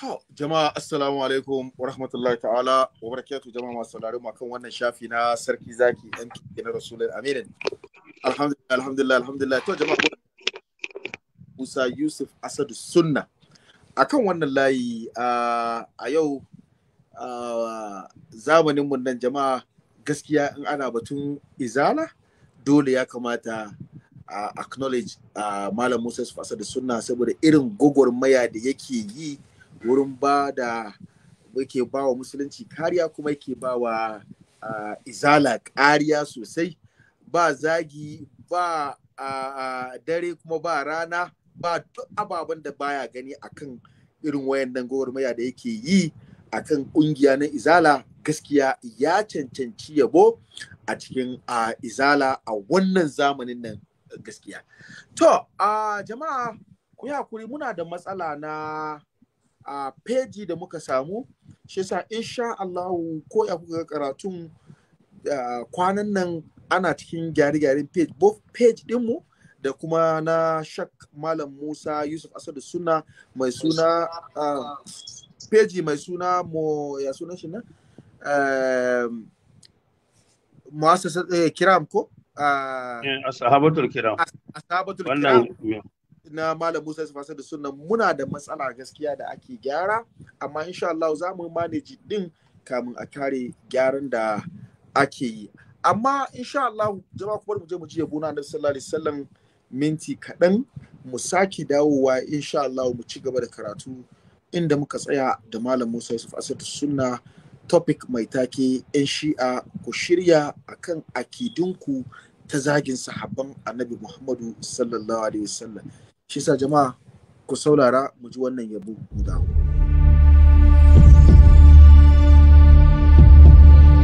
To, jama'a assalamu alaikum wa rahmatullahi ta'ala wa barakatuh jama'a masu sauraro ma kan wannan shafi na sarki zaki ɗan kike na rasulun aminin. Alhamdulillah, alhamdulillah, alhamdulillah. To, jama'a Musa Yusuf Asadu Sunna. A kan wannan layi a yau zamaninmu nan jama'a gaskiya in ana batun izala dole ya kamata a acknowledge Malam Musa Yusuf Asadu Sunna saboda irin gwagwarmaya da yake yi wurin ba da yake ba wa musulunci kariya kuma yake ba wa izala kariya sosai ba zagi ba dare kuma ba rana ba duk ababen da baya gani akan irin wayan wayannan gwagwarmaya da yake yi akan kungiya na izala gaskiya ya cancanci yabo a cikin izala a wannan zamanin nan gaskiya to jama'a ku yi hakuri muna da matsala na a peji da muka samu shi sa insha Allah ko ya kuka karatun kwanan nan ana cikin gyare-gyaren page both page dinmu da kuma na shak malam musa yusuf asadu suna mai suna peji mai suna mo ya suna shi na mu'asasa eh, kiram ko? A eh, kiram. kiram. na Malam Musa Fasa da sunan muna da matsala gaskiya da ake gyara amma insha Allah za mu manage din kamun a kare gyaran da ake yi amma insha Allah jama'a kuma mu je mu ji yabo na sallallahu alaihi wasallam minti kaɗan mu sake dawowa insha Allah mu ci gaba da karatu inda muka tsaya da Malam Musa Yusuf Asad Sunna topic mai take in shi'a ku shirya akan akidunku ta zagin sahabban annabi Muhammadu sallallahu alaihi wasallam. shi sa jama'a ku saurara mu ji wannan yabo guda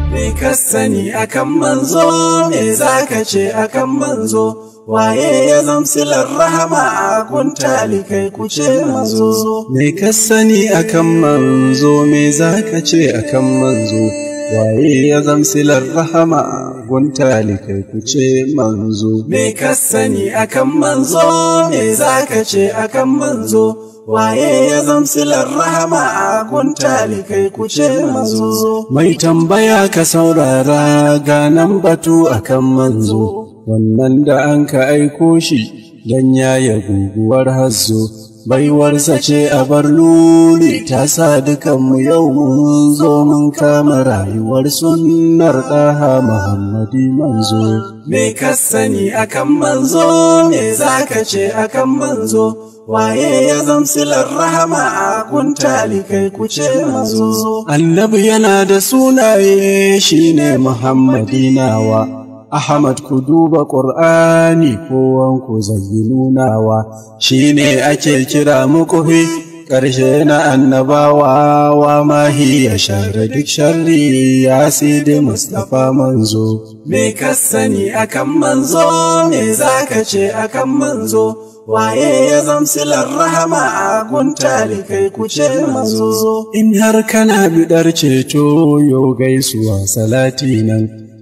Me ka sani akan manzo, me za ka ce akan manzo, waye ya zamsi rahama a kuntali kai kuce manzo. Me ka sani akan manzo, me za ce akan manzo, waye ya zamsilar rahama gunta likai ku ce manzo me ka sani akan manzo me zaka ce akan manzo waye ya zamsilar rahama a gunta likai ku ce manzo mai tambaya ka saurara ganan batu akan manzo wannan da an ka aiko shi don yi guguwar hazo baiwarsa ce a bar luli ta sa dukan mu yau mun zo mun kama rayuwar sunnar ɗaha muhammadi manzo me ka sani akan manzo me za ka ce akan manzo waye ya zamsilar rahama a kuntali kai kuce manzo annabi yana da sunaye shine muhammadi nawa Ahmad ku duba ƙur'ani kowanku zayyinunawa shi ne ake kira muku fi ƙarshe na annabawa wa mahi ya share duk sharri ya sidi Mustapha manzo. Me ka sani akan manzo, me za ka ce akan manzo? waye ya zamsilar rahama a guntali kai kuce manzo in har kana biɗar ceto yo gaisuwa salati nan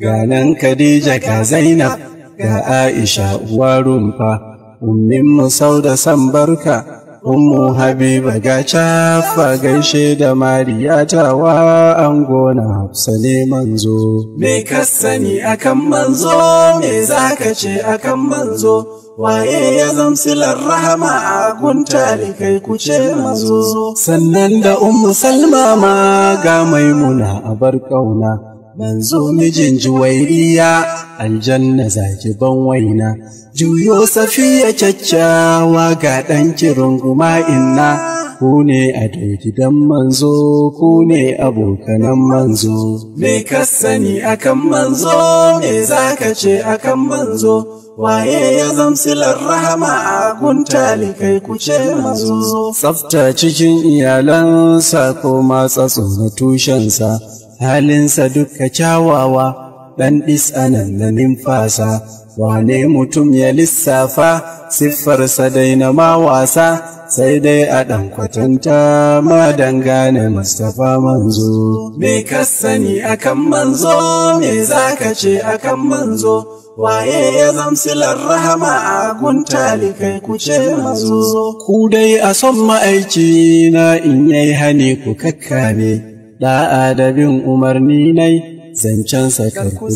ga nan Khadija ka Zainab ga Aisha uwa rumfa ummin musau da san barka ummu habiba ga cafa gaishe da mariya wa an gona hafsa ne manzo me ka sani akan manzo me zaka ce akan manzo waye ya zamsilar rahama a kuntare kai kuce manzo sannan da ummu salma ma ga maimuna abar ƙauna. manzo mijin juwairiya aljanna zaki ban waina juyo safiya caccawa ga ɗan kirin guma inna ku ne a gidan manzo ku ne abokanan manzo me ka sani akan manzo me zaka ce akan manzo waye ya zamsilar rahama a kuntali kai kuce manzo tsafta cikin iyalansa ko matsa na tushensa halinsa duka kyawawa ɗan ɗis'anan na nimfasa wane mutum ya lissafa siffarsa daina ma wasa sai dai a ɗan kwatanta ma dangane mustapha manzo me ka sani akan manzo me za ka ce akan manzo waye ya zamsilar rahama a guntali kai ce manzo ku dai a son ma'aiki na in yai hane ku kakkame da'a da bin umarni nai zancensa karku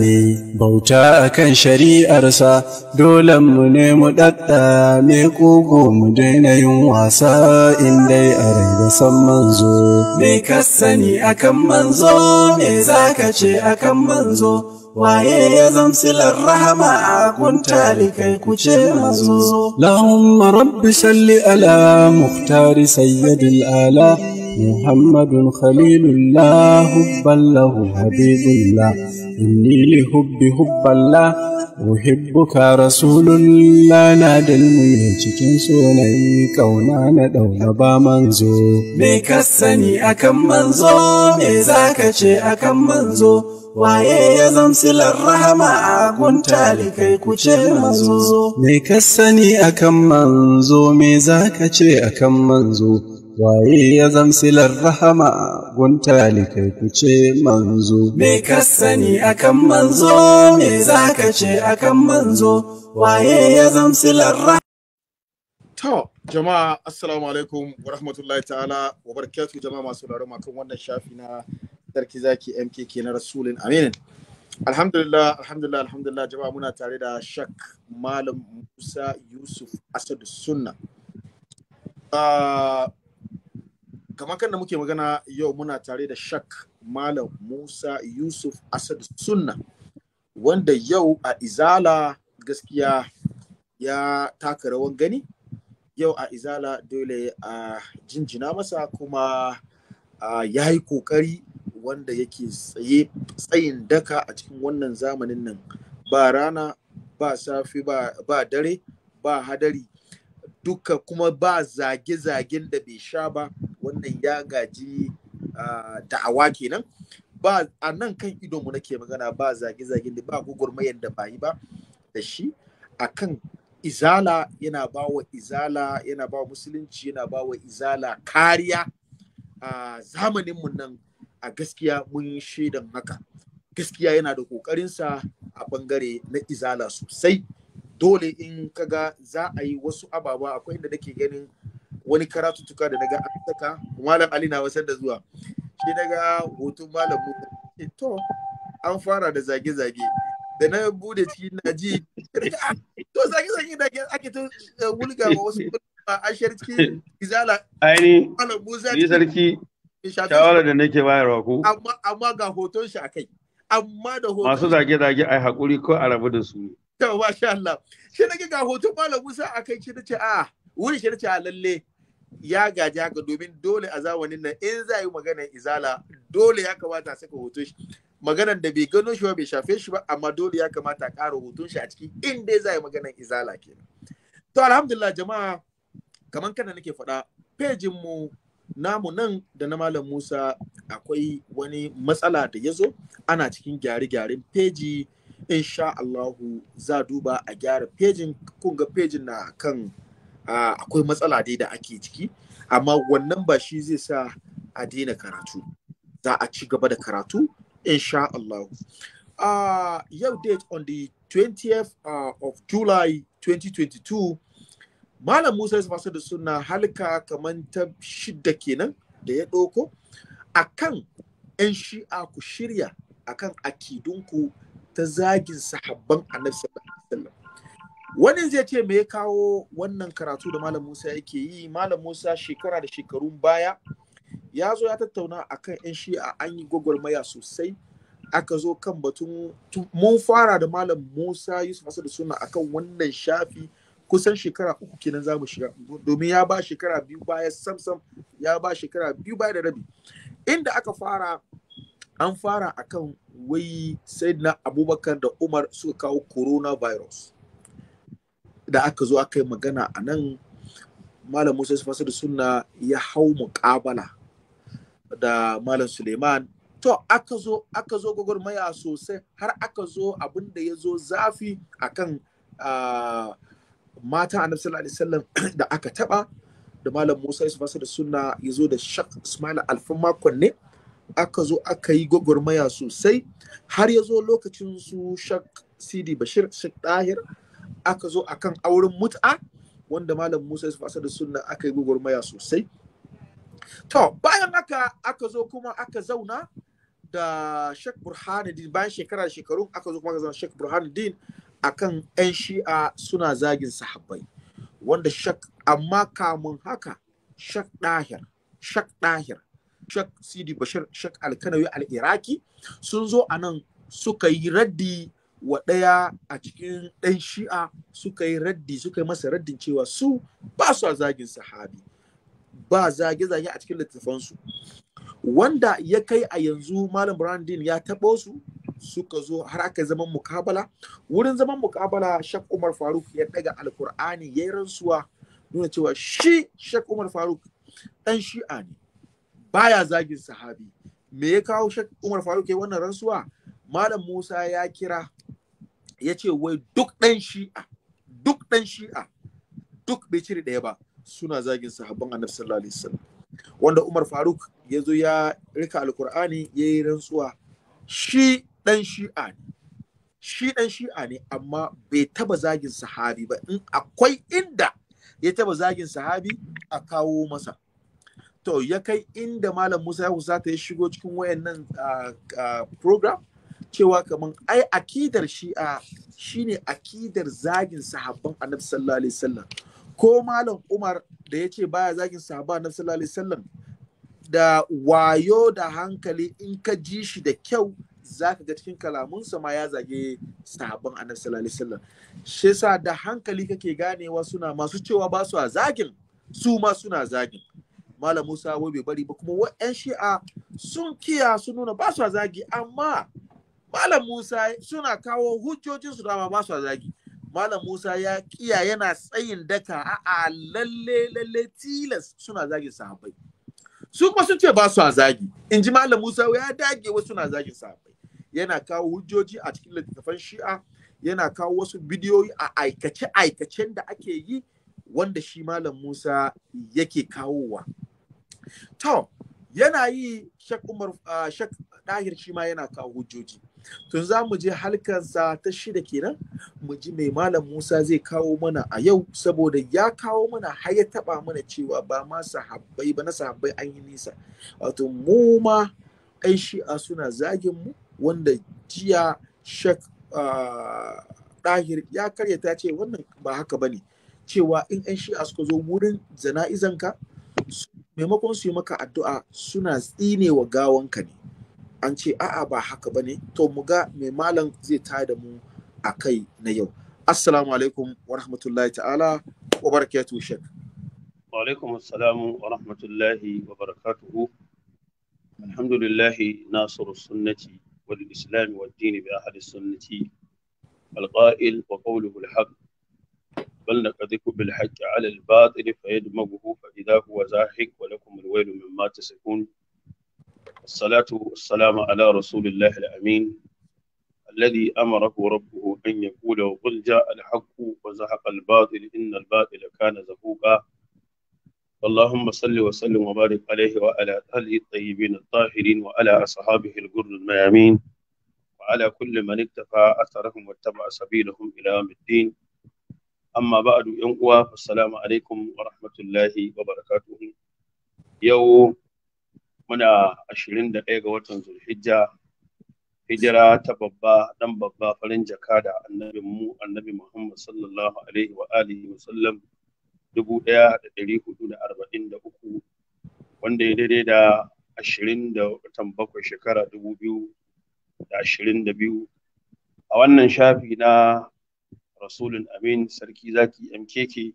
ne bauta akan shari'arsa dolen mu ne mu ɗaɗɗa me ƙugu mu daina yin wasa in dai a rai san manzo me ka sani akan manzo me za ka ce akan manzo waye ya zamsilar rahama a kuntali kai ce manzo lahumma rabbi salli ala muhtari sayyidil ala محمد خليل الله حبا له حبيب الله إني لحب حب الله أحبك رسول الله نادى المي cikin سوني كونا na نبا منزو ميك السني أكم منزو ميزاك manzo أكم منزو ce akan manzo waye ya zamsilar rahama a guntali kai kuce manzo me ka sani akan manzo me zaka ce akan manzo waye ya zamsilar rahama gunta likai kuce manzo me ka sani akan manzo me zaka ce akan manzo waye ya zamsilar rahama to jama'a assalamu alaikum wa rahmatullahi ta'ala wa barakatuh jama'a masu sauraro kan wannan shafi na sarki zaki mkk na rasulin aminin alhamdulillah alhamdulillah alhamdulillah jama'a muna tare da shak malam musa yusuf asadu sunna uh, kamar kan da muke magana yau muna tare da shak malam musa yusuf asad sunna wanda yau a izala gaskiya ya taka rawan gani yau a izala dole a jinjina masa kuma ya yi kokari wanda yake tsaye tsayin daka a cikin wannan zamanin nan ba rana ba safi ba, ba dare ba hadari duka kuma ba zage-zagen da bai sha ba wannan ya gaji da da'awa kenan ba a nan kan idonmu nake magana ba zage-zagen da ba gugurmayan da ba ba da shi kan izala yana ba wa izala yana ba musulunci yana ba wa izala kariya a mu nan a gaskiya mun shaidan haka gaskiya yana da ƙoƙarinsa a bangare na izala sosai dole in kaga za a yi wasu ababa akwai inda nake ganin wani tuka da daga an saka malam ali na wasar da zuwa shi daga hoton malam mu to an fara da zage-zage da na bude ciki na ji to zage-zage da ake ta eh, wulga ma wasu ba a shirki izala aini ni sarki shawara da nake bayarwa ku. amma amma ga hoton shi akai amma da hoton masu zage-zage ai hakuri ko a rabu da su to masha Allah shi nake ga hoton malam Musa shi nace a ah. wuri shi nace a ah, lalle ya gaji haka domin dole a zamanin nan in za yi maganar izala dole ya kamata a saka hoton shi maganar da bai gano shi ba bai shafe shi ba amma dole ya kamata a ƙara hoton shi a ciki in dai za yi maganar izala kenan to alhamdulillah jama'a kamar kana nake faɗa pejin mu namu nan da na malam Musa akwai wani matsala da ya zo ana cikin gyare-gyaren peji insha Allahu za duba a gyara pejin kun ga pejin na kan akwai matsala dai da ake ciki amma wannan ba shi zai sa a daina karatu za a ci gaba da karatu insha Allahu yau date on the 20th of July 2022 Malam Musa ya da suna halka kaman ta shidda kenan da ya ɗauko akan kan 'yan shi'a ku shirya akan akidunku ta zagin sahabban annabi sallallahu alaihi wasallam wannan zai ce me ya kawo wannan karatu da malam Musa yake yi malam Musa shekara da shekarun baya ya zo ya tattauna akan yan a an yi gwagwarmaya sosai aka zo kan batun mun fara da malam Musa Yusuf Asadu suna akan wannan shafi kusan shekara uku kenan za mu shiga domin ya ba shekara biyu baya sam sam, ya ba shekara biyu baya da rabi inda aka fara an fara akan wai sai na abubakar da umar suka kawo coronavirus da aka zo aka yi magana a nan malam musa da suna ya hau muƙabala da malam suleiman to aka zo aka zo sosai har aka zo abinda da ya zo zafi akan mata a sallallahu da aka taba da malam musa da suna ya zo da shak ismail alfan makon ne aka zo aka yi gwagwarmaya sosai har ya zo lokacin su shak sidi bashir shak dahir aka zo akan auren mut'a wanda malam musa ya fasa da sunna aka yi gwagwarmaya sosai to bayan haka aka zo kuma aka zauna da shek burhanuddin bayan shekara da shekaru aka zo kuma aka zauna shek burhanuddin akan 'yan shi'a suna zagin sahabbai wanda shak amma kamun haka shak dahir shak dahir Shak Sidi Bashir Shak Alkanawi al-Iraki sun zo a nan suka yi raddi wa ɗaya a cikin ɗan shi'a suka yi raddi suka yi masa raddin cewa su ba su zagin sahabi ba zage-zage a cikin littattafansu wanda ya kai a yanzu malam brandin ya taɓo su suka zo har aka zaman mukabala wurin zaman mukabala shak umar faruk ya ɗaga alkur'ani ya yi rantsuwa nuna cewa shi shak umar faruk ɗan shi'a ne baya zagin sahabi me ya kawo shak Umar Faruk ya wannan rantsuwa Malam Musa ya kira ya ce wai duk ɗan shi'a duk ɗan shi'a duk bai cire ɗaya ba suna zagin sahabban annabi sallallahu alaihi wasallam wanda Umar Faruk ya zo ya rika alkur'ani ya yi rantsuwa shi ɗan shi'a shi ɗan shi'a ne amma bai taba zagin sahabi ba in akwai inda ya taba zagin sahabi a kawo masa to ya kai inda malam musa ya husata ya shigo cikin wayannan program cewa kamar ai akidar shi'a ne akidar zagin sahabban annabi sallallahu alaihi sallam, ko malam umar da ya ce baya zagin sahabban annabi sallallahu alaihi sallam, da wayo da hankali in ka ji shi da kyau za ka ga cikin kalamunsa ma ya zage sahabban annabi sallallahu alaihi sallam, shi sa da hankali kake ganewa suna masu cewa ba su a zagin su ma suna zagin malam Musa wai bai bari ba kuma wa'yan shi'a sun kiya sun nuna ba su zagi amma malam Musa suna kawo hujjojin su dama ba su zagi malam Musa ya kiya yana tsayin daka a'a lalle lalle tilas suna zagi sahabbai su kuma sun ce ba su zagi in ji malam Musa ya dage wasu suna zagin sahabbai yana kawo hujjoji a cikin littattafan shi'a yana kawo wasu bidiyoyi a aikace-aikacen da ake yi wanda shi malam Musa yake kawowa to yana yi shak umar shak dahir shi ma yana kawo hujjoji tun za mu je halkarsa ta shida kenan mu ji mai malam musa zai kawo mana a yau saboda ya kawo mana har ya taba mana cewa ba ma sahabbai ba na sahabbai an yi nisa wato mu ma ai shi'a suna zagin mu wanda jiya shak dahir ya karyata ce wannan ba haka bane cewa in 'yan shi'a suka zo wurin jana'izanka maimakon su yi maka addu'a suna tsine wa gawanka ne an ce a'a ba haka ba ne to mu ga mai malam zai ta da mu a kai na yau assalamu alaikum wa rahmatullahi ta'ala wa barakatuhu shek wa alaikum assalamu wa rahmatullahi wa barakatuhu alhamdulillahi nasiru sunnati wal islam wa dini bi ahli sunnati القائل وقوله الحق بل نكذب بالحق على الباطل فيدمغه فإذا هو زاهق ولكم الويل مما تسكون الصلاة والسلام على رسول الله الأمين الذي أمره ربه أن يقول وقل جاء الحق وزهق الباطل إن الباطل كان زهوقا اللهم صل وسلم وبارك عليه وعلى أهله الطيبين الطاهرين وعلى أصحابه الغر الميامين وعلى كل من اتقى أثرهم واتبع سبيلهم إلى يوم الدين amma ba a yan uwa assalamu alaikum wa rahmatullahi wa barakatuhu yau muna 21 ga watan zulhijja hijira ta babba dan babba farin jaka da annabin mu annabi muhammad sallallahu alaihi wa alihi wa sallam 1443 wanda ya daidai da 27 da watan bakwai shekara 2022 a wannan shafi na rasulun amin sarki zaki mkk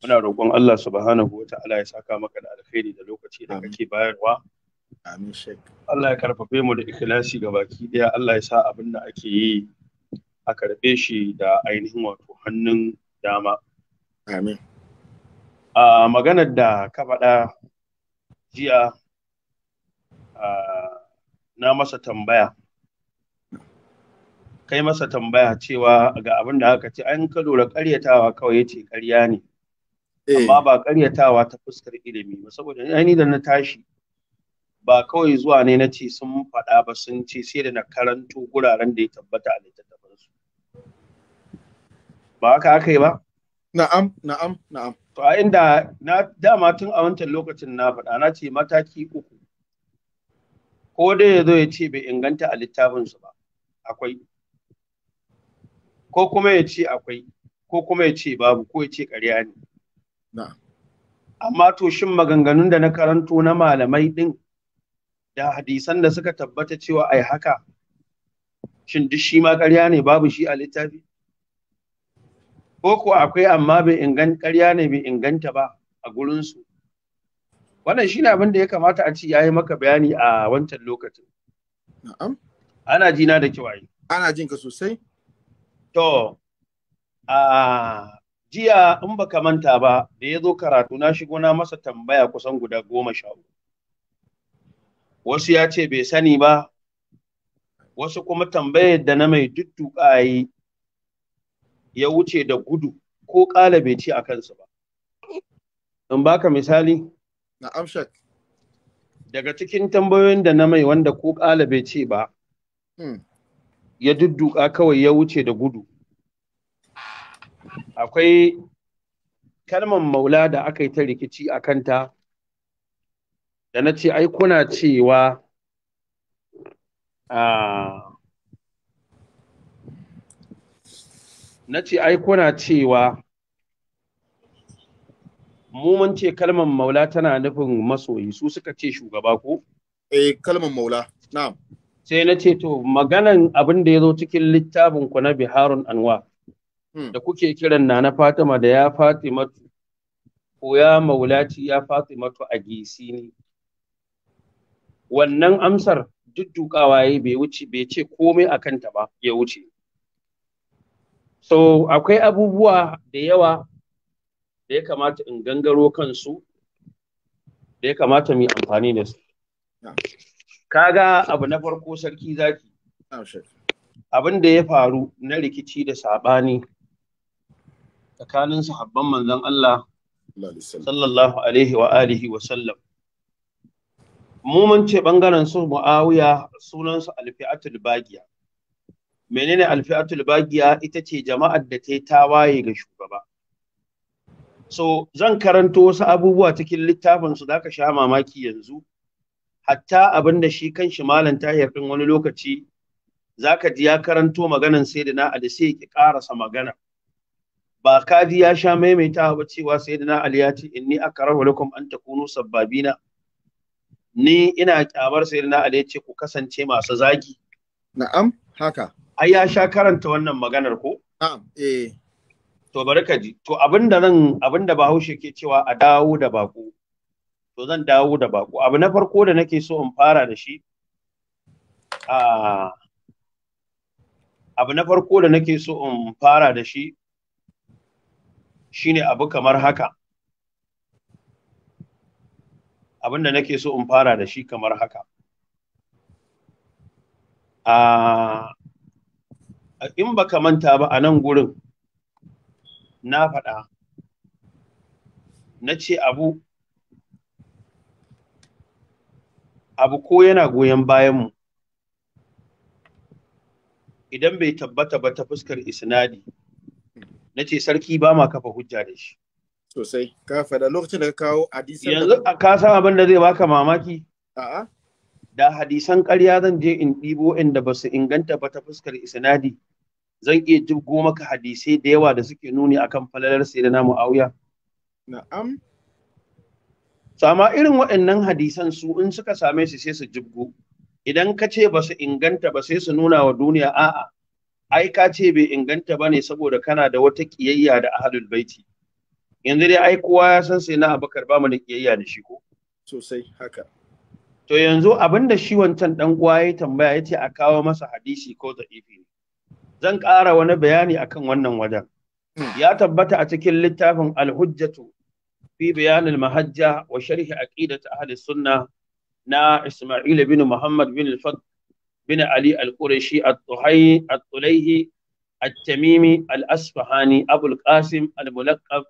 muna roƙon Allah subhanahu wa ta'ala ya saka maka da alkhairi da lokaci da kake bayarwa amin Allah ya karfafe mu da ikhlasi ga baki daya Allah ya sa abin da ake yi a karɓe shi da ainihin wato hannun dama a maganar da ka faɗa jiya na masa tambaya kai masa tambaya cewa ga abin da aka ce an ka lura ƙaryatawa kawai ya ce ƙarya ne eh. amma ba ƙaryatawa ta fuskar ilimi ba saboda ni da na tashi ba kawai zuwa ne na ce sun faɗa ba sun ce sai da na karanto guraren da ya tabbata a littattafan su ba haka aka yi ba na'am na'am na'am to a inda na dama tun a wancan lokacin na faɗa na ce mataki uku ko dai ya zo ya ce bai inganta a littafin su ba akwai ko kuma ya ce akwai ko kuma ya ce babu ko ya ce ƙarya ne amma to shin maganganun da na karanto na malamai ɗin da hadisan da suka tabbata cewa ai haka shin duk shi ma ƙarya ne babu shi a littafi ko ko akwai amma bai inganta ƙarya ne bai inganta ba a gurinsu wannan shi ne abin da ya kamata a ci ya yi maka bayani a wancan lokacin na'am ana jina da kiwaye ana jinka sosai To, a jiya in baka manta ba da ya zo karatu na shigo na masa tambaya kusan guda goma sha uku. Wasu ya ce bai sani ba, wasu kuma tambayar da na mai dudduka yi ya wuce da gudu ko ƙala bai ci a kansu ba. In baka misali? Na amshak. Daga cikin tambayoyin da na mai wanda ko ƙala bai ce ba, hmm. ya dudduka kawai ya wuce da gudu akwai kalmar maula da aka yi ta rikici a kanta da na ce ai kuna cewa na ce ai kuna cewa mu mun ce kalmar maula tana nufin masoyi su suka ce shugaba ko? eh kalmar maula na'am sai na ce to maganan abin da ya zo cikin littafin ku na biharun anwa hmm. da kuke kiran na fatima da ya fatimatu ko ya maulaci ya matu a gisi ne wannan amsar duddukawa ya bai wuce bai ce komai a kanta ba ya wuce so akwai abubuwa da yawa da ya kamata in gangaro kansu da ya kamata mu yi amfani da su kaga abu na farko sarki zaki abin da ya faru na rikici da saɓani tsakanin sahabban manzon Allah sallallahu alaihi wa alihi wa sallam mu mun ce bangaren su muawiya sunansu alfi'atul bagiya menene alfi'atul bagiya ita ce jama'ar da ta yi tawaye ga shugaba so zan karanto wasu abubuwa cikin littafin su zaka sha mamaki yanzu hatta abin da shi kan shi malam tahir din wani lokaci zaka ji ya karanto maganan sayyidina ali sai ya karasa magana ba ji ya sha maimaita ba cewa sayyidina ali ya ce inni akrahu lakum an takunu sabbabina ni ina kyamar sayyidina ali ya ce ku kasance masu zagi na'am haka ai ya sha karanta wannan maganar ko na'am eh to bari ka ji to abinda nan abinda bahaushe ke cewa a dawo da bako to zan dawo da bako abu na farko da nake so in fara da shi abu na farko da nake so in fara da shi shine abu kamar haka abin da nake so in fara da shi kamar haka in baka manta ba a nan gurin na faɗa na ce abu abu ko yana goyon bayan mu idan bai tabbata ba ta fuskar isnadi na ce sarki ba ma kafa hujja da shi sosai ka faɗa lokacin da ka kawo hadisan yanzu ka san abin da zai baka mamaki a'a da hadisan ƙarya zan je in ɗibo inda ba su inganta ba ta fuskar isnadi zan iya jibgo maka hadisai da yawa da suke nuni akan falalar sayyidina na na'am Sama irin waɗannan hadisan su in suka same su sai su jibgo. Idan ka ce ba su inganta ba sai su nuna wa duniya a'a. Ai ka ce bai inganta ba ne saboda kana da wata ƙiyayya da ahalul baiti. Yanzu dai ai kowa ya san sai na abakar ba mu da ƙiyayya da shi ko. Sosai haka. To yanzu abinda da shi wancan ɗan uwa ya tambaya ya ce a kawo masa hadisi ko da ne. Zan ƙara wani bayani akan wannan wajen. Hmm. Ya tabbata a cikin littafin Alhujjatu fi bayanin mahajja wa sharhi aqidat ahli sunna na Isma'il bin Muhammad bin Ali al-Qurashi at-Tuhai at al-Asfahani Abulkasim al-Qasim al-Mulaqqab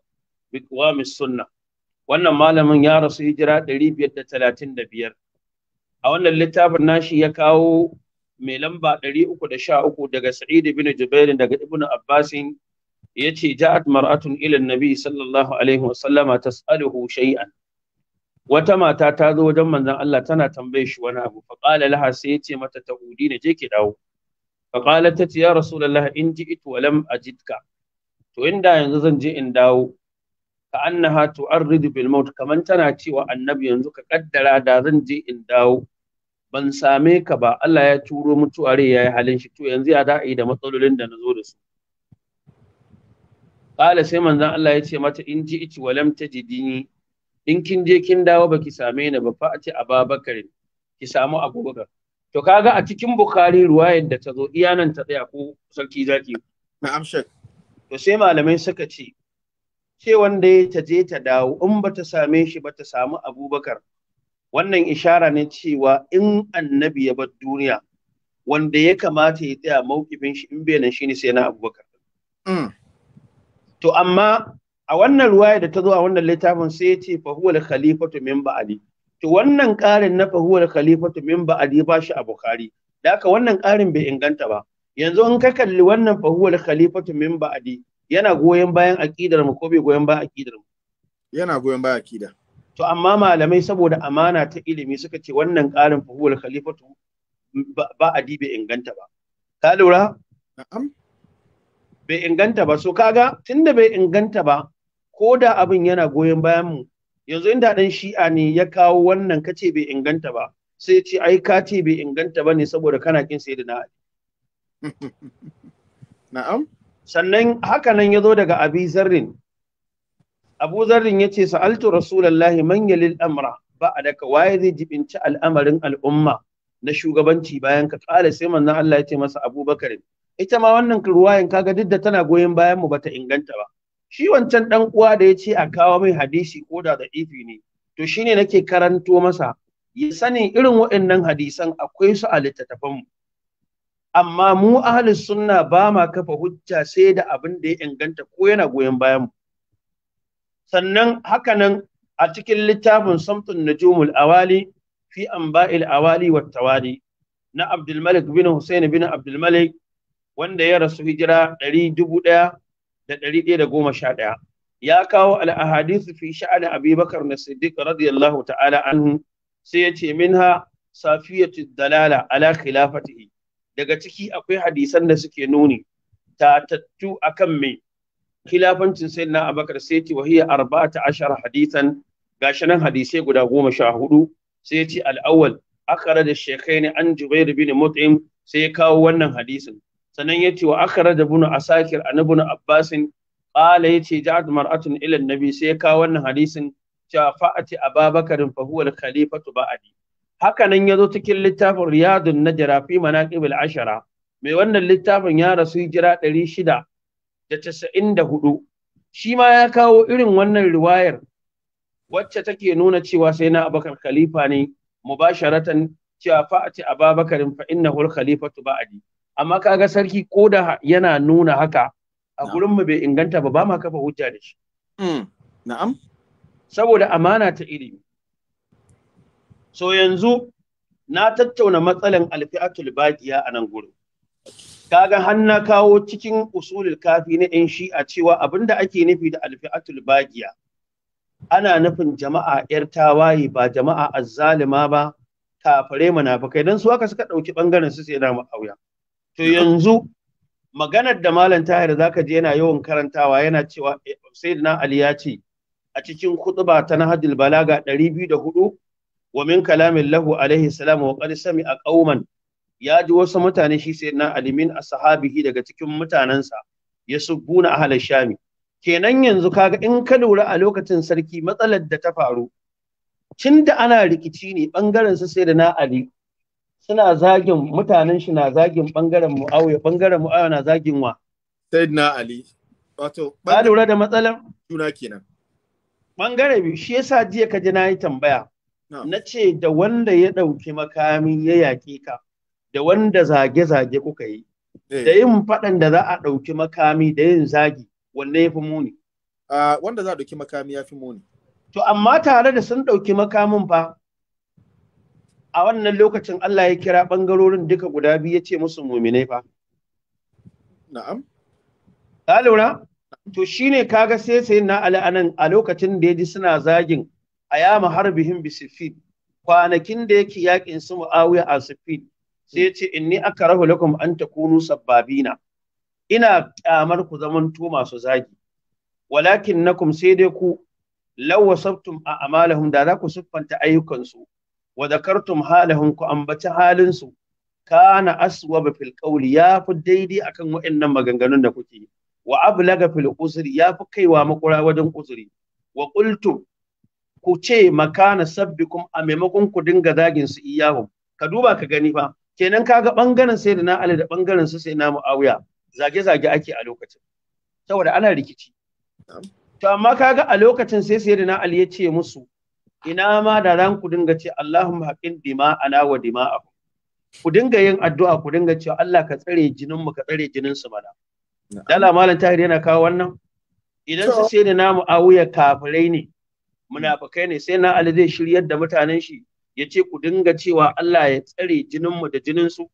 bi wannan malamin ya rasu hijira 535 a wannan littafin nashi ya kawo mai lamba ɗari sha uku daga Sa'id bin Jubair daga Ibn Abbasin yace ja'at mar'atun ila annabi sallallahu alaihi wa sallama tas'aluhu shay'an wata mata ta zo wajen manzon Allah tana tambaye shi wani abu fa qala laha sai yace mata ta'udi ne je ki dawo fa qalat ta ya rasulullah in ji'tu wa lam ajidka to inda yanzu zan je in dawo ka annaha tu'arridu bil maut kaman tana cewa annabi yanzu ka kaddara da zan je in dawo ban same ka ba Allah ya turo mutuware ya yi halin shi to yanzu ya da'i da matsalolin da na zo da su ƙala sai manzon Allah ya ce mata in ji ici walam tajidini in kin je kin dawo baki same ni ba fa a ce Abubakar ki samu Abubakar to kaga a cikin Bukhari ruwayar da ta zo iya nan ta tsaya ko sarki zaki na'am shek to sai malamai suka ce ce wanda ya ta je ta dawo in ba ta same shi ba ta samu Abubakar wannan ishara ne cewa in annabi ya bar duniya wanda ya kamata ya tsaya mawkifin shi in bai nan shine sai na Abubakar mm. to amma a wannan ruwaya da ta zo a wannan littafin sai ya ce fahuwar khalifatu min ba'di to wannan ƙarin na fahuwar khalifatu min ba'di ba shi a bukhari da haka wannan ƙarin bai inganta ba yanzu in ka kalli wannan fahuwar khalifatu min ba'di yana goyon bayan aqidar mu ko bai goyon bayan aqidar mu yana goyon bayan aqida to amma malamai saboda amana ta ilimi suka ce wannan ƙarin fahuwar khalifatu ba'adi bai inganta ba ka lura na'am bai inganta ba so kaga tunda bai inganta ba ko da abin yana goyon bayan mu yanzu inda dan shi'a ne ya kawo wannan kace bai inganta ba sai ce ai ka ce bai inganta ba ne saboda kana kin sai na na'am sannan haka nan ya zo daga abi zarrin abu zarrin ya ce sa'altu rasulallahi man yalil amra ba a daga waye zai jibinci al'amarin al'umma na shugabanci bayan ka kala sai manzon Allah ya ce masa abubakar ita ma wannan ruwayan kaga duk da tana goyon bayan mu bata inganta ba shi wancan dan uwa da ya ce a kawo mai hadisi ko da da'ifi ne to shine nake karanto masa ya sani irin waɗannan hadisan akwai su a littattafan mu amma mu ahli sunna ba ma kafa hujja sai da abin da ya inganta ko yana goyon bayan mu sannan hakanan a cikin littafin samtun najumul awali fi anba'il awali wat tawali na Abdulmalik bin Hussein bin Abdulmalik wanda ya rasu hijira ɗari dubu ɗaya da ɗari ɗaya da goma sha ɗaya ya kawo al'ahadisu fi sha'ani abubakar na siddiq radiyallahu ta'ala anhu sai ya ce minha safiyatu dalala ala khilafatihi daga ciki akwai hadisan da suke nuni tatattu akan mai khilafancin sayyidina abubakar sai ya ce wa hiya arba'ata hadisan gashi nan hadisai guda goma sha hudu sai ya ce al'awwal akara da shekai ne an jubair bin mut'im sai ya kawo wannan hadisin sannan ce wa akhraja ibn asakir an abbasin abbas qala yace ja'at mar'atun na annabi sai ya kawo wannan hadisin cewa fa'ati ababakar fa huwa al-khalifatu ba'di haka nan zo cikin littafin riyadun na fi manaqib al-ashara mai wannan littafin ya rasu jira ɗari shida da casa'in da hudu. shi ma ya kawo irin wannan riwayar wacce take nuna cewa sai na abakar khalifa ne mubasharatan cewa fa'ati ababakarin fa innahu al-khalifatu ba'adi amma kaga sarki ko da yana nuna haka a gurin mu bai inganta ba ba ma kafa hujja da shi hmm. na'am saboda amana ta ilimi so yanzu na tattauna matsalan alfi'atul baqiya a nan gurin kaga hanna kawo cikin usulul kafi na yan shi'a cewa abinda ake nufi da alfi'atul baqiya ana nufin jama'a yar tawaye ba jama'a azzalima ba kafare munafikai dan su haka suka dauki bangaren su sai na auya to yanzu maganar da malam tahir zaka ji yana yawan karantawa yana cewa eh, sayyidina ali ya ce a cikin khutba ta nahjul balaga 204 wa min kalamin lahu alaihi salam wa qad a qauman ya ji wasu mutane shi sayyidina ali min ashabihi daga cikin mutanansa yasubbuna ahli shami kenan yanzu kaga in ka lura a lokacin sarki matsalar da ta faru tunda ana rikici ne bangaren su sayyidina ali suna zagin mutanen shi na zagin bangaren mu'awiya bangaren mu'awiya na zagin wa sayyidina ali wato ba lura da matsalar juna kenan bangare biyu shi yasa jiya ka ji nayi tambaya na ce da wanda ya ɗauki makami ya yaƙe ka da wanda zage-zage kuka yi eh. da yin faɗan da za a ɗauki makami da yin zagi wanne ya fi muni wanda za a ɗauki makami ya fi muni to amma tare da sun ɗauki makamin fa a wannan lokacin Allah ya kira ɓangarorin duka guda biyu ya ce musu muminai fa. Na'am. Ka lura? To shi ne kaga sai sai na ala'anan a lokacin da ya ji suna zagin a yama harbihin bisifid kwanakin da yake yakin su mu'awiya a sifid sai ya ce inni aka rahu lakum an takunu sabbabina ina kyamar ku zamanto masu zagi walakin nakum sai dai ku lawa wasabtum a amalahum da za ku siffanta ayyukansu وذكرتم حالهم halahum ku ambaci halin su kana aswaba fil qawli ya fi daidai akan wa'annan maganganun da kuke wa ablaga fil uzri ya fi kaiwa makura wajen uzuri wa ku ce makana sabbikum a maimakon ku dinga zagin su iyahum ka duba ka gani fa kenan kaga bangaren na Ali da bangaren su na Muawiya zage-zage ake a lokacin saboda ana rikici to amma kaga a lokacin sai na Ali ya ce musu ina ma da ran ku dinga ce Allahumma haqqin dima'ana wa dima'ahu ku dinga yin addu'a ku dinga cewa Allah ka tsare jinin mu ka tsare jinin su mana dala malam tahir yana kawo wannan idan su sai ne namu awuya kafirai ne munafikai ne sai na Ali zai shiryar da mutanen shi ya ce ku dinga cewa Allah ya tsare jinin mu da jinin su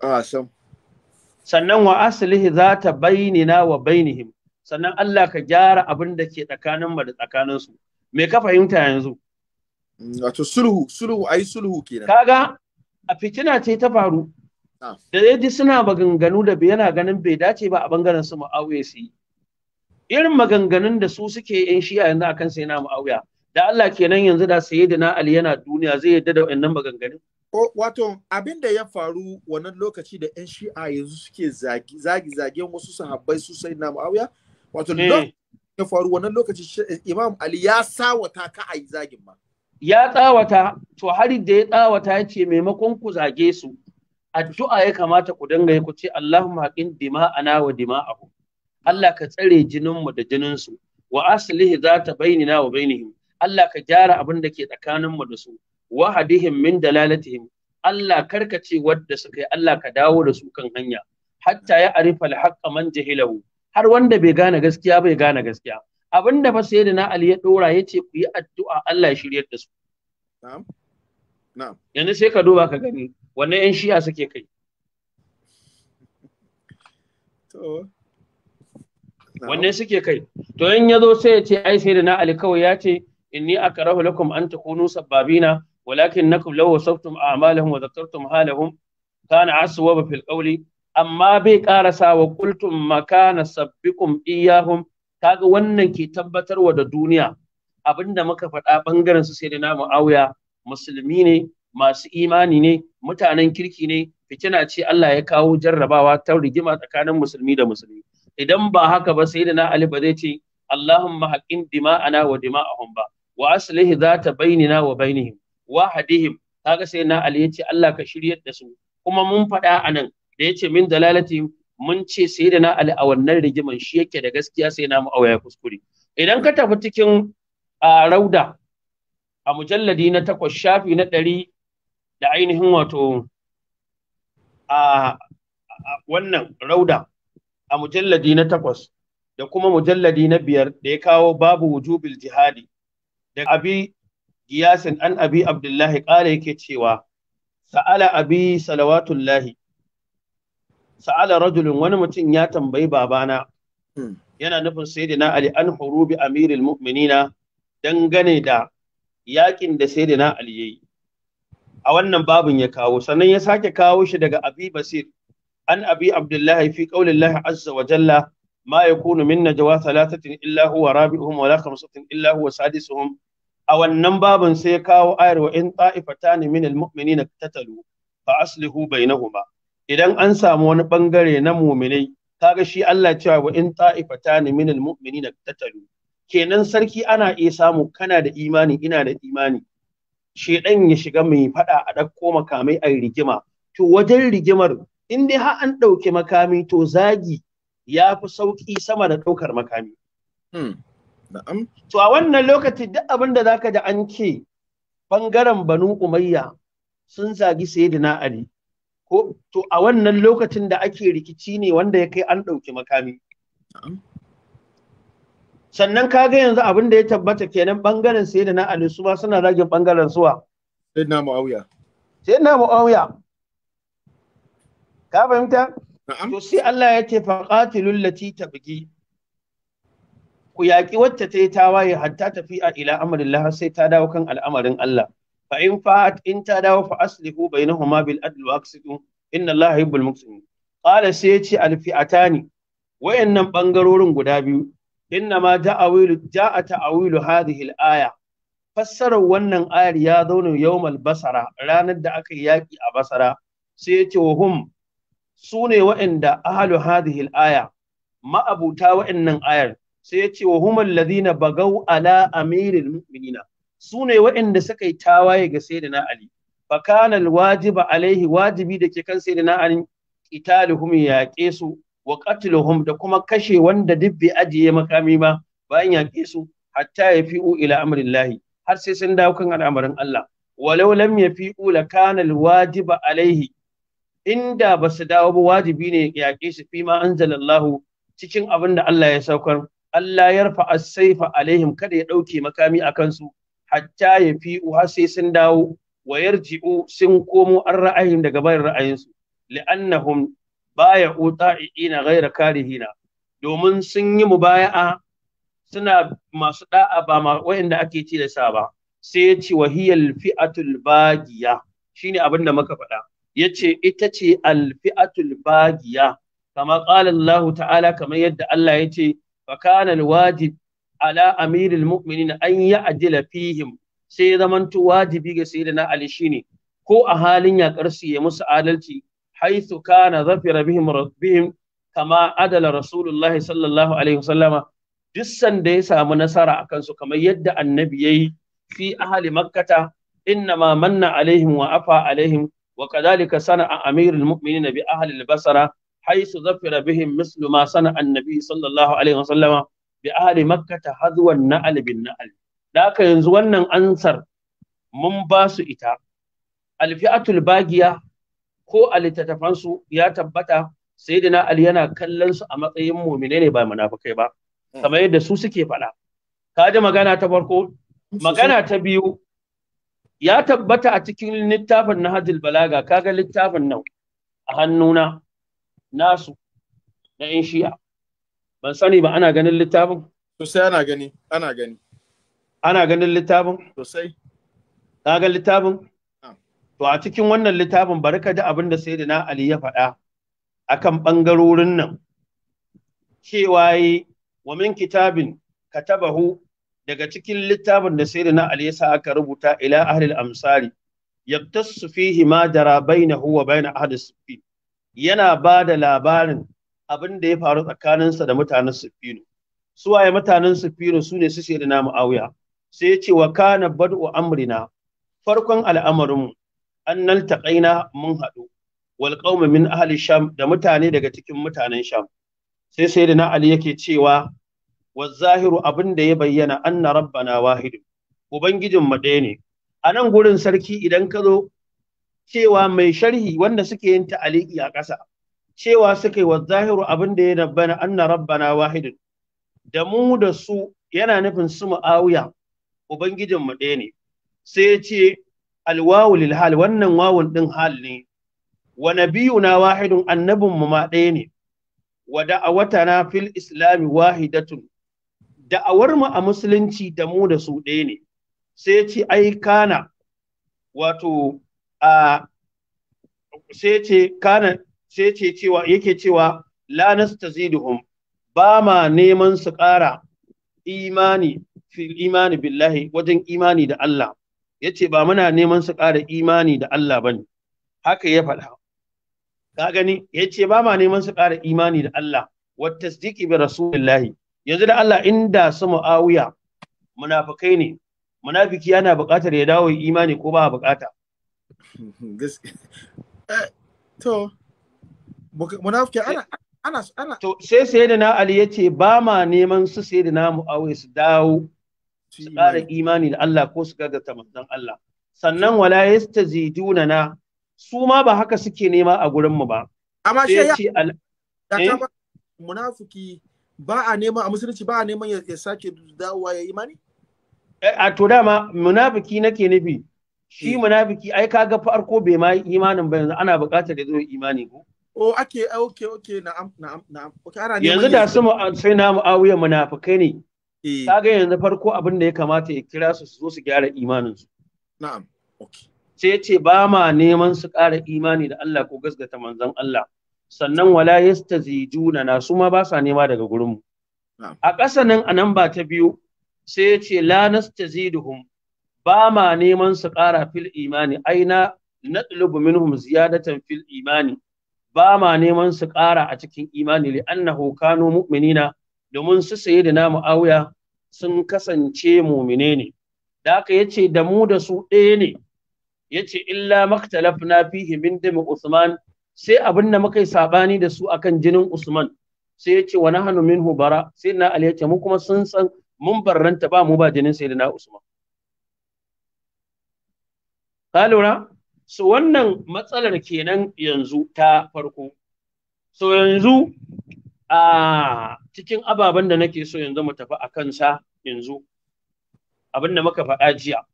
awesome ah, sannan wa aslihi ta bainina wa bainihim sannan Allah ka gyara abin da ke tsakanin mu da tsakanin su me ka fahimta yanzu wato sulhu sulhu ai sulhu kenan kaga a fitina ce ta faru ah. da dai suna maganganu da bai yana ganin bai dace ba a bangaren su mu'awiya su yi irin maganganun da su suke shi shi'a yanzu akan sai na mu'awiya da Allah kenan yanzu da sayyidina Ali yana duniya zai yadda da wannan maganganun wato abin da ya faru wannan lokaci da yan shi'a yanzu suke zagi zagi zagen wasu sahabbai su sai na mu'awiya wato eh. ya faru wannan lokacin eh, Imam Ali ya sawata ka a zagin ma. Ya tsawata, to har da ya tsawata ya ce maimakon ku zage su, addu'a ya kamata ku danga ku ce Allahumma haƙin dima'ana wa dima'ahu. Allah ka tsare jininmu da jinin su. wa aslihi za ta bainina wa bainihim. Allah ka gyara abin da ke tsakanin mu da su, wa hadihim min dalalatihim. Allah karkace wadda suka yi Allah ka dawo da su kan hanya. Hatta ya arifa al-haqqa man jahilahu. har wanda bai gane gaskiya bai gane gaskiya abin da fa sayyidina ali ya dora yace ku yi addu'a Allah ya shiryar da su na'am na'am yanzu sai ka duba ka gani wanne yan shi'a suke kai to wanne suke kai to ya yazo sai ya ce ai sayyidina ali kawai ya ce inni akrahu lakum an takunu sababina walakin nakum law wasaftum a'malahum wa dhakartum halahum kana aswaba fil qawli amma bai ƙarasa wa kultum makana sabbikum iyahum kaga wannan ke tabbatarwa da duniya abinda muka faɗa ɓangaren su sai da namu auya musulmi ne masu imani ne mutanen kirki ne fitina ce Allah ya kawo jarrabawa ta rigima tsakanin musulmi da musulmi idan ba haka ba sai da na Ali ba zai ce Allahumma haqqin dima'ana wa dima'ahum ba wa aslih zata bainina wa bainihim wa hadihim kaga sai na Ali ya ce Allah ka shiryar da su kuma mun faɗa anan da yace min dalalati mun ce sai da na ali a wannan rigiman shi yake da gaskiya sai na mu auya kuskure idan ka tafi cikin rauda a mujalladi na takwas shafi na ɗari da ainihin wato a wannan rauda a mujalladi na takwas da kuma mujalladi na biyar da ya kawo babu wujubil jihadi da abi giyasin an abi abdullahi ƙara yake cewa sa'ala abi salawatullahi sa'ala rajulin wani mutum ya tambayi babana hmm. yana nufin sayyidina ali an hurubi amiril mu'minina dangane da yakin da sayyidina ali yayi a wannan babin ya kawo sannan ya sake kawo shi daga abi basir an abi abdullahi fi qaulillahi azza wa jalla ما يكون من نجوى ثلاثة إلا هو رابعهم ولا خمسة إلا هو سادسهم أو النباب سيكاو آير وإن طائفتان من المؤمنين اقتتلوا فأصلحوا بينهما idan an samu wani bangare na muminai kaga shi Allah cewa wa in ta'ifatan minal mu'minina tatalu kenan sarki ana iya samu kana da imani ina da imani shedan ya shiga mai fada a ɗakko makamai a rigima to wajen rigimar in dai har an ɗauki makami to zagi ya fi sauƙi sama da ɗaukar makami hmm. to a wannan lokaci duk abin da zaka da anke, ɓangaren bangaren banu umayya sun zagi sayyidina ali ko to a wannan lokacin da ake rikici ne wanda ya kai an ɗauki makami sannan kaga yanzu abin da ya tabbata kenan bangaren sai da na Ali su ba suna zagin bangaren suwa sai na muawiya sai na muawiya ka fahimta to sai Allah ya ce faqatilul lati tabgi ku yaƙi wacce ta yi tawaye hatta tafi a ila amrillah sai ta dawo kan al'amarin Allah fa in fa'at ta dawo fa aslihu bainahuma bil adl wa aqsitu inna allaha yuhibbul muqsitin qala sai ya ce al fi'atani wayannan bangarorin guda biyu inna ma da'awilu ja'a ta'awilu hadhihi al aya fassarar wannan ayar ya zauna yawmal basara ranar da aka yi yaki a basara sai ya ce wa hum su ne wa'anda ahalu hadhihi al aya ma'abuta wa'annan ayar sai ya ce wa humar ladina bagau ala amiril mu'minina su ne waɗanda suka yi tawaye ga sayyidina ali fa kana alwajiba alaihi wajibi da ke kan sayyidina ali qitaluhum yaƙe su wa qatluhum da kuma kashe wanda duk bai ajiye makami ba bayan yaƙe su hatta fi'u ila amrillahi har sai sun dawo kan al'amarin Allah walau lam yafi'u la kana alwajiba alaihi inda ba su dawo ba wajibi ne yaƙe su fi ma anzalallahu cikin abin da Allah ya saukar Allah ya rufa as-saifa alaihim kada ya ɗauke makami a kansu hatta ya fi har sai sun dawo wa yarji'u sun komo an ra'ayin daga bayan ra'ayinsu li'annahum baya uta'iina ghaira karihina domin sun yi mubaya'a suna masu da'a ba ma ake ci da sa ba sai ya ce wa fi'atul bagiya shine abin da muka faɗa yace ita ce al fi'atul bagiya kama qala Allah ta'ala kamar yadda Allah yace fa kana al wajib ala amiril mu'minin an ya'jila fihim sai zamantu wajibi ga sayyidina Ali shine ko a halin yakar su ya musu adalci haythu kana zafira bihim rabbihim kama adala rasulullahi sallallahu alaihi wasallama duk sanda ya samu nasara akan su kamar yadda annabi yayi fi ahli makkata inna ma manna alaihim wa afa alaihim wa kadhalika sana'a amirul mu'minin bi ahli al-basra haythu zafira bihim mislu ma sana'a annabi sallallahu alaihi wasallama bi ahli makkata hazwan na'al bin na'al da haka yanzu wannan ansar mun ba su ita alfi'atul bagiya ko a littattafansu ya tabbata sayyidina ali yana kallon su a matsayin mu'mine ne ba munafikai ba kamar yadda su suke faɗa ka ji magana ta farko magana ta biyu ya tabbata a cikin littafin na hajjil balaga kaga littafin nan a hannuna nasu na yan shi'a ban sani ba ana ganin littafin sosai ana gani ana gani ana ganin littafin sosai ka ga littafin ah. to a cikin wannan littafin bari ka ji abin da na ali ya faɗa a kan ɓangarorin nan cewa yi wa min kitabin ka hu? daga cikin littafin da na ali ya sa aka rubuta ila ahlil amsari yaktasu fihi ma jara bainahu wa bain fi. yana ba da labarin abin da ya faru tsakaninsa da mutanen Su waye mutanen Sufinu su ne su da namu auya, sai ya ce wa kana bad'u amrina farkon al'amarin annal taqaina mun haɗu wal qauma min ahli sham da mutane daga cikin mutanen sham sai sai na ali yake cewa wa zahiru abin da ya bayyana anna rabbana wahid ubangijin mu ɗaya ne a nan gurin sarki idan ka zo cewa mai sharhi wanda suke yin ta'aliki a ƙasa cewa suka yi wa zahiru abin da ya rabbana anna rabbana wahidun da mu da su yana nufin su mu'awiya ubangijin mu ɗaya ne sai ya ce alwawu lil wannan wawun ɗin hal ne wa nabiyuna wahidun annabin mu ma ɗaya ne wa da'awatana fil islami wahidatun da'awar mu a musulunci da mu da su ɗaya ne sai ce ai kana wato a sai ce kana sai ce cewa yake cewa la nastaziduhum ba ma neman su ƙara imani fil imani billahi wajen imani da Allah yace ba muna neman su ƙara imani da Allah bane haka ya faɗa ka gani yace ba ma neman su ƙara imani da Allah wa tasdiqi bi rasulillahi yanzu da Allah inda su Muawiya munafikai ne munafiki yana buƙatar ya dawo imani ko ba buƙata eh, to munafiki ana ana ana to sai sayyidina ali yace ba ma neman su sayyidina muawiya su dawo su ƙara imani da Allah ko su gaggata manzon Allah sannan wala yastaziduna na su ma ba haka suke nema a gurin mu ba amma shi ya eh? munafiki ba a nema a musulunci ba a neman ya sake dawowa ya imani eh, a to dama munafiki nake nufi shi munafiki ai kaga farko bai ma imanin ba yanzu ana buƙatar ya zo imani ko O ake oke oke na'am na'am na'am. Yanzu da su sai na mu'awiya munafikai ne. Eh. Kaga yanzu farko abin da ya kamata ya kira su su zo su gyara imanin su. Na'am. Okay. Sai ya ce ba ma neman su ƙara imani da Allah ko gasgata manzon Allah. Sannan wala yastazijuna na su ma ba sa nema daga gurin mu. A ƙasa nan a nan ba ta biyu sai ya ce la nastaziduhum ba ma neman su ƙara fil imani aina natlubu minhum ziyadatan fil imani ba ma neman su ƙara a cikin imani li annahu kanu mu'minina domin su saye da na mu'awiya sun kasance mumine ne da aka yace da mu da su ɗaya ne yace illa maktalafna fihi min dami usman sai abin da muka yi sabani da su akan jinin usman sai yace wa nahnu minhu bara sai na ali yace mu kuma sun san mun barranta ba mu ba jinin sayyidina usman ka lura So wannan matsalar kenan yanzu ta farko. So yanzu a cikin ababen da nake so yanzu mu tafi a kansa yanzu abin da muka faɗa jiya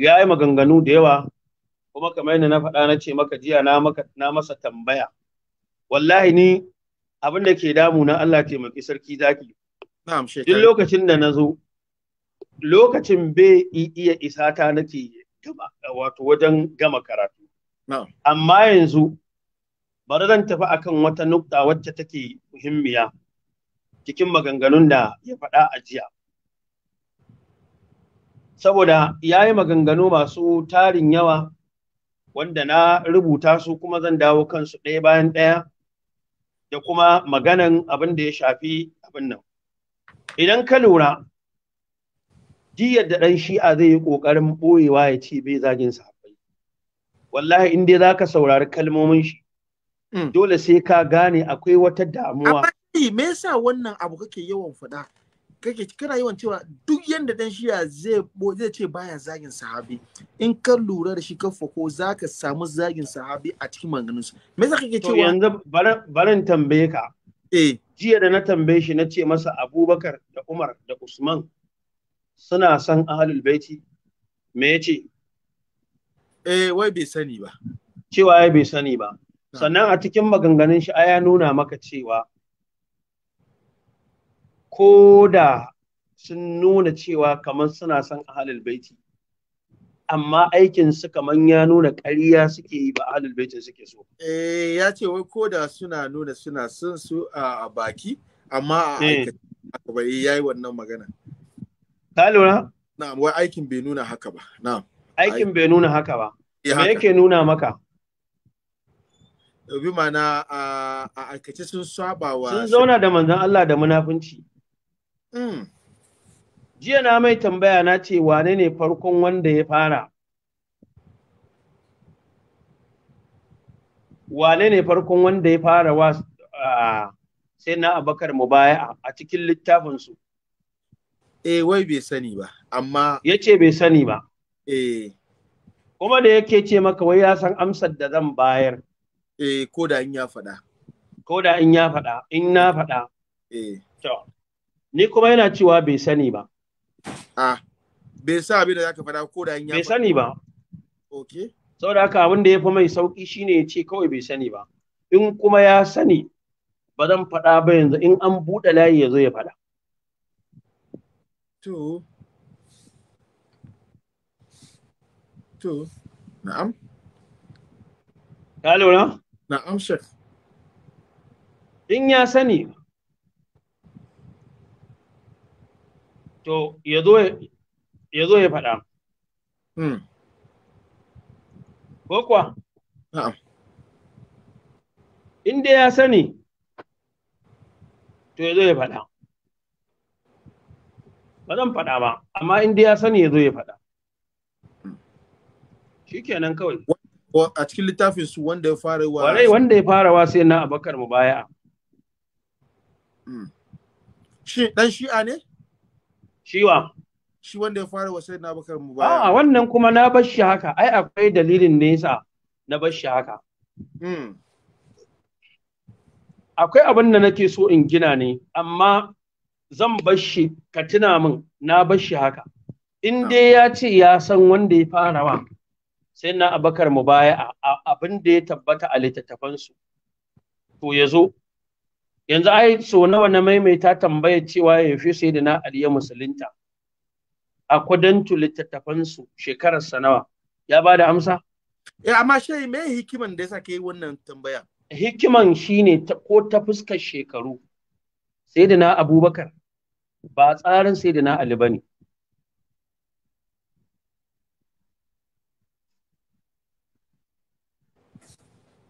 ya yi maganganu da yawa kuma kamar yadda na faɗa na ce maka jiya na maka na masa tambaya wallahi ni abin da ke damu na Allah taimaki sarki zaki na'am duk lokacin da na zo lokacin bai iya isata nake Eh, wato wajen gama karatu amma yanzu bari zan tafi akan wata nukta wacce take muhimmiya cikin maganganun da ya faɗa a jiya saboda ya yi maganganu masu tarin yawa wanda na rubuta su kuma zan dawo kansu ɗaya bayan ɗaya da kuma maganan abin da ya shafi abin nan idan ka lura jiyar da dan shi'a zai yi kokarin boyewa ya ce bai zagin sahabbai wallahi in dai zaka saurari kalmomin shi mm. dole sai ka gane akwai wata damuwa me yasa wannan abu kake yawan faɗa kake kana yawan cewa duk yanda dan shi'a zai zai ce baya zagin sahabi in ka lura da shi ka fako zaka samu zagin sahabi a cikin maganin su me yasa kake cewa yanzu barin tambaye ka eh jiya da na tambaye shi na ce masa Abubakar da Umar da Usman suna san ahalul baiti me yace eh wai bai sani ba cewa ya bai sani ba ah. sannan a cikin maganganun shi ya nuna maka cewa ko da sun nuna cewa kamar suna son ahalul baiti amma aikin su kamar ya nuna ƙarya suke yi ba ahalul baiti suke so eh ya ce wai ko da suna nuna suna son su a baki amma a eh. aikata yayi wannan magana Ka lura? Na'am, wai aikin bai nuna haka ba. Na'am. Aikin bai nuna haka ba. Me yake nuna maka? Yau Bi mana a aikace sun saba wa Sun zauna da manzon Allah da munafunci. Mm. Jiya na mai tambaya na ce wane ne farkon wanda ya fara? Wane ne farkon wanda ya fara wa sai na abakar mubaya a cikin littafinsu? Eh wai bai sani ba, amma ya ce bai sani ba. Eh. Kuma da yake ce maka wai ya san amsar da zan bayar. Eh ko da in ya faɗa. Ko da in ya faɗa, in na faɗa. Eh. To. Ni kuma yana cewa bai sani ba. Ah. Bai sa abin da zaka faɗa ko da in ya faɗa. Bai sani ba. Okay. Saboda haka abin da ya fi mai sauki shine ya ce kawai bai sani ba. In kuma ya sani ba zan faɗa ba yanzu in an buɗe layi ya zo ya faɗa. To 2 na'am ka na'am in ya sani to ya zo ya faɗa hmm. ko kwa, na'am in ya sani to ya zo ya faɗa ba zan faɗa ba amma in ya sani ya zo ya faɗa shikenan kawai a cikin littafin su wanda ya fara wa warai wanda ya fara wa sai na abakar mu baya hmm. shi dan shi'a ne shiwa shi wanda ya fara wa sai na abakar mu baya a wannan kuma na bar shi haka ai akwai dalilin nesa na bar shi haka hmm. akwai abin da nake so in gina ne amma zan bar shi ka tuna min na bar shi haka in dai ya ce ya san wanda ya fara wa sai na abakar mu baya abin da ya tabbata a su to ya zo yanzu ai so nawa na maimaita tambayar cewa ya fi sai da na aliyu musulunta a kwadantu su shekarar sanawa ya ba da amsa Eh amma shi me hikiman da yasa ke wannan tambaya hikiman shine ko ta fuskar shekaru sayyidina abubakar ba tsarin sayyidina ali bane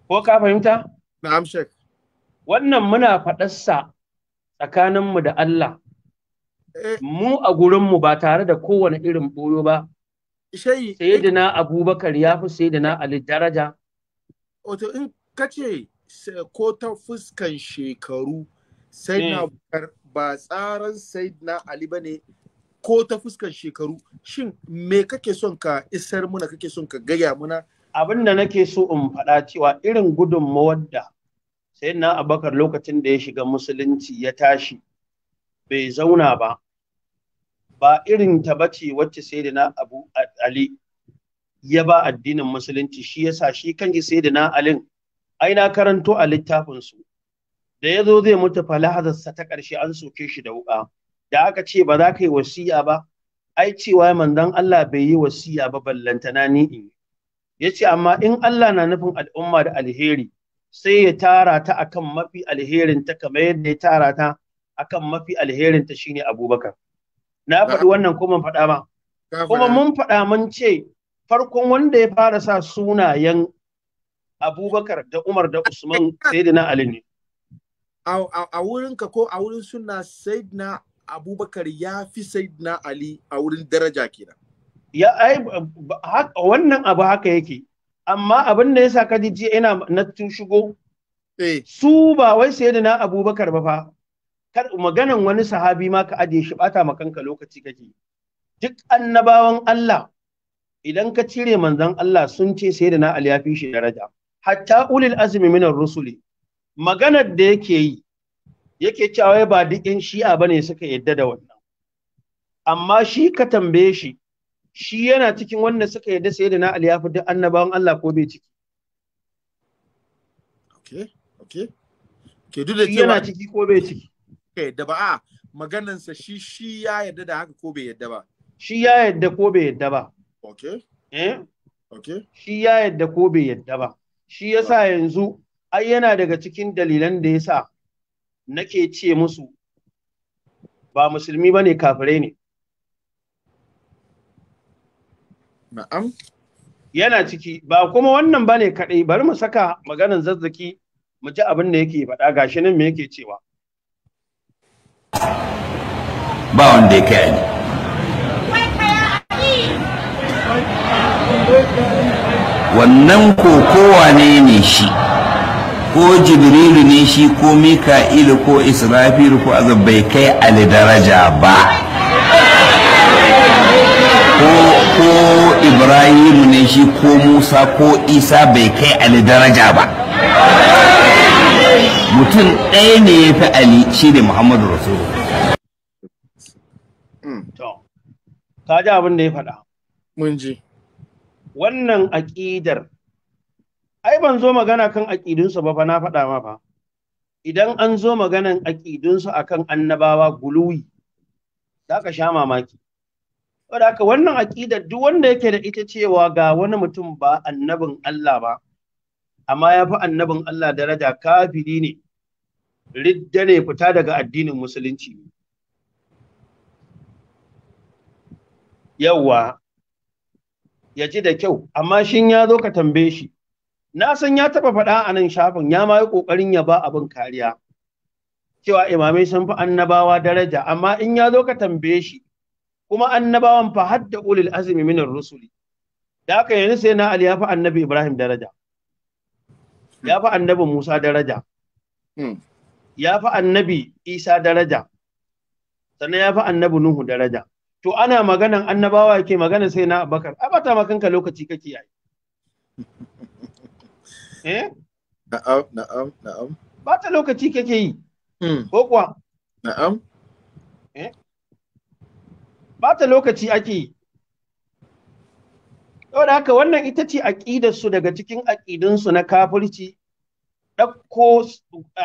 ko ka fahimta na'am Sheikh. wannan muna faɗarsa tsakaninmu da Allah eh. mu a gurinmu ba tare da kowane irin boyo ba eh. sayyidina abubakar ya fi sayyidina ali daraja wato in kace eh, ko ta fuskan shekaru Sai na hmm. abubakar ba tsaran na ali bane ko ta fuskar shekaru shin me kake son ka isar muna kake son ka gaya muna abin da nake so in faɗa cewa irin gudunmawar da na abubakar lokacin da ya shiga musulunci ya tashi bai zauna ba ba irin ta bace wacce na abu ali ya ba addinin musulunci shi yasa shi kanji na alin ai na karanto a littafin su da ya zo zai mutu falahazarsa ta ƙarshe an soke shi da wuƙa da aka ce ba za ka yi wasiya ba ai cewa manzon Allah bai yi wasiya ba ballantana ni in ya ce amma in Allah na nufin al'umma da alheri sai ya tara ta akan mafi alherin ta kamar yadda ya tara ta akan mafi alherin ta shine Abubakar na faɗi wannan ko mun faɗa ma. kuma mun faɗa mun ce farkon wanda ya fara sa sunayen Abubakar da Umar da Usman sai da na Ali ne a wurinka ko a wurin suna saidina Abubakar ya fi saidina Ali a wurin daraja kenan. Ya ai wannan abu haka yake. Amma abin da ya sa ka ji ina na tun shigo eh. su ba wai na Abubakar ba fa. Kar maganan wani sahabi ma ka ajiye shi bata kanka lokaci kake. Duk annabawan Allah idan ka cire manzon Allah sun ce na Ali ya fi shi daraja. Hatta ulil azmi minar rusuli maganar da yake yi yake cewa ba duk yan shi'a bane suka yadda da wannan amma shi ka tambaye shi shi yana cikin wanda suka yadda sai da na Ali yafi duk annabawan Allah ko bai ciki okay okay ke duk da cewa yana ciki ko bai ciki okay da ba a ah, sa shi shi ya yadda da haka ko bai yadda ba shi ya yadda ko bai yadda ba okay eh okay shi ya yadda ko bai yadda ba shi yasa yanzu ai yana daga cikin dalilan da ya yasa nake ce musu ba musulmi bane kafirai ne na'am yana ciki ba kuma wannan bane kaɗai bari mu saka maganan zazzaki mu ji abin da yake faɗa gashi nan me yake cewa ba wanda ya wannan kokowa ne ne shi ko jibrilu ne shi ko mika'ilu ko israfilu ko azab bai kai alidaraja ba ko ibrahimu ne shi ko musa ko isa bai kai alidaraja ba mutum ɗaya ne ya fi ali shi ne muhammadu rasulu hmm. Ta ji abin da ya faɗa mun ji wannan aƙidar ai ban zo magana kan aƙidinsu ba fa na faɗa ma fa idan an zo maganan aƙidinsu akan annabawa guluwi za ka sha mamaki saboda ka wannan aƙidar duk wanda yake da ita cewa ga wani mutum ba annabin Allah ba amma ya fi annabin Allah daraja kafiri ne ridda ne fita daga addinin musulunci yawwa ya ji da kyau amma shin ya zo ka tambaye shi na san ya taɓa faɗa a nan shafin ya ma yi ƙoƙarin ya ba abin kariya cewa imamai sun fi annabawa daraja amma in ya zo ka tambaye shi kuma annabawan fa hadda ulil azmi min rusuli da aka yanzu sai na ali ya fi annabi ibrahim daraja ya fi annabi musa daraja hmm. ya fi annabi isa daraja sannan ya fi annabi nuhu daraja to ana maganan annabawa yake maganan sai na abakar abata makanka lokaci kake yayi Eh? Na'am, na'am, na'am. ta lokaci kake yi. Hmm. Ko kuwa? Na'am. Eh? ta lokaci ake yi. Saboda haka wannan ita ce aƙidarsu daga cikin aƙidunsu na kafirci ɗauko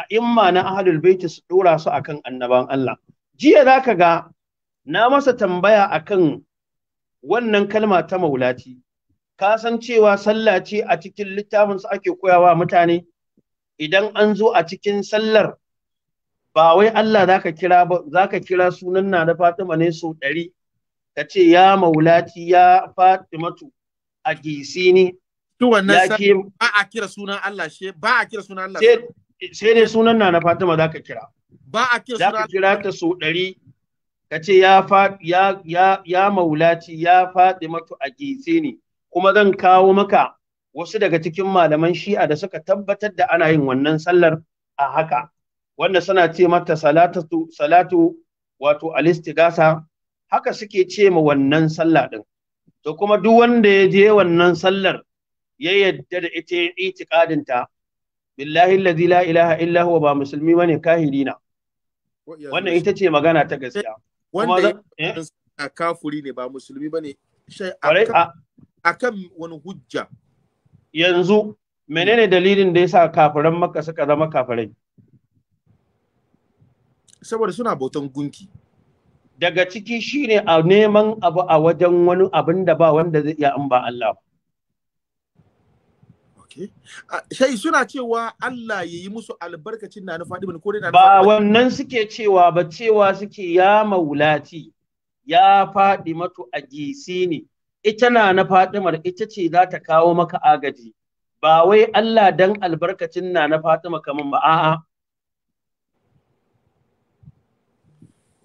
imma na ahalul baiti su ɗora su akan annaban Allah. Jiya za ka ga na masa tambaya akan wannan kalma ta maulati. ka san cewa sallah ce a cikin littafin su ake koyawa mutane idan an zo a cikin sallar ba wai Allah zaka kira ba zaka kira sunan na da Fatima ne so ɗari ka ce ya maulati ya Fatimatu a gisi ne to wannan ba a kira sunan Allah she ba a kira sunan Allah sai ne sunan na na Fatima zaka kira ba a kira sunan zaka kira ta so ɗari ka ce ya ya ya ya maulati ya Fatimatu a gisi ne kuma zan kawo maka wasu daga cikin malaman shi'a da suka tabbatar da ana yin wannan sallar a haka wanda suna ce mata salatu salatu wato alistigasa haka suke ce ma wannan sallah din to kuma duk wanda ya je wannan sallar ya yadda da ita itiqadin ta billahi allazi la ilaha illa huwa ba musulmi bane kahirina wannan ita ce magana ta gaskiya wanda kafuri ne ba musulmi bane akan wani hujja yanzu menene dalilin da yasa kafiran makka suka zama kafirai saboda suna bautan gunki daga ciki shine a neman abu a wajen wani abin da ba wanda zai iya an ba Allah Shai suna cewa Allah ya yi musu albarkacin na nufa ɗibin kore dai Ba wannan suke cewa ba cewa suke ya maulati ya faɗi matu a gisi ne ita na na Fatimar ita ce za ta kawo maka agaji ba wai Allah dan albarkacin na na Fatima kaman ba a'a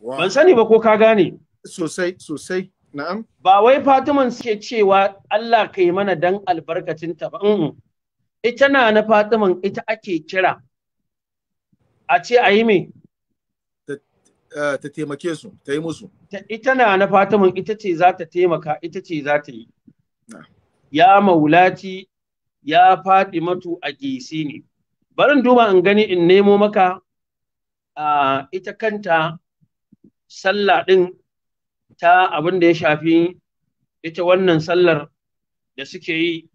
ban sani ba ko ka gane sosai sosai na'am ba wai Fatiman suke cewa Allah kai mana dan albarkacin ta ba ita na na Fatiman ita ake kira a ce a yi me Eh, ta taimake su ta yi musu ita na na fatamun ita ce za ta taimaka ita ce za ta yi ya maulati ya faɗi matu a gisi ne barin duba in gani in nemo maka ita kanta sallah ɗin ta abin da ya shafi ita wannan sallar da suke yi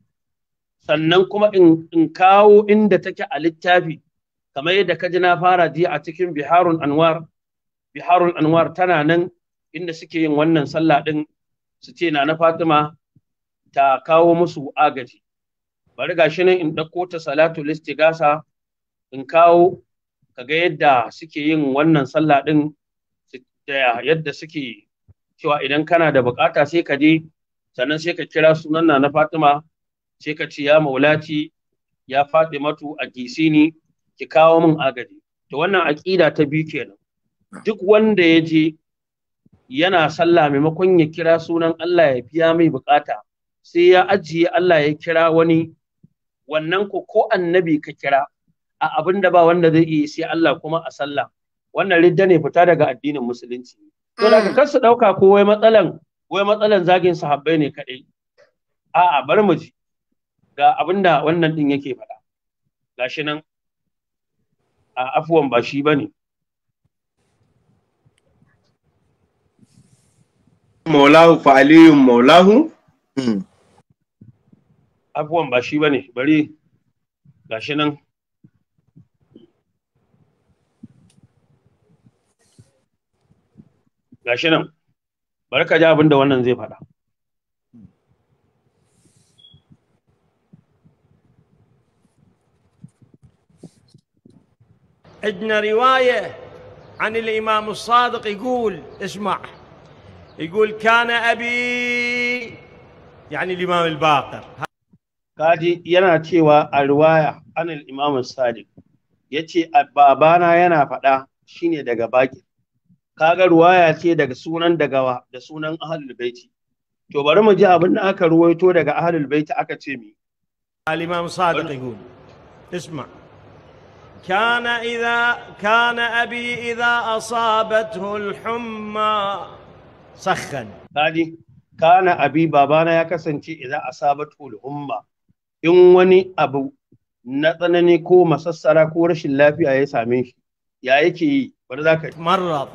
sannan kuma in kawo inda take a littafi kamar yadda ka ji na fara ji a cikin biharun anwar biharul anwar tana nan inda suke yin wannan sallah din su ce na fatima ta kawo musu agaji bari gashi nan in ɗauko ta salatu listigasa in kawo kaga yadda suke yin wannan sallah din yadda suke cewa idan kana da bukata sai ka je sannan sai ka kira sunan na fatima sai ka ce ya maulati ya fatimatu a gisini ki kawo min agaji to wannan aƙida ta biyu kenan duk wanda ya je yana sallah maimakon ya kira sunan Allah ya biya mai bukata sai ya ajiye Allah ya kira wani wannan ko ko annabi ka kira a abin da ba wanda zai iya sai Allah kuma a sallah wannan ridda ne fita daga addinin musulunci to da mm. kar su dauka ko wai matsalan wai matsalan zagin sahabbai ne kadai a'a bar mu ji ga abin da wannan din yake faɗa gashi nan a afuwan ba shi bane مولاه فعلي مولاه أبو أم باشي باني باري باشي نان باشي نان باركا جاء زي فادا عندنا رواية عن الإمام الصادق يقول اسمع يقول كان أبي يعني الإمام الباقر قادي ينا تيوى الرواية عن الإمام الصادق يتي أبابانا ينا فتا شيني دقا باقي كاغا الرواية تي دقا سونان دقا وا دا سونان أهل البيت تو برما جاء بنا أكا رواية تو دقا أهل البيت أكا تيمي الإمام الصادق يقول اسمع كان إذا كان أبي إذا أصابته الحمى سخن هذه كان أبي بابانا يا كسنتي إذا أصابت الأمة إن وني أبو نتنني كو مسسرا كورش الله في آية ساميش يا إيكي برداك مرض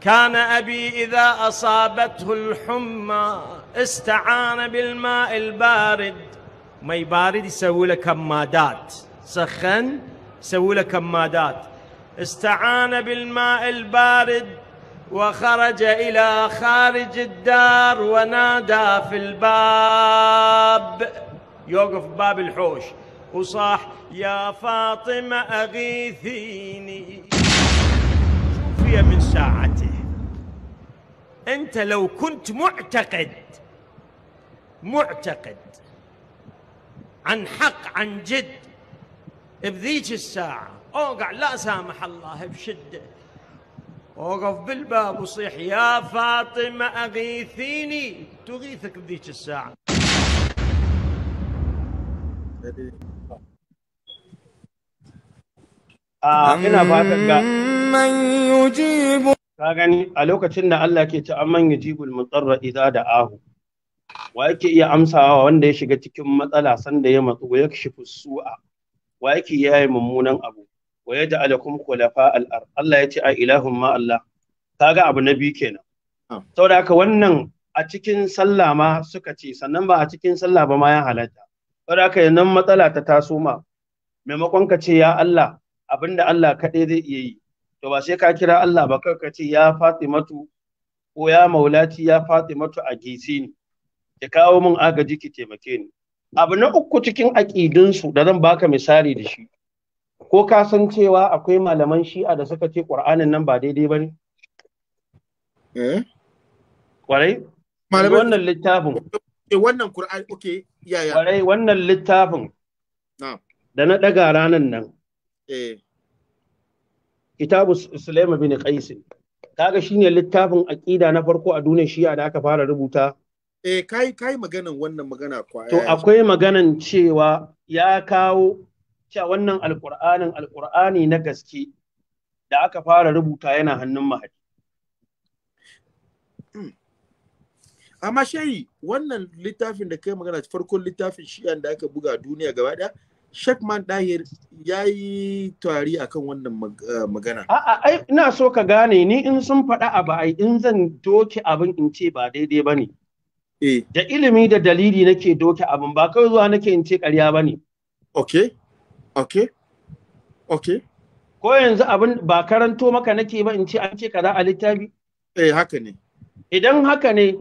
كان أبي إذا أصابته الحمى استعان بالماء البارد ماء بارد يسوي له كمادات سخن يسوي له كمادات استعان بالماء البارد وخرج إلى خارج الدار ونادى في الباب يوقف باب الحوش وصاح يا فاطمة أغيثيني شوفي من ساعته أنت لو كنت معتقد معتقد عن حق عن جد بذيك الساعة أوقع لا سامح الله بشدة وقف بالباب وصيح يا فاطمة أغيثيني تغيثك بذيك الساعة ina fatan ga man yujibu ka gani a lokacin da Allah ke ci amman yujibul mutarra idza da'ahu wa yake iya amsawa wanda ya shiga cikin matsala sanda ya matsu ya kashifu su'a wa yake yayi mummunan abu wa yadda alakum khulafa al'ar Allah ya ce a ilahun ma Allah kaga abu na biyu kenan ah. saboda haka wannan a cikin sallah ma suka ce sannan ba a cikin sallah ba ma ya halatta saboda haka nan matsala ta taso ma maimakon ka ce ya Allah abinda Allah kaɗai zai iya yi to ba sai ka kira Allah ba ka ce ya Fatimatu ko ya Maulati ya Fatimatu a gisi ne ki kawo min agaji ki taimake ni abu na uku cikin aƙidinsu da zan baka misali da shi ko ka san cewa akwai malaman shi'a da suka ce ƙur'anin nan ba daidai ba ne? Ƙwarai? Eh? Wannan littafin. Eh, wannan Ƙur'ani, ok, yaya. Ƙwarai, wannan littafin. Da na ɗaga ranar nan. Eh. Kitabu Sulaiman bin Qaisin. Kaga shine littafin aƙida na farko a duniyar shi'a da aka fara rubuta Eh, kai kai maganan wannan magana kwa. To akwai maganan cewa ya kawo cewa wannan alƙur'anin alƙur'ani na gaske da aka fara rubuta yana hannun mahadi. Amma shayi wannan littafin da kai magana farkon littafin shiyan da aka buga duniya gaba ɗaya Shekman Dahir ya yi tari a kan wannan eh, magana. A'a, ai, ina so ka gane ni in sun faɗa abu ai in zan doke abin in ce ba daidai ba ne. Eh. Da ilimi da dalili nake doke abin ba kawai zuwa nake in ce ƙarya ba ne. Ok, ok. ko yanzu abin ba karanto maka nake ba in ce an ce kaza a littafi eh haka ne idan haka ne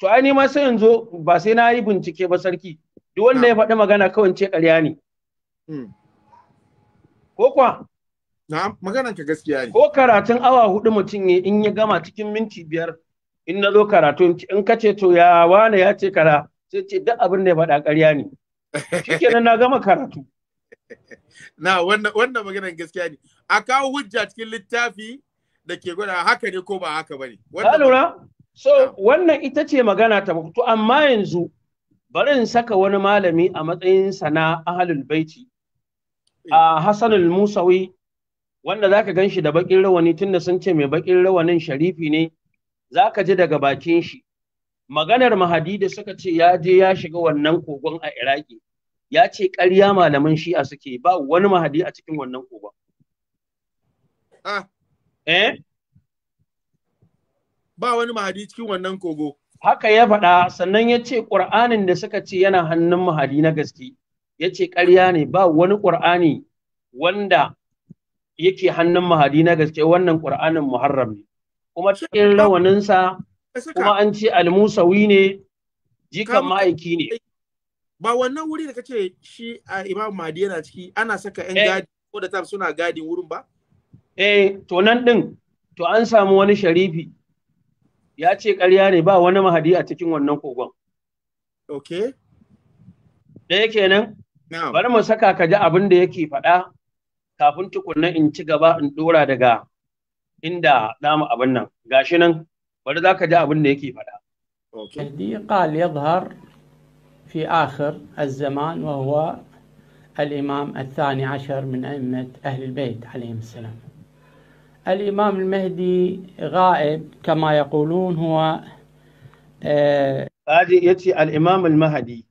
to ai ma sai yanzu ba sai na yi bincike ba sarki duk wanda ya faɗi magana kawai ce ƙarya ne hmm. ko kwa na'am magana ka gaskiya ne ko karatun awa hudu mutum ne in ya gama cikin minti biyar in na zo karatu in ka ce to ya wane ya ce kara sai ce duk abin da ya faɗa ƙarya ne shikenan na gama karatu na wannan maganar gaskiya ne a kawo hujja cikin littafi da ke gwada haka ne ko ba haka ba ne. lura? So, wannan ita ce magana ta to amma yanzu bari in saka wani malami a matsayin sa na ahalul baiti a eh. Hassanul Musawi wanda zaka ka gan da bakin rawani tunda sun ce mai bakin rawanin sharifi ne zaka ka ji daga bakin shi maganar mahadi da suka ce ya je ya shiga wannan kogon a Iraki ya ce ƙarya malaman shi'a suke ba wani mahadi a cikin wannan koba. Ah. Eh? Ba wani mahadi cikin wannan kogo. Haka ya faɗa sannan ya ce ƙur'anin da suka ce yana hannun mahadi na gaske ya ce ƙarya ne ba wani ƙur'ani wanda yake hannun mahadi na gaske wannan ƙur'anin muharram ne. Kuma cikin rawaninsa kuma an ce almusawi ne jikan ma'aiki ne. ba wannan wuri da kace shi a imam mahdi yana ciki ana saka yan eh. gadi ko da tab suna gadin wurin ba eh to nan din to an samu wani sharifi ya ce ƙarya ne ba wani mahadi a cikin wannan kogon okay yake nan, bari mu saka ka ji abin da yake faɗa kafin tukunna in ci gaba in ɗora daga inda namu abin nan gashi nan bari za ka ji abin da yake faɗa. Okay. في آخر الزمان وهو الإمام الثاني عشر من أئمة أهل البيت عليهم السلام الإمام المهدي غائب كما يقولون هو آه، هذه آه يأتي الإمام المهدي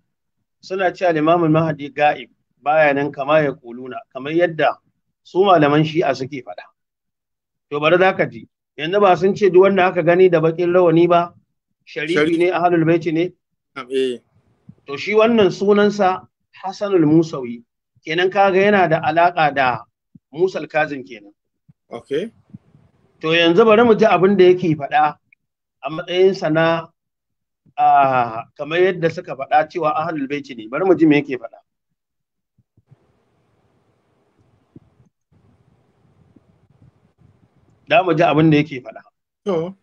سنة الإمام المهدي غائب بايانا كما يقولون كما يدعى سوما لمن شيء أسكي فلا تو بدا ذاك دي yanzu ba sun ce duk wanda aka gani da bakin rawani ba shari'i ne ahlul bait ne to shi wannan sunansa Hassanul Musawi kenan kaga yana da alaƙa da Musal Kazim kenan okay to yanzu bari mu ji abin da yake faɗa a matsayinsa na kamar yadda suka faɗa cewa ahlul baiti ne bari mu ji me yake faɗa da mu ji abin da yake faɗa to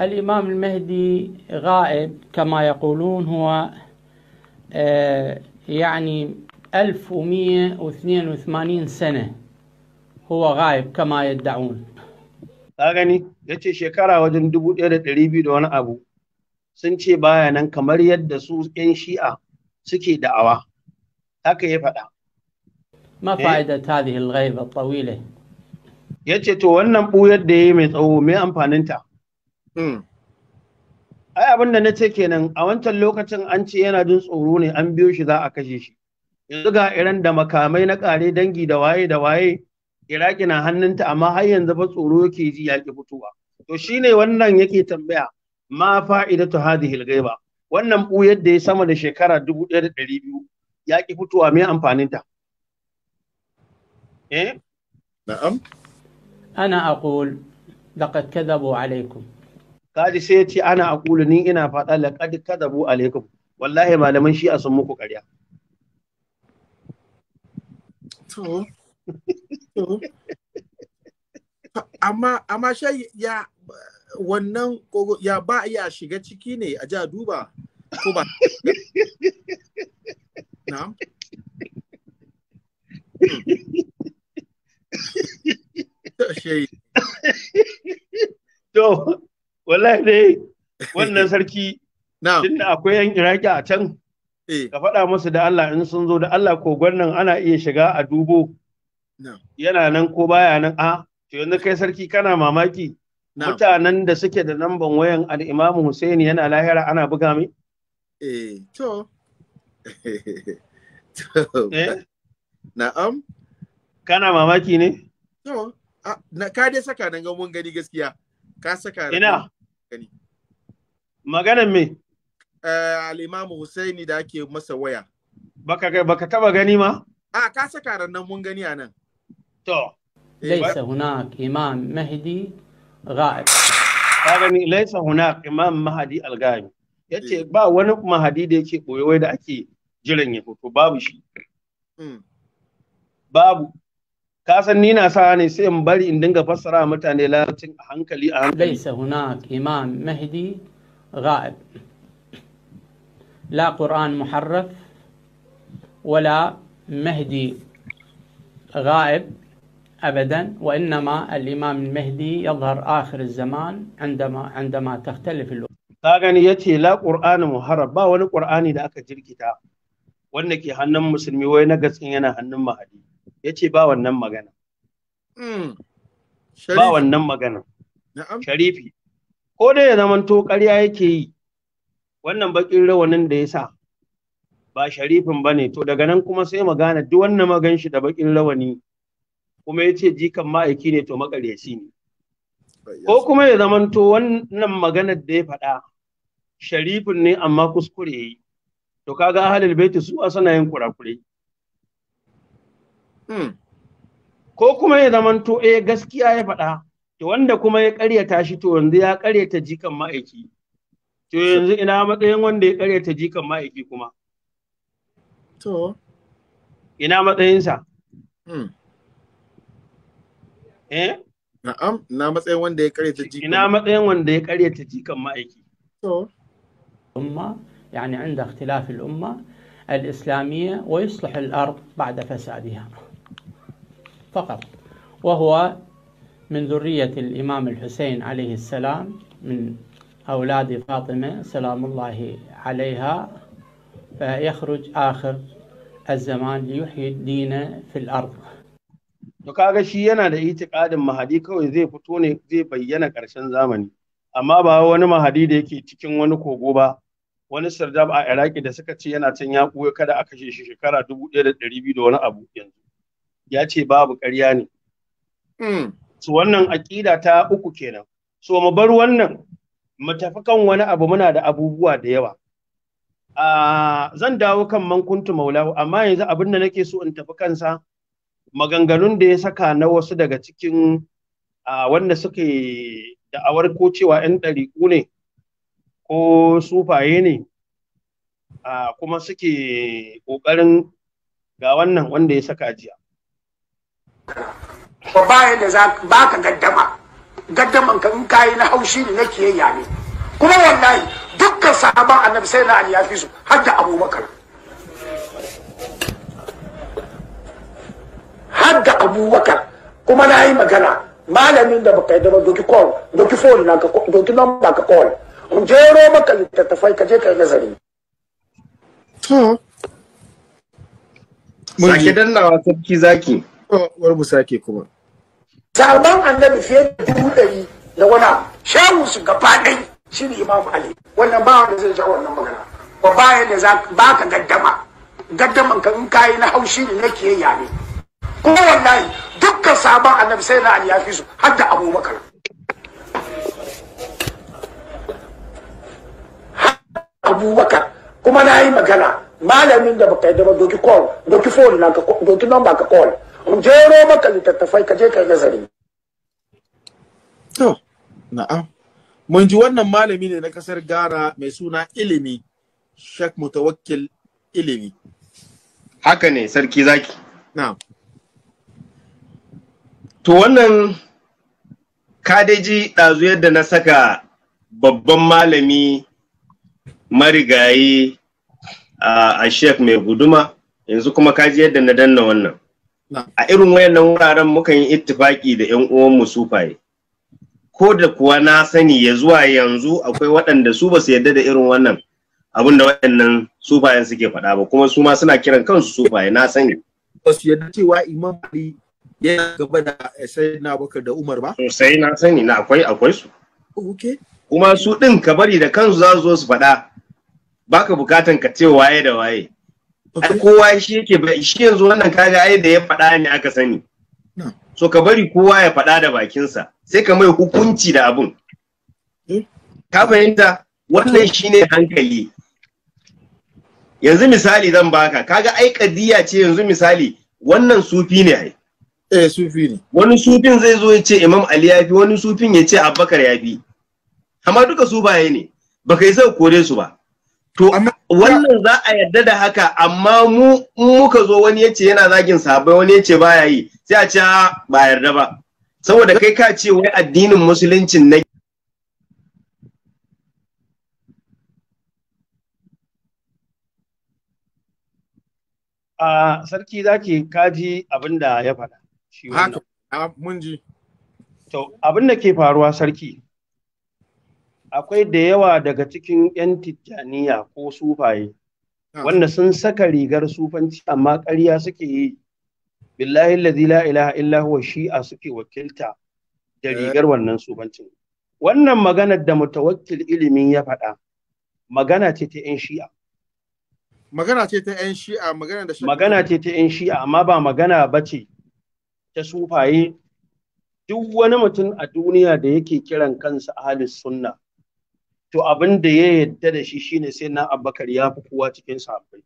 الإمام المهدي غائب كما يقولون هو يعني 1182 سنة هو غائب كما يدعون ka gani ya ce shekara wajen dubu ɗaya da ɗari biyu da wani abu sun ce baya nan kamar yadda su 'yan shi'a suke da'awa haka ya faɗa ma fa'ida ta al-ghaiba tawila ya ce to wannan ɓuyar da ya yi mai tsawo mai amfaninta Hmm. ai abin da na ce kenan a wancan lokacin an ce yana jin tsoro ne an biyo shi za a kashe shi yanzu ga iran da makamai na ƙare dangi da waye da waye iraki na hannunta amma har yanzu ba tsoro yake ji ya ki fitowa to shine wannan yake tambaya ma fa'idatu hadhihi al-ghaiba wannan buyar da ya sama da shekara 1200 ya ki fitowa me amfanin ta eh na'am ana aqul laqad kadhabu alaykum kaji sai ya ce ana akulu ni ina faɗa laqad kadabu alaikum wallahi malaman shi'a sun muku ƙarya to amma amma shai ya wannan ya ba ya shiga ciki ne a ja duba ko ba na'am to wallahi dai wannan sarki tunda akwai yan iraki a can eh. ka faɗa musu da Allah in sun zo da Allah ko gwannan ana iya shiga a dubo yana nan ko baya nan a to yanzu kai sarki kana mamaki mutanen da suke da namban wayan al'imamu Hussein yana lahira ana buga mai? Eh, to. Eh? Na'am. Kana mamaki ne? To, na ka dai saka nan ga mun gani gaskiya. Ka saka Ina. gani maganan me eh, al'imamu husaini da ake masa waya baka taba gani ma a ah, ka saka ranar mun gani a nan to Laisa hunak imam mahdi Ra'ib. ka gani laisa hunak imam mahdi al ya ce eh. ba wani mahdi da yake boye wai da ake jiran ya fito babu shi mm. babu ka san ni na sa ne sai in bari in dinga fassara mutane larabcin a hankali a hankali laysa hunak imam mahdi ghaib لا قرآن محرف ولا مهدي غائب ابدا وانما الامام المهدي يظهر اخر الزمان عندما عندما تختلف اللغه kagani yace la qur'ani muharrab ba wani qur'ani da aka jirkita wanda ke hannun musulmi wai na gaskin yana hannun mahadi ya ce ba wannan magana. Hmm. Ba wannan magana. Sharifi. Ko da ya to ƙarya yake yi, wannan baƙin rawanin da ya sa ba sharifin ba ne, to daga nan kuma sai magana duk wannan magan shi da baƙin rawani kuma ya ce jikan ma'aiki ne to maƙaryaci ne. Ko kuma ya zamanto wannan maganar da ya faɗa sharifin ne amma kuskure yi. To kaga ahalil baiti su suna yin kurakure. ko kuma ya zamanto eh gaskiya ya faɗa to wanda kuma ya ƙaryata shi to yanzu ya ƙaryata jikan ma'aiki to yanzu ina matsayin wanda ya ƙaryata jikan ma'aiki kuma to ina matsayinsa eh na'am na matsayin wanda ya ƙaryata jikan ina matsayin wanda ya ƙaryata jikan ma'aiki to amma umma al islamiyya wa yuslih al ard ba'da fasadiha فقط وهو من ذرية الإمام الحسين عليه السلام من أولاد فاطمة سلام الله عليها فيخرج آخر الزمان ليحيي الدين في الأرض to kaga shi yana da itiqadin mahadi kawai zai fito ne zai bayyana karshen zamani amma ba wani mahadi da yake cikin wani kogo ba wani sardab a iraki da suka ce yana can ya kada a kashe shi shekara 1200 da wani abu yanzu ya ce babu ƙarya ne hmm. su wannan aƙida ta uku kenan so mu bar wannan mu tafi kan wani abu muna da abubuwa da yawa ah, zan dawo kan mankuntu maulahu amma yanzu abin da nake so in tafi kansa maganganun da ya saka na wasu daga cikin ah, wanda suke da'awar ko cewa 'yan ɗariƙu ne ko sufaye ne ah, kuma suke ƙoƙarin ga wannan wanda ya saka jiya ba bayan da ba ka gaddama gaddaman ka in kayi na haushi ne nake kiyayya ne kuma wallahi dukkan sahaban annabi sai na ali ya fi su har da abubakar har da abubakar kuma na yi magana malamin da baka yadda ba doki call doki phone na ka doki number ka call in jero maka littattafai ka je ka yi nazari Sake dallawa sarki zaki. war mu kuma sabon annabi fiye da dubu ɗari da wani shawun su gaba ɗai shi ne imam ali wannan ba wanda zai ja wannan magana ba bayan da za ba ka gaddama gaddaman ka in kayi na haushi ne na kiyayya ne wallahi dukkan sabon annabi sai na ali ya fi su har da abubakar abubakar kuma na yi magana malamin da baka yi da ba doki call doki phone na ka doki number ka call in jero maka littattafai ka je nazari to na'am mun ji wannan malami ne na kasar Ghana mai suna ilimi Sheikh Mutawakkil ilimi haka ne sarki zaki na'am to wannan kadeji ɗazu yadda na saka babban malami marigayi a shek mai guduma yanzu kuma kaji yadda na danna wannan a irin wayannan wuraren mukan yi ittifaki da yan mu sufaye ko da kuwa na sani ya zuwa yanzu akwai waɗanda su ba su yarda da irin wannan abin da waɗannan sufayen suke faɗa ba kuma su ma suna kiran kansu sufaye na sani ba su yadda cewa imam ali ya gaba da sai na bakar da umar ba sai na sani na akwai akwai su kuma su ɗin ka bari da kansu za su zo su faɗa baka bukatan ka ce waye da waye kowa shi yake shi yanzu wannan kaga ai da ya faɗa ne aka sani so ka bari kowa ya faɗa da bakinsa sai ka mai hukunci da abun eh. ka fahimta wannan shine hankali yanzu misali zan baka kaga ai kadiya ce yanzu misali wannan sufi ne ai eh sufi ne wani sufin zai zo ya ce imam ali yafi wani sufin ya ce abubakar ya fi amma duka su baye ne baka yi sai kore su ba To wannan za a yarda da haka amma mu muka zo wani yace yana zagin sahabbai wani yace baya yi sai a ce ba yarda ba saboda kai ka ce wai addinin musuluncin na a sarki zaki kaji abin da ya faɗa. Haka, mun ji. To, abin da ke faruwa sarki, akwai da yawa daga cikin 'yan tijjaniya ko sufaye ah. wanda sun saka rigar sufanci amma ƙarya suke yi billahi la ilaha illa huwa shi'a suke wakilta da eh. rigar wannan sufancin wannan maganar da mutawakkil ilimin ya faɗa magana ce ta 'yan shi'a magana ce ta 'yan shi'a magana da magana ce ta 'yan shi'a amma ba magana ba ce ta sufaye duk wani mutum a duniya da yake kiran kansa ahlus sunna to abin da ya yadda da shi shine sai na abbakar ya fi kowa cikin sahabbai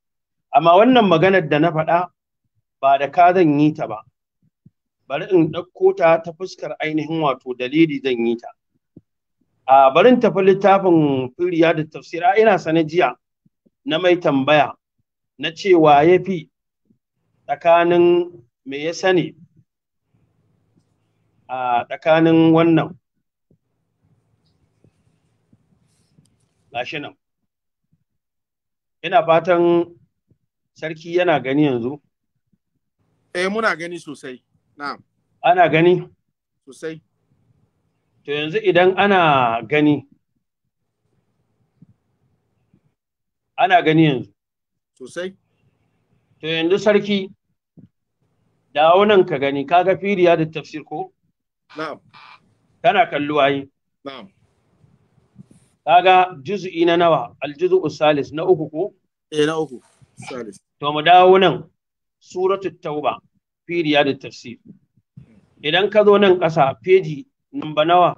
amma wannan maganar da na faɗa ba da ka zan yi ta ba bari in ɗauko ta ta fuskar ainihin wato dalili zan yi ta a barin tafi littafin firiya da tafsira ina sane jiya na mai tambaya na cewa ya fi tsakanin me ya sani a tsakanin wannan gashi nan ina fatan sarki yana gani yanzu eh muna gani sosai na'am ana gani sosai to yanzu idan ana gani ana gani yanzu sosai to yanzu sarki dawo nan ka gani kaga firiya da tafsir ko na'am tana kallo ayi na'am kaga juz'i na nawa aljuz'u salis na uku ko eh na uku salis to mu dawo nan suratu tauba fi riyadut tafsir idan ka zo nan ƙasa feji namba nawa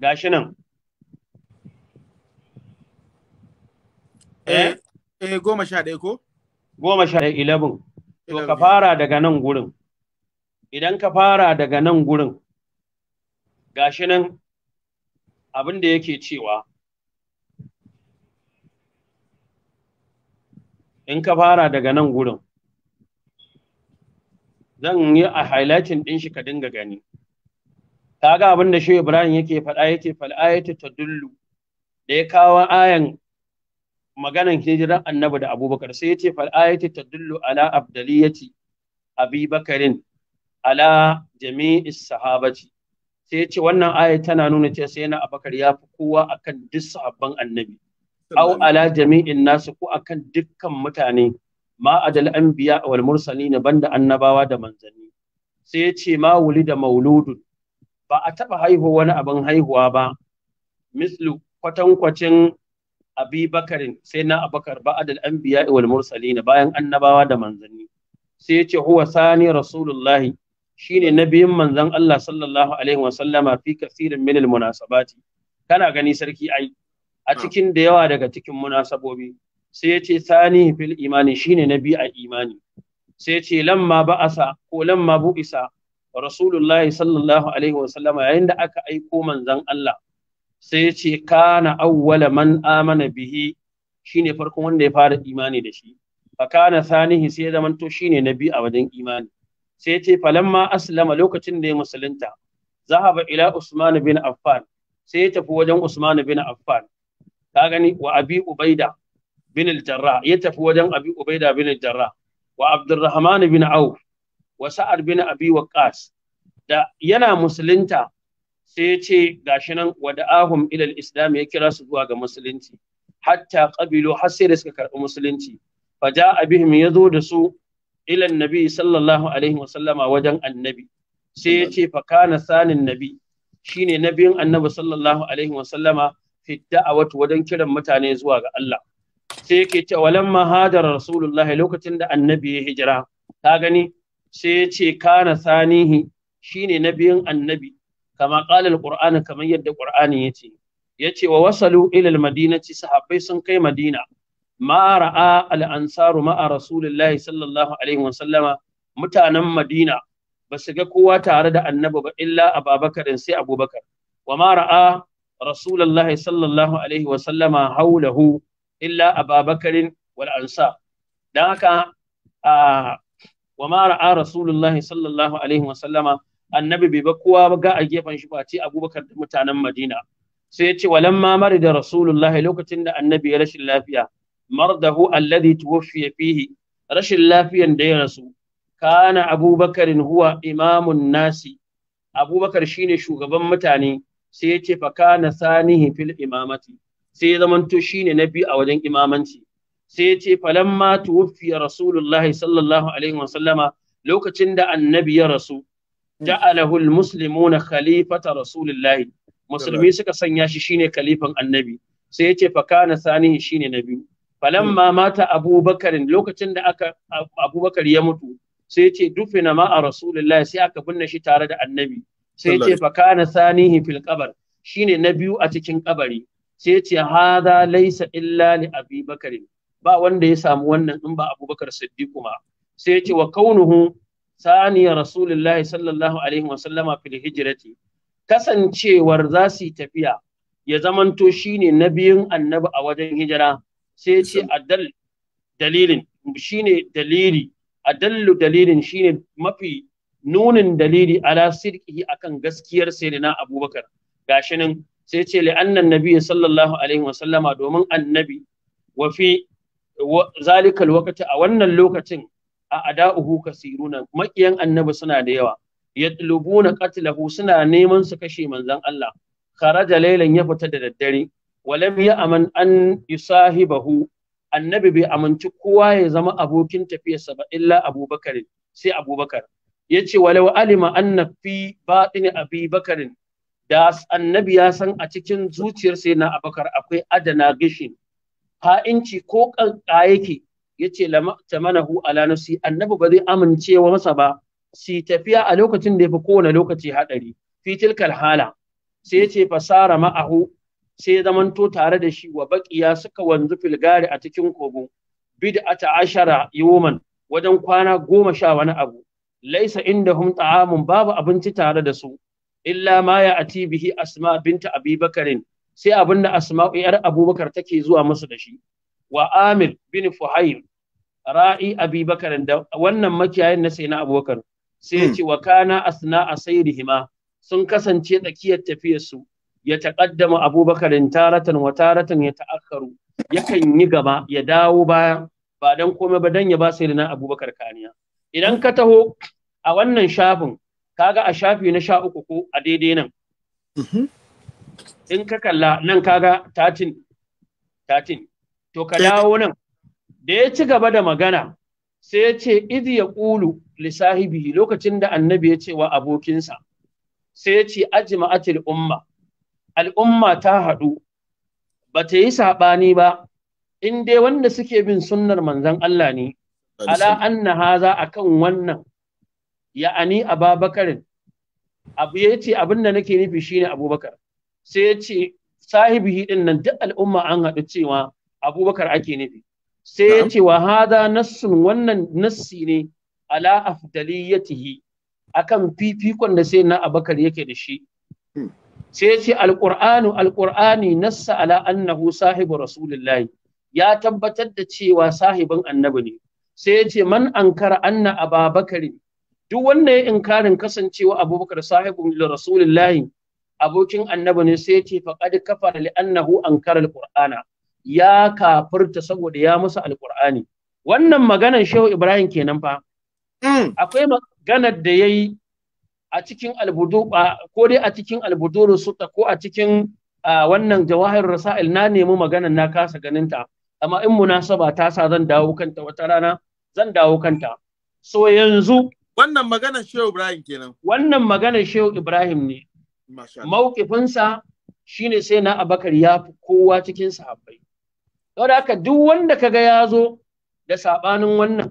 gashi nan eh, eh eh goma sha ɗaya ko goma sha ɗaya 11 to ka fara daga nan gurin idan ka fara daga nan gurin gashi nan abin da yake cewa in ka fara daga nan gurin zan yi a highlighting ɗin shi ka dinga gani kaga ga abin da shi ibrahim yake faɗa yake fal'ayatu ta dullu da ya kawo ayan maganan hijiran annabi da abubakar sai ya ce fal'ayatu ta ala abdaliyati abi bakarin ala jami'is sahabati sai ya ce wannan aya tana nuna cewa sai na abakar ya fi kowa akan duk sahabban annabi au ala jami'in nasu ko akan dukkan mutane ma ajal anbiya wal mursalin banda annabawa da manzanni sai ya ce ma da mauludun ba a taba haihuwa wani abin haihuwa ba mislu kwatankwacin abi bakarin sai na abakar ba adal anbiya wal ne bayan annabawa da manzanni sai yace huwa sani rasulullahi shine nabiyin manzon Allah sallallahu alaihi wa sallama fi kasirin min al munasabati kana gani sarki ai a ah. cikin da yawa daga cikin munasabobi sai ya ce sani fil imani shine nabi a imani sai ya ce lamma ba'asa ko lamma bu'isa rasulullahi sallallahu alaihi wa sallama yayin da aka aiko manzon Allah sai ya ce kana auwala man amana bihi shine farkon wanda ya fara imani da shi fa kana sanihi sai ya zamanto shine nabi a wajen imani sai ya ce falamma aslama lokacin da ya musulunta zahaba ila usman bin affan sai ya tafi wajen usman bin affan ka gani wa abi ubaida bin al-jarrah ya tafi wajen abi ubaida bin al-jarrah wa abdurrahman bin auf wa sa'ad bin abi waqqas da yana musulunta sai ya ce gashi nan wa da'ahum ila al-islam ya kira su zuwa ga musulunci hatta qabilu har sai da suka karɓi musulunci fa ja'a bihim yazo da su ila nabi sallallahu alaihi sallama, wajen annabi sai ya ce fa kana sanin nabi shine nabiyin annabi sallallahu alaihi wasallama fi da'awatu wajen kiran mutane zuwa ga Allah sai yake mahajar lamma hadara rasulullahi lokacin da annabi ya hijira ta gani sai ya ce kana sanihi shine biyun annabi kama qala alqur'ani kamar yadda qur'ani yace yace wa wasalu ila almadinati sahabai sun kai madina ma ra'a al-ansaru ma'a rasulillahi sallallahu alaihi wa sallama mutanen Madina ba su ga kowa tare da annabi ba illa Abubakar sai Abubakar wa ma ra'a rasulullahi sallallahu alaihi wa sallama haulahu illa Abubakar wal ansar dan wa ma ra'a rasulullahi sallallahu alaihi wa sallama annabi bai ba kowa ga a gefen shi face Abubakar da mutanen Madina sai ya ce walamma mari da rasulullahi lokacin da annabi ya rashin lafiya mardahu alladhi tuwaffiya fihi rashin lafiyan da ya rasu kana abubakarin huwa imamun nasi abubakar shine shugaban mutane sai ya ce fa kana sanihi fil imamati sai ya zamanto shine na biyu a wajen imamanci sai ya ce falamma tuwaffiya rasulullahi sallallahu alaihi wa sallama lokacin da annabi ya rasu ja'alahu almuslimuna khalifata rasulillahi musulmi suka sanya shi shine khalifan annabi sai ya ce fa kana sanihi shine na biyu falamma hmm. mata abubakar lokacin da aka abubakar ya mutu sai ce dufina ma a rasulullah sai aka binne shi tare da annabi sai ce fa kana sanihi shine na biyu a cikin kabari sai ce hada laysa illa abubakar ba wanda ya samu wannan in ba abubakar siddiq sai ce wa kaunuhu saniya rasulullah sallallahu alaihi wa sallama fil hijrati kasancewar za su tafiya ya zamanto shine na biyun annabi a wajen hijira sai ce adal dalilin shine dalili adallu dalilin shine mafi nunin dalili ala sirqihi akan gaskiyar sayyidina abubakar gashi nan sai ce li annan nabi sallallahu alaihi wasallama domin annabi wa fi zalikal wakati a wannan lokacin a ada'uhu kasiruna makiyan annabi suna da yawa yatlubuna qatlahu suna neman su kashe manzon Allah kharaja laylan ya fita da daddare Wala ya aman an yusahibahu annabi bai aminci kowa ya zama abokin tafiyarsa ba illa abubakar sai abubakar ya ce Ali alima anna fi batini abi bakarin da annabi ya san a cikin zuciyar sai na abakar akwai adana gishin ha'inci ko kanka yake ya ce tamanahu ala nafsi annabi ba zai amince wa masa ba si tafiya a lokacin da ya fi kowane lokaci haɗari fi tilkal hala sai ya ce fasara ma'ahu sai zamanto tare da shi wa bakiya suka wanzu filgari a cikin kogo ata ashara yoman wajen kwana goma sha wani abu laisa inda hum ta'amun babu abinci tare da su illa ma ya ati bihi asma binta abi bakarin sai abinda Asma yar abubakar take zuwa musu da shi wa amir bin fuhayr ra'i abi bakarin da wannan makiyayin na sai na abubakar sai ya ce hmm. wa kana asna asairihima sun kasance tsakiyar tafiyar su ya taqaddama abubakar taratan wa taratan ya ta'akkaru yakan yi gaba ya dawo baya ba dan komai ba dan ya ba na abubakar kaniya idan ka taho a wannan shafin kaga a shafi na sha uku ko a daidai nan in ka kalla nan kaga 13 tatin to ka dawo nan da ya ci gaba da magana sai ya ce idi ya ƙulu lisahibi lokacin da annabi ya ce wa abokinsa sai ya ce ajima'atil umma al'umma ta haɗu ba ta yi saɓani ba in dai wanda suke bin sunnar manzon Allah ne ala na haza kan wannan ya'ani ababakarin abu ya ce abin da nake nufi ne abubakar sai ya ce sahibihi ɗin nan duk al'umma an haɗu cewa abubakar ake nufi sai ya ce wa hada nassun wannan nassi ne ala afdaliyatihi akan fifikon da sai na abakar yake da shi hmm. sai ya ce alƙur'anu alƙur'ani nassa ala annahu sahibu Rasulillah ya tabbatar da cewa sahibin annabi ne sai ya ce man ankara anna ababakari duk wanda ya inkarin kasancewa abubakar sahibin Rasulillah, abokin annabi ne sai ya ce faqad kafara li annahu ankara alqur'ana ya kafirta saboda ya musu alqur'ani wannan maganar shehu ibrahim kenan fa hmm. akwai maganar da yayi a cikin albudu ko dai a cikin albuduru sutta ko a cikin wannan jawahir rasail na nemi maganar na kasa ganin ta, amma in munasaba ta sa zan dawo kanta wata rana zan dawo kanta so yanzu wannan maganar shehu ibrahim kenan wannan maganar shehu ibrahim ne sa shine sai na abakar ya fi kowa cikin sahabbai saboda haka duk wanda kaga ya zo da sabanin wannan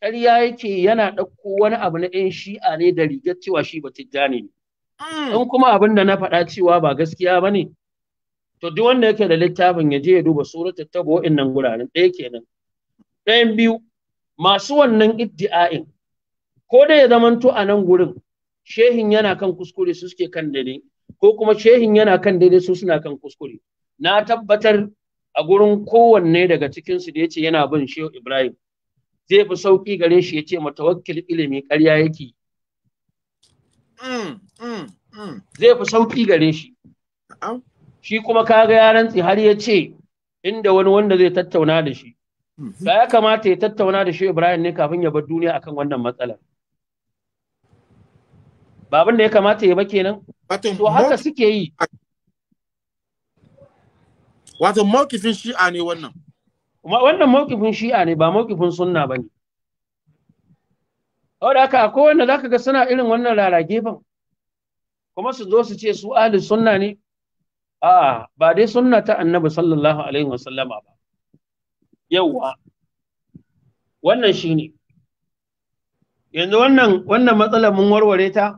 ƙarya yake yana ɗauko wani abu na ɗan shi'a ne da rigar cewa shi ba tijjani ne. Hmm. In kuma abin da na faɗa cewa ba gaskiya ba ne, to duk wanda yake da littafin ya je ya duba suratul tabo nan guraren ɗaya kenan. Ɗayan biyu masu wannan iddi'a'in ko da ya zamanto a nan gurin shehin yana kan kuskure su suke kan daidai ko kuma shehin yana kan daidai su suna kan kuskure. Na tabbatar a gurin kowanne daga cikinsu da ya ce yana bin Shehu Ibrahim. zai fi sauki gare shi ya ce matawakkil ilimi ƙarya yake mm, mm, mm. zai fi sauki gare shi shi kuma kaga ya rantsi har ya ce inda wani wanda zai tattauna da shi mhm. da ya kamata ya tattauna da shi Ibrahim ne kafin ya bar duniya akan wannan matsalar babin da ya kamata ya ba kenan to haka suke yi wato mawkifin shi'a ne wannan wannan mawkifin shi'a ne ba mawkifin sunna ba ne. da haka akwai wanda ka ga suna irin wannan rarage ban kuma su zo su ce su ahli sunna ne a'a ba dai sunna ta annabi sallallahu alaihi wasallama ba yauwa wannan shi ne. yanzu wannan wannan matsalar mun warware ta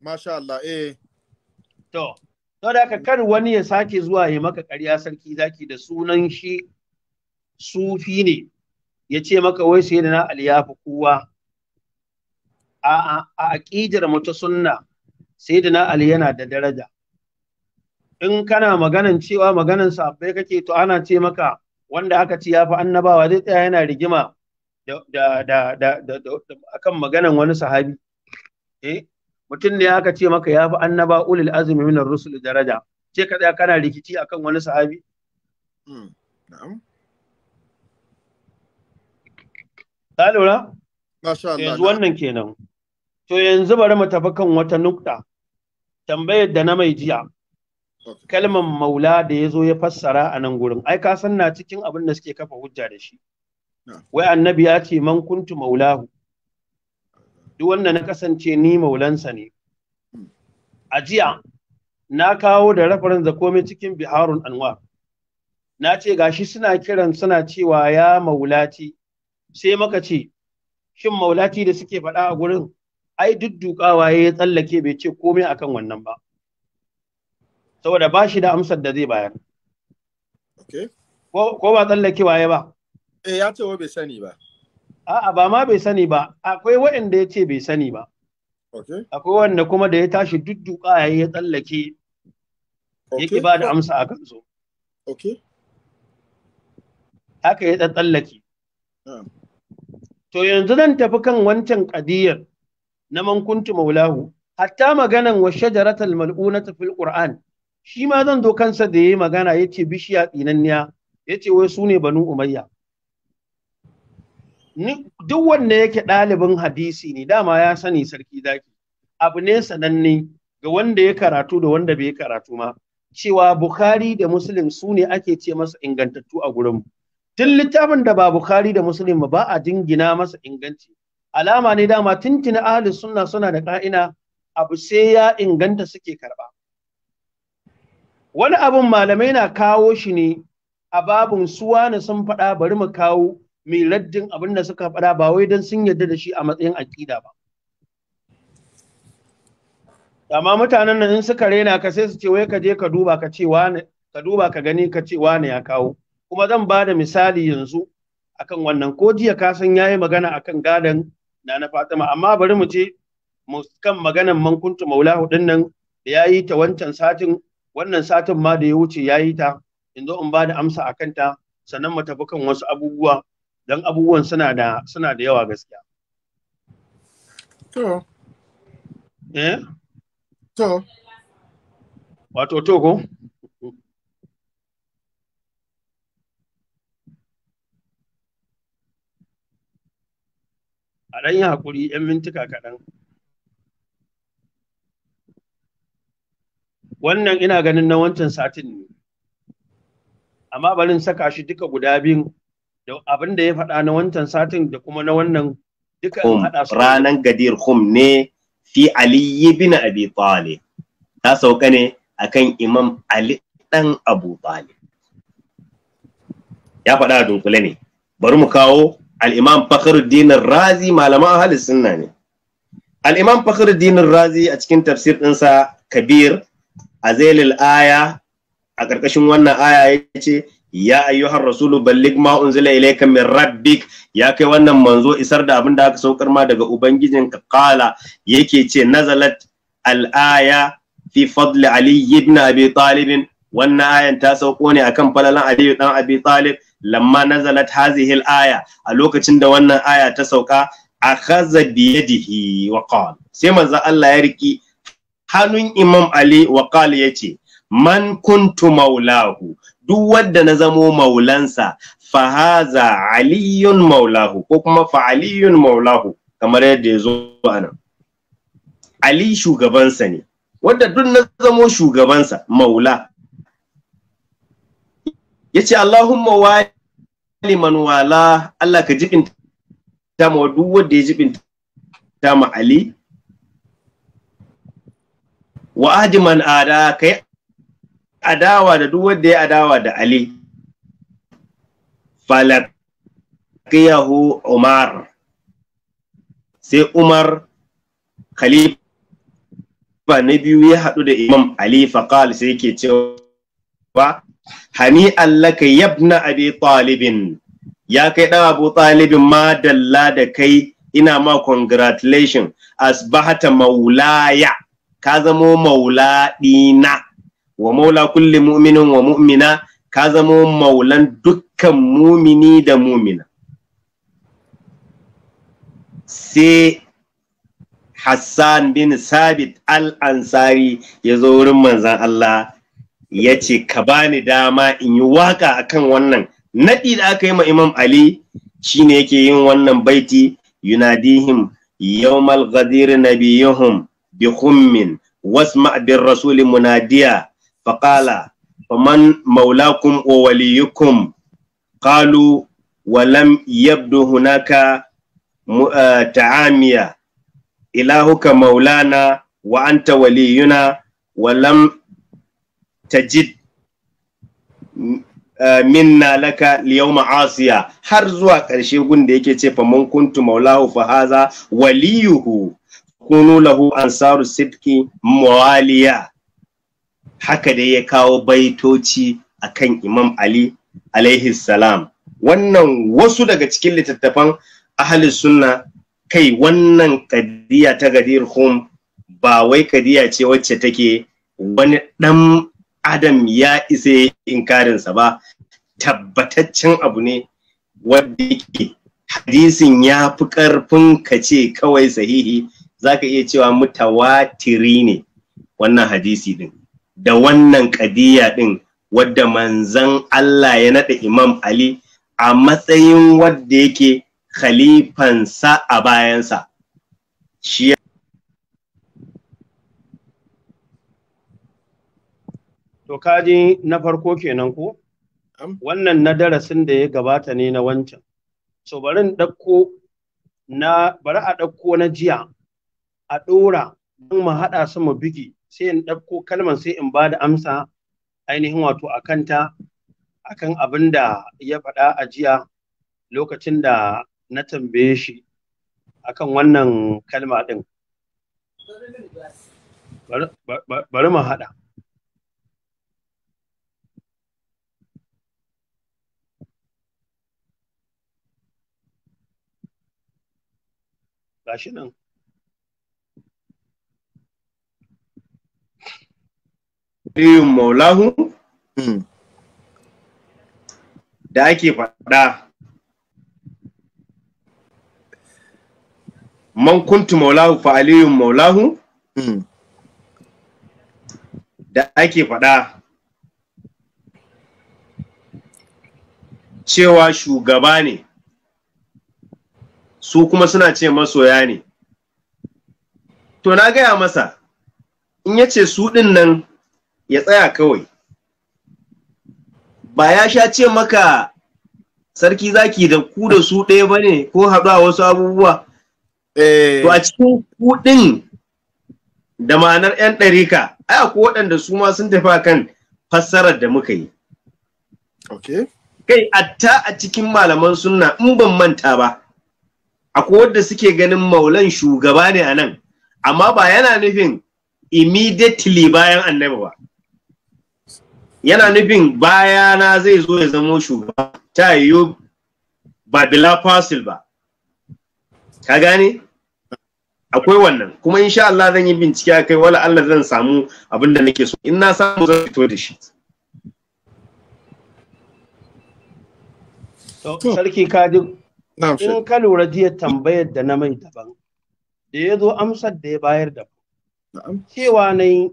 masha Allah eh to da haka kar wani ya sake zuwa ya maka ƙarya sarki zaki da sunan shi sufi ne ya ce maka wai sai na Ali ya fi kowa a aƙidar mu ta sunna sai da na Ali yana da daraja in kana maganan cewa maganan sahabbai kake to ana ce maka wanda aka ci ya fi annabawa zai tsaya yana rigima da da da da akan maganan wani sahabi eh mutum ne aka ce maka ya fi annaba ulil azumi minar rusul daraja ce ka tsaya kana rikici akan wani sahabi hmm, na'am Ka lura? Masha Allah. Yanzu wannan kenan. To yanzu bari mu tafi kan wata nukta. Tambayar da na mai jiya. Kalmar maula da ya zo ya fassara a nan gurin. Ai ka san na cikin abin da suke kafa hujja da shi. Wai annabi ya ce man kuntu maulahu. Duk wanda na kasance ni maulansa ne. Hmm. A jiya na kawo da rafarin da komai cikin biharun anwar. Na ce gashi suna kiran suna cewa ya maulati. sai maka ce shin maulati da suke faɗa a gurin ai duddukawa ya tsallake bai ce komai akan wannan ba saboda ba shi da amsar da zai bayar ko ba tsallake waye ba eh ya ce bai sani ba a'a ba ma bai sani ba akwai waɗanda ya ce bai sani ba akwai wanda kuma da ya tashi dudduka ya tsallake yake ba da amsa a kansu haka ya tsallake to yanzu zan tafi kan wancan qadiyar na man kuntu maulahu hatta maganan wa shajaratal mal'unata fil qur'an shi ma zan zo kansa da yayi magana yace bishiya tsinanniya yace wai su ne banu umayya duk wanda yake ɗalibin hadisi ne dama ya sani sarki zaki abu ne sananne ga wanda ya karatu da wanda bai karatu ma cewa bukhari da muslim su ne ake ce masa ingantattu a gurin Tun littafin da ba Bukhari da Muslim ba a jingina masa inganci alama ne dama tuntuni ahli sunna suna da ka'ina abu sai ya inganta suke karba wani abun malamai na kawo shi ne a babun suwa na sun faɗa bari mu kawo mai raddin abin da suka faɗa ba wai don sun yarda da shi a matsayin aƙida ba amma mutanen nan in suka rena ka sai su ce wai ka je ka duba ka ce ka duba ka gani ka ce wane ya kawo kuma zan ba da misali yanzu akan wannan ko jiya ka san yayi magana akan gadan na na Fatima amma bari mu je mu kan maganan mankuntu maulahu din nan da yayi ta wancan satin wannan satin ma da ya wuce yayi ta in zo in ba da amsa akan ta sannan mu tafi kan wasu abubuwa dan abubuwan suna da suna da yawa gaskiya to eh to wato to ko a ɗan yi haƙuri 'yan mintuka kaɗan. Wannan ina ganin na wancan satin ne, amma barin saka shi duka guda biyun da abin da ya faɗa na wancan satin da kuma na wannan duka haɗa su. Ranan gadir hum ne fi Aliyu bin Abi Talib. Ta sauka ne akan Imam Ali ɗan Abu Talib. Ya faɗa a dunkule ne. Bari mu kawo al fakhruddin razi malaman ahli sunna ne al-imam fakhruddin razi a cikin tafsir ɗinsa kabir zailil aya a ƙarƙashin wannan aya ya ce ya ayyuhar rasulu ballig ma unzila ilayka min rabbik ya kai wannan manzo isar da abin da aka saukar ma daga ubangijin ka qala yake ce nazalat al-aya fi fadli ali ibn abi talib wannan ayan ta sauko ne akan falalan Aliyu dan Abi Talib lamma nazalat hazihi al-aya a lokacin da wannan aya ta sauka akhadha bi yadihi wa qala sai manzo Allah ya riki hannun Imam Ali wa qala yace man kuntu maulahu duk wanda na zamo maulansa fa haza aliyun maulahu ko kuma fa aliyun maulahu kamar yadda ya zo anan Ali shugabansa ne wanda duk na zamo shugabansa maula yace Allahumma wali man wala Allah ka jibinta ma duk wanda ya jibinta ma Ali wa adiman ada kai adawa da duk wanda ya adawa da Ali falaqiyahu Umar sai Umar khalifa na biyu ya haɗu da Imam Ali Fakal sai yake cewa hani allaka yabna abi talibin ya kai dawa abu talibin ma dalla da kai ina ma congratulation asbahata maulaya ka zamo maula dina wa maula kulli mu'minin wa mu'mina ka zamo maulan dukkan mumini da mumina sai Hassan bin Sabit al-Ansari ya zo wurin manzan Allah ya ce ka bani dama in yi waka akan wannan naɗi da aka yi ma imam ali shine yake yin wannan baiti yunadihim yawmal ghadir nabiyuhum bi khummin wasma bir rasul munadiya faqala faman maulakum wa waliyukum qalu wa lam yabdu hunaka eh, ta'amiya ilahuka maulana wa anta waliyuna wa lam tajid eh, minna laka liyawma asiya har zuwa ƙarshe gunda yake ce fa man kuntu maulahu fa haza waliyuhu kunu lahu ansaru sidki mawaliya haka dai ya kawo baitoci akan imam ali alaihi salam wannan wasu daga cikin littattafan ahli sunna kai wannan kadiya ta gadir hum ba wai kadiya ce wacce take wani dan adam ya isa inkarinsa ba tabbataccen abu ne wadda yake hadisin ya fi ƙarfin ka ce kawai sahihi zaka iya cewa mutawatiri ne wannan hadisi din da wannan ƙadiyya din wadda manzan Allah ya naɗa Imam Ali a matsayin wadda yake khalifansa a bayansa shi To ji na farko kenan ko? Wannan na darasin da ya gabata ne na wancan. So bari ɗauko na bari a ɗauko na jiya a ɗora don mu haɗa su mu bigi sai in ɗauko kalmar sai in ba da amsa ainihin wato a kanta akan abin da ya faɗa a jiya lokacin da na tambaye shi akan wannan kalma ɗin. Bari mu haɗa. gashi nan Ɗiyun maulahu hmm. da ake faɗa man kuntu maulahu fa aliyun maulahu hmm. da ake faɗa cewa shugaba ne su kuma suna ce masoya ne to na gaya masa in ya ce su ɗin nan ya tsaya kawai ba ya sha ce maka sarki zaki da ku da su ɗaya ba ne ko haɗuwa wasu abubuwa to a cikin kuɗin da ma'anar 'yan ɗarika ai ko waɗanda su ma sun tafi kan fassarar da muka yi kai atta a cikin malaman sunna in ban manta ba akwai wadda suke ganin maulan shugaba ne a nan amma ba yana nufin immediately bayan annabi ba yana nufin bayana zai zo ya zama shugaba ta yiwu ba bila fasil ba ka gane akwai wannan kuma insha Allah zan yi bincike a kai, wala Allah zan samu abin da nake so in na samu zan fito da shi sarki ka in ka lura jiya tambayar da na mai daban da ya zo amsar da ya bayar da cewa na yi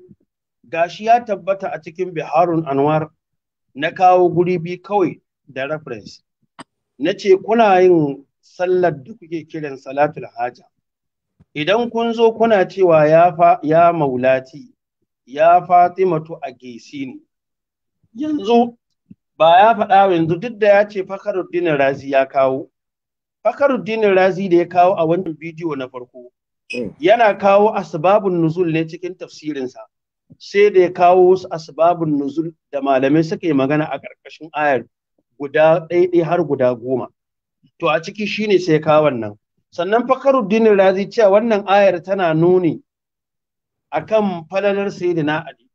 gashi ya tabbata a cikin biharun anwar na kawo guri bi kawai da reference na ce kuna yin sallar da kuke kiran salatul haja idan kun zo kuna cewa ya, fa, ya maulati ya a gesi ne yanzu ba ya faɗa yanzu duk da ya ce fakaruddin razi ya kawo Fakaruddin Razi da ya kawo a wannan bidiyo na farko hmm. yana kawo asbabun nuzul ne cikin tafsirinsa sai da ya kawo wasu asbabun nuzul da malamai suka yi magana a ƙarƙashin ayar guda ɗaiɗai har guda goma to a ciki shine sai ya kawo wannan sannan Fakaruddin Razi cewa wannan ayar tana nuni akan falalar sayyidina Ali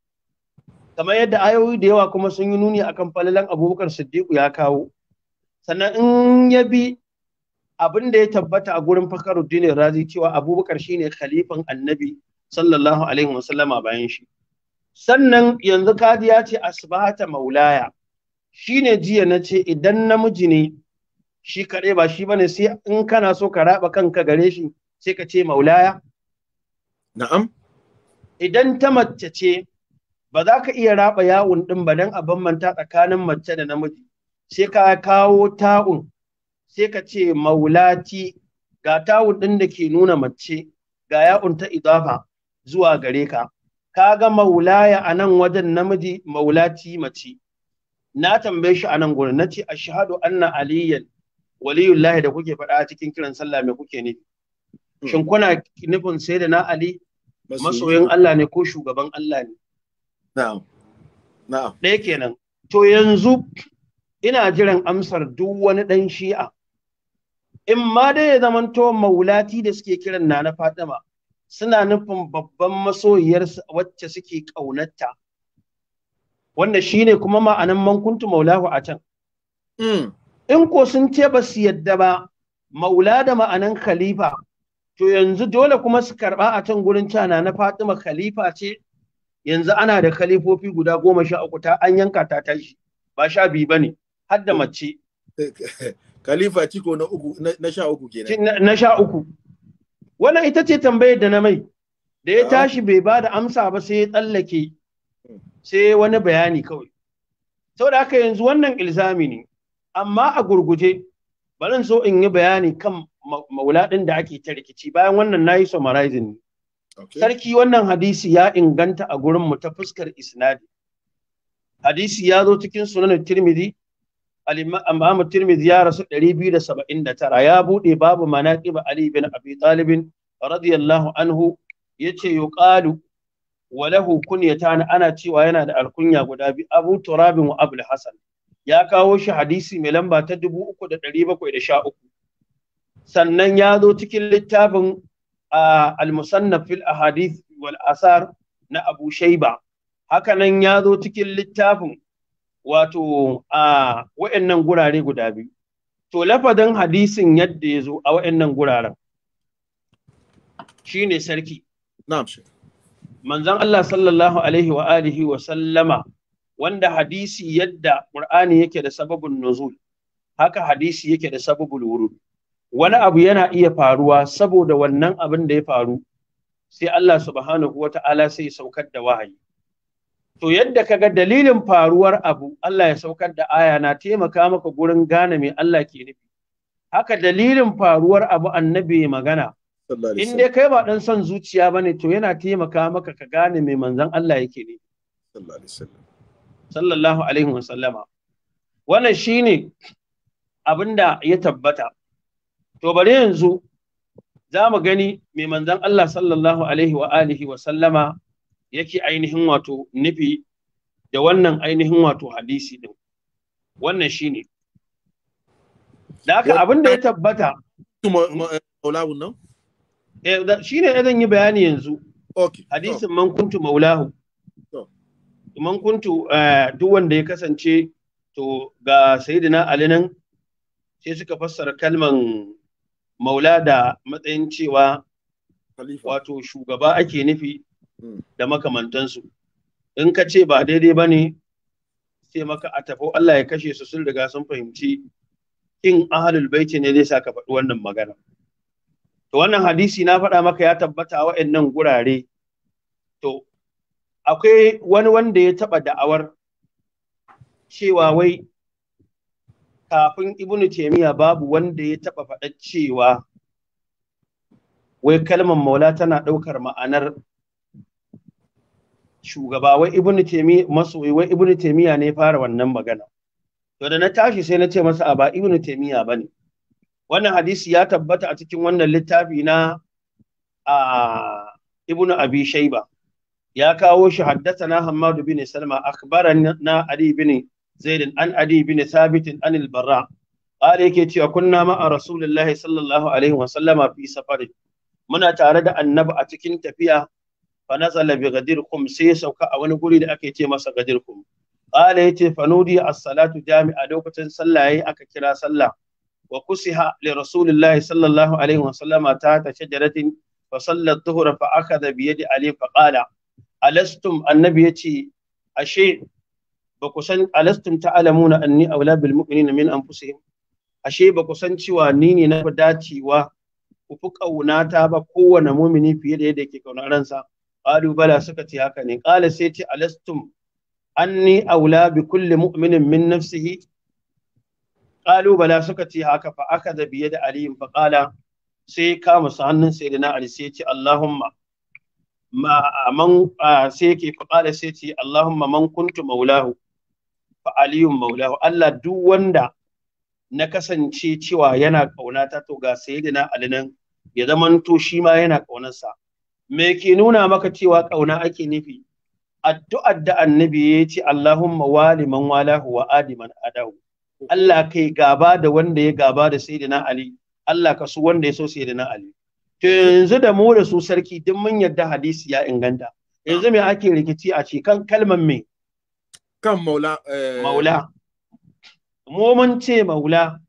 kamar yadda ayoyi da yawa kuma sun yi nuni akan falalan Abubakar Siddiq ya kawo sannan in ya bi abin da ya tabbata a gurin fakaruddin razi cewa abubakar shine khalifan annabi sallallahu alaihi wasallama bayan shi sannan yanzu kadi ya ce asbahata maulaya shine jiya na ce idan namiji ne shi kaɗai ba shi bane sai in kana so ka raba kanka gare shi sai ka ce maulaya na'am idan ta mace ce ba za ka iya raba yawun din ba dan a bambanta tsakanin mace da namiji sai ka kawo ta'un sai ka ce maulati ga tawul ɗin da ke nuna mace ga ya'un ta idafa zuwa gare ka ka ga maulaya a nan wajen namiji maulati mace na tambaye shi a nan gona na ce ashhadu anna aliyan waliyullahi da kuke faɗa a cikin kiran sallah me kuke ne hmm. shin kuna nufin sai da na ali masoyin Allah ne ko shugaban Allah ne na'am na'am ɗaya kenan to yanzu ina jiran amsar duk wani ɗan shi'a in ma dai ya zamanto maulati da suke kiran nana Fatima suna nufin babban masoyiyar wacce suke ƙaunarta wanda shine kuma ma'anan mankuntu maulahu a can hmm. in ko sun ce ba su yadda ba maula da ma'anan khalifa to yanzu dole kuma su karba a can gurin cana na Fatima khalifa ce yanzu ana da khalifofi guda goma sha uku ta an yanka ta tashi ba sha biyu bane har da mace Khalifa Ciko na uku na sha uku kenan. Na sha uku. Wannan ita ce tambayar da na mai. Da ya ah. tashi bai ba da amsa ba sai ya tsallake sai wani bayani kawai. Saboda haka yanzu wannan ilzami ne. Amma a gurguje bari so in yi bayani kan maula da ake ta rikici bayan wannan na yi summarizing. Sarki wannan hadisi ya inganta a gurin mu ta fuskar isnadi. Hadisi ya zo cikin sunan Tirmidhi al-Imam Tirmidhi ya rasu 279 ya bude babu manaqib Ali bin Abi Talib radiyallahu anhu yace yuqalu wa lahu kunyatan ana cewa yana da alkunya guda bi Abu Turab wa Abu Hasan ya kawo shi hadisi mai lamba ta 3713 sannan ya zo cikin littafin al-musannaf fil ahadith wal asar na Abu Shayba hakanan ya zo cikin littafin wato a wa'annan gurare guda biyu to lafadin hadisin yadda ya zo a wa'annan guraren shine sarki na'am manzon Allah sallallahu alaihi wa alihi wa sallama wanda hadisi yadda Qur'ani yake da sababin nuzul haka hadisi yake da sababul wurud wani abu yana iya faruwa saboda wannan abin da ya faru sai Allah subhanahu wa ta'ala sai saukar da wahayi to yadda ka ga dalilin faruwar abu Allah ya saukar da aya na taimaka maka gurin gane me Allah ke nufi haka dalilin faruwar abu annabi magana in dai kai ba dan son zuciya bane to yana taimaka maka ka gane me manzon Allah yake ne sallallahu alaihi wasallama wannan shine abinda ya tabbata to bari yanzu za mu gani me manzon Allah sallallahu alaihi wa alihi wa sallama yake ainihin wato nufi da wannan ainihin wato hadisi din wannan shine da haka abin da ya tabbata eh, maulahu nan eh shine zan yi bayani yanzu okay hadisin man kuntu maulahu man kuntu eh, duk wanda ya kasance to ga sayyidina ali nan sai suka fassara kalman maula da matsayin cewa wato shugaba ake nufi Mm. da makamantansu in ka ce ba daidai ba ne sai maka a tafi Allah ya kashe su sun riga sun fahimci in ahalul baiti ne zai saka faɗi wannan magana to wannan hadisi na faɗa maka ya tabbata a wa'annan gurare to akwai wani wanda ya taɓa da'awar cewa wai kafin ibnu taimiyya babu wanda ya taɓa faɗa cewa wai kalmar maula tana ɗaukar ma'anar shugaba wai ibnu taymiya masoyi wai ibnu taymiya ne fara wannan magana to da na tashi sai na ce masa a ba ibnu taymiya bane wannan hadisi ya tabbata a cikin wannan littafi na a ibnu abi shayba ya kawo shi haddathana hammadu bin salma akhbarana ali bin zaid an ali bin thabit an al-barra قال yake cewa kunna ma a rasulullahi sallallahu alaihi wa sallama fi safarin muna tare da annabi a cikin tafiya fa nazala bi gadirkum sai ya sauka a wani guri da ake ce masa gadirkum qala yace fa nudi as-salatu jami'a lokacin sallah yayi aka kira sallah wa kusiha li rasulillahi sallallahu alaihi wa sallama ta ta shajaratin fa sallat dhuhra fa akhadha bi yadi ali fa qala alastum annabi yace ashe ba ku san alastum ta'lamuna anni awla bil mu'minina min anfusihim ashe ba ku san cewa ni ne na dacewa ku fi ƙaunata ba kowane mumini fiye da yadda yake ƙaunar ransa qalu bala suka ce haka ne qala sai ce alastum anni aula bi kulli mu'minin min nafsihi qalu suka ce haka fa akaza bi yadi ali fa qala sai ka musu hannun sayyidina ali sai sai yake fa qala sai fa aliyun maulahu Allah duk wanda na kasance cewa yana ƙaunata to ga sayyidina nan ya zamanto shima yana ƙaunarsa me ke nuna maka cewa ƙauna ake nufi addu'ar da annabi ya ce Allahumma waliman walahu wa adiman adahu Allah kai gaba da wanda ya gaba da sayyidina Ali Allah ka su wanda ya so sayyidina Ali to yanzu da mu da su sarki duk mun yarda hadisi ya inganta yanzu me ake rikici a ce kan kalmar me kan maula eh, maula mu mun ce maula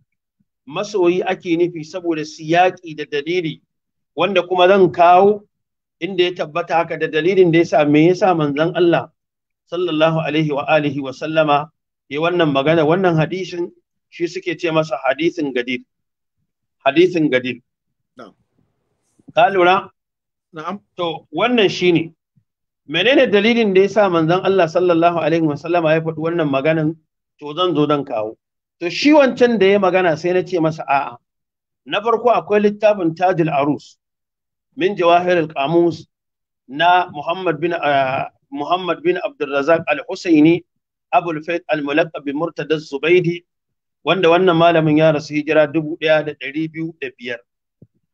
masoyi ake nufi saboda siyaki da dalili wanda kuma zan kawo inda ya tabbata haka da dalilin da ya sa me yasa manzon Allah sallallahu alaihi wa alihi wa sallama ya wannan magana wannan hadisin shi suke ce masa hadisin gadir hadisin gadir ka lura na'am to wannan shine menene dalilin da yasa manzon Allah sallallahu alaihi wa sallama ya faɗi wannan maganan to zan zo dan kawo to shi wancan da ya magana sai na ce masa a'a na farko akwai littafin tajil arus min jawahir al-qamus na Muhammad bin uh, Muhammad bin Abdurrazzaq al-Husaini Abul Faith al-Mulaqqa bi Murtada Zubaidi wanda wannan malamin ya rasu hijira 1205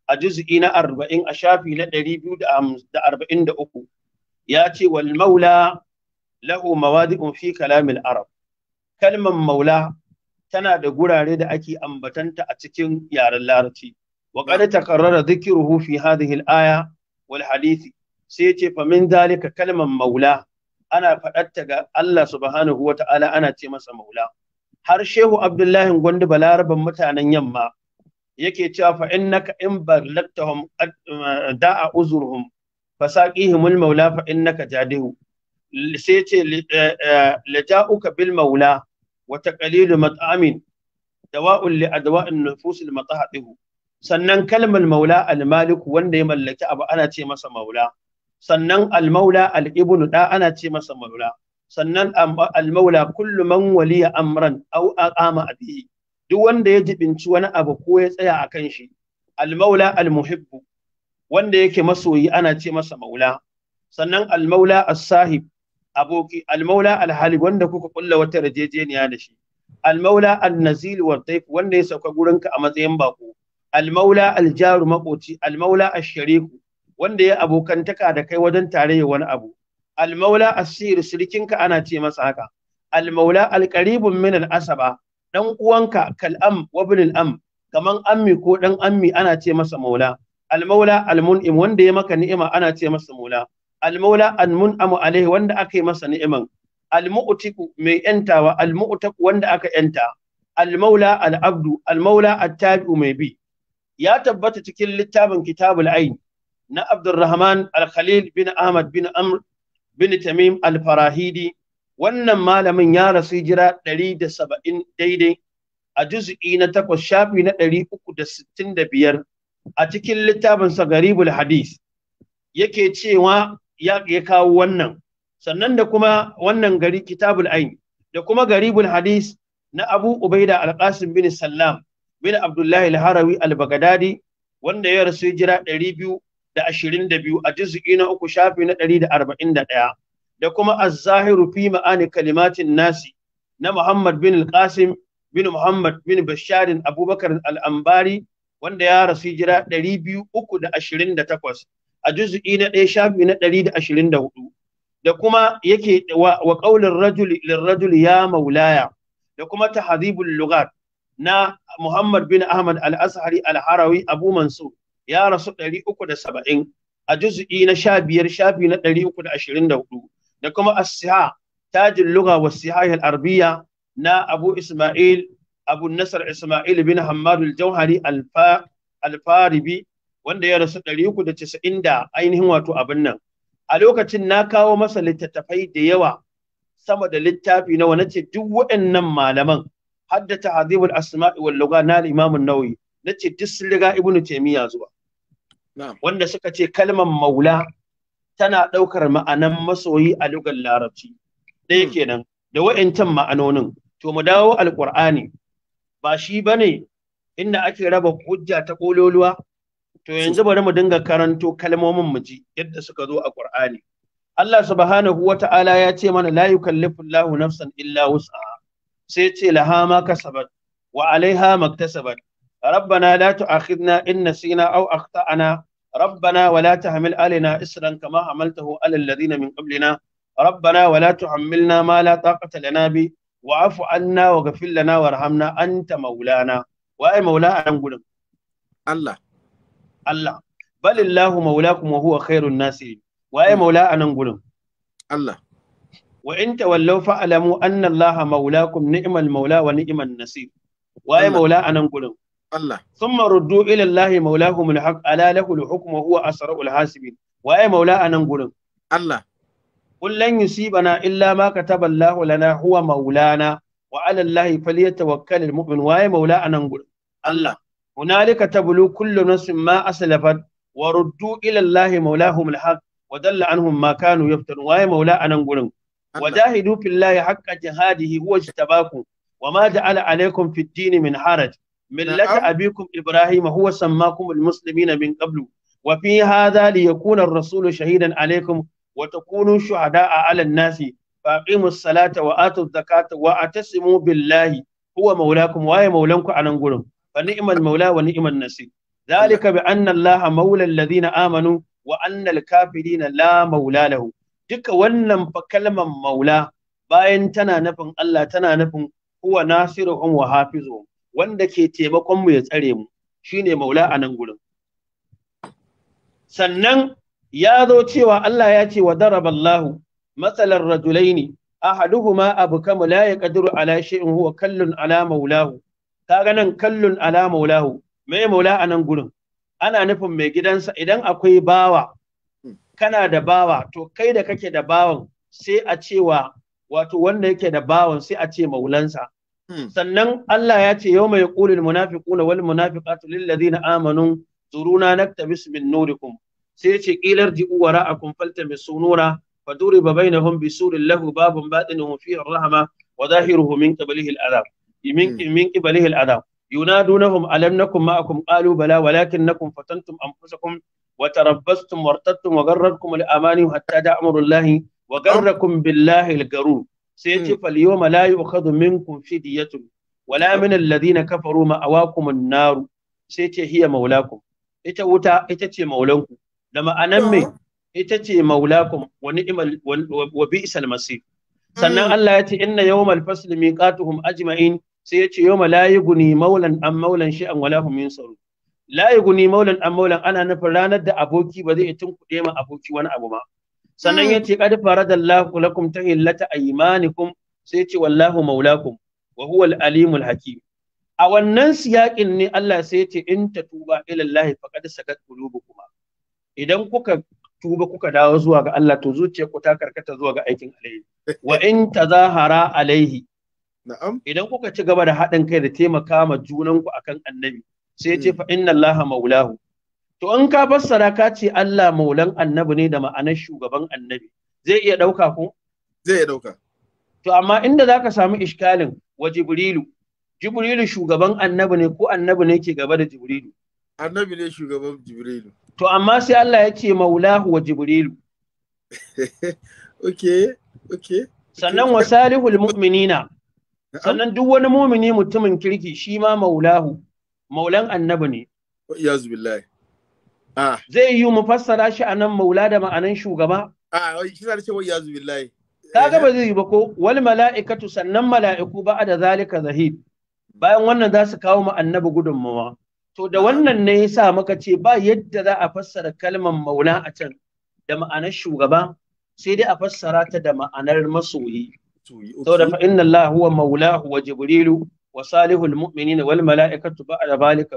a juz'i na 40 a shafi na 243 ya ce wal maula lahu mawadi'un fi kalamil arab kalmar maula tana da gurare da ake ambatanta a cikin yaren larabci wa qad taqarrara dhikruhu fi hadhihi al-aya wal hadisi sai yace fa min dalika kalman maula ana faɗarta ga Allah subhanahu wa ta'ala ana ce masa maula har shehu abdullahi gwandi balaraban mutanen yamma yake cewa fa innaka in barlaktahum da'a uzurhum fasaqihimul maula fa innaka jadihu sai ce laja'uka bil maula wa taqlilu mat'amin dawa'un li adwa'in nufus al matahadihu sannan kalmar maula al wanda ya mallaki abu ana ce masa maula sannan al-maula al-ibnu da ana ce masa maula sannan al-maula kullu man waliya amran aw aqama bihi duk wanda ya jibinci wani abu ko ya tsaya akan shi al-maula al-muhibbu wanda yake masoyi ana ce masa maula sannan al-maula as-sahib aboki al-maula al-halib wanda kuka kulla wata rajejeniya da shi al-maula an-nazil wa wanda ya sauka gurinka a matsayin bako almaula aljaru makoci almaula ashariku wanda ya abokantaka da kai wajen tarayya wani abu almaula asir sirikinka ana ce masa haka almaula alqaribun min asaba dan uwanka Kal-am, wa am kaman ammi ko dan ammi ana ce masa maula almaula almun'im wanda ya maka ni'ima ana ce masa maula almaula almun'amu alaihi wanda aka yi masa ni'iman almu'tiku mai yantawa almu'taku wanda aka yanta almaula al'abdu almaula attabi'u mai bi ya tabbata cikin littafin kitabul ain na Abdulrahman al-Khalil bin Ahmad bin Amr bin Tamim al-Farahidi wannan malamin ya rasu jira 170 daidai a juz'i na takwas shafi na 365 a cikin littafinsa garibul hadis yake cewa ya kawo wannan sannan da kuma wannan gari kitabul ain da kuma garibul hadis na abu ubaida alqasim bin sallam bin Abdullahi al-Harawi al-Baghdadi wanda ya rasu hijira 222 a juz'i na uku shafi na 141 da kuma az-zahiru fi ma'ani kalimatin nasi na Muhammad bin al-Qasim bin Muhammad bin Bashar Abubakar al anbari wanda ya rasu hijira 228 a juz'i na 1 shafi na 124 da kuma yake wa, wa qaulin rajuli lirrajuli ya maulaya da kuma tahdhibul lughat na Muhammad bin Ahmad al-Ashari al-Harawi Abu Mansur ya rasu 370 a juz'i na 15 shafi na 324 da kuma as-siha tajul lugha wa sihah al-arabiyya na Abu Isma'il Abu Nasr Isma'il bin Hammad al-Jauhari al-Faribi wanda ya rasu 390 da ainihin wato abin nan a lokacin na kawo masa littattafai da yawa sama da littafi na wani ce duk waɗannan malaman haddata ta'dibul asma'i wal lugha na al-imam an-nawawi nace duk sun riga ibnu taymiya zuwa wanda suka ce kalmar maula tana daukar ma'anan masoyi a lugar larabci ɗaya hmm. kenan da wa'intan ma'anonin to mu dawo alqur'ani ba shi bane inda ake raba hujja ta kololuwa to yanzu bari mu dinga karanto kalmomin mu ji yadda suka zo a qur'ani Allah subhanahu wa ta'ala ya ce mana la yukallifu Allahu nafsan illa wus'aha sai ce laha ma kasabat wa alaiha maktasabat rabbana la tu'akhidna in nasina aw akhtana rabbana wa la tahmil alaina isran kama hamaltahu ala alladhina min qablina rabbana wa la tuhammilna ma la taqata lana bi wa'fu anna waghfir lana warhamna anta maulana wa ai maula a nan gurin Allah Allah balillahu maulakum wa huwa khairun waye maula a nan Allah wa in tawallaw fa alamu anna Allah maulakum ni'mal maula wa ni'man nasir waye maula anan gurin Allah thumma ruddu ila Allah maulahum alhaq ala lahu alhukmu huwa asra'ul hasibin waye maula anan gurin Allah قل لن يصيبنا إلا ما كتب الله لنا هو مولانا وعلى الله فليتوكل المؤمن واي مولانا نقول الله هنالك تبلو كل نفس ما أسلفت وردوا إلى الله مولاهم الحق ودل عنهم ما كانوا يفتنون واي مولانا نقول wajahidu fillahi haqqa jihadihi huwa ijtabakum وما جعل عليكم في الدين من حرج ملة أبيكم إبراهيم هو سماكم المسلمين من قبل وفي هذا ليكون الرسول شهيدا عليكم وتكونوا شهداء على الناس فأقيموا الصلاة وآتوا الزكاة واعتصموا بالله هو مولاكم وهي مولاكم على نقولهم فنعم المولى ونعم النصير ذلك بأن الله مولى الذين آمنوا وأن الكافرين لا مولى لهم duka wannan fa kalmar maula bayan tana nufin Allah tana nufin huwa nasiruhum wa hafizuhum wanda ke taimakon mu ya tsare mu shine maula a nan gurin sannan ya zo cewa Allah ya ce wa daraballahu matsalar rajulaini ahaduhuma kama la yaqdiru ala shay'in huwa kallun ala maulahu Ta nan kallun ala maulahu me maula a nan gurin ana nufin mai gidansa idan akwai bawa kana da bawa to kai da kake da bawan sai a cewa wato wanda yake da bawan sai a ce maulansa hmm. sannan Allah ya ce yau mai ƙuli munafiqun wal munafiqatu lil ladina amanu zuruna naktabis min nurikum sai ce ilar di uwara akum falta mi sunura fa bainahum bi surin lahu babun batinuhum fi rahma wa zahiruhu min qablihi al hmm. min min qablihi al yunadunahum alam nakum ma'akum qalu bala walakin nakum fatantum anfusakum وتربصتم وارتدتم وغرتكم الاماني حتى جاء امر الله وغركم بالله الغرور سيتي فاليوم لا يؤخذ منكم فدية ولا من الذين كفروا مأواكم النار سيتي هي مولاكم ita wuta ita ce maulanku da ma'anan me ita ce maulakum wa ni'mal wa bi'sal masir sannan Allah ya ce inna yawmal fasl miqatuhum ajma'in sai ya ce yawma la yughni maulan am maulan la guni maulan an maulan ana nufin ranar da aboki ba zai kuɗe ma aboki wani abu ba sannan hmm. yace qad faradallahu lakum illata aymanikum sai yace wallahu maulakum wa huwa alimul hakim a wannan siyakin ne Allah sai yace in ta tuba, ila Allah faqad sakat qulubukum idan kuka tuba kuka dawo zuwa ga Allah to ku ta karkata zuwa ga aikin alheri wa in tazahara alaihi na'am idan kuka ci gaba da haɗin kai da taimaka ma junanku akan annabi sai ce hmm. fa inna allaha maulahu to in ka fassara ka ce Allah maulan annabi ne da ma'anar shugaban annabi zai iya ɗauka ko zai iya ɗauka to amma inda zaka samu iskalin wa jibrilu jibrilu shugaban annabi ne ko annabi ne ke gaba da jibrilu annabi ne shugaban jibrilu to amma sai Allah ya ce maulahu wa jibrilu okay okay sannan wa salihul mu'minina sannan duk wani mumini mutumin kirki shi ma maulahu maulan annabi ne yazu ah. zai yi mu fassara shi a nan maula da ma'anan shugaba a ah, shi sa ce wai yazu billahi kaga ba eh. zai yi ba ko wal mala'ikatu sannan mala'iku ba a da zalika zahid bayan wannan za su kawo mu annabi gudunmawa to da wannan ne sa maka ce ba yadda za a fassara kalmar maula a can da ma'anar shugaba sai dai a fassara ta da ma'anar masoyi saboda fa inna Allah huwa maulahu wa jibrilu wa salihul mu'minin wal mala'ikatu ba'da zalika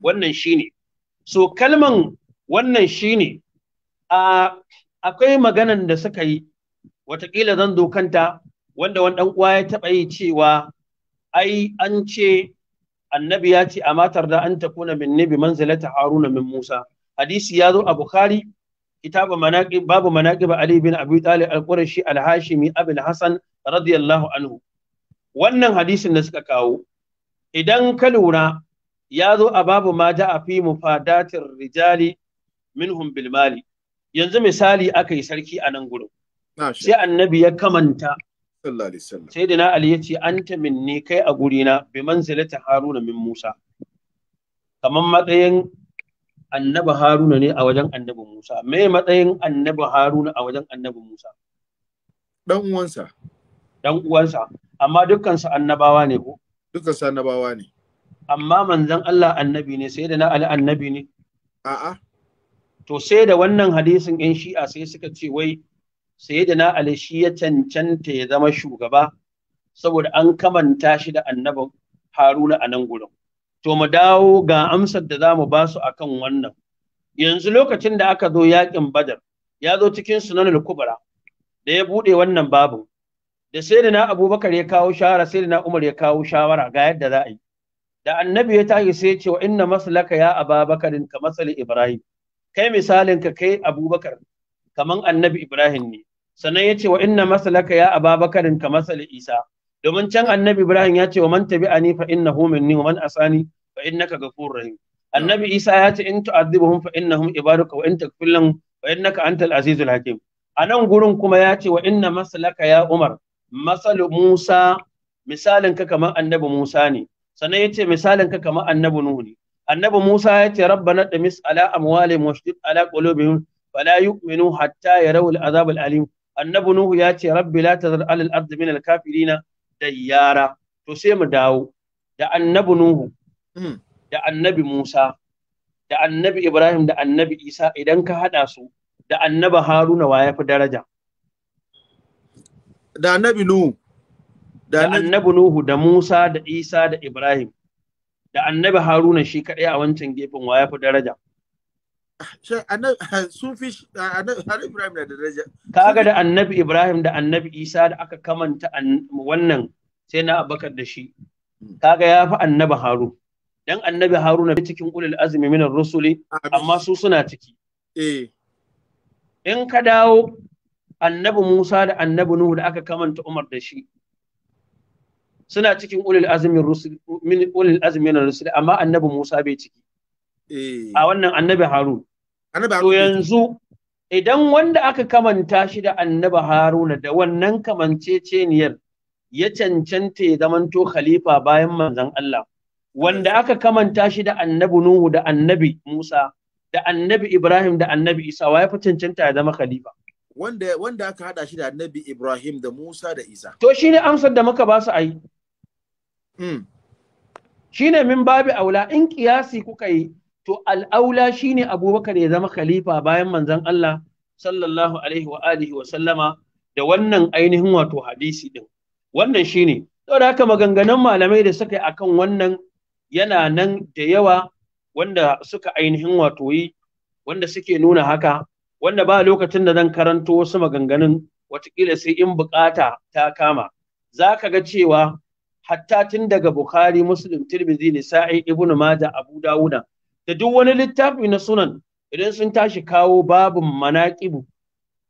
wannan shine so kalman wannan shine a akwai maganan da suka yi watakila zan dokanta wanda wani dan uwa ya taɓa yi cewa ai an ce annabi ya ce a matar da an takuna min nabi manzilata haruna min musa hadisi ya zo a bukhari kitabu manaqib babu manaqib ali bin abi talib al-qurashi al-hashimi abul hasan radiyallahu anhu wannan hadisin da suka kawo idan ka lura ya zo a babu ma ja a fi mufadatir rijali minhum bil mali yanzu misali aka yi sarki a nan gurin sai annabi ya kamanta sai dina ali ya ce anta minni kai a gurina bi manzilata haruna min musa kamar matsayin annabi haruna ne a wajen annabi musa me matsayin annabi haruna a wajen annabi musa dan uwansa dan uwansa amma dukkan annabawa ne ko dukkan annabawa ne amma manzon Allah annabi ne sai da na Ali annabi ne a'a to sai da wannan hadisin yan shi'a sai suka ce wai sai da na Ali shi ya cancanta ya zama shugaba saboda an kamanta shi da annabin Haruna a nan gurin to mu dawo ga amsar da zamu ba su akan wannan yanzu lokacin da aka zo yakin Badar ya zo cikin sunanul kubra da ya buɗe wannan babu da sai na abubakar ya kawo shawara sai na umar ya kawo shawara ga yadda za a yi da annabi ya tashi sai ya ce wa inna maslaka ya ababakarin ka masali ibrahim kai misalin ka kai abubakar kaman annabi ibrahim ne sannan ya ce wa inna maslaka ya ababakarin ka masali isa domin can annabi ibrahim ya ce wa man Ani fa innahu minni wa man asani fa innaka ghafurur rahim annabi isa ya ce in tu'adhibuhum fa innahum ibaduka wa in takfir lahum fa innaka antal azizul hakim a nan gurin kuma ya ce wa inna maslaka ya umar masalu Musa misalin ka kamar annabi Musa ne sannan yace misalin ka kamar annabi Nuhu ne annabi Musa ya yace rabbana damis ala amwali washdid ala qulubihim fala yu'minu hatta yarawu al'azab al'alim annabi Nuhu ce, rabbi la tazar ala al-ard min al-kafirin dayyara to sai mu dawo da annabi Nuhu hmm. da annabi Musa da annabi Ibrahim da annabi Isa idan ka hada su da annabi Haruna wa ya fi daraja da annabi Nuhu da annabi Nuhu da Musa da Isa da Ibrahim da annabi Haruna shi kadai a wancan gefen wa ya fi daraja sufi annabi Ibrahim da daraja kaga da annabi Ibrahim da annabi Isa da aka kamanta wannan sai na Abakar da shi hmm. kaga ya fi annabi Haru? dan annabi Haruna cikin ulul azumi minar rusuli amma su suna ciki eh in ka dawo annabi Musa da annabi Nuhu da aka kamanta Umar da shi suna cikin ulil azmin rusul min ulil azmin rusul amma annabi Musa bai ciki eh. a wannan annabi Harun to yanzu idan wanda aka kamanta shi da annabi Haruna da wannan kamanceceniyar ya cancanta ya zamanto khalifa bayan manzon Allah wanda aka kamanta shi da annabi Nuhu da annabi Musa da annabi Ibrahim da annabi Isa wa ya fi cancanta ya zama khalifa wanda aka hada shi da annabi Ibrahim da Musa da Isa to shi ne amsar da muka ba su ai hmm. Shi ne min babi aula in kiyasi kuka yi to al'aula shine abubakar ya zama khalifa bayan manzon Allah sallallahu alaihi wa alihi wa sallama da wannan ainihin wato hadisi din wannan shi shine saboda haka maganganun malamai da suka yi akan wannan yana nan da yawa wanda suka ainihin wato yi wanda suke nuna haka wanda ba lokacin da zan karanto wasu maganganun watakila sai in bukata ta kama za ka ga cewa hatta tun daga bukhari muslim tirmidhi nisa'i Ibn majah abu dawuda da duk wani littafi na sunan idan sun tashi kawo babin manaƙibu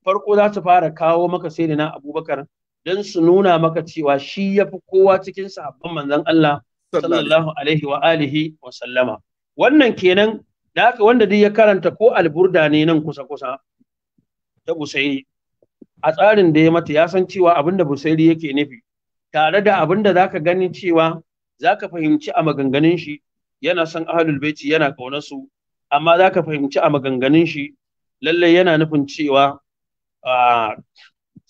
farko za su fara kawo maka sai na abubakar don su nuna maka cewa shi ya fi kowa cikin sahabban manzon Allah sallallahu alaihi wa alihi wa sallama wannan kenan da haka wanda duk ya karanta ko alburda ne nan kusa-kusa ta busairi a tsarin da ya mata ya san cewa abinda busairi yake nufi tare da abinda da za ka gani cewa za ka fahimci a maganganun shi yana son ahalul baiti yana su amma za ka fahimci a maganganun shi lallai yana nufin cewa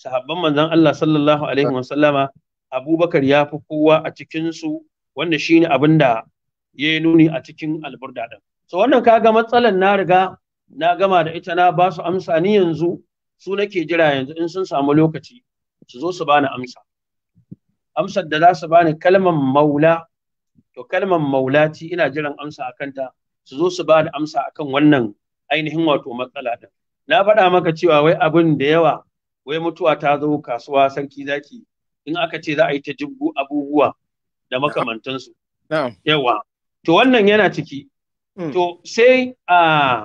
sahabban manzon Allah sallallahu alaihi wasallama abubakar ya fi kowa a cikinsu wanda shine abin da ya yi nuni a cikin alburda ɗin so wannan kaga matsalan na riga na gama da ita na ba su amsa ni yanzu su nake jira yanzu in sun samu lokaci su zo su bani amsa amsar da za su bani kalmar maula to kalmar maulaci ina jiran amsa akan ta su zo su bani amsa akan wannan ainihin wato matsala din na faɗa maka cewa wai abin da yawa wai mutuwa ta zo kasuwa sarki zaki in aka ce za a yi ta jibbu abubuwa da makamantansu yawa to wannan yana ciki Hmm. To sai a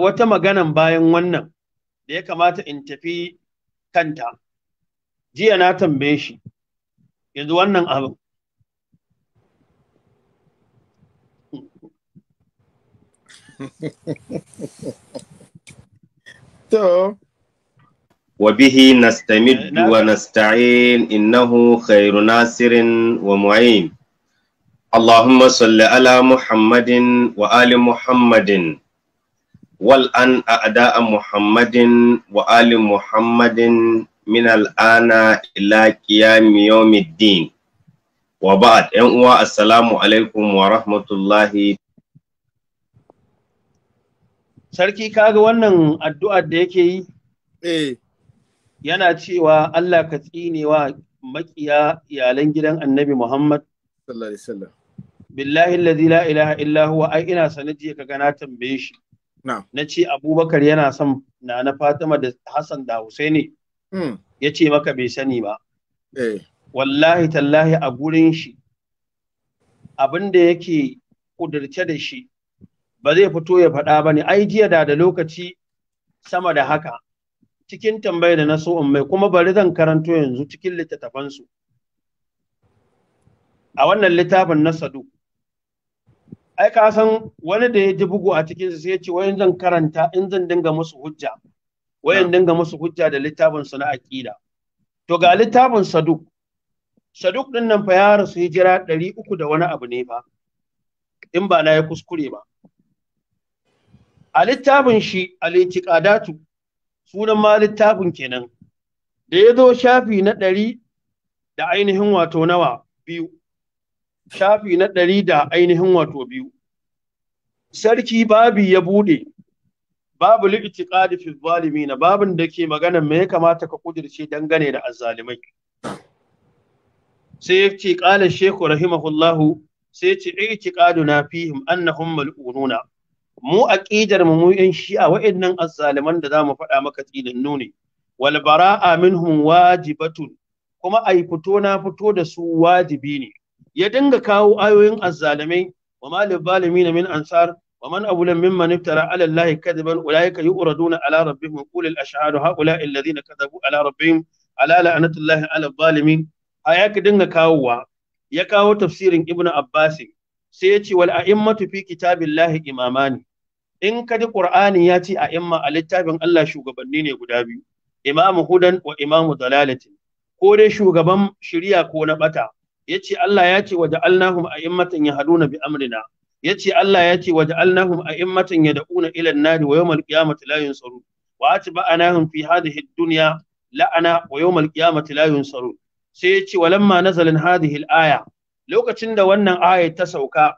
wata magana bayan wannan da ya kamata in tafi kanta, jiya na tambaye shi, yanzu wannan abu. To. وبه نستمد ونستعين إنه خير ناصر ومعين اللهم صل على محمد وآل محمد والآن أعداء محمد وآل محمد من الآن إلى قيام يوم الدين وبعد أنواع السلام عليكم ورحمة الله Sarki kaga wannan addu'ar da yake yi? Eh. Yana cewa Allah ka tsinewa makiya iyalan gidan annabi Muhammad. Sallallahu Alaihi Wasallam. billahi alladhi la ilaha illa huwa ai ina jiya ka ga na tambaye shi na ce abubakar yana son na na fatima da hassan da husaini hmm. ya ce maka bai sani ba eh. wallahi tallahi a gurin shi Abinda da yake kudirce da shi ba zai fito ya faɗa ba ne ai jiya da da lokaci sama da haka cikin tambayar da na so in mai kuma bari zan karanto yanzu cikin littattafansu a wannan littafin na sadu ai ka san wani da ya ji bugu a cikin sai ya ce wayan zan karanta in zan dinga musu hujja in dinga musu hujja da littafin sa na aqida to ga littafin saduk saduk din nan fa ya rasu hijira 300 da wani abu ne fa in ba na ya kuskure ba a littafin shi a litiqadatu sunan ma littafin kenan da ya zo shafi na ɗari da ainihin wato nawa biyu shafi na ɗari da ainihin wato biyu sarki babi ya buɗe babu ƙadi fi na babin da ke magana me ya kamata ka kudirce dangane da azzalimai sai ya ce ƙalar Sheku rahimahullahu sai ya ce na fihim annahum mal'ununa mu a mu mu yan shi'a wa'annan azzaliman da za mu faɗa maka tsinannu ne wal bara'a minhum wajibatun kuma ai fito na fito da su wajibi ne ya dinga kawo ayoyin azzalimai wa malil zalimin min ansar wa man abulan mimman iftara ala allahi kadiban ulaika yu'raduna ala rabbihim qul al ashhadu haula alladhina kadabu ala rabbihim ala la'natullahi ala zalimin aya ka dinga kawowa ya kawo tafsirin ibnu abbas sai ya ce wal a'immatu fi kitabillahi imamani in ka ji qur'ani ya ce a'imma a littafin Allah shugabanni ne guda biyu imamu hudan wa imamu dalalatin ko dai shugaban shiriya ko na bata yace Allah ya ce waja'alnahum a'immatan yahduna bi amrina yace Allah ya ce waja'alnahum ya yad'una ila an-nar wa yawmal qiyamati la yunsarun wa atba'nahum fi hadhihi dunya la'ana wa yawmal qiyamati la yunsarun sai yace walamma nazalan hadhihi al-aya lokacin da wannan aya ta sauka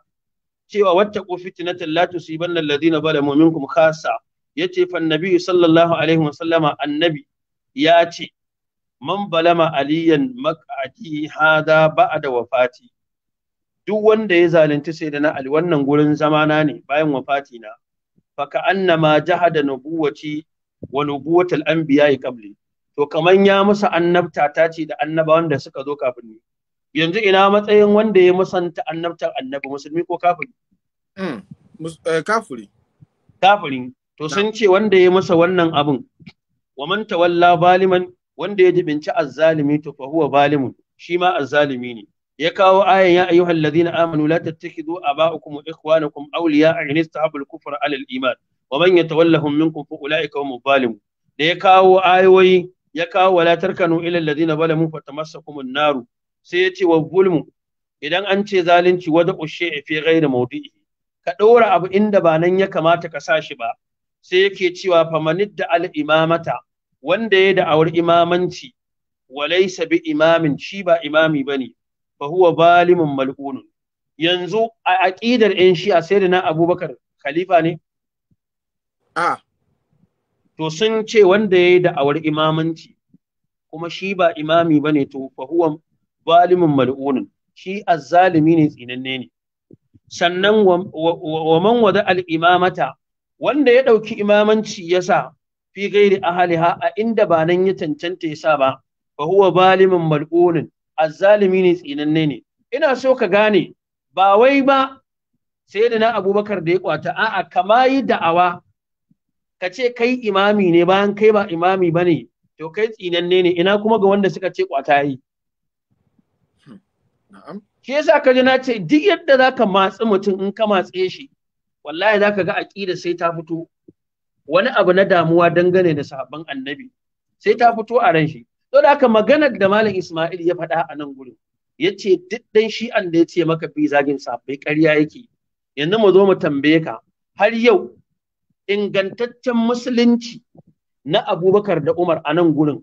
cewa wattaqu fitnatan la tusibanna alladhina zalamu minkum khassa yace fa annabi sallallahu alaihi wa sallama annabi ya ce man balama aliyan maq'adi hada ba'da wafati duk wanda ya zalunci sayyidina ali wannan gurin zamana ne bayan wafati na fa ka annama jahada nubuwati wa nubuwatul anbiya qabli to kaman ya musa annabta ta ce da annaba wanda suka zo kafin ni yanzu ina matsayin wanda ya musanta annabtar annabi musulmi ko kafiri hmm, eh, kafiri kafiri to sun ce wanda ya masa wannan abin wa man tawalla baliman wanda ya dubinci azzalimi to fa huwa zalimun shi ma azzalimi ne ya kawo ayan ya ayyuhal ladina amanu la tattakhidu aba'akum wa ikhwanakum awliya in istahabul kufr ala al-iman wa man yatawallahum minkum fa ulaika hum zalimun da ya kawo ayoyi ya kawo wala tarkanu ila alladhina zalamu fatamassakum an-naru sai ya ce wa zulmu idan an ce zalunci wada ushe fi ghairi mawdi'i ka ɗora abu inda ba nan ya kamata ka sa shi ba sai yake cewa famanid da al imamata wanda ya da'awar imamanci walaysa bi imamin shi ba imami bane fa huwa zalimun mal'un yanzu a aqidar yan shi'a sai da na abubakar khalifa ne a to sun ce wanda ya da'awar imamanci kuma shi ba imami bane to fa huwa zalimun mal'un shi azzalimi ne tsinanne ne sannan wa man wada al imamata wanda ya ɗauki imamanci ya sa fi gairi ahaliha a inda ba nan ya cancanta ya sa ba fa huwa balimin mal'unin azzalimi ne tsinanne ne ina so ka gane ba wai ba sai na abubakar da ya kwata a'a kama yi da'awa ka ce kai imami ne bayan kai ba imami ba ne to kai tsinanne ne ina kuma ga wanda suka ce kwata yi shi yasa ka ji na ce duk yadda za ka matsi mutum in ka matse shi wallahi za ka ga aƙida sai ta fito wani abu na damuwa dangane da sahabban annabi sai ta fito a ran shi to da haka maganar da malam Ismail ya faɗa a nan gurin yace duk dan shi an da yace maka bi zagin sahabbai ƙarya yake yanzu mu zo mu tambaye ka har yau ingantaccen musulunci na Abubakar da Umar a nan gurin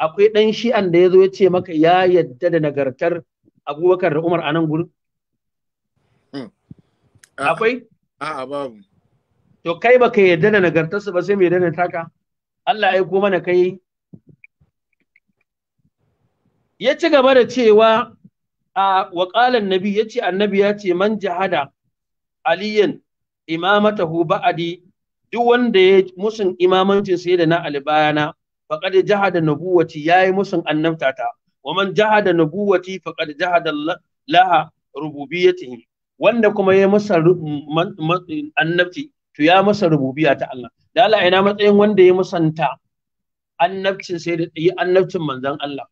akwai dan shi'an da ya zo ya ce maka ya yadda da nagartar Abubakar da Umar a nan gurin? Hmm. Akwai? A'a babu. to kai baka yarda da nagartarsa ba sai mai yarda da taka Allah ya aiko mana kai ya ci gaba da cewa a waƙalan nabi ya ce annabi ya ce man jahada aliyan imamatahu ba'adi duk wanda ya musun imamancin sai da na albayana faqad jahada nubuwati yayi musun ta wa man jahada nubuwati faqad jahada laha rububiyyatihi wanda kuma ya musa annabci to ya masa rububiya ta Allah da Allah ina matsayin wanda ya musanta annabcin sai da yi annabcin manzon Allah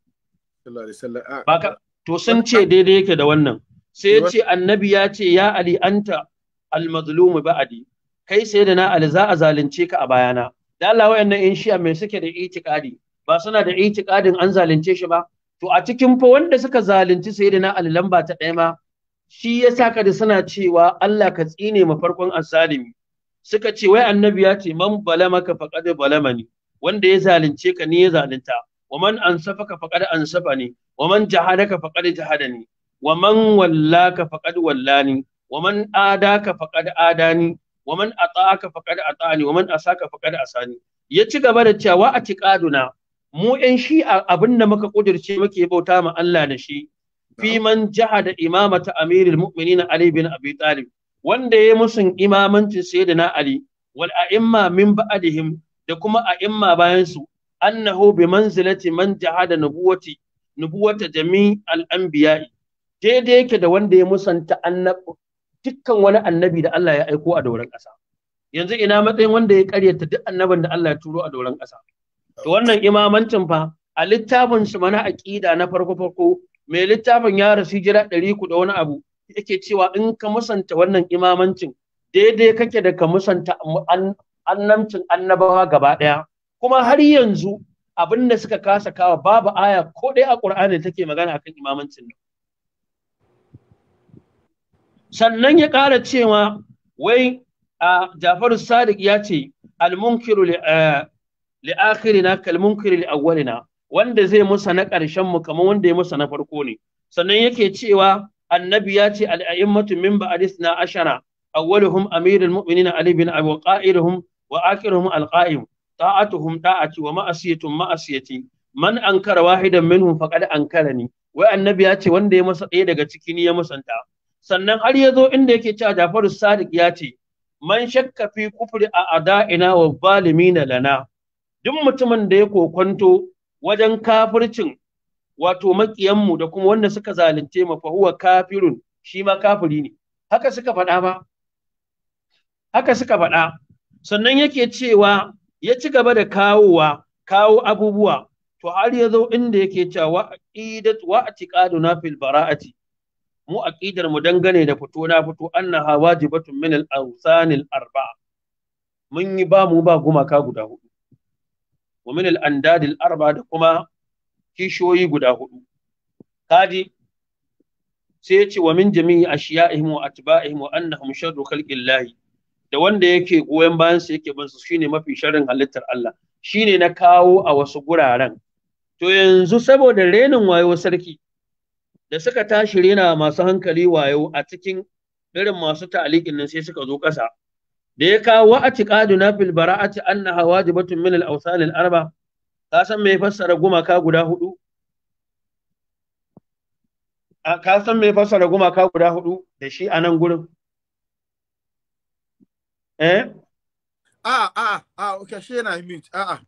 ah, baka to sun ce daidai yake da wannan sai ya ce annabi ya ce ya ali anta almazlum ba'adi kai sai da na ali za a zalunce ka a bayana da Allah wayannan in shi'a mai suke da itikadi ba suna da itikadin an zalunce shi ba to a cikin fa wanda suka zalunci sai da na ali lamba ta ɗaya ma shi ya saka da suna cewa Allah ka tsine ma farkon asalimi suka ce wai annabi ya ce man balamaka faqad balamani wanda ya zalunce ka ne ya zalunta wa man ansafaka faqad ansafani wa man jahadaka faqad jahadani wa man wallaka faqad wallani wa man adaka faqad adani wa man ata'aka faqad ata'ani wa man asaka faqad asani ya ci gaba da cewa a tiqaduna mu ƴan shi'a abin da muka ƙudirce muke bauta ma Allah da shi fi man jahada imamata amirul mu'minin ali bin abi talib wanda ya musun imamancin sayyidina ali wal a'imma min ba'dihim da kuma a'imma bayan su annahu bi manzilati man jahada nubuwati nubuwata jami al-anbiya'i daidai yake da wanda ya musanta annabi dukkan wani annabi da Allah ya aiko a doron ƙasa yanzu ina matsayin wanda ya karyata duk annaban da Allah ya turo a doron ƙasa to wannan imamancin fa a littafin shi mana aqida na farko farko mai littafin ya rasu jira ɗari da wani abu yake cewa in ka musanta wannan imamancin daidai kake da ka musanta annamcin annabawa gaba ɗaya kuma har yanzu abin da suka kasa kawa babu aya ko ɗaya a ƙur'ani take magana akan imamancin nan sannan ya ƙara cewa wai a Jafaru Sadiq ya ce al-munkiru li akhirina kal munkiru li awwalina wanda zai musa na ƙarshen mu kamar wanda ya musa na farko ne sannan yake cewa annabi ya ce al'a'immatu min ba'adis na ashara awwaluhum amirul mu'minina ali bin abi qa'iruhum wa akhiruhum alqa'im ta'atuhum ta'ati wa ma'asiyatun ma'asiyati man ankara wahidan minhum faqad ankarani wai annabi ya ce wanda ya masa ɗaya daga ciki ni ya musanta sannan har ya zo inda yake cewa Jafaru Sadiq ya ce man shakka fi kufri a ada'ina wa zalimina lana duk mutumin da ya kokwanto wajen kafircin wato maƙiyanmu da kuma wanda suka zalunce mu fa huwa kafirun shi ma kafiri ne haka suka faɗa ba haka suka faɗa sannan yake cewa ya ci gaba da kawowa kawo abubuwa to har ya zo inda yake cewa aqidat wa na fil bara'ati mu aqidar mu dangane da fito na fito annaha wajibatun min al awsanil arba'a mun yi ba mu ba gumaka guda hudu wa min al andadil arba'a da kuma kishiyoyi guda hudu kaji sai ya ce wa min jami'i ashiya'ihim wa atba'ihim wa annahum sharru khalqillahi da wanda yake goyon bayan sa yake bansu shine mafi sharrin halittar Allah shine na kawo a wasu guraren to yanzu saboda renin wayo sarki da suka tashi rena masu hankali wayo a cikin irin masu ta'alikin nan sai suka zo ƙasa da ya kawo wa atiqaduna fil bara'ati annaha wajibatun min al-awsan al-arba' ka san me fassara gumaka guda hudu ka san me fassara gumaka guda hudu da shi a nan gurin eh Ah, ah, ah, okay shi yana mute ah, ah.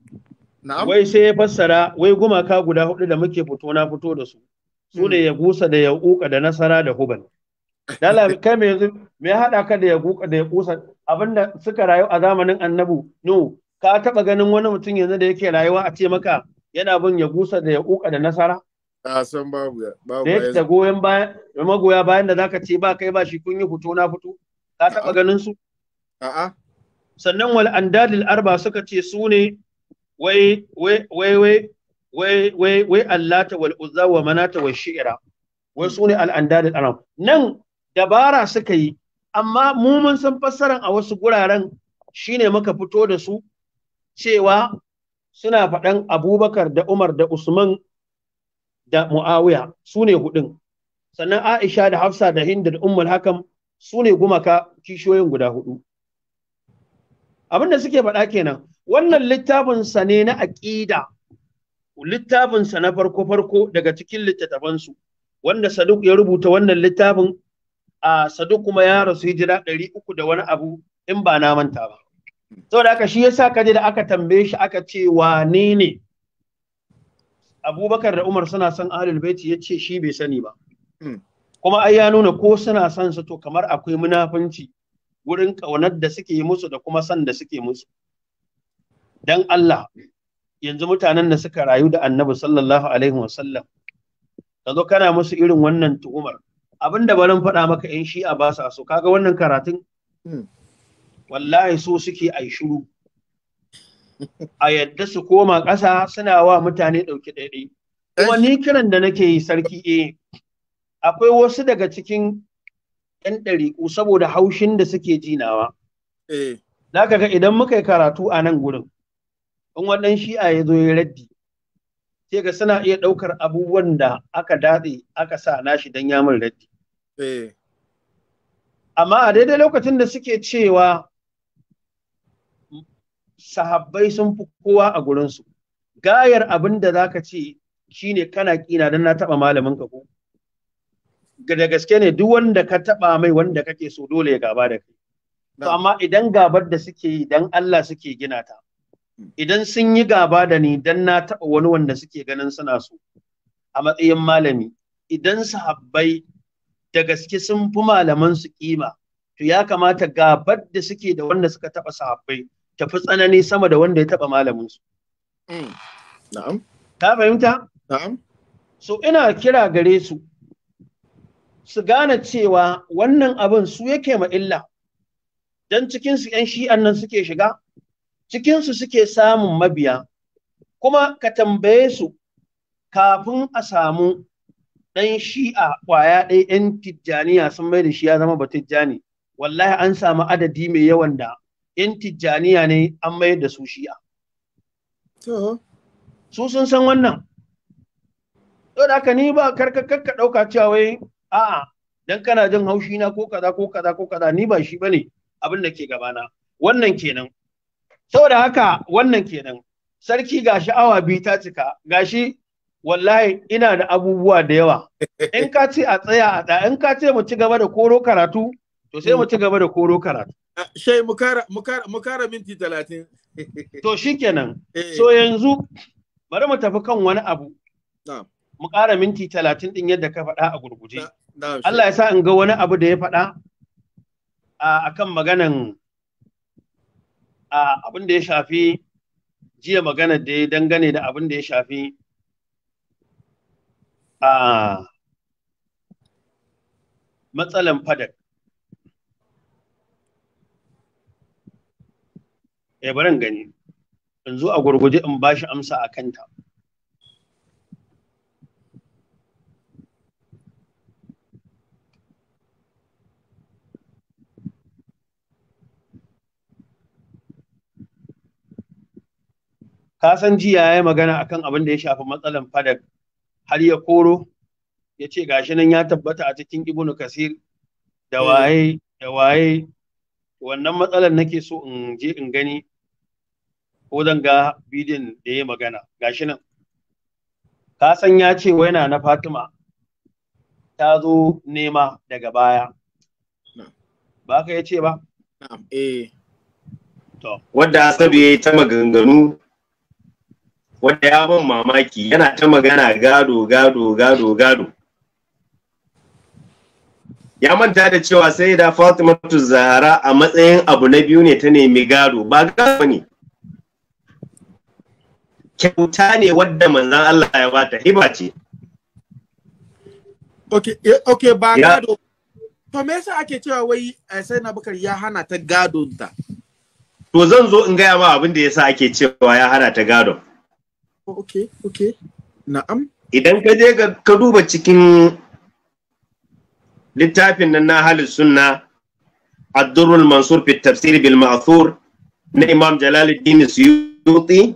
na'am wai sai ya fassara wai gumaka guda hudu da muke fito na fito da su su ne hmm. ya gusa da ya uka da nasara da hubal Dala kai me yanzu me haɗa ka da ya guka da ya kusa abinda suka rayu a zamanin annabu no ka taɓa ganin wani mutum yanzu da yake rayuwa a ce maka yana bin ya gusa da ya kuka da nasara? A san babu ya. Da ya. goyon bayan, magoya bayan da zaka ce ba kai ba shi kun yi fito na fito, ka taɓa ganin su? A'a. Sannan wal andadil arba suka ce su ne wai wai wai wai wai wai allata wal uzza wa manata wa shi'ira. Wai su ne al andadil arba. Nan dabara suka yi, amma mu mun san fassaran a wasu guraren shine muka fito da su cewa suna faɗan abubakar da umar da usman da mu'awiya su ne hudun sannan aisha da hafsa da hinda da ummul hakam su ne gumaka kishiyoyin guda hudu abinda suke faɗa kenan wannan littafinsa ne na aƙida littafinsa na farko-farko daga cikin littattafansu wanda saduk ya rubuta wannan littafin a saduk kuma ya rasu hijira ɗari uku da wani abu in ba na manta ba da aka shi yasa kaje da aka tambaye shi aka ce wane ne abubakar da umar suna son ahlul baiti ya ce shi bai sani ba hmm. kuma ai ya nuna ko suna son su to kamar akwai munafunci wurin ƙaunar da suke musu da kuma son da suke musu dan Allah yanzu mutanen da suka rayu da annabi sallallahu alaihi wasallam ka zo kana musu irin wannan tu'umar abin da barin faɗa maka shi shi'a ba sa so kaga wannan karatun hmm. wallahi so suke a shiru a yadda su koma ƙasa suna wa mutane ɗauki ɗaiɗai kuma ni kiran da nake yi sarki e akwai wasu daga cikin 'yan ɗariƙu saboda haushin da suke jinawa eh. za ka ga idan muka yi karatu a nan gurin in waɗan shi'a ya zo ya raddi sai ga suna iya ɗaukar abubuwan da aka datse aka sa nashi don yamin raddi eh. amma a daidai lokacin da suke cewa sahabbai sun fi kowa a gurinsu gayar abin da za ka ce shine kana kina don na taɓa malamin ka ko da gaske ne duk wanda ka taɓa mai wanda kake so dole ya gaba da kai to amma idan gabar da suke yi dan Allah suke gina ta hmm. idan sun yi gaba da ni dan na taɓa wani wanda suke ganin suna so a matsayin malami idan sahabbai da gaske sun fi malaman su kima to ya kamata gabar da suke da wanda suka taɓa sahabbai tafi tsanani sama da wanda ya taɓa malaminsu. Mm. Na'am. Ta fahimta? Na'am. So ina kira gare su su gane cewa wannan abin su yake ma illa don cikinsu 'yan shi'an nan suke shiga, cikinsu suke samun mabiya, kuma ka tambaye su kafin a samu ɗan shi'a ƙwaya ɗaya 'yan tijjaniya sun mai da shi ya zama ba tijjani. Wallahi an samu adadi mai yawan da yan tijjaniya ne an mayar da su shi'a su sun san wannan to da haka ni ba ka ɗauka cewa wai a'a dan kana jin haushi na ko kaza ko kaza ko kaza ni ba shi bane abin da ke gabana wannan kenan saboda haka wannan kenan sarki ga sha'awa biyu ta cika gashi wallahi ina da abubuwa da yawa in ka ce a tsaya a tsaya in ka ce mu ci gaba da koro karatu To sai mu ci gaba da koro karatu. Ah, Shai mu kara minti talatin. To shikenan. Eh. So yanzu bari mu tafi kan wani abu. Mu kara minti talatin din yadda ka faɗa a gurguje. Allah ya sa in ga wani abu da ya faɗa a kan maganan abin da ya shafi jiya magana da ya dangane da abin da ya shafi a matsalan fadak. eh baran gani yanzu a gurguje in ba shi amsa a kanta ka san jiya ya magana akan abin da ya shafi matsalan fadak har ya koro ya ce gashi nan ya tabbata a cikin ibnu kasir da hmm. waye da waye wannan matsalar nake so in je in gani ko zan ga bidiyon da ya magana gashi nan ka san ya ce wai na na Fatima ta zo nema daga baya ba ka ya ce ba Wadda eh ya yi ta maganganu wadda ya ban mamaki yana ta magana gado gado gado gado ya manta da cewa sai da Fatimatu Zahara a matsayin abu na biyu ne ta nemi gado ba gado ne kyauta ne wadda manzan Allah ya bata hiba ce okay okay ba gado to me yasa ake cewa wai eh, sai na bakar ya hana ta gadon ta to zan zo in gaya ma abin da yasa ake cewa ya hana ta gado. Oh, okay okay na'am idan ka je ka duba cikin littafin nan na halin sunna ad mansur fi tafsir bil ma'thur na imam jalaluddin suyuti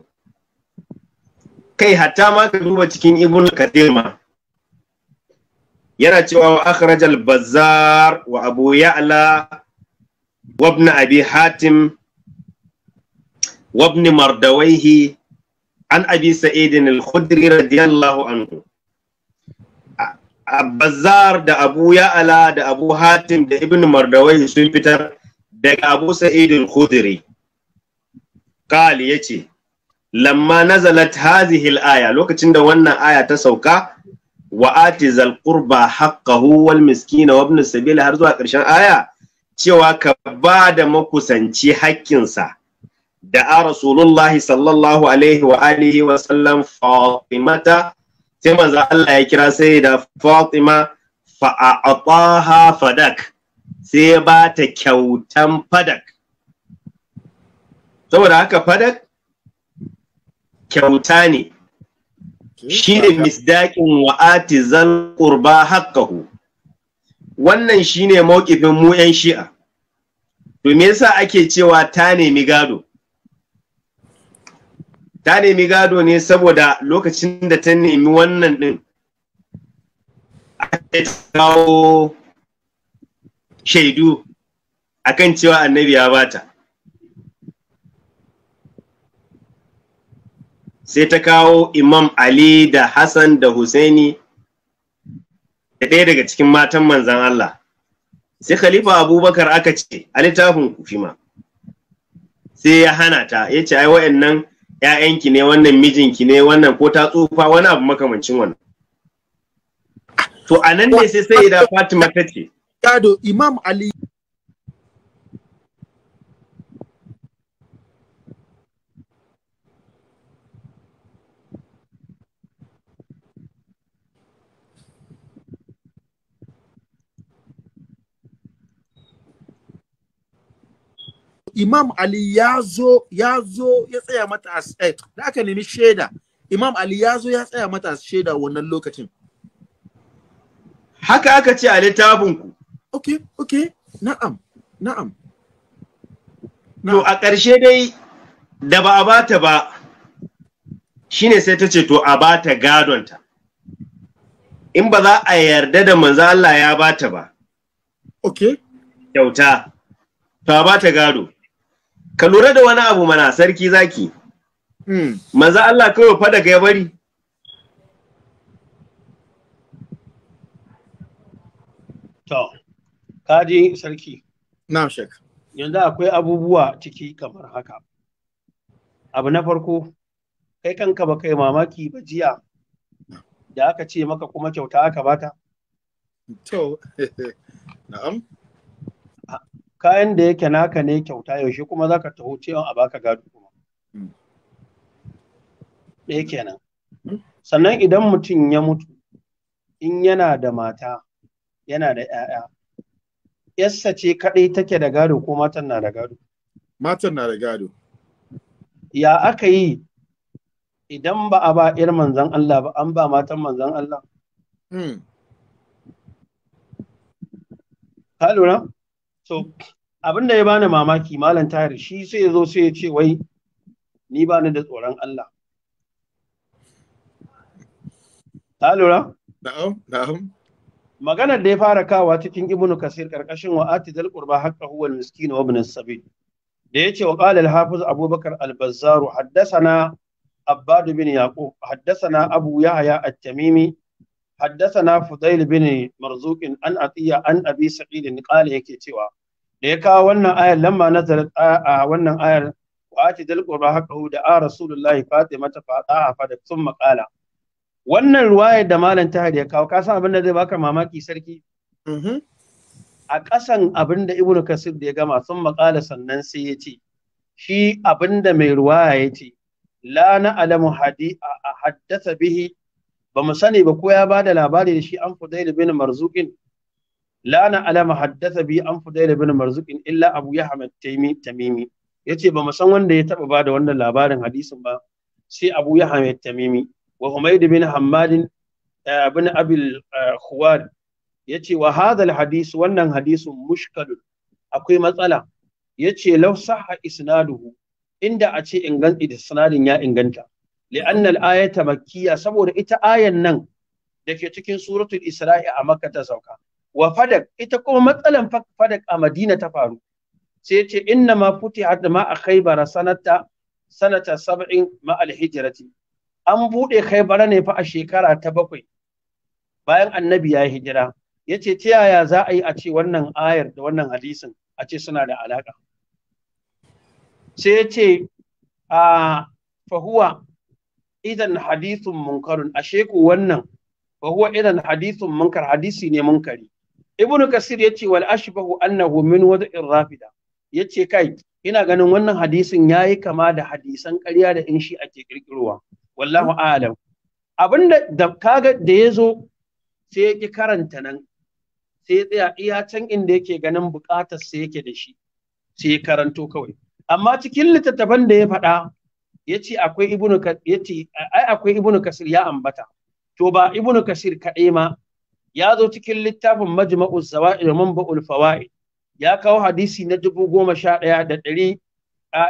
kai hatta ma ka duba cikin ibn kadir yana cewa wa akhraj al bazzar wa abu ya'la wa ibn abi hatim wa ibn mardawaihi an abi sa'id al khudri radiyallahu anhu bazzar da abu ya'la da abu hatim da ibn mardawaihi sun fitar daga abu sa'id al khudri qali yace lamma nazalat hazihi al-aya lokacin da wannan aya ta sauka wa atizal qurba haqqahu wal miskina wa ibn sabil har zuwa ƙarshen aya cewa ka ba da makusanci haƙƙinsa da a rasulullahi sallallahu alaihi wa alihi wa sallam fatimata sai manzo Allah ya kira sai da fatima fa a'taha fadak sai ba ta kyautan fadak saboda haka fadak kyauta ne shi ne misdaƙin wa'ati zan ƙurba haƙƙahu wannan shi ne mawƙifin mu 'yan shi'a domin yasa ake cewa ta nemi gado ta nemi gado ne saboda lokacin da ta nemi wannan ɗin ake kawo shaidu akan cewa annabi ya bata sai ta kawo imam ali da hassan da husaini da ɗaya daga cikin matan manzan allah sai khalifa abubakar aka ce a littafin kufi ma sai ya hana ta ya ce ai wa'annan ‘ya'yanki ne wannan mijinki ne wannan ko ta tsufa wani abu makamancin wannan to a nan ne sai sai idan fatima ta ce imam ali Imam Ali ya zo ya zo ya tsaya mata as eh, da aka nemi shaida Imam Ali ya zo ya tsaya mata as shaida wannan lokacin haka aka ce a littafin ku okay okay na'am na'am to a ƙarshe dai da ba a bata ba shine sai ta ce to a ta gadonta in ba za a yarda da manzo Allah ya bata ba okay kyauta to a ta gado ka lura da wani abu mana sarki zaki hmm. manzo Allah kawai fa daga ya bari to kaji sarki na'am shek yanzu akwai abubuwa ciki kamar haka abu na farko kai kanka ba kai mamaki ba jiya da aka ce maka kuma kyauta aka bata to na'am kayan da yake naka ne kyauta yaushe kuma zaka taho cewa a baka gado kuma hmm. ɗaya kenan sannan idan mutum ya mutu in yana da mata yana da ‘ya'ya yassa ce kaɗai take da gado ko matan na da gado matan na da gado ya aka yi idan ba a ba irin manzan Allah ba an ba matan manzan Allah hmm. ka lura? so abin da ya bani mamaki malam tayar shi sai ya zo sai ya ce wai ni bani da tsoron Allah ta lura na'am na'am maganar da ya fara kawa cikin ibnu kasir karkashin wa atidal qurba haqqahu wal miskin wa ibn as-sabil da yace wa qala al-hafiz abubakar al-bazzar haddathana abbad bin yaqub haddathana abu yahya at-tamimi Haddasa na fi zai ribe ne marzokin an aziya an abin saɓi da niƙala yake cewa. Da kawo wannan ayar lamba nazarin tsaya a wannan ayar? ku aci jalƙo ba haka ko da a rasulallah kaje mata fadaha fada sun makala Wannan ruwayar da Malam Tahir ya kawo 'Ka san abin da zai baka mamaki sarki? Hun. A ƙasan abinda ibnu kasir da ya gama sun makala sannan sai yace Shi abinda mai ruwa yace ci. Lani Adamu Haddii a a Haddasa bihi. ba mu sani ba ko ya ba da labari da shi an fudail bin marzuqin la na alama haddasa bi an daidai bin marzuqin illa abu yahma taimi tamimi yace ba mu san wanda ya taba ba da wannan labarin hadisin ba sai abu yahma tamimi wa humayd bin hammadin eh, bin abil eh, khuwar yace wa hadha hadis wannan hadisin mushkalun akwai matsala yace law sahha isnaduhu inda a ce da isnadin ya inganta li'anna al-ayata makkiyya saboda ita ayan nan da ke cikin suratul isra'i a makka ta sauka wa fadak ita kuma matsalar fadak a madina ta faru sai ce inna ma futihat ma a khaybara sanata sanata sab'in ma an buɗe khaybara ne fa a shekara ta bakwai bayan annabi ya hijira ya ta yaya za a yi a ce wannan ayar da wannan hadisin a ce suna da alaƙa sai ya ce a fahuwa idan hadithun munkarun ashe ku wannan fa huwa idan hadithun munkar hadisi ne munkari ibnu kasir yace wal ashbahu annahu min wad'ir rafida yace kai ina ganin wannan hadisin yayi kama da hadisan ƙarya da in shi ake kirkirowa wallahu a'lam abinda da kaga da yazo sai ya ki karanta nan sai ya tsaya iya can inda yake ganin buƙatar sai yake da shi sai ya karanto kawai amma cikin littattafan da ya faɗa Ya akwai ibnu ai akwai ibnu kasir ya ambata to ba ibnu kasir kadai ma ya zo cikin littafin majma'u zawaid wa manba'ul fawaid ya kawo hadisi na dubu goma sha ɗaya da ɗari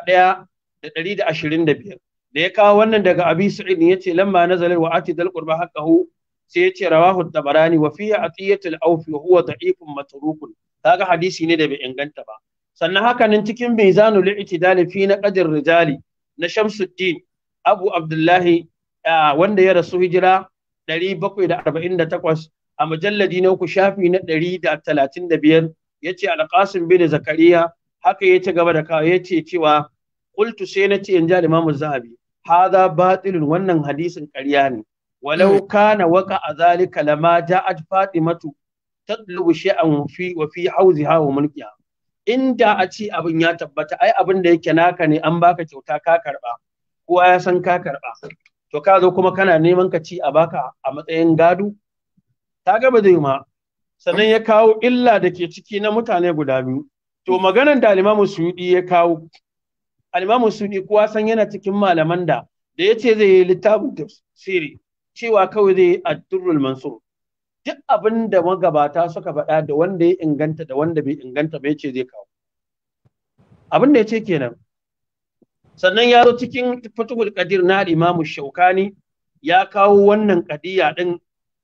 ɗaya da ɗari da ashirin da biyar da ya kawo wannan daga abi sa'id ya ce lamma nazalar wa ati dal qurba haqqahu sai ya ce rawahu tabarani wa fihi atiyatul awfi wa huwa da'ifun matrukun kaga hadisi ne da bai inganta ba sannan haka nan cikin mizanul i'tidal fi na qadir rijali na Shamsuddin Abu Abdullahi wanda ya rasu hijira 748 a mujalladi na uku shafi na 135 yace Al-Qasim bin Zakariya haka ya ci gaba da kawo yace cewa qultu sai na ce in ji Imam Zahabi hadha batilun wannan hadisin ƙarya ne walau hmm. kana waka a zalika lama ja'at fatimatu tatlubu shay'an fi wa fi hawziha wa mulkiha inda a ce abin ya tabbata ai abin da yake naka ne an baka kyauta ka karba kowa ya san ka karba to ka zo kuma kana neman ka ci a baka a matsayin gado ta gaba zai ma sannan ya kawo illa da ke ciki na mutane guda biyu to maganan da alimamu suyudi ya kawo alimamu suyudi kowa san yana cikin malaman da da ya ce zai yi littafin tafsiri cewa kawai zai addurrul mansur duk abin da magabata suka faɗa da wanda ya inganta da wanda bai inganta bai ce zai kawo abin da ya ce kenan sannan ya zo cikin fatuhul qadir na al shaukani ya kawo wannan qadiya din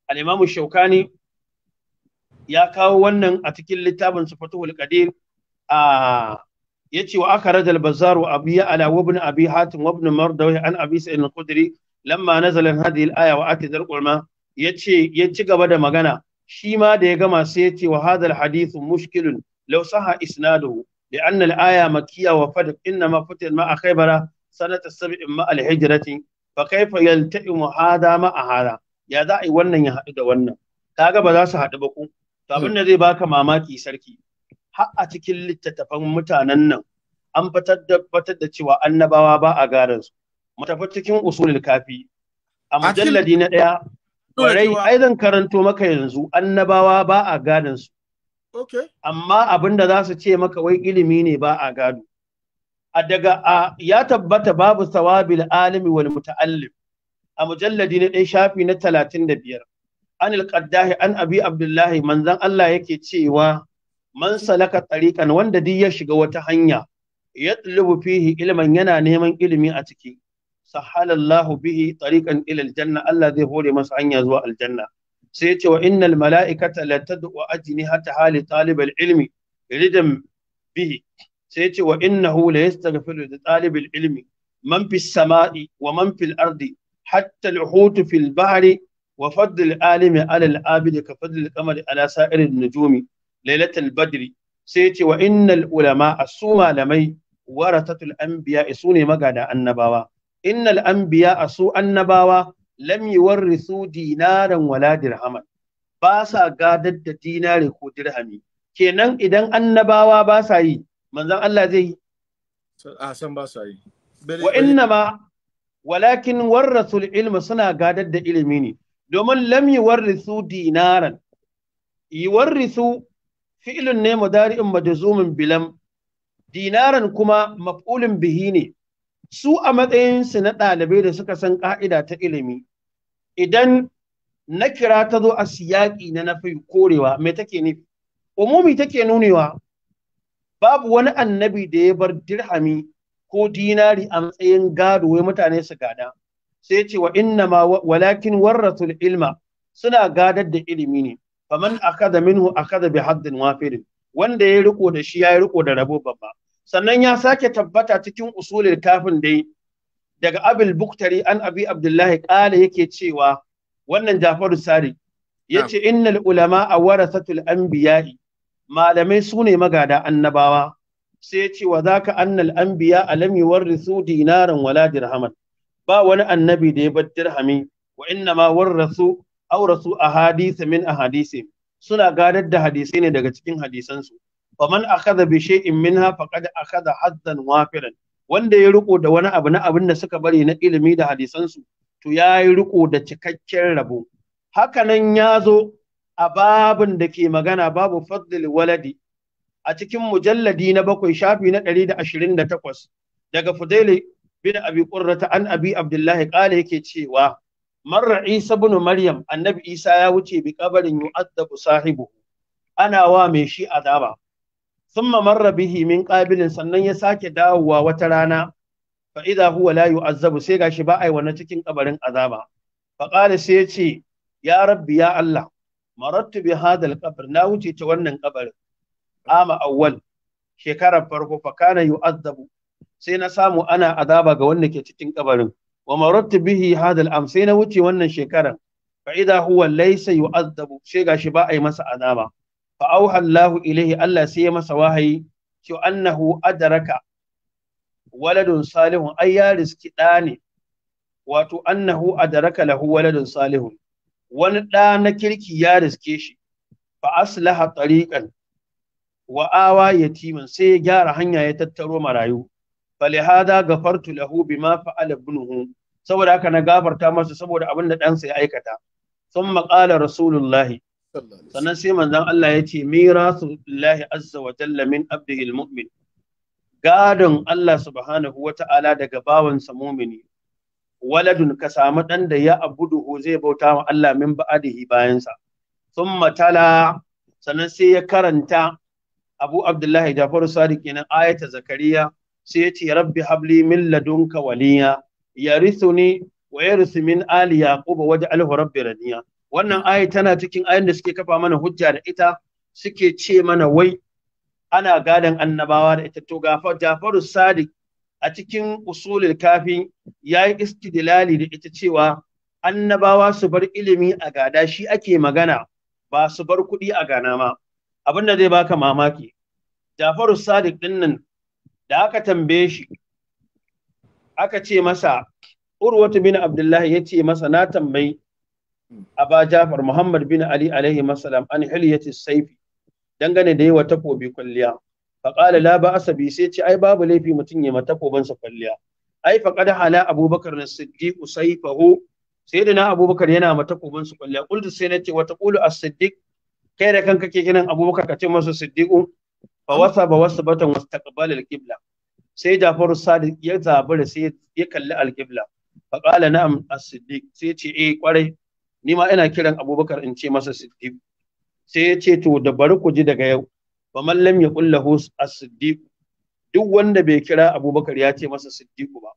al-imamu shaukani ya kawo wannan a cikin littafin su fatuhul qadir a yace wa aka rajal bazzar wa ya ala wa ibn abi hatim wa ibn mardawi an abi sa'id al-khudri lamma nazala hadhihi al-aya wa atidal qulma ya ya ci gaba da magana shi ma da ya gama sai ya ce wa hadal hadithu mushkilun law saha isnaduhu لأن الآية مكية وفتح إنما فتح مع خيبرة سنة السبع مع الهجرة فكيف يلتئم هذا مع ya za داعي wannan ya haɗu da wannan kaga ba za su haɗu ba ku to abin da zai baka mamaki sarki har a cikin littattafan mutanen nan an fitar da fitar da cewa annabawa ba a garin su matafi cikin usulul kafi a mujalladi na daya Ƙwarai, ai karanto maka yanzu annabawa ba a gadon su. Amma abin da za su ce maka wai ilimi ne ba a gado. A daga a ya tabbata babu sawabil alimi wal muta'allim a mujalladi na ɗaya shafi na talatin da biyar. An an abi Abdullahi manzan Allah yake cewa man salaka tsariƙan wanda duk ya shiga wata hanya ya fihi ilman yana neman ilimi a ciki. sahalallahu bihi tariqan ilal janna. Allah zai hore masa hanya zuwa aljanna sai yace wa innal malaikata la tad'u ajnihata hali talib ilmi ridan bihi sai yace wa innahu la yastaghfiru li talib ilmi man sama'i wa man fil ardi hatta al-hut fil bahari wa fadl al-alimi ala al-abid ka fadl al-qamari ala sa'ir an-nujumi lailatul badri sai yace wa innal ulama a su malamai warasatul anbiya sune magada annabawa innal anbiya a su annabawa lam yuwarrisu dinaran wala dirhaman ba sa gadar da dinare ko dirhami kenan idan annabawa ba sa yi manzon Allah zai yi a san ba innama walakin warrasul ilma suna gadar da ilimi ne domin lam yuwarrisu dinaran yuwarrisu fi'lun ne mudari'in majzumin bilam dinaran kuma maf'ulun bihi ne su a matsayinsu na ɗalibai da suka san ƙa'ida ta ilimi idan na kira ta zo a siyaƙi na nafi korewa mai take nufi umumi take nunewa babu wani annabi da ya bar dirhami ko dinari a matsayin gado wai mutane su gada sai ce wa inna ma walakin warratul ilma suna gadar da ilimi ne faman akada minhu akada bi haddin wafirin wanda ya riko da shi ya riko da rabo babba sannan ya sake tabbata cikin usulul kafin dai daga abul buktari an abi abdullahi qala yake cewa wannan jafaru sari yace innal ulama a warasatul anbiya'i malamai sune magada annabawa sai yace wa zaka annal anbiya alam yuwarrisu dinaran wala dirhaman ba wani annabi da ya bar dirhami wa inna ma warrasu aurasu ahadith min ahadisi suna gadar da hadisai ne daga cikin hadisansu faman man akhadha bi shay'in minha faqad akhadha haddan wafiran wanda ya riko da wani abu na abin da suka bari na ilimi da hadisan su to yayi yi riko da cikakken rabo hakanan ya zo a babin da ke magana babu fadlil waladi a cikin mujalladi na bakwai shafi na 128 daga fudail bin abi qurrata an abi abdullahi qala yake cewa marra isa ibn maryam annabi isa ya wuce bi kabarin yu'addabu sahibu ana wa mai shi azaba Sun marra bihi min qabilin sannan ya sake dawowa wata rana fa idza huwa la yu'azzabu sai gashi ba ai wannan cikin kabarin azaba fa qala sai ya ce ya rabbi ya Allah marattu bi hadal qabr na wuce ta wannan kabarin ama awwal shekarar farko fa kana yu'azzabu sai na samu ana azaba ga wanda ke cikin ƙabarin. wa marattu bihi hadal am sai na wuce wannan shekarar fa idza huwa laysa yu'azzabu sai gashi ba yi masa azaba fa auha Allah ilaihi Allah sai ya masa wahayi cewa annahu adraka waladun salihun ai ya riski ɗa ne wato annahu adraka lahu waladun Salihu wani ɗa na kirki ya riske shi fa aslaha tariqan wa awa yatiman sai ya gyara hanya ya tattaro marayu falihada gafartu lahu bima fa'ala ibnuhu saboda haka na gafarta masa saboda abin da ɗansa ya aikata sun maƙala rasulullahi sannan sai manzan Allah ya ce mirasu lillahi azza wa jalla min abdihi mu'min gadon Allah subhanahu wa ta'ala daga bawansa mumini waladun ka samu dan da ya abuduhu zai bauta wa Allah min ba'adihi bayansa thumma tala sannan sai ya karanta Abu Abdullahi Jafaru Sadiq kenan ayata Zakariya sai ya ce rabbi habli min ladunka waliya yarithuni wa yarithu min ali yaquba waj'alhu rabbi radiya wannan ayi tana cikin ayin da suke kafa mana hujja da ita suke ce mana wai ana gadon annabawa da ita to Jafaru Sadiq a cikin usulul kafi yayi istidlali da ita cewa annabawa su bar ilimi a gada shi ake magana ba su bar kuɗi a gana ma abin da zai baka mamaki Jafaru Sadiq din nan da aka tambaye shi aka ce masa Urwatu bin Abdullahi ya ce masa na tambayi aba jafar muhammad bin ali alaihi masalam an hiliyati saifi dangane da yawa takobi kwalliya faqala la ba asabi sai ce ai babu laifi mutum ya matakoban sa kwalliya ai faqad hala abubakar na siddiq saifahu na abubakar yana matakoban su kwalliya qultu sai ce wata taqulu a siddiq kai da kanka ke kiran abubakar ka ce masa siddiqu fa wasa ba wasu batan wastaqbal al-qibla sai jafaru sadiq ya zabura sai ya kalli al-qibla faqala na'am as-siddiq sai ce eh kwarai ni ma ina kiran abubakar in ce masa siddiq sai ya ce to da bari ku ji daga yau ba mallam ya kulla hus as-siddiq duk wanda bai kira abubakar ya ce masa siddiq ba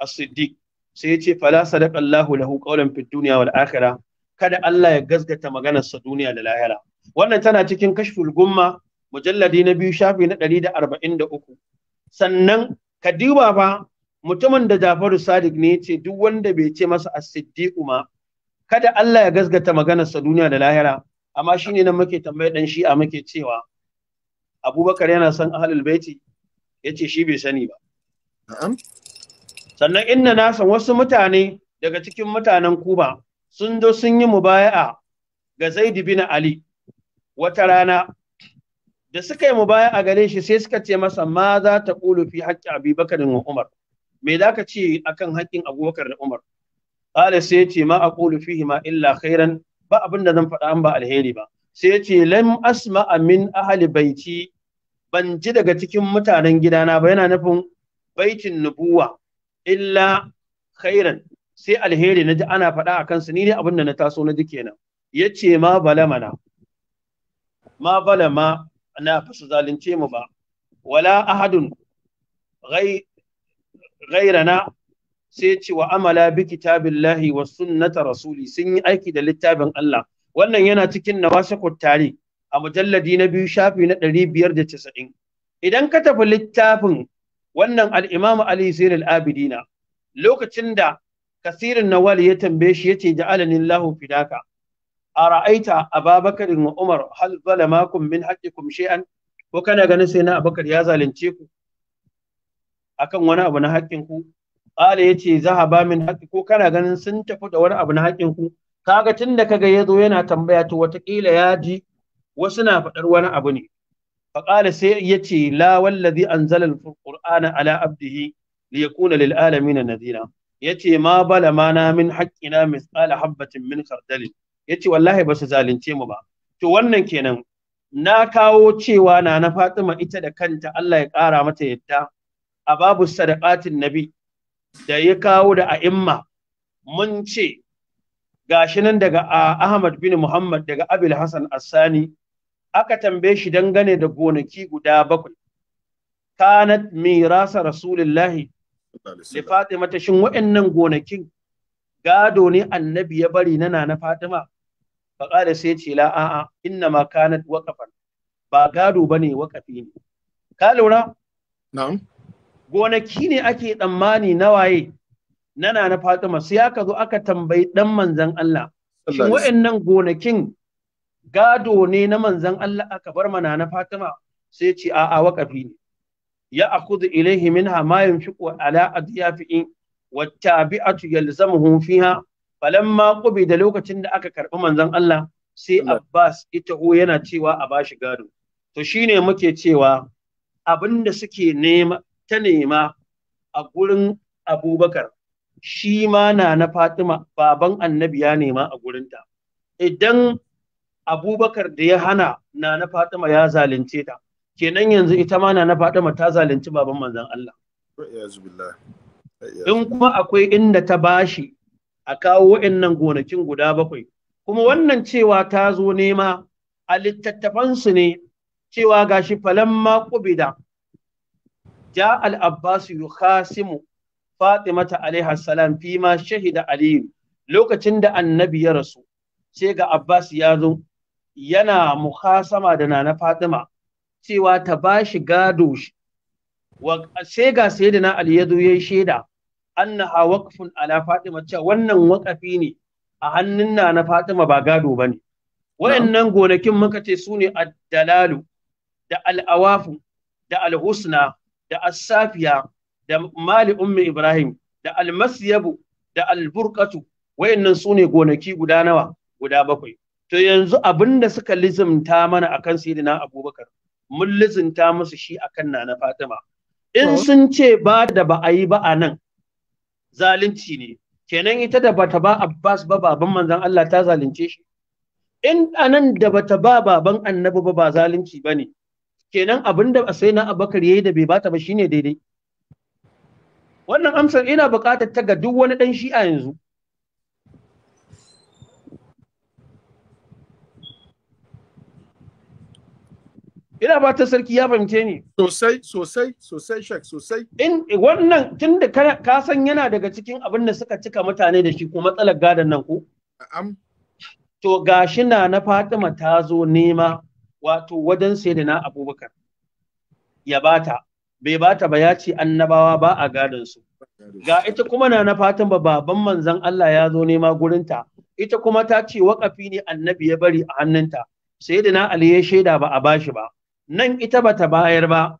as-siddiq sai ya ce fala sadaqallahu lahu qawlan fid dunya wal akhirah kada Allah ya gaskata maganar sa duniya da lahira wannan tana cikin kashful gumma mujalladi na biyu shafi na 143 sannan ka ba fa mutumin da Jafaru Sadiq ne ce duk wanda bai ce masa as-siddiq ma kada Allah ya maganar maganarsa duniya da lahira amma shine nan muke tambayar dan shi'a muke cewa Abubakar yana son ahlul baiti yace shi bai sani ba sannan inna na san wasu mutane daga cikin mutanen Kuba sun zo sun yi mubaya'a ga Zaid bin Ali wata rana da suka yi mubaya'a gare shi sai suka ce masa ma za ta ƙulu fi haƙƙi Abubakar da Umar me za ka ce akan haƙƙin Abubakar da Umar qala sai yace ma aqulu fihi ma illa khairan ba abin zan faɗa an ba alheri ba sai yace lam asma'a min ahali bai ci ban ji daga cikin mutanen gidana ba yana nufin baitin nubuwa illa khairan sai alheri na ji ana faɗa a kansu ni ne abin da na taso na ji kenan ya ce ma balamana ma balama na fi zalunce mu ba wala ahadun gairana sai ce wa amala bi kitabillahi wa sunnata rasuli sun yi aiki da littafin Allah wannan yana cikin nawasakut tari a mujalladi na biyu shafi na biyar da casa'in? idan ka tafi littafin wannan al Ali Sir al-Abidina lokacin da kasirin nawal ya tambaye shi ya yace ja'alani lahu fidaka ara'aita Babakarin wa Umar hal zalamakum min haqqikum shay'an ko kana ganin sai na Abubakar ya zalunce ku akan wani abu na haƙƙin ku Ƙala ya ce za ba min haƙƙi ko kana ganin sun tafi da wani abu na haƙƙin ku kaga tun da kaga ya zo yana tambaya ta watakila yaji. wasu na faɗar wani abu ne. Faƙala sai ya ce la wallazi anzala al-Qur'ana ala abdihi li yakuna lil alamin nadira. Yace ma bala ma min haƙƙina misqala habbatin min khardal. Yace wallahi ba su zalunce mu ba. To wannan kenan na kawo cewa na na Fatima ita da kanta Allah ya ƙara mata yadda a babu sadaqatin nabi da ya kawo da a'imma mun ce gashi nan daga Ahmad bin Muhammad daga Abil Hassan Assani aka tambaye shi dangane da gonaki guda bakwai kanat mirasa rasulullahi da Fatima ta shin wa'annan gonakin gado ne annabi ya bari na na Fatima da sai ce la a'a inna ma kanat waqafan ba gado bane waqafi ne ka lura na'am gonaki ne ake tsammani na waye nana Fatima sai aka zo aka tambayi dan manzan Allah shin wa'annan gonakin gado ne na manzon Allah aka bar mana na Fatima sai ce a'a waƙafi ne ya akhudhu ilayhi minha ma yumshiqu ala adyafi'in wattabi'atu yalzamuhum fiha falamma da lokacin da aka karbi manzan Allah sai Abbas ita yana cewa a bashi gado to shine muke cewa abinda suke nema ta nema a gurin abubakar shi ma na na fatima baban annabi ya nema a gurinta idan abubakar da ya hana na na fatima ya zalunce ta kenan yanzu ita ma na na fatima ta zalunci baban manzon Allah in kuma akwai inda ta bashi a kawo wa'annan gonakin guda bakwai kuma wannan cewa ta zo nema a littattafansu ne cewa gashi falamma kubida ja al-abbas Yuhasimu fatimata alaiha salam shahida aliyu lokacin da annabi ya rasu sai ga abbas ya zo yana mukhasama da nana fatima cewa ta ba shi gado shi sai ga na ali ya zo yayi shaida annaha waqfun ala fatima cewa wannan wakafi ne a hannun nana fatima ba gado ba ne. wayannan gonakin muka ce sune ne dalalu da al-awafu da al-husna da asafiya da mali ummi ibrahim da almasyabu da alburqatu wayannan sune gonaki guda nawa guda bakwai to yanzu abin da suka lizimta mana akan sayyidina abubakar mun lizinta musu shi akan nana fatima in sun ce ba da ba a yi ba a nan zalunci ne kenan ita da bata ba abbas ba baban manzon Allah ta zalunce shi in anan da bata ba baban annabi ba ba zalunci bane kenan abin da sai na abakar yayi da bai bata ba shine daidai wannan amsar ina buƙatar ta ga duk wani ɗan shi'a yanzu ina ba ta sarki ya fahimce ni sosai sosai sosai shak sosai in wannan tunda ka san yana daga cikin abin da suka cika mutane da shi ko matsalar gadon nan ko to gashi na na Fatima ta zo nema wato wajen sayyidina abubakar ya bata bai bata ba ya ce annabawa ba a gadon su ga ita kuma na na fatan ba baban manzon Allah ya zo nema gurinta ita kuma ta ce waƙafi ne annabi ya bari a hannunta sayyidina ali ya shaida ba a bashi ba nan ita ba ta bayar ba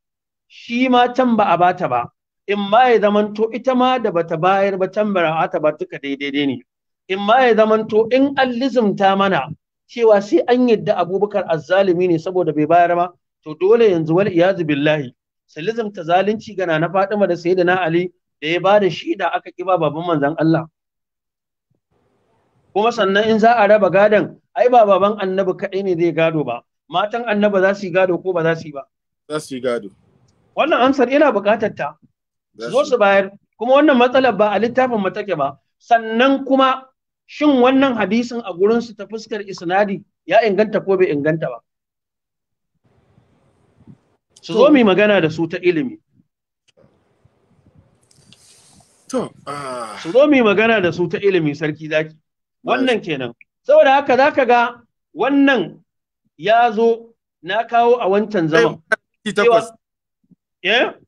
shi ma can ba a bata ba in ma ya zamanto ita ma da bata bayar ba can ba ta ba duka daidai ne in ma ya zamanto in an lizimta mana cewa sai an yadda abubakar azzalimi ne saboda bai bayar ma to dole yanzu wal iyazu billahi salizm ta zalunci gana na fadima da sayyidina Ali da ya bada shida aka kiba baban manzon Allah kuma sannan in za a raba gadon ai ba baban annabi kaɗai ne zai gado ba matan annabi za su yi gado ko ba za su yi ba za su yi gado wannan amsar ina buƙatar ta zo su bayar kuma wannan matsalar ba a littafin mu take ba sannan kuma shin wannan hadisin a gurinsu ta fuskar isnadi ya inganta ko bai inganta ba su zo mai magana da su ta ilimi ah. su zo mai magana da su ta ilimi sarki zaki wannan kenan saboda haka za ka ga wannan ya zo na kawo a wancan zaman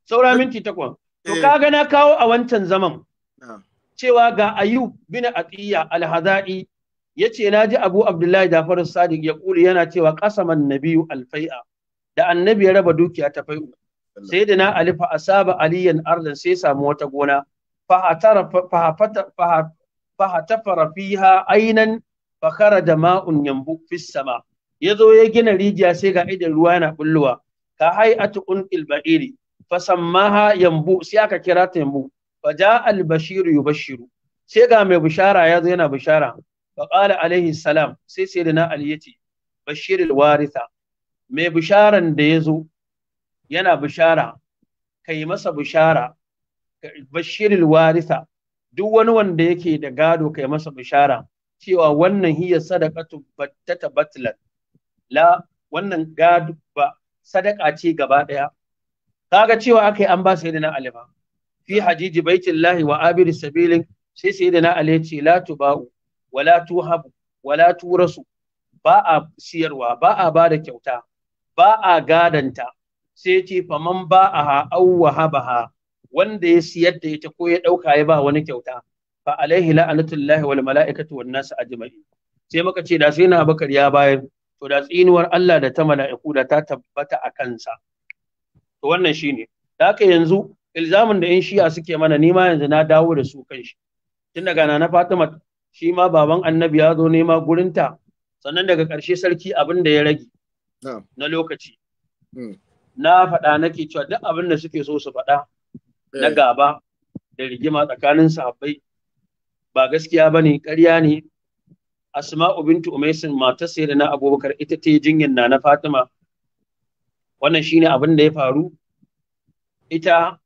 saura minti takwas eh? to eh. kaga na kawo a wancan zaman cewa ga ayub bin atiya al yace naji abu abdullahi jafar sadiq ya kuli yana cewa qasaman nabiyyu alfai'a da annabi ya raba dukiya ta fai'u sai da na alifa asaba aliyan ardan sai samu wata gona fahatafara fiha ainan fakara da ma'un yambu fis sama ya zo ya gina rijiya sai ga idan ruwa yana bullowa ka hai atu'un ilba'iri fasammaha yambu sai aka kira ta yambu faja al-bashir yubashiru sai ga mai bishara ya zo yana bishara fa qala alaihi salam sai sayyidina ali yace bashirul waritha mai bisharan da ya zo yana bishara kai masa bishara bashirul waritha duk wani wanda yake da gado kai masa bishara cewa wannan hiya sadaqatu battata batlan la wannan gado ba sadaka ce gaba daya kaga cewa akai an ba sayyidina ali ba fi hajiji baitillahi wa abiri sabilin sai sai da na ali ce la tuba'u wala tuhabu wala ba a siyarwa ba a ba da kyauta ba a gadanta sai ce faman ba a ha wanda ya siyar da ita ko ya dauka ya ba wani kyauta fa alaihi la'anatullahi wal mala'ikatu wan nas ajma'in sai muka ce da sai na bakar ya bayar to da tsinuwar Allah da ta mala'iku da ta tabbata a kansa to wannan shine da haka yanzu ilzamin da 'yan shi'a suke mana ni ma yanzu na dawo da su shi tun daga na fatima shi ma baban annabi ya zo nema gurinta sannan daga ƙarshe sarki abin da ya rage na lokaci hmm. na faɗa nake cewa duk abin da suke so su faɗa na eh. gaba da rigima tsakanin sahabbai ba gaskiya ba ne ƙarya ne asma'u bintu umaisin matar sai da na abubakar ita ta jinyar na na fatima wannan shine abin da ya faru ita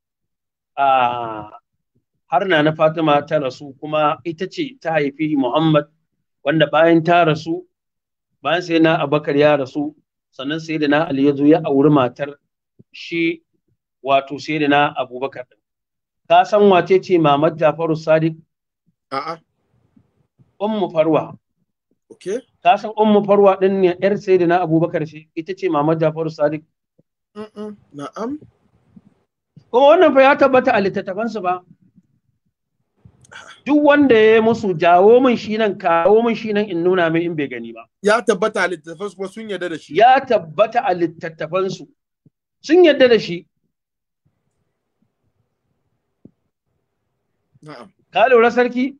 har na na Fatima ta rasu kuma ita ce ta haifi Muhammad wanda bayan ta rasu bayan sai na Abakar ya rasu sannan sai da na Ali ya zo ya auri matar shi wato sai da na Abubakar ka san wace ce Mamad Jafaru Sadiq a'a Ummu Farwa okay ka san Ummu Farwa din ne yar sai da na Abubakar shi ita ce Mamad Jafaru Sadiq na'am kuma wannan fa ya tabbata a littattafansu ba duk wanda ya musu jawo min shi nan kawo min shi nan in nuna min in bai gani ba ya tabbata a littattafansu kuma sun yarda da shi ya tabbata a littattafansu sun yarda da shi ka lura sarki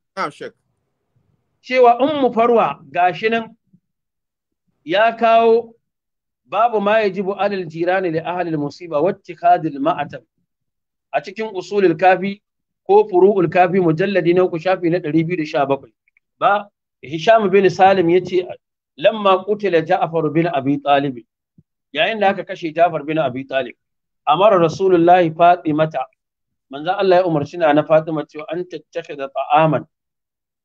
cewa in mu farwa gashi nan ya kawo babu ma yajibu alal jirani da ahli musiba wacce wattikadil ma'atam a cikin usulul kafi ko furu'ul kafi mujalladi na uku shafi na 217 ba hisham bin salim yace lamma qutila ja'far bin abi talib yayin da aka kashe ja'far bin abi talib amara rasulullahi fatimata manzo Allah ya umarci na fatima cewa an da ta'aman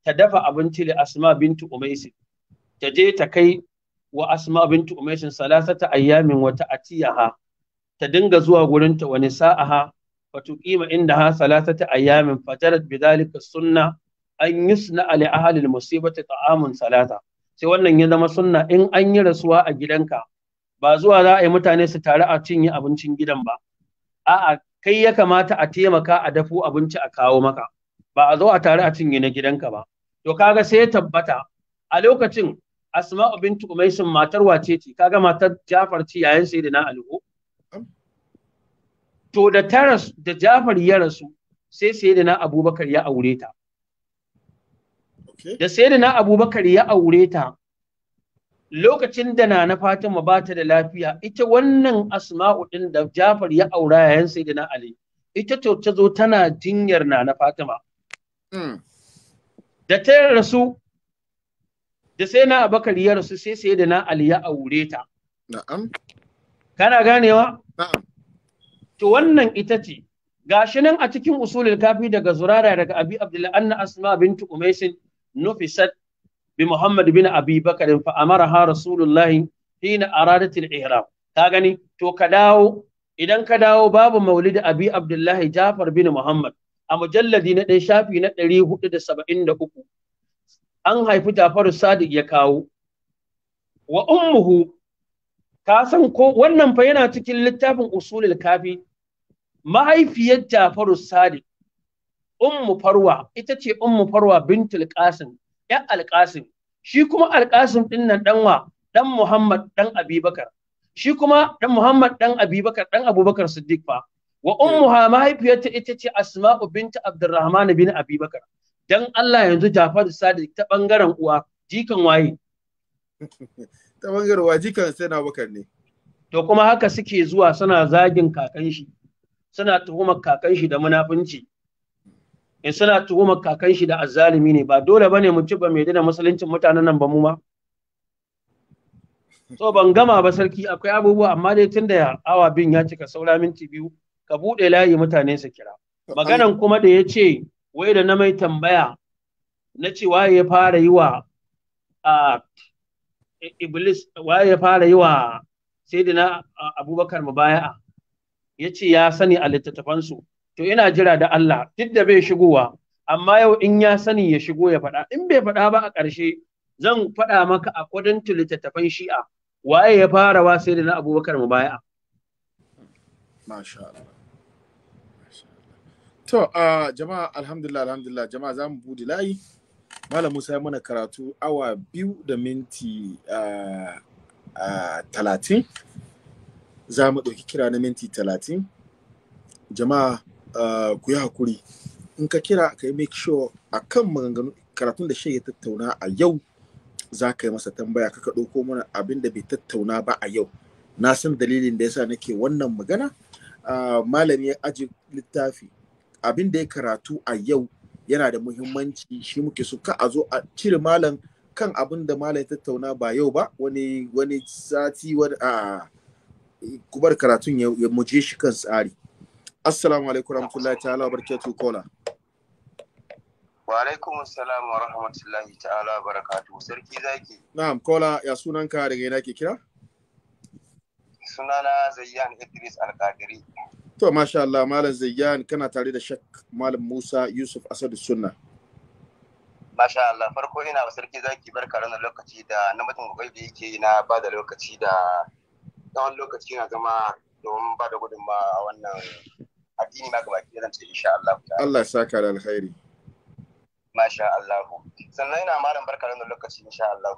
ta dafa abinci li asma bintu umays ta je ta kai wa asma bintu umays salasata ayyamin wa ta'tiyaha ta dinga zuwa gurinta wa nisa'aha فتقيم عندها ثلاثة أيام فجرت بذلك السنة أن يصنع لأهل المصيبة طعام ثلاثة sai wannan ya zama sunna in an yi rasuwa a gidanka ba zuwa za a yi mutane su tare a cinye abincin gidan ba a'a kai ya kamata a taimaka a dafo abinci a kawo maka ba a zo a tare a cinye na gidanka ba to kaga sai ya tabbata a lokacin asma'u bintu umaisin matar wace ce kaga matar Jafar ce yayin sayyidina na ko to da taras da Jafar ya rasu sai sayyidina Abubakar ya aure ta da sayyidina Abubakar ya aure ta lokacin da na na Fatima ba ta da lafiya ita wannan Asma'u din da Jafar ya aura yayin sayyidina Ali ita to ta zo tana jinyar na na Fatima hmm. da ta rasu da sai na Abubakar ya rasu sai sayyidina Ali ya aure ta na'am kana ganewa na'am to wannan ita ce gashi nan a cikin usulul kafi daga zurara daga abi abdullahi anna asma bintu umaisin nufisat bi muhammad bin abi bakar fa amaraha rasulullahi hina aradat al-ihram ka gani to ka dawo idan ka dawo babu maulidi abi abdullahi jafar bin muhammad a mujalladi na ɗaya shafi na ɗari da saba'in da uku an haifi jafaru sadiq ya kawo wa ummuhu ka san ko wannan fa yana cikin littafin usulul kafi mahaifiyar Jafaru Sadiq ummu farwa ita ce ummu farwa bintul qasim ya alqasim shi kuma alqasim din nan danwa dan muhammad dan abubakar shi kuma dan muhammad dan abubakar dan abubakar siddiq fa wa ummuha mahaifiyarta ita ce asma'u binta abdurrahman bin abubakar dan Allah yanzu Jafaru Sadiq ta bangaren uwa jikan waye ta bangaren uwa jikan sai na bakar ne to kuma haka suke zuwa suna zagin kakan shi suna tuhumar kakan shi da munafunci in suna tuhumar kakan shi da azzalimi ne ba dole bane mu ci ba mai dina musuluncin mutanen nan ba mu ma so ban gama ba sarki akwai abubuwa amma dai tun da awa bin ya cika saura minti biyu ka buɗe layi mutane su kira maganan kuma da ya ce wai da na mai tambaya na ce waye ya fara yi wa iblis waye ya fara yi wa sai abubakar mubaya'a ya ce ya sani a littattafansu to ina jira da Allah duk da bai shigowa amma yau in ya sani ya shigo ya faɗa in bai faɗa ba a ƙarshe zan faɗa maka a kwadinta littattafan shi'a waye ya fara wa sai da na abubakar mu baya masha Allah to jama'a alhamdulillah alhamdulillah jama'a zamu bude layi malam Musa ya mana karatu awa biyu da minti talatin za mu ɗauki kira na minti talatin jama'a uh, ku yi hakuri in ka kira ka yi make sure a kan maganganu karatun da shi ya tattauna a yau za ka yi masa tambaya ka kaɗo ɗauko mana abin da bai tattauna ba a yau na san dalilin da yasa nake wannan magana uh, malami ya aji littafi abin da ya karatu a yau yana da muhimmanci shi muke so ka a zo a cire malam kan abin da malam ya tattauna ba yau ba wani wani sati wani a uh, kubar karatun ya muje shi kan tsari assalamu alaikum rahmatullahi ta'ala barkatu kola wa alaikum assalam wa rahmatullahi ta'ala barakatu sarki zaki na'am kola ya sunanka daga ina ke kira sunana zayyan idris alkadiri to masha Allah malam zayyan kana tare da shak malam musa yusuf asadu sunna Masha Allah farko ina wa sarki zaki barka ranar lokaci da na mutum gobe da yake na ba da lokaci da tsawon lokaci na zama domin ba da gudunma a wannan addini ma gaba ki zance insha Allah Allah ya saka da alkhairi masha Allah sannan ina malam barka da lokaci insha Allah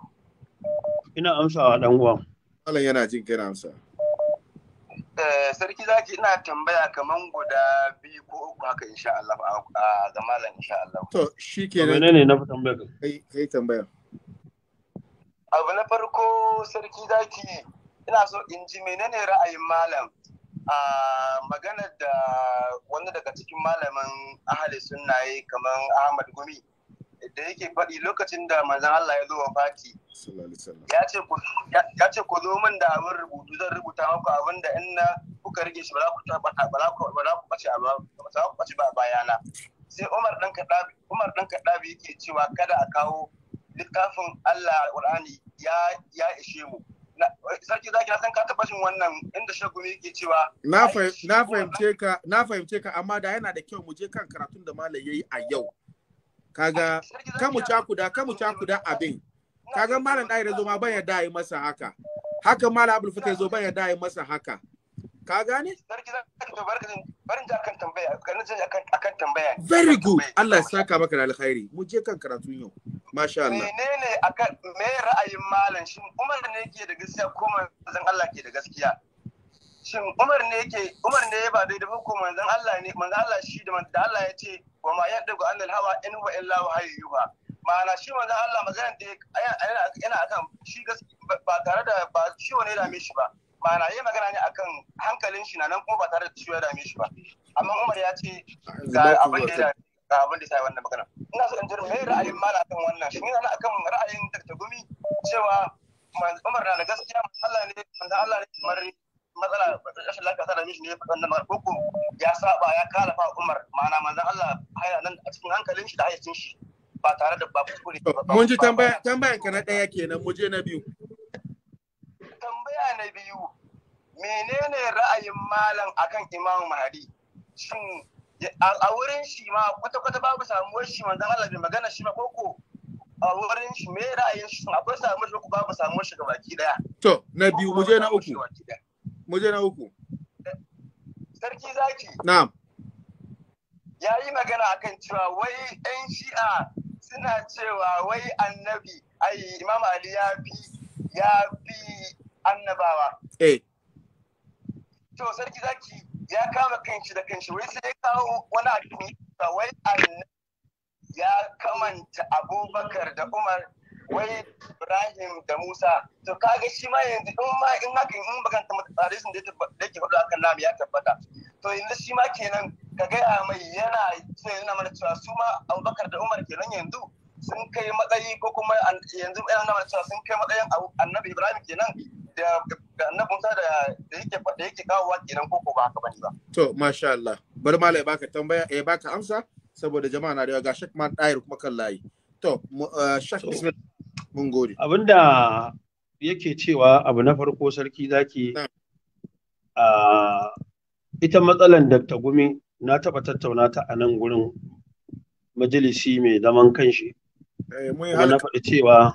ina amsawa dan uwan malam yana jin kai na amsa eh, sarki zaki ina tambaya kaman guda biyu ko uku haka insha Allah a ga malam insha Allah to Wane ne na fi tambaya kai tambaya abu na farko sarki zaki ina so in ji menene ra'ayin malam a maganar da wani daga cikin malamin ahali yi kamar ahmad gumi da yake faɗi lokacin da manzan Allah ya zo wa fati ya ce ku zo min da abin rubutu zan rubuta maku abin da in na kuka rike shi ba za ku ɓace ba bayana sai umar ɗan kaɗabi yake cewa kada a kawo littafin Allah al'ur'ani ya ishe mu sarki zaki na san ka taba jin wannan inda shagumi yake cewa na fahimce ka na fahimce ka amma da yana da kyau mu je kan karatun da malam yayi a yau kaga ka mu cakuda ka mu cakuda abin kaga malam dai zo ma ban ya yi masa haka haka malam abul fata zo ban ya yi masa haka ka gane tambaya tambaya very good Allah ya saka maka da alkhairi mu je kan karatun yau masha Allah menene akan me ra'ayin malam shin Umar ne yake da gaskiya ko manzon Allah ke da gaskiya shin Umar ne yake Umar ne ya ba da ba ko manzon Allah ne manzon Allah shi da manzon Allah ya ce wa ma yadda ga annal hawa in huwa illa wahayyuha ma'ana shi manzon Allah magana da yana akan shi gaskiya ba tare da ba shi wani dame shi ba ma'ana yi magana ne akan hankalin shi na nan kuma ba tare da ciwo ya dame shi ba amma umar ya ce ga abin da ya ga abin da ya wannan magana ina so in ji me ra'ayin mala akan wannan shi ne akan ra'ayin Dr. Gumi cewa umar na da gaskiya Allah ne wanda Allah ne kamar matsala rashin lafiya ta dame mishi ne ya faɗa wannan koko ya saba ya kalafa umar ma'ana manzo Allah haya nan a cikin hankalin shi da hayyacin shi ba tare da babu kuskure ba mun ji tambaya tambayan ka na daya kenan mu je na biyu tambaya na biyu menene ra'ayin malam akan imam mahadi shin a wurin shi ma kwata-kwata babu samuwar shi manzon Allah bai magana shi ma koko a wurin shi me ra'ayin shi akwai samuwar shi babu samuwar shi gabaki daya to na biyu mu na uku mu na uku sarki zaki na'am ya yi magana akan cewa wai yan shi'a suna cewa wai annabi ai imam ali ya fi ya fi annabawa eh. to sarki zaki ya kama kanshi da kanshi wai sai ya kawo wani addini ba wai ya kamanta abubakar da umar wai ibrahim da musa to kaga shi ma yanzu in ma in haka in baka hadisin da yake faɗo akan nam ya tabbata to yanzu shi ma kenan ka gaya mai yana so yana mana cewa su ma abubakar da umar kenan yanzu sun kai matsayi ko kuma yanzu yana mana cewa sun kai matsayin annabi ibrahim kenan da annabi Musa da yake da yake kenan koko ba haka bane ba to masha Allah bari malai baka tambaya eh baka amsa saboda jama'a na da ga shek man dair kuma kan layi to eh, shek bismillah mun gode abinda yake cewa abu na farko sarki zaki a ita matsalan Dr. Gumi na taɓa tattauna ta a nan gurin majalisi mai zaman kanshi. Hey, eh, na faɗi cewa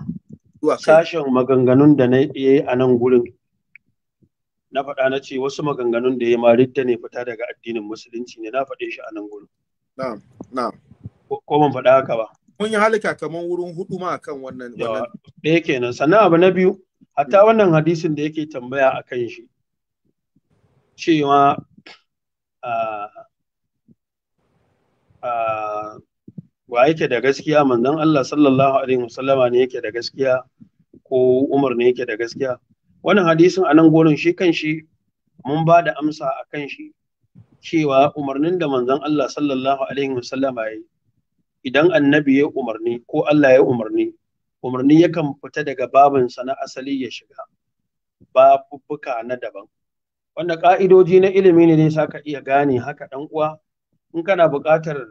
sashen maganganun da na yi a nan gurin na faɗa na ce wasu maganganun da ya ma ridda ne fita daga addinin musulunci ne na faɗe shi a nan gurin Na, na. ko ban faɗa haka ba mun yi halika kamar wurin hudu ma akan wannan ɗaya kenan sannan abu na biyu hatta wannan hadisin da yake tambaya a kan shi cewa ah, ah, wa yake da gaskiya manzon Allah sallallahu alaihi wasallama ne yake da gaskiya ko Umar ne yake da gaskiya wannan hadisin anan nan gurin shi kan shi mun ba da amsa a kan shi cewa umarnin da manzon Allah sallallahu alaihi wasallama yi idan annabi ya umarni ko Allah ya umarni umarni yakan fita daga sa na asali ya shiga babubbuka na daban wanda ka'idoji na ilimi ne sa saka iya gane haka ɗan uwa in kana buƙatar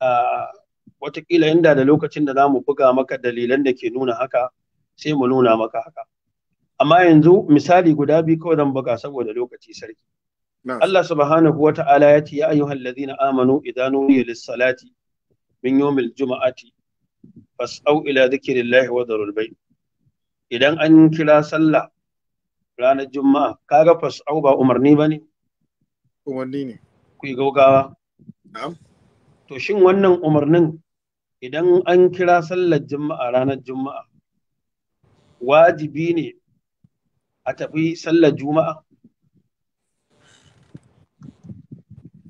ah, watakila inda da lokacin da za mu buga maka dalilan da ke nuna haka sai mu nuna maka haka amma yanzu misali guda biyu kawai zan buga saboda lokaci sarki Allah subhanahu wa ta'ala ya ce ya ayyuhal ladina amanu idan nudiya lis-salati min yawmil juma'ati fas'au ila dhikrillahi wa dharul bayt idan an kira sallah ranar juma'a kaga fas'au ba umarni bane umarni ne ku yi gaugawa to shin wannan umarnin idan an kira sallar juma'a ranar juma'a wajibi ne a tafi sallar juma'a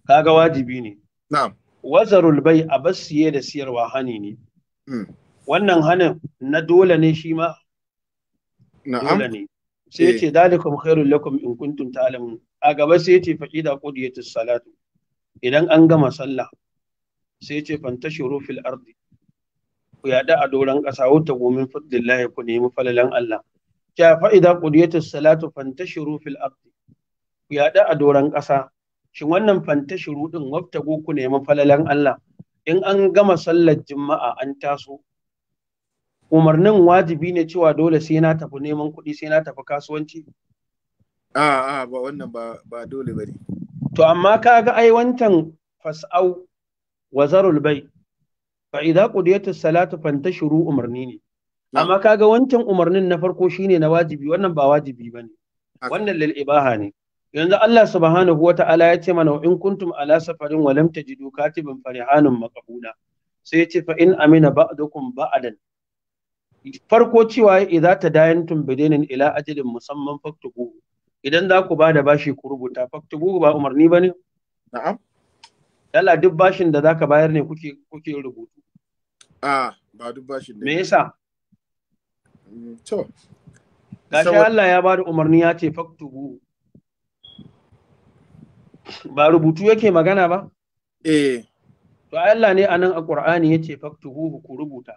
kaga wajibi ne na'am wazarul bai a siye da siyarwa hani ne hmm. wannan hanin na dole ne shi ma na'am dole ne sai ce dalikum khairul lakum in kuntum ta'lamun a gaba sai ce faqida qudiyatus salatu idan an gama sallah sai ce shuru fil ardi ku yada a doron ƙasa wata gomin fadlillahi ku nemi falalan Allah kya fa'ida qudiyatu salatu shuru fil ardi ku yada a doron ƙasa shin wannan shuru din go ku nemi falalan Allah in an gama sallar juma'a an taso umarnin wajibi ne cewa dole sai na tafi neman kuɗi sai na tafi kasuwanci a a ba wannan ba ba dole bane to amma kaga ai wancan fas'au wa zarul bai fa idza qudiyatis fanta shiru umarni ne amma ga wancan umarnin na farko shine na wajibi wannan ba wajibi bane wannan lil ibaha ne yanzu Allah subhanahu wa ta'ala ya ce mana in kuntum ala safarin wa lam tajidu katiban farihanun maqbuda sai ya ce fa in amina ba'dukum ba'dan farko cewa idza tadayantum bidainin ila ajalin musamman faktubu idan za ku ba da bashi ku rubuta faktubu ba umarni bane na'am Yalla duk bashin da zaka bayar ne kuke kuke rubutu. A ba duk bashin Me yasa? Mm, to. Gashi Allah ya bada umarni ya ce faktubu. Ba rubutu yake magana ba? Eh. To Allah ne anan a Qur'ani yace faktubu ku rubuta.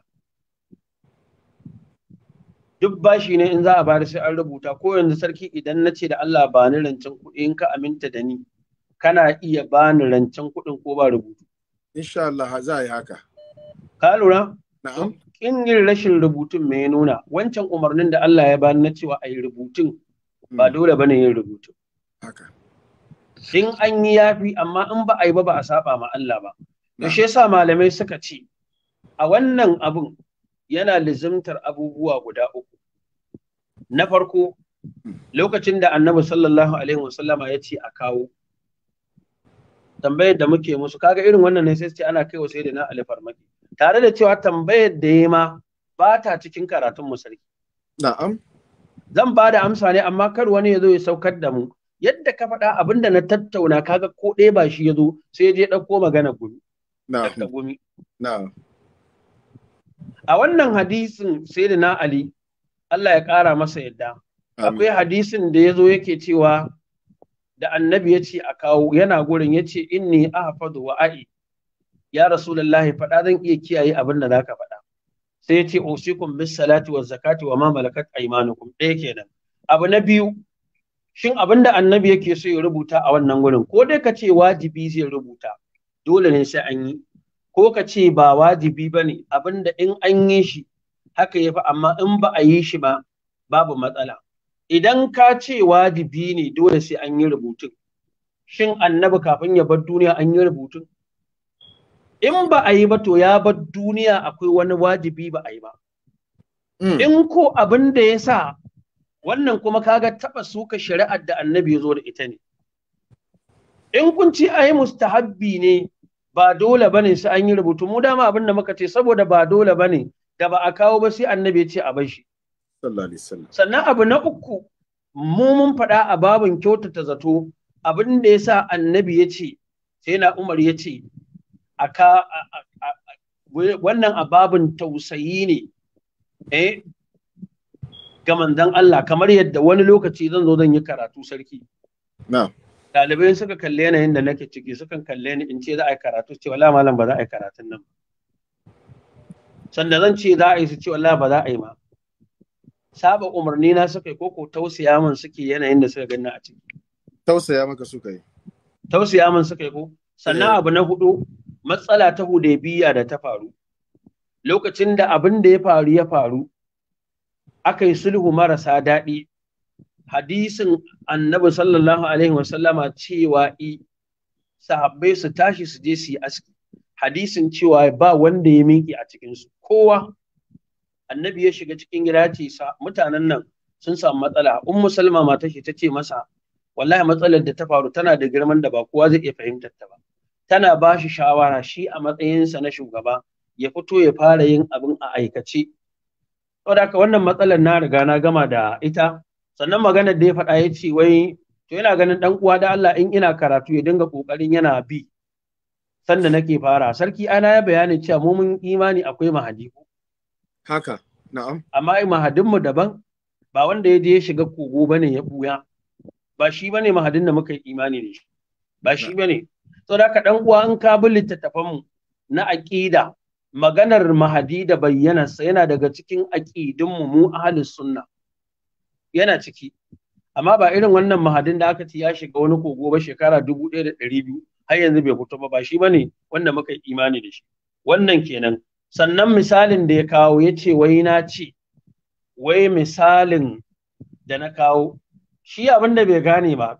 duk bashi ne in za a bada sai an rubuta ko yanzu sarki idan na ce da Allah ba ni rancen kuɗi in ka aminta da ni kana iya bani rancen kuɗin ko ba rubutu insha Allah za a yi haka ka lura na'am in yin rashin rubutun me ya nuna wancan umarnin da Allah ya bani na cewa ayi rubutun ba hmm. dole bane yin rubutun haka in an yi yafi amma in ba a yi ba ba a saba ma Allah ba da shi yasa malamai suka ce a wannan abun yana lizimtar abubuwa guda uku na farko hmm. lokacin da annabi sallallahu alaihi wasallama ya ce a kawo tambayar da muke musu kaga irin wannan ne sai ce ana kai wa sai da na Ali tare da cewa tambayar da ya ma ba ta cikin karatun mu sarki na'am zan ba da amsa ne amma kar wani ya zo ya saukar da mu yadda ka faɗa abinda na tattauna kaga ko ɗaya ba shi ya zo sai ya je ɗauko magana gumi a wannan hadisin sai da na Ali Allah ya ƙara masa yadda akwai hadisin da ya zo yake cewa da annabi ya ce a kawo yana gurin ya ce inni ahfadu wa a'i ya rasulullahi faɗa zan iya kiyaye abin da zaka faɗa sai ya ce usikum bis salati wa zakati wa ma malakat aymanukum ɗaya kenan abu na biyu shin abin da annabi yake so ya rubuta a wannan gurin ko dai ka ce wajibi zai rubuta dole ne sai an yi ko ka ce ba wajibi ba ne abin da in an yi shi haka ya fi amma in ba a yi shi ba babu matsala idan ka ce wajibi ne dole sai an yi rubutun shin annabi kafin ya bar duniya an yi rubutun in ba a yi ba to ya bar duniya akwai wani wajibi ba a yi ba hmm. in ko abin da ya sa wannan kuma kaga taɓa suka shari'ar da annabi ya zo da ita ne in kun ci ai mustahabbi ne ba dole bane sai an yi rubutu mu dama abin da muka ce saboda ba dole bane da ba a kawo ba sai annabi ya ce a bar shi sannan abu na uku mu mun faɗa a babin kyautata zato abin da ya sa annabi ya ce sai na umar ya ce wannan a babin tausayi ne eh ga manzon Allah kamar yadda wani lokaci zan zo zan yi karatu sarki na'am ɗalibai suka kalle ni da nake ciki sukan kalle ni in ce za a yi karatu ce wala malam ba za a yi karatun nan sanda zan ce za a yi su ce wala ba za a yi ma saba umarni na suka yi ko ko tausaya min suke yanayin da suka ganna a ciki tausaya maka suka yi tausaya min suka yi ko sannan eh. abu na hudu matsala ta hudebiya da ta faru lokacin da abin da ya faru ya faru aka yi sulhu marasa daɗi hadisin annabi sallallahu alaihi wasallama cewa i sahabbai su tashi su je su yi aski hadisin cewa ba wanda ya minki a cikinsu kowa annabi ya shiga cikin gida ya ce mutanen nan sun samu matsala ummu salma mata shi ta ce masa wallahi matsalar da ta faru tana da girman da ba kowa zai iya fahimtar ta ba tana ba shi shawara shi a matsayinsa na shugaba ya fito ya fara yin abin a aikace saboda haka wannan matsalar na riga na gama da ita sannan maganar da ya faɗa ya ce wai to yana ganin dan uwa da Allah in ina karatu ya dinga kokarin yana bi sanda nake fara sarki ana ya bayani cewa mu mun imani akwai mahadi haka na'am amma mahadinmu daban ba wanda ya je ya shiga kogo bane ya buya ba shi bane mahadin da muka yi imani da shi ba shi bane saboda ka dan uwa an ka bi littattafan mu na aqida maganar mahadi da bayyanarsa yana daga cikin aqidin mu mu ahlus sunna yana ciki amma ba irin wannan mahadin da aka ci ya shiga wani kogo ba shekara dubu ɗaya da ɗari biyu har yanzu bai fito ba ba shi bane wanda muka yi imani da shi wannan kenan sannan misalin da ya kawo ya ce wai na ce wai misalin da na kawo shi abin da bai gane ba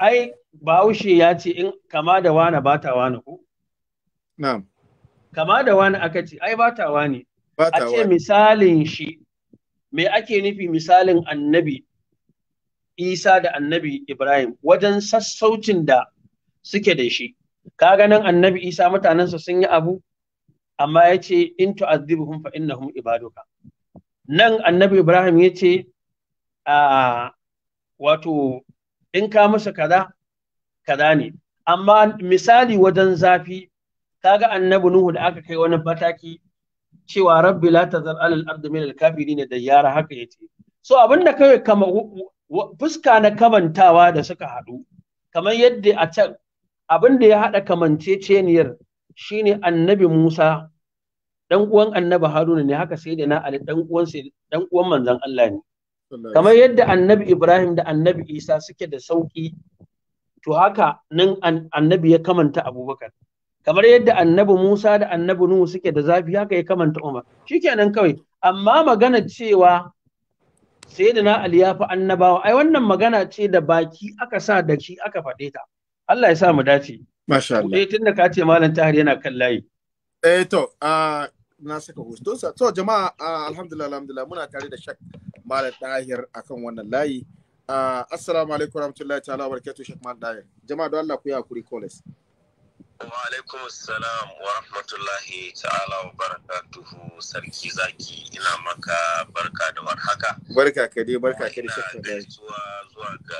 ai bahaushe ya ce in kama da wane ba ta wani ku. na'am kama da wani aka ce ai ba ta wani a ce misalin shi me ake nufi misalin annabi isa da annabi ibrahim wajen sassaucin da suke da shi ka ganin annabi isa mutanensa sun yi abu amma ya ce in tu'azzibuhum fa innahum ibaduka nan annabi ibrahim ya ce wato in ka musu kaza kaza ne amma misali wajen zafi ga annabi nuhu da aka kai wani mataki cewa rabbi la tazar alal ardu min al-kafirin da yara haka yace so abinda kawai kama fuska na kamantawa da suka haɗu kamar yadda a can abin da ya haɗa kamanceceniyar shine annabi Musa dan uwan annabi Haruna ne haka sai da na Ali dan uwan dan uwan manzon Allah ne kamar yadda annabi Ibrahim da annabi Isa suke da sauki to haka nan annabi ya kamanta Abubakar kamar yadda annabi Musa da annabi Nuhu suke da zafi haka ya kamanta Umar shikenan kawai amma magana cewa sai da na ya fi annabawa ai wannan magana ce da baki aka sa da shi aka faɗe ta Allah ya sa mu dace Masha Allah. Eh tunda ka ce Malam Tahir yana kan layi. Eh to, na saka hosto To jama'a alhamdulillah alhamdulillah muna tare da Shak Malam Tahir akan wannan layi. assalamu alaikum warahmatullahi ta'ala wa barakatuh Shak Malam Tahir. Jama'a don Allah ku yi hakuri koles. Wa alaikum salam wa rahmatullahi ta'ala wa tuhu! sarki zaki ina maka barka da warhaka. Barka ka dai barka ka da shakka da zuwa zuwa ga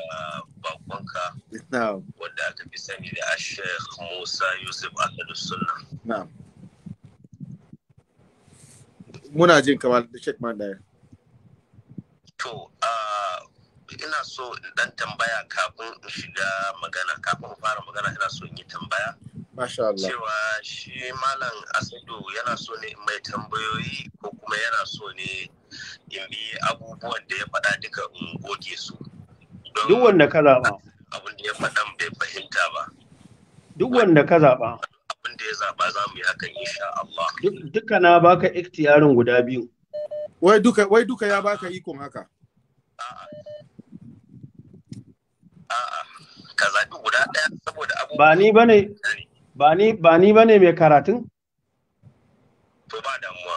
bakonka. Na'am. Wanda aka fi sani da Sheikh Musa Yusuf Asadu Sunna. Na'am. Muna jin kamar da Sheikh Mandaya. To, ina so in dan tambaya kafin in shiga magana kafin fara magana ina so in yi tambaya cewa shi malam asido yana so ne mai tambayoyi ko kuma yana so ne in bi abubuwan da ya faɗa duka in goge su duk wanda ka zaɓa abin da ya faɗa bai fahimta ba duk wanda ka zaɓa abin da ya zaɓa za mu yi hakan insha Allah duka na baka iktiyarin guda biyu wai duka wai duka ya baka ikon haka a'a a'a ka zaɓi guda ɗaya saboda abubuwa ba ni bane ba ni ba ni bane mai karatun to ba damuwa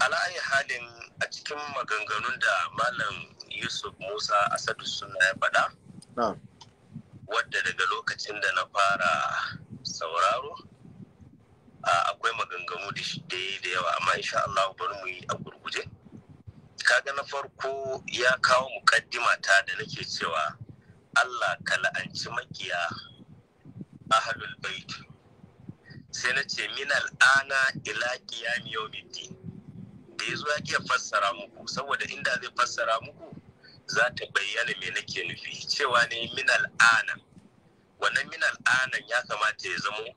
ala halin a cikin maganganun da malam Yusuf Musa Asadu suna ya faɗa wadda daga lokacin da na fara sauraro akwai maganganu da shi da yawa amma insha Allah bari mu yi a gurguje kaga na farko ya kawo mukaddima ta da nake cewa Allah ka la'anci makiya ahlul bait sai na ce min al'ana ila qiyam yawmiddin da yazo ya fassara muku saboda inda zai fassara muku za ta bayyana me nake nufi cewa ne min al'ana wannan min al'ana ya kamata ya zamo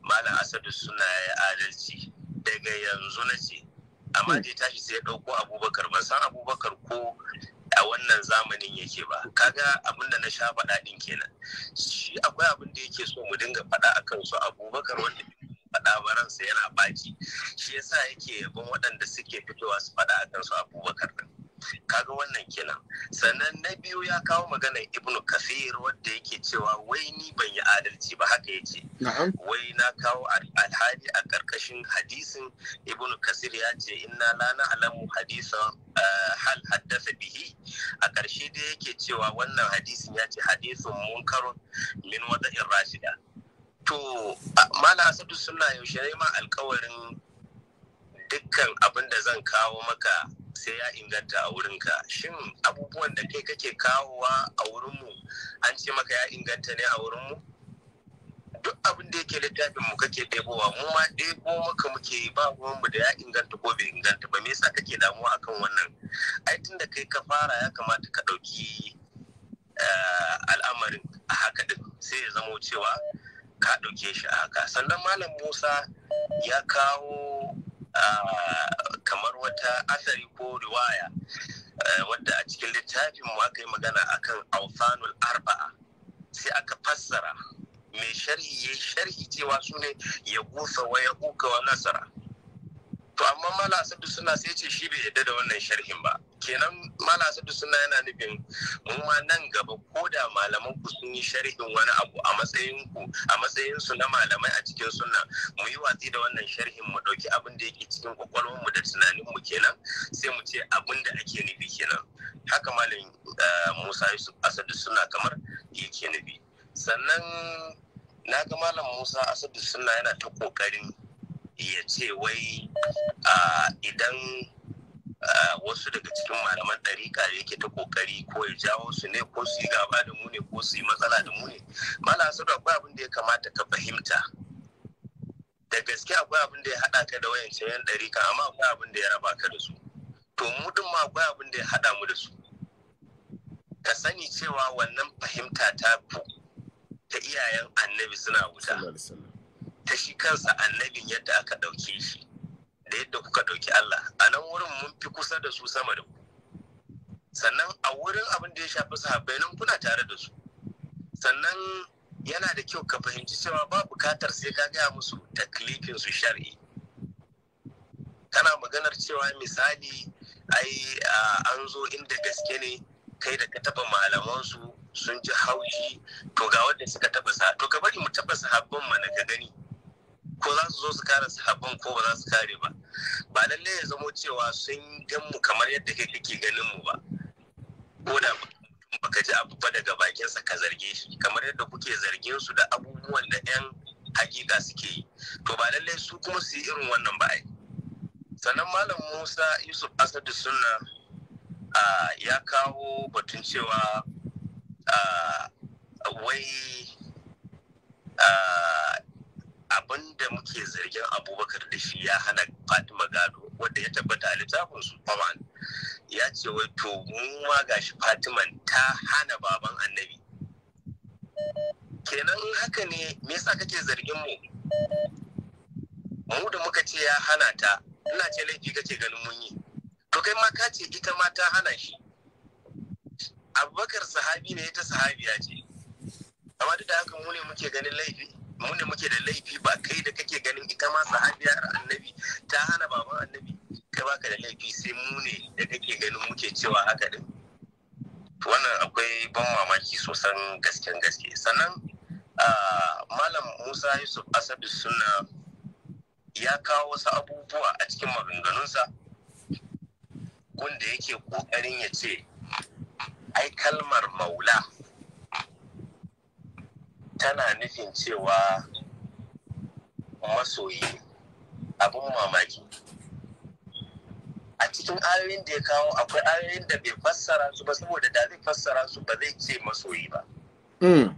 malam asadu suna ya adalci daga yanzu na ce amma da tashi sai ya ɗauko abubakar ban san abubakar ko a wannan zamanin yake ba kaga abin da na sha faɗa ɗin kenan shi akwai abin da yake so mu dinga faɗa a kan su abubakar wanda faɗa ba ransa yana baki shi yasa yake yabon waɗanda suke fitowa su faɗa a kan su abubakar ɗin kaga wannan kenan sannan na biyu ya kawo magana ibnu kasir wanda yake cewa wai ni ban yi adalci ba haka ya ce. wai na kawo alhali a karkashin hadisin ibnu kasir ya ce inna lana alamu hadisin eh, hal haddasa bihi a karshe da yake cewa wannan hadisin ya ce hadisin munkarun min in rashida to mala asadu suna yaushe ne ma alkawarin dukkan abin da zan kawo maka sai ya inganta a wurinka shin abubuwan da kai kake kawowa a wurinmu an ce maka ya inganta ne a wurinmu duk abin da yake littafin mu kake ɗebowa mu ma ɗebo maka muke yi ba mu da ya inganta ko bai inganta ba me yasa kake damuwa akan wannan ai tun da kai ka fara ya kamata ka ɗauki eh, al'amarin a haka duk sai ya zamo cewa ka ɗauke shi a haka sannan malam musa ya kawo Ah, kamar wata asari ko riwaya eh, wadda a cikin littafin mu aka yi magana akan aufanul arba'a sai aka fassara mai sharhi ya sharhi cewa su ne ya gusa wa ya uka wa nasara to amma mala asadu suna sai ce shi bai yadda da wannan sharhin ba kenan mala asadu suna yana nufin mu ma nan gaba ko da malaman ku sun yi sharhin wani abu a matsayin ku a matsayin su na malamai a cikin suna mu yi watsi da wannan sharhin mu dauki abin da yake cikin kwakwalwar mu da tunanin mu kenan sai mu ce abin da ake nufi kenan haka malam eh, Musa Yusuf Asadu suna kamar yake nufi sannan na ga malam Musa Asadu suna yana ta kokarin ya ce wai idan wasu daga cikin malaman ɗarika yake ta kokari ko ya jawo su ne ko su yi gaba da mu ne ko su yi matsala da mu ne mala su da abin da ya kamata ka fahimta da gaske akwai abin da ya haɗa ka da wayancan yan ɗarika amma akwai abin da ya raba ka da su to mu din ma akwai abin da ya haɗa mu da su ka sani cewa wannan fahimta ta ku ta iyayen annabi suna wuta da shi kansa annabin yadda aka ɗauke shi da yadda kuka ɗauki Allah a nan wurin mun fi kusa da su sama da ku sannan a wurin abin da ya shafi sahabbai nan kuna tare da su sannan yana da kyau ka fahimci cewa ba bukatar sai ka gaya musu taklifin su shar'i kana maganar cewa misali ai an zo inda gaske ne kai da ka taba malamansu sun ji haushi to ga wanda suka taba sa to ka bari mu taba sahabban mana ka gani ko za su zo su kare sahabban ko ba za su kare ba ba lalle ya zamo cewa sun gan mu kamar yadda kai kake ganin mu ba ko da baka ji abu ba daga bakinsa ka zarge shi kamar yadda kuke zargin su da abubuwan da yan hakika suke yi to ba lalle su kuma su yi irin wannan ba ai sannan malam musa yusuf asadu suna ya kawo batun cewa wai abin da muke zargin abubakar da shi ya hana fatima gado wadda ya tabbata a littafin su faman ya ce wai to mu ma gashi fatiman ta hana baban annabi kenan haka ne me yasa kake zargin mu mu da muka ce ya hana ta ina ce laifi kake ganin mun yi to kai ma ka ce ita ma ta hana shi abubakar sahabi ne ita sahabiya ce amma duk da haka mu ne muke ganin laifi mu ne muke da laifi ba kai da kake ganin ita ma sahabiyar annabi ta hana baban annabi kai baka da laifi sai mu ne da kake ganin muke cewa haka din wannan akwai ban mamaki sosan gasken gaske sannan malam musa yusuf asabi suna ya kawo wasu abubuwa a cikin maganganunsa ya kawo akwai ayoyin da bai fassara su ba saboda da zai fassara su ba zai ce masoyi ba. Hmm.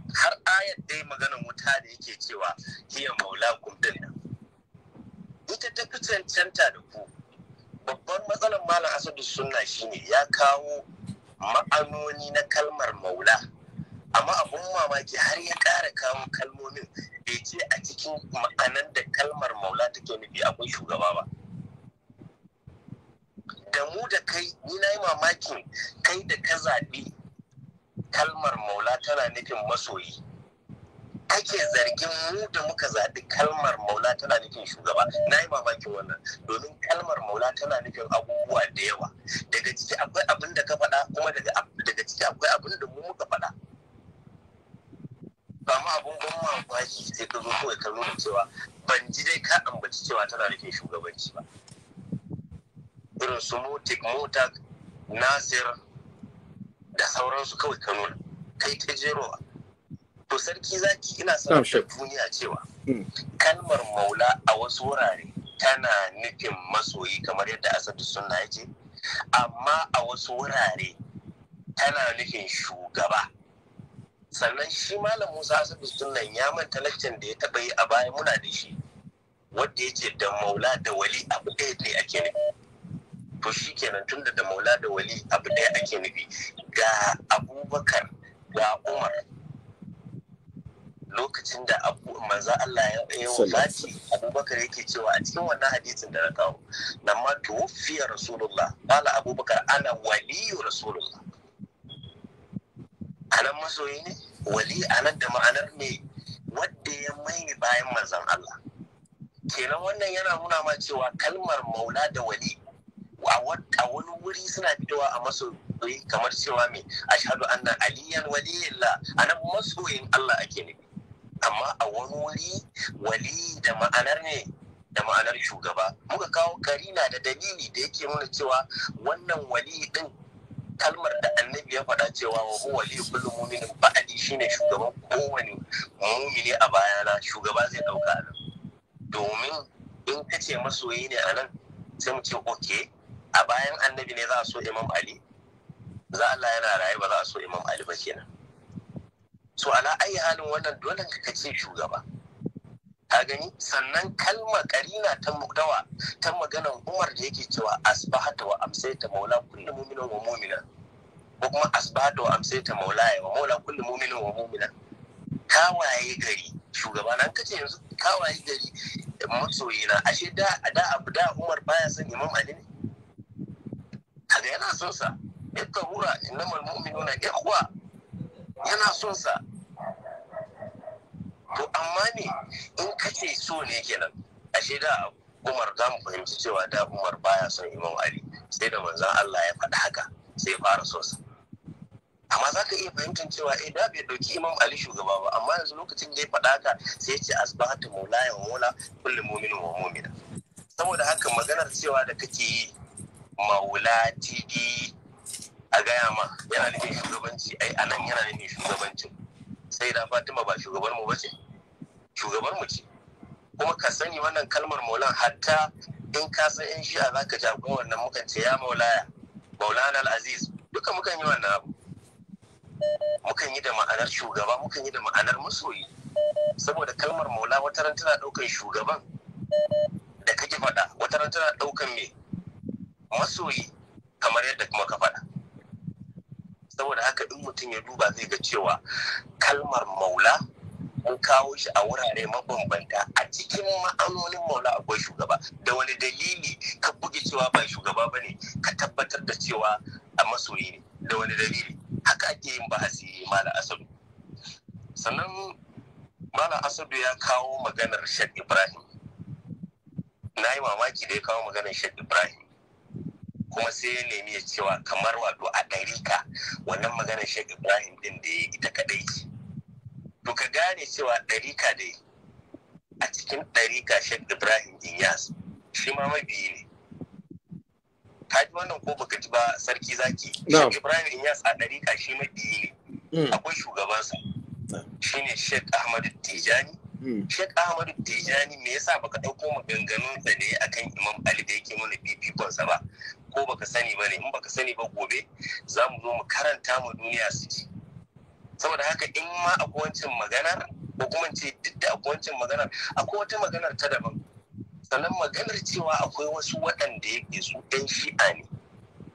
sanar duniya cewa hmm. kalmar maula a wasu wurare tana nufin masoyi kamar yadda asadu suna ya amma a wasu wurare tana nufin shugaba sannan shi malam musa asadu sunna ya manta lakcin da ya taba yi a baya muna da shi wadda ya ce da maula da wali abu ɗaya ne ake nufi to shi kenan tunda da maula da wali abu ɗaya ake nufi ga abubakar ga umar lokacin da abu manzo Allah ya wafati abubakar yake cewa a cikin wannan hadisin da na kawo na ma tuwfiya rasulullah qala abubakar ana waliyu rasulullah anan masoyi ne wali anan da ma'anar ne wadda ya mai bayan manzon Allah kenan wannan yana nuna ma cewa kalmar maula da wali a wani wuri suna fitowa a masoyi kamar cewa mai ashhadu anna aliyan waliyillah anan masoyin Allah ake nufi amma a wani wuri wali da ma'anar ne da ma'anar shugaba muka kawo karina da dalili da yake nuna cewa wannan wali din kalmar da annabi ya faɗa cewa wa huwa li kullu mu'minin ba'di shine shugaban kowane mu'mini a bayana shugaba zai dauka nan domin in ka ce masoyi ne a nan sai mu ce a bayan annabi ne za a so imam ali za Allah yana raye ba za a so imam ali ba kenan so ala ai halin wannan dole ka kace shugaba ka gani sannan kalma karina ta mudawa ta maganar umar da yake cewa asbahata wa amsayta maula kullu mu'minin wa mu'mina ko kuma asbahata wa amsayta maulaya wa maula kullu mu'minin wa mu'mina ka waye gari shugaba nan kace yanzu ka waye gari masoyina ashe da da abu da umar baya son imam ali ne kaga yana son sa yadda hura innamal mu'minuna ikhwa yana son sa to amma ne in ka ce so ne kenan ashe da Umar za mu fahimci cewa da Umar baya son Imam Ali sai da manzon Allah ya faɗi haka sai fara son sa amma za ka iya fahimtar cewa eh da bai ɗauki imam ali shugaba ba amma yanzu lokacin da ya faɗa ka sai ya ce asbahatu maulaya wa maula kullu mu'minin wa mu'mina saboda haka maganar cewa da kake yi maulati a gaya ma yana nufin shugabanci ai anan yana nufin shugabancin sai da fatima ba shugaban mu bace shugaban mu ce kuma ka sani wannan kalmar maulan hatta in ka san in a zaka ji akwai wannan mukan ce ya maulaya maulan al-aziz duka mukan yi wannan abu mukan yi da ma'anar shugaba mukan yi da ma'anar masoyi saboda kalmar maula wata ran tana daukan shugaban da kake faɗa wata ran tana daukan me masoyi kamar yadda kuma ka faɗa saboda haka in mutum ya duba zai ga cewa kalmar maula an kawo shi a wurare mabambanta a cikin ma'anonin maula akwai shugaba da wani dalili ka buge cewa ba shugaba ba ne ka tabbatar da cewa a masoyi ne da wani dalili haka ake yin bahasi mala asadu sannan mala asadu ya kawo maganar shad ibrahim na yi mamaki da ya kawo maganar shad ibrahim kuma sai ya nemi ya cewa kamar wato a ka wannan magana shek ibrahim din da ya ita kadai to ka gane cewa ka dai a cikin ka shek ibrahim inyas shi ma mabiyi ne ka ji wannan ko baka ji ba sarki zaki shek ibrahim inyas a ka shi mabiyi ne hmm. akwai shugabansa shine shek ahmadu tijani hmm. Shek Ahmadu Tijani me yasa baka ɗauko maganganun sa ne akan Imam Ali da yake mana fifikon sa ba ko baka sani ba ne in baka sani ba gobe za mu zo mu karanta mu duniya su ji saboda haka in ma a kowancin maganar ko kuma ce duk da a kowancin maganar akwai wata maganar ta daban sannan maganar cewa akwai wasu waɗanda yake su ɗan shi'a ne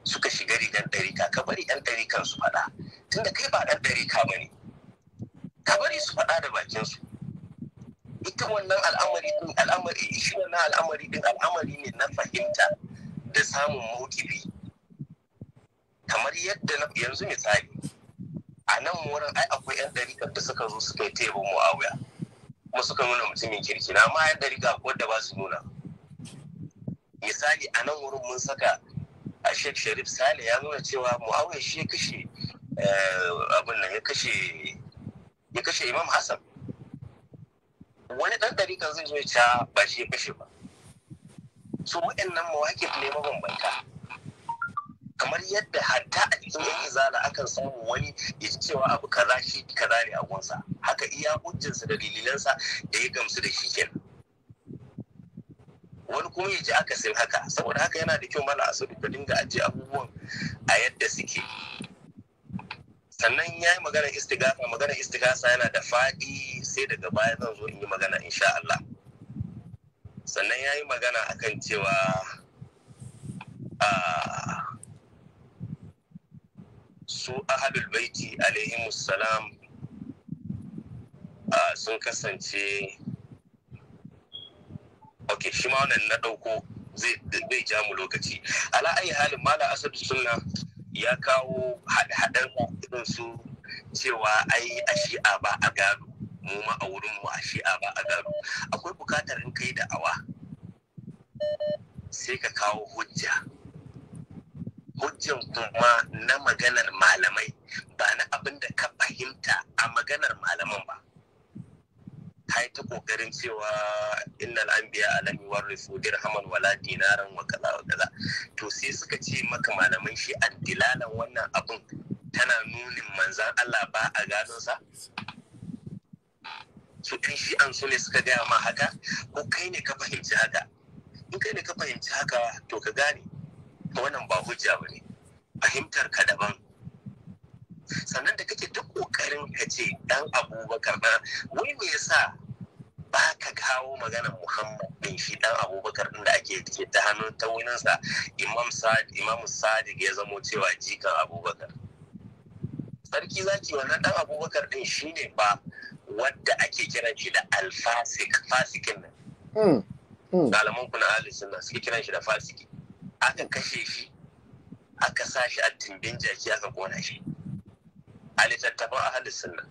suka shiga rigar ɗarika ka bari ɗan ɗarikan su faɗa tunda kai ba ɗan ɗarika ba ne ka bari su faɗa da bakin su ita wannan al'amari din al'amari shi wannan al'amari din al'amari ne na fahimta da samun mawkifi kamar yadda yanzu misali a nan wurin ai akwai yan ɗarikar da suka zo suka yi tebun mu'awiya kuma suka nuna mutumin kirki na ma yan ɗarika da ba su nuna misali a nan wurin mun saka a sheikh sharif sale ya nuna cewa mu'awiya shi ya kashe eh, abin nan ya kashe imam hassan wani ɗan ɗarikan zai zo ya ca ah, ba shi ya kashe ba Su waɗannan mawaƙif ne mabambanta kamar yadda hatta a cikin yan izala akan samu wani ya ji cewa abu kaza shi kaza ne a gunsa haka iya hujjinsa da dalilansa da ya gamsu da shi kenan wani kuma ya ji sai haka saboda haka yana da kyau mana asali ka dinga ajiye abubuwan a yadda suke sannan ya yi magana istigasa magana istigasa yana da faɗi sai daga baya zan zo in yi magana insha Allah sannan ya yi magana a kan cewa ah, su ahalul baiti alaihimussalam ah, sun kasance ok shi ma wannan na ɗauko zai ja mu lokaci ala ayi halin mala asadu sunna ya kawo haɗe-haɗen su cewa ai a shi'a ba a gado mu ma a wurin mu a shi'a ba a gado akwai bukatar in kai da awa sai ka kawo hujja hujjan kuma na maganar malamai ba na abin da ka fahimta a maganar malaman ba ta yi ta kokarin cewa innal anbiya biya yuwarrisu dirhaman wala dinaran wa kaza wa kaza to sai suka ce maka malaman shi an dilalan wannan abin tana nunin manzan Allah ba a gadon sa su ɗan shi an su ne suka gaya ma haka ko kai ne ka fahimci haka in kai ne ka fahimci haka to ka gane wannan ba hujja ba ne fahimtar ka daban sannan da kake duk kokarin ka ce ɗan abubakar na wai me yasa ba ka kawo maganar muhammad ɗin shi ɗan abubakar ɗin da ake ke ta hannun ta wuninsa imam sadiq ya zamo cewa jikan abubakar sarki zaki wannan ɗan abubakar ɗin shine ba wadda ake kiran shi da alfasik fasikin nan hmm. Hmm. malaman kuna alisun na suke kiran shi da fasiki akan kashe shi aka sa shi a timbin jaki aka kona shi a littattafan ahalisun nan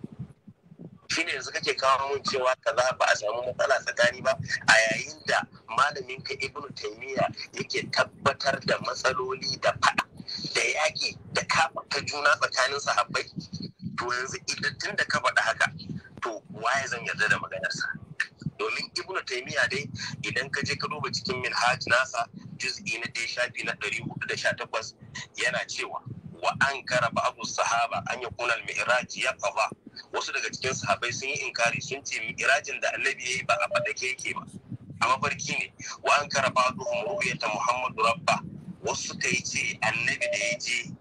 shi ne yanzu kake kawo mun cewa ka za ba a samu matsala tsakani ba a yayin da malamin ka ibnu taimiyya yake tabbatar da matsaloli da faɗa da yaƙi da kafa ta juna tsakanin sahabbai to yanzu idan tun da ka faɗa haka to waye zan yarda da maganarsa domin ibnu taimiya dai idan ka je ka duba cikin minhaj nasa juz'i na dai shafi na 418 yana cewa wa an kara abu sahaba an yi kunal mi'raj ya kaba wasu daga cikin sahabai sun yi inkari sun ce mi'rajin da annabi yayi ba a fadake yake ba a mafarki ne wa an kara ba'duhum ta muhammadu rabba wasu ta yi ce annabi da ya je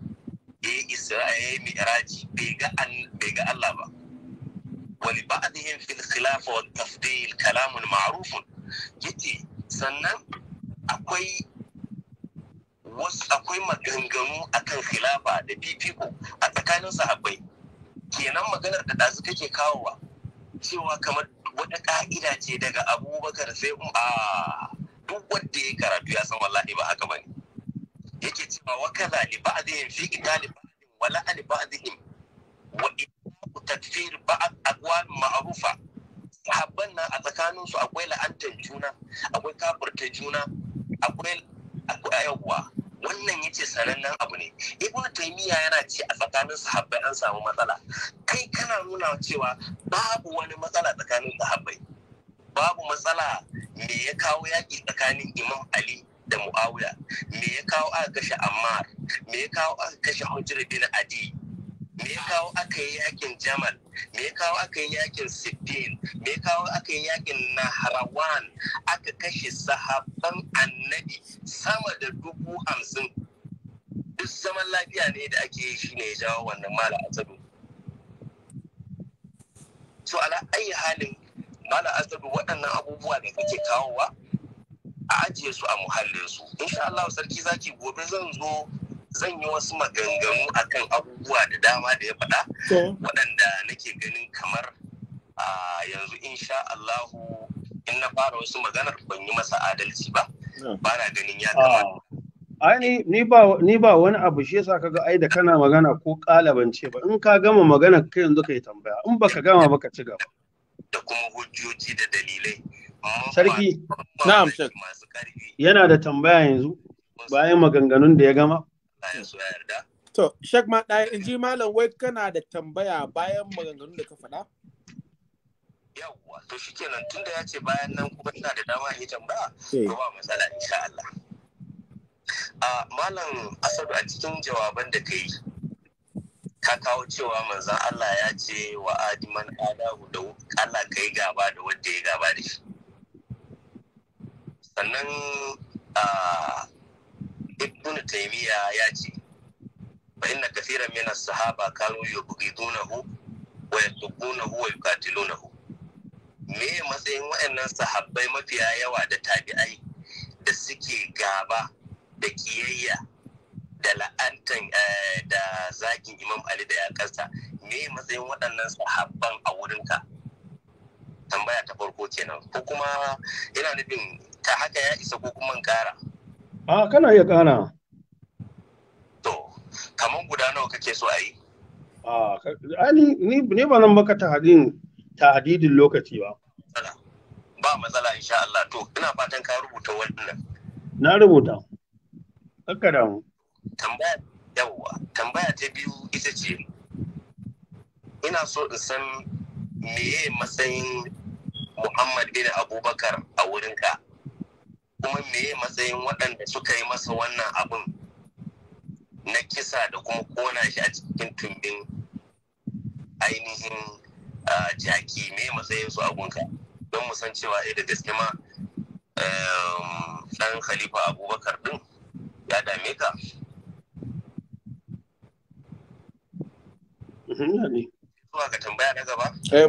ya yi isra'a ya yi bai ga Allah ba ولبعضهم في الخلافة والتفضيل كلام معروف يتي سنن أكوي wasu akwai maganganu akan kilafa da fifiko a tsakanin sahabbai kenan maganar da ɗazu kake kawowa cewa kamar wata ƙa'ida ce daga abubakar sai a duk wanda ya karatu ya san wallahi ba haka bane yake cewa wakala, kaza li ba'dihim fi qitali ba'dihim wala li ba'dihim takfir ba'ad maarufa. ma'rufa nan a tsakanin su akwai la'antar juna akwai kafirta juna akwai yawwa wannan yace sanannen abu ne ibnu taymiya yana ce a tsakanin sahabbai an samu matsala kai kana nuna cewa babu wani matsala tsakanin sahabbai babu matsala me ya kawo yaƙi tsakanin imam ali da muawiya me ya kawo aka kashe ammar me ya kawo aka kashe hujra bin adi me kawo aka yi yakin jamal me ya kawo aka yi yakin siffin me kawo aka yi yakin naharawan aka kashe sahabban annabi sama da dubu hamsin duk zaman lafiya ne da ake yi shine ya jawo wannan mala azabu to ala ayi halin mala azabu waɗannan abubuwa da kake kawowa a ajiye su a muhallinsu? su insha Allah sarki zaki gobe zan zo zan yi wasu maganganu akan abubuwa da dama da ya faɗa waɗanda nake ganin kamar yanzu insha Allahu in na fara wasu maganar ban yi masa adalci ba ba na ganin ya ah. kamata ai ni ba wani abu shi yasa kaga ai da kana magana ko kalabance ba in ka gama magana kai yanzu kai tambaya in baka gama baka ci gaba da kuma hujjoji da dalilai sarki na'am sarki yana da tambaya yanzu bayan maganganun da ya gama yarda. To, Shek ma ɗaya in ji malam wai kana da tambaya bayan maganganun da ka faɗa? Yawwa, to shi kenan tun da ya ce bayan nan kuma ina da dama yi tambaya, to eh. ba matsala insha Allah. A malam Asadu a cikin jawaban da ka yi, ka kawo cewa manzan Allah ya ce wa adiman adahu da Allah ka gaba da wanda ya gaba da shi. Sannan a ibn taymiya ya ce fa inna kathiran min as-sahaba kanu yubghidunahu wa yatubunahu wa yuqatilunahu me matsayin waɗannan sahabbai mafiya yawa da tabi'ai da suke gaba da kiyayya da la'antan eh, da zagin imam ali da yakarsa me matsayin waɗannan sahabban a wurinka tambaya ta farko kenan ko yana nufin ta haka ya isa ko kuma kara a kana iya kana. to kaman guda nawa kake so a yi a ni ni ba nan baka ta hadidin lokaci ba ba matsala insha Allah to ina fatan ka rubuta wannan na rubuta haka da mu tambaya yawa, tambaya ta biyu ita ce ina so in san meye matsayin Muhammad bin Abubakar a wurinka kuma meye matsayin waɗanda suka yi masa wannan abin na kisa da kuma kona shi a cikin tumbin ainihin jaki me matsayin su abunka don mu san cewa eh, da gaske ma ɗan khalifa abubakar ɗin ya dame ka Ina eh,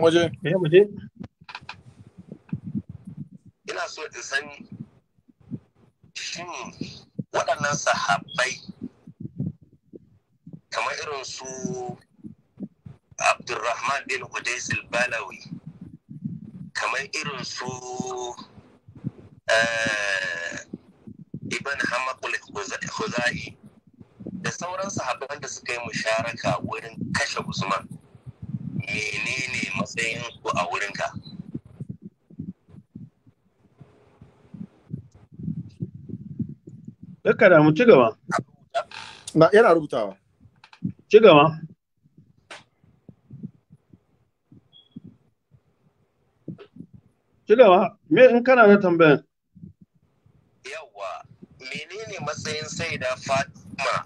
eh, so in san shin waɗannan sahabbai kamar irin su abdulrahman bin hudais balawi kamar irin su eh, ibn hamakul huza'i da sauran sahabban da suka yi musharaka wurin kashe usman menene matsayin ku a wurinka Dakka da mu ci gaba. Na yana rubutawa. Ci gaba. Ci gaba, me in kana na tambayan? Yawwa, menene matsayin sai da Fatima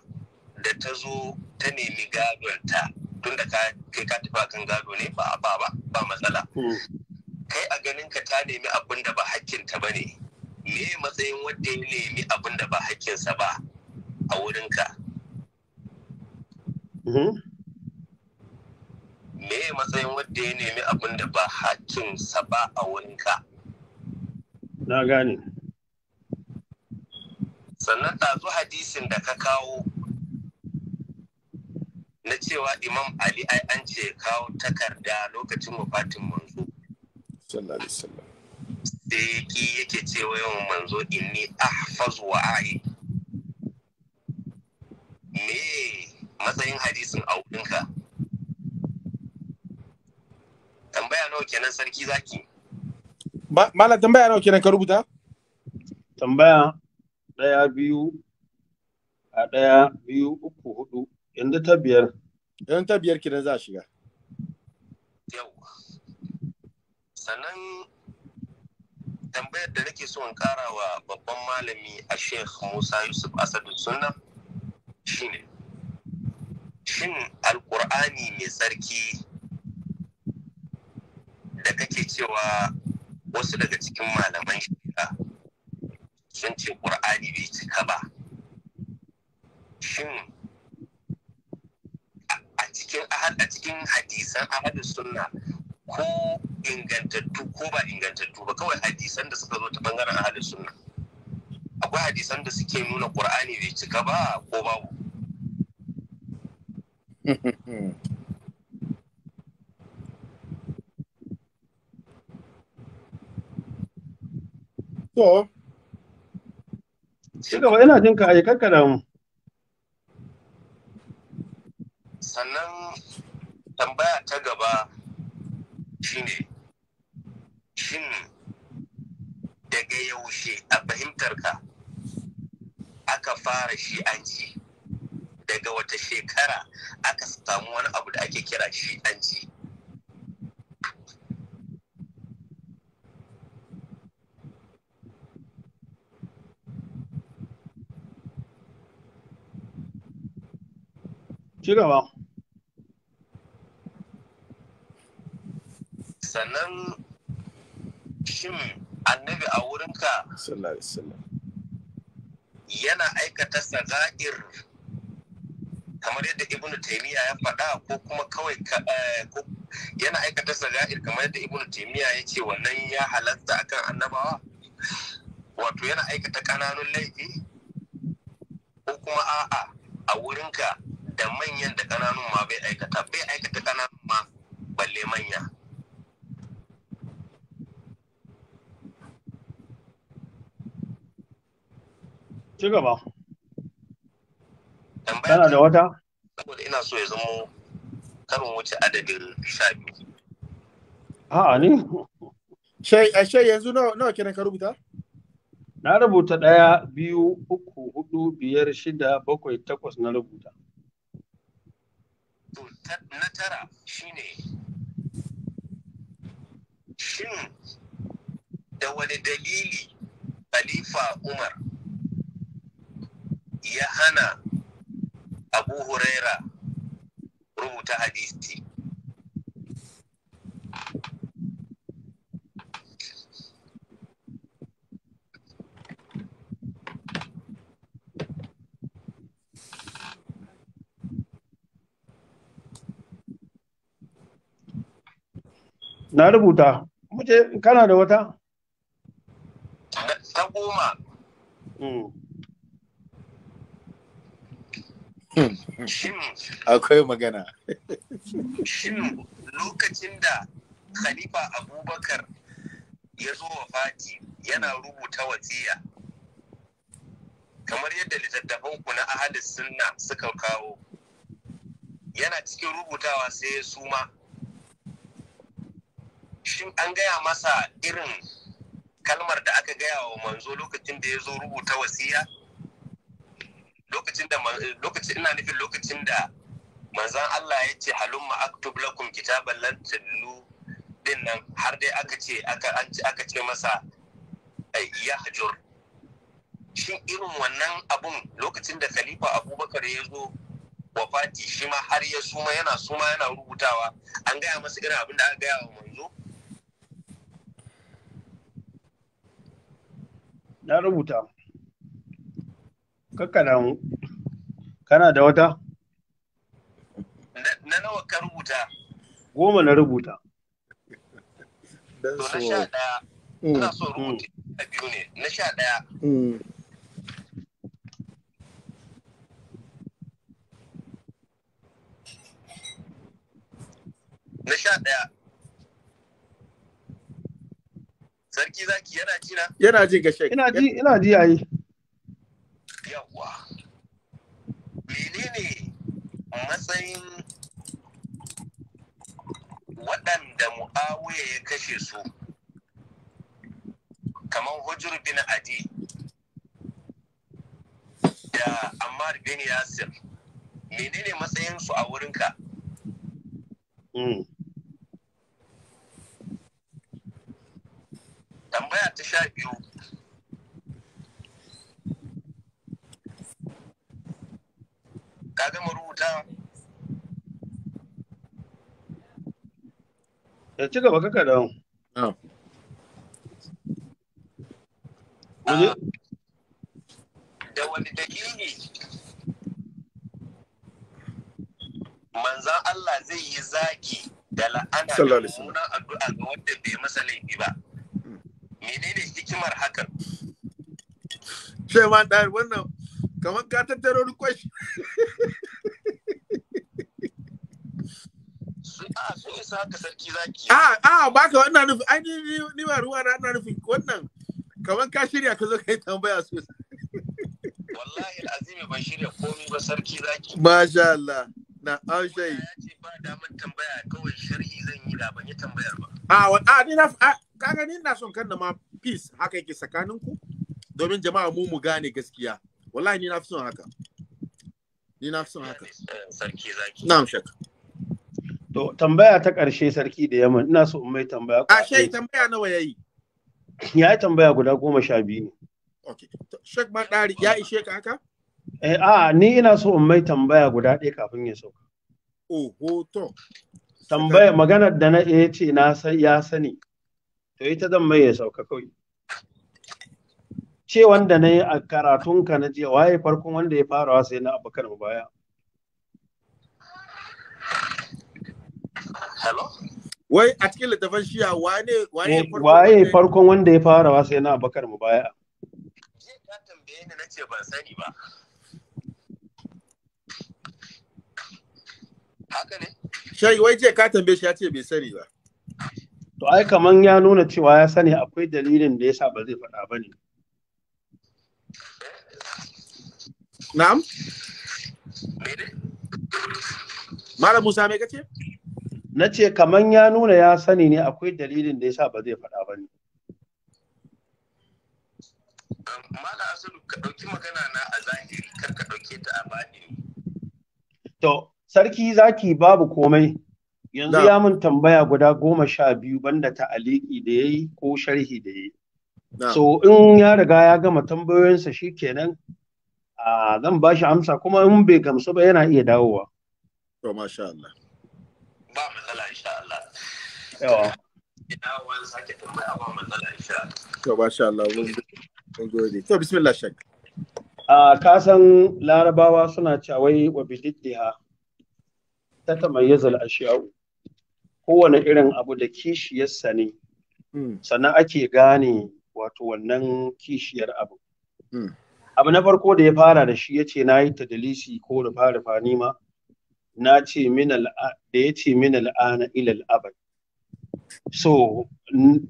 da ta zo ta nemi gadonta tun da kai ka tafi kan gado ne ba ba ba matsala. Hmm. Kai a ganin ka ta nemi abin da ba hakkinta ba ne. me matsayin wanda ya nemi abin da ba haƙƙinsa ba a wurinka mm-hmm. me matsayin wanda ya nemi abin da ba haƙƙinsa ba a wurinka na gane sannan ɗazu hadisin da ka kawo na cewa imam ali ai an ce kawo takarda lokacin wafatin manzo sallallahu alaihi wasallam da yake yake cewa yawan manzo inni ahfazu wa ahi me matsayin hadisin auɗinka tambaya nawa kenan sarki zaki Malam tambaya nawa kenan ka rubuta? Tambaya ɗaya biyu a ɗaya biyu uku hudu yanzu ta biyar. Yanzu ta biyar kenan za a shiga. Yau. Sannan tambayar da nake so in kara wa babban malami a sheikh musa yusuf asadu sunna shine shin alkur'ani mai tsarki da kake cewa wasu daga cikin malaman shari'a sun ce ƙur'ani bai cika ba shin a cikin hadisan ahadu sunna ko ingantattu ko ba ingantattu ba kawai hadisan da suka zo ta bangaren halin suna akwai hadisan da suke nuna qur'ani bai cika ba ko ba To, ina jin ka da mu. Sannan tambaya ta gaba shine shin daga yaushe a fahimtarka aka fara shi an ci, daga wata shekara aka samu wani abu da ake kira shi an Ci sannan shin annabi a wurinka yana aikata saga'ir kamar yadda ibn taimiyya ya faɗa ko kuma kawai eh, yana aikata saga'ir kamar yadda ibn taimiyya ya ce wannan ya halatta akan annabawa wato yana aikata ƙananun laifi ko kuma a'a a wurinka da manyan da ƙananun ma bai aikata bai aikata ƙananun ma balle manya ci gaba kana da wata saboda ina so ya zama karin wuce adadin sha biyu a'a ne shai a shai yanzu nawa kenan ka rubuta na rubuta ɗaya biyu uku hudu biyar shida bakwai takwas na rubuta na tara shine shin da wani dalili khalifa umar ya hana abu huraira rubuta hadisi na rubuta muje kana da wata ta goma hmm. akwai magana shin lokacin da khalifa abubakar ya zo wa fati yana rubuta wasiya kamar yadda littattafan ku na ahadis sunna suka kawo yana cikin rubutawa sai ya suma shin an gaya masa irin kalmar da aka gaya wa manzo lokacin da ya zo rubuta wasiya lokacin da lokacin ina nufin lokacin da manzan Allah ya ce halumma aktub lakum kitaban lan tallu din nan har dai aka ce aka ce masa yahjur shin irin wannan abun lokacin da khalifa abubakar ya zo wafati shi ma har ya suma yana suma yana rubutawa an gaya masa irin abin da aka gaya wa manzo na rubuta kakka damu kana da wata na nawa ka rubuta goma na rubuta na sha ɗaya mm. so na sha ɗaya mm. na sha ɗaya sarki zaki yana ji na yana ji ga shek ina ji ina ji yayi yawa menene matsayin waɗanda mu'awiya ya kashe su kamar hujjur bin adi da ammar bin yasir menene matsayinsu a wurinka hmm. tambaya ta sha biyu ka gama rubuta ya ci gaba kaka da ah. da wani dalili manzan Allah zai yi zaki da la'ana da suna addu'a ga wanda bai masa laifi ba hmm. menene hikimar hakan Sheman ɗari wannan kamar ka tattaro kwashi a a baka wannan nufi ai ni ni ba ruwa na ina nufi wannan kamar ka shirya ka zo ka yi tambaya so wallahi azimi ban shirya komai ba sarki zaki masha Allah na ya ce ba damar tambaya kawai sharhi zan yi da ban yi tambayar ba ah, a a ah, ni na ah, kaga ni ina son kan ma peace haka yake tsakanin ku domin jama'a mu mu gane gaskiya wallahi ni na fi son haka ni na fi son haka eh, sarki zaki na'am shaka to tambaya ta ƙarshe sarki da yaman ina so in mai tambaya ah, a shai tambaya nawa yayi ya yi tambaya guda goma sha biyu ne okay shek ma ɗari ya ishe ka haka eh a ni ina so in mai tambaya guda ɗaya kafin ya sauka oho to tambaya maganar da na ce na ya sani to ita zan mai ya sauka kawai ce wanda na yi a karatunka na jiya waye farkon wanda ya farawa sai na abokan baya Wai a cikin littafin shiya wane wane waye farkon wanda ya farawa sai na abokan mu baya. Ka tambaye ni nace ban sani ba. Haka ne? Shai wai je ka tambaye shi ya ce bai sani ba. To ai kaman ya nuna cewa ya sani akwai dalilin da yasa ba zai faɗa ba ne. Na'am? Malam Musa me kace? Na ce kaman ya nuna ya sani ne akwai dalilin da yasa ba zai faɗa ba ne. Malam Asadu ka ɗauki magana na a zahiri kar ka ɗauke ta a To, sarki zaki babu komai. Yanzu ya mun tambaya guda goma sha biyu banda ta aliki da ya yi ko sharhi da ya yi. so in ya riga ya gama tambayoyinsa shi kenan zan ba shi amsa kuma in bai gamsu ba yana iya dawowa to masha Allah ba matsala insha Allah yawa ina wani sake tambaya ba matsala insha Allah to masha Allah mun gode to bismillah shek a kasan larabawa suna cawai wa bididdiha ta tamayyazal ashiya'u kowane irin abu da ya Sani hmm. sannan ake gane wato wannan kishiyar abu hmm. abu na farko da ya fara da shi ya ce na yi tadalisi ko da fara fani ma na ce da ya ce min al'ana ilal abad so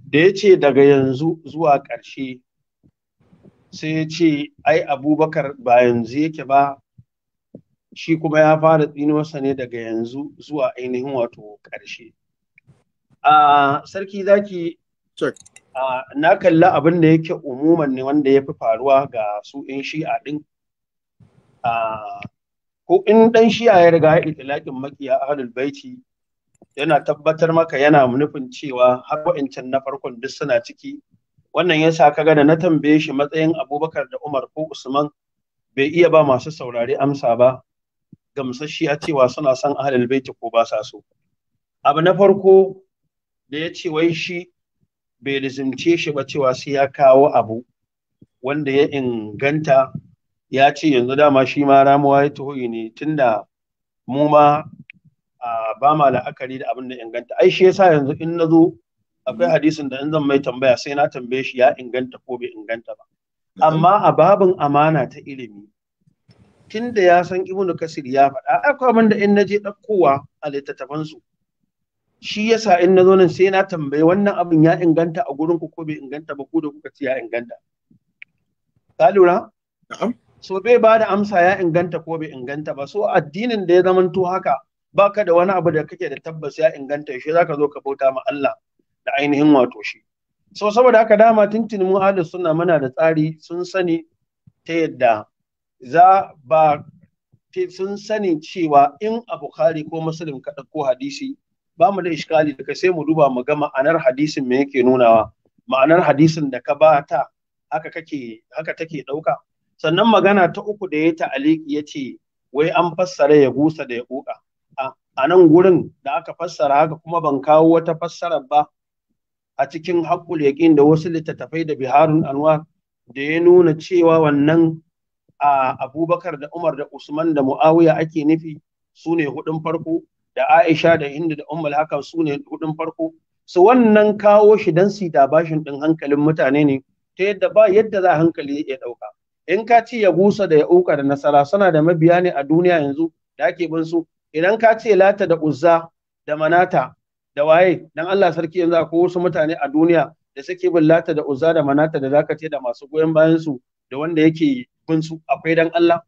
da ya ce daga yanzu zuwa ƙarshe sai ya ce ai abubakar ba yanzu yake ba shi kuma ya fara masa ne daga yanzu zuwa ainihin wato ƙarshe a ah, sarki zaki na kalli abin da yake umuman ne wanda ya fi faruwa ga su in shi'a ɗin ko in ɗan shi'a ya riga ya itilaƙin makiya ahlul baiti yana tabbatar maka yana nufin cewa har wa'incan na farkon duk suna ciki wannan yasa ka da na tambaye shi matsayin abubakar da umar ko usman bai iya ba masu saurari amsa ba gamsashi a cewa suna son ahlul baiti ko ba sa so abu na farko da ya ce wai shi bai lizimce shi ba cewa sai ya kawo abu wanda ya inganta ya ce yanzu dama shi ma ramuwa ya taho ne tunda mu ma ba ma la'akari da abin da inganta ai shi yasa yanzu in na zo akwai hadisin da in zan mai tambaya sai na tambaye shi ya inganta ko bai inganta ba amma a babin amana ta ilimi tunda ya san ibnu kasir ya faɗa akwai abin da in naje ɗaukowa a littattafansu shi yasa in na zo nan sai na tambayi wannan abin ya inganta a gurin ku ko bai inganta ba ku da kuka ce ya inganta ka lura na'am so bai ba da amsa ya inganta ko bai inganta ba so addinin da ya zamanto haka baka da wani abu da kake da tabbas ya inganta shi zaka zo ka bauta ma Allah da ainihin wato shi so saboda haka dama tuntunin mu suna mana da tsari sun sani ta yadda za ba sun sani cewa in a Bukhari ko Muslim ka ɗauko hadisi ba mu da iskali daga sai mu duba mu ga ma'anar hadisin me yake nunawa ma'anar hadisin da ka ba ta haka kake haka take dauka sannan magana ta uku da ya ta'aliki ya ce wai an fassara ya gusa da ya kuka a nan gurin da aka fassara haka kuma ban kawo wata fassarar ba a cikin haƙul yaƙin da wasu littattafai da biharun anwar da ya nuna cewa wannan a abubakar da umar da usman da muawiya ake nufi su ne hudun farko da Aisha da Hindu da Ummul Hakam su ne hudun farko su wannan kawo shi dan su da bashin din hankalin mutane ne ta yadda ba yadda za hankali ya dauka in ka ci ya gusa da ya uka da nasara suna da mabiya ne a duniya yanzu da ake bin su idan ka ce lata da uzza da manata da waye dan Allah sarki yanzu akwai wasu mutane a duniya da suke bin lata da uzza da manata da zaka ce da masu goyon bayan su da wanda yake bin su akwai dan Allah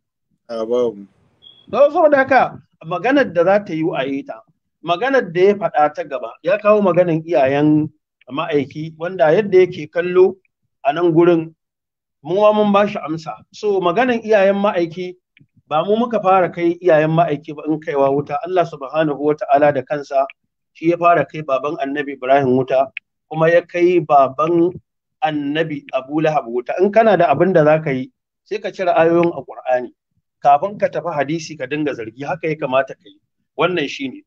a babu saboda haka maganar da za ta yi a yi ta maganar da ya faɗa ta gaba ya kawo maganar iyayen ma'aiki wanda yadda yake kallo a nan gurin mu ma mun ba shi amsa so maganar iyayen ma'aiki ba mu muka fara kai iyayen ma'aiki ba in kaiwa wuta Allah subhanahu wa ta'ala da kansa shi ya fara kai baban annabi Ibrahim wuta kuma ya kai baban annabi Abu Lahab wuta in kana da abin da za ka yi sai ka cire ayoyin a Qur'ani kafin ka tafi hadisi ka dinga zargi haka ya kamata ka yi wannan shine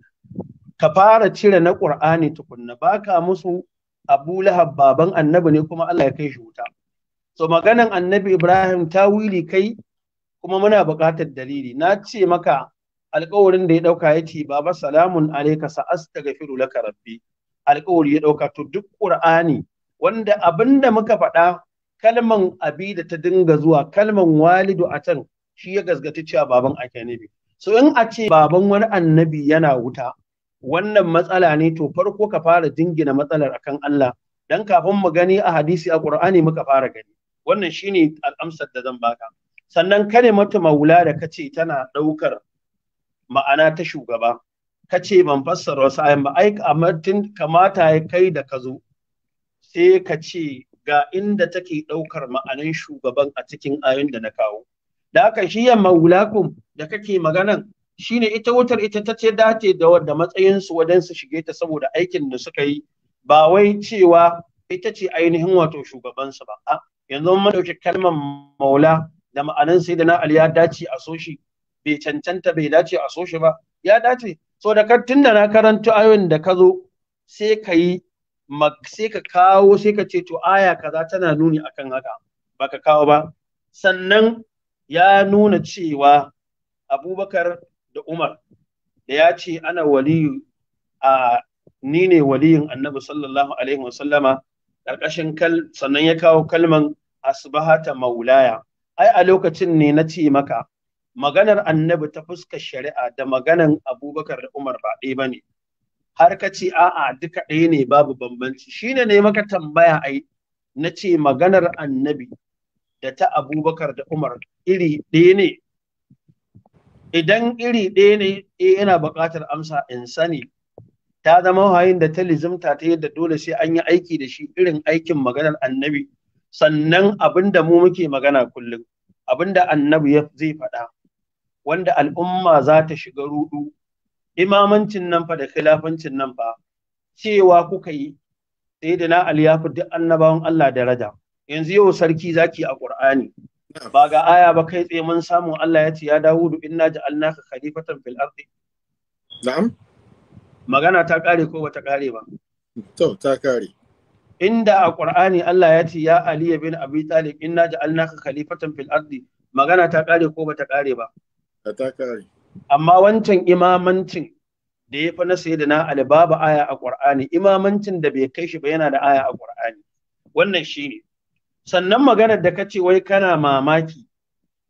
ka fara cire na qur'ani tukunna baka musu abu lahab baban annabi ne kuma Allah ya kai shi wuta so maganan annabi ibrahim tawili kai kuma muna buƙatar dalili na ce maka alƙawarin da ya ɗauka ya ce baba salamun alaika sa'astaghfiru laka rabbi alƙawari ya ɗauka to duk ƙur'ani, wanda abinda muka faɗa kalman abi da ta dinga zuwa kalman walidu a can shi ya gasgata cewa baban ake nabi. so in a ce baban wani annabi yana wuta wannan matsala ne to farko ka fara jingina matsalar akan Allah dan kafin mu gani a hadisi a Qur'ani muka fara gani wannan shine al'amsar da zan baka sannan kane mata maula da kace tana ɗaukar ma'ana ta shugaba kace ban fassara wasu ayan ba ai kamata ya kai da ka zo sai ka ce ga inda take ɗaukar ma'anan shugaban a cikin ayan da na kawo da aka shi ya maulakum da kake maganan shine ita wutar ita ta ce dace da wanda matsayin su wajen su shige ta saboda aikin da suka yi ba wai cewa ita ce ainihin wato shugaban su ba a yanzu mun dauki kalmar maula da ma'anan sayyidina ali ya dace a so shi bai cancanta bai dace a so shi ba ya dace so da ka tunda na karanta ayoyin da ka zo sai ka yi sai ka kawo sai ka ce to aya kaza tana nuni akan haka baka kawo ba sannan ya nuna cewa abubakar da umar da ya ce ana waliyu a ni ne waliyin annabi sallallahu alaihi wasallama ƙarƙashin kal sannan ya kawo kalman asbahata maulaya ai a lokacin ne na ce maka maganar annabi ta fuskar shari'a da maganar abubakar da umar ba ɗaya ba ne har ka ce a'a duka ɗaya ne babu bambanci shine ne maka tambaya ai na ce maganar annabi da ta abubakar da umar iri ɗaya ne idan iri ɗaya ne yana eh, buƙatar amsa in sani ta zama hayin da ta lizimta ta yadda dole sai an yi aiki da shi irin aikin maganar annabi sannan abin da mu muke magana kullum abin da annabi ya zai faɗa wanda al'umma za ta shiga ruɗu imamancin nan fa da khilafancin nan fa cewa kuka yi sai da na aliyafu duk annabawan Allah daraja yanzu yau sarki zaki a ƙur'ani. ba ga aya ba kai tsaye mun samu Allah ya ce ya dawo Dawudu inna ja'alnaka khalifatan fil ardi na'am magana ta kare ko bata kare ba to ta kare inda a ƙur'ani Allah ya ce ya Ali bin Abi Talib inna ja'alnaka khalifatan fil ardi magana ta kare ko bata kare ba ta kare amma wancan imamancin da ya fi na sayyidina Ali babu aya a ƙur'ani, imamancin da bai kai shi ba yana da aya a ƙur'ani. wannan shine sannan maganar da kace wai kana mamaki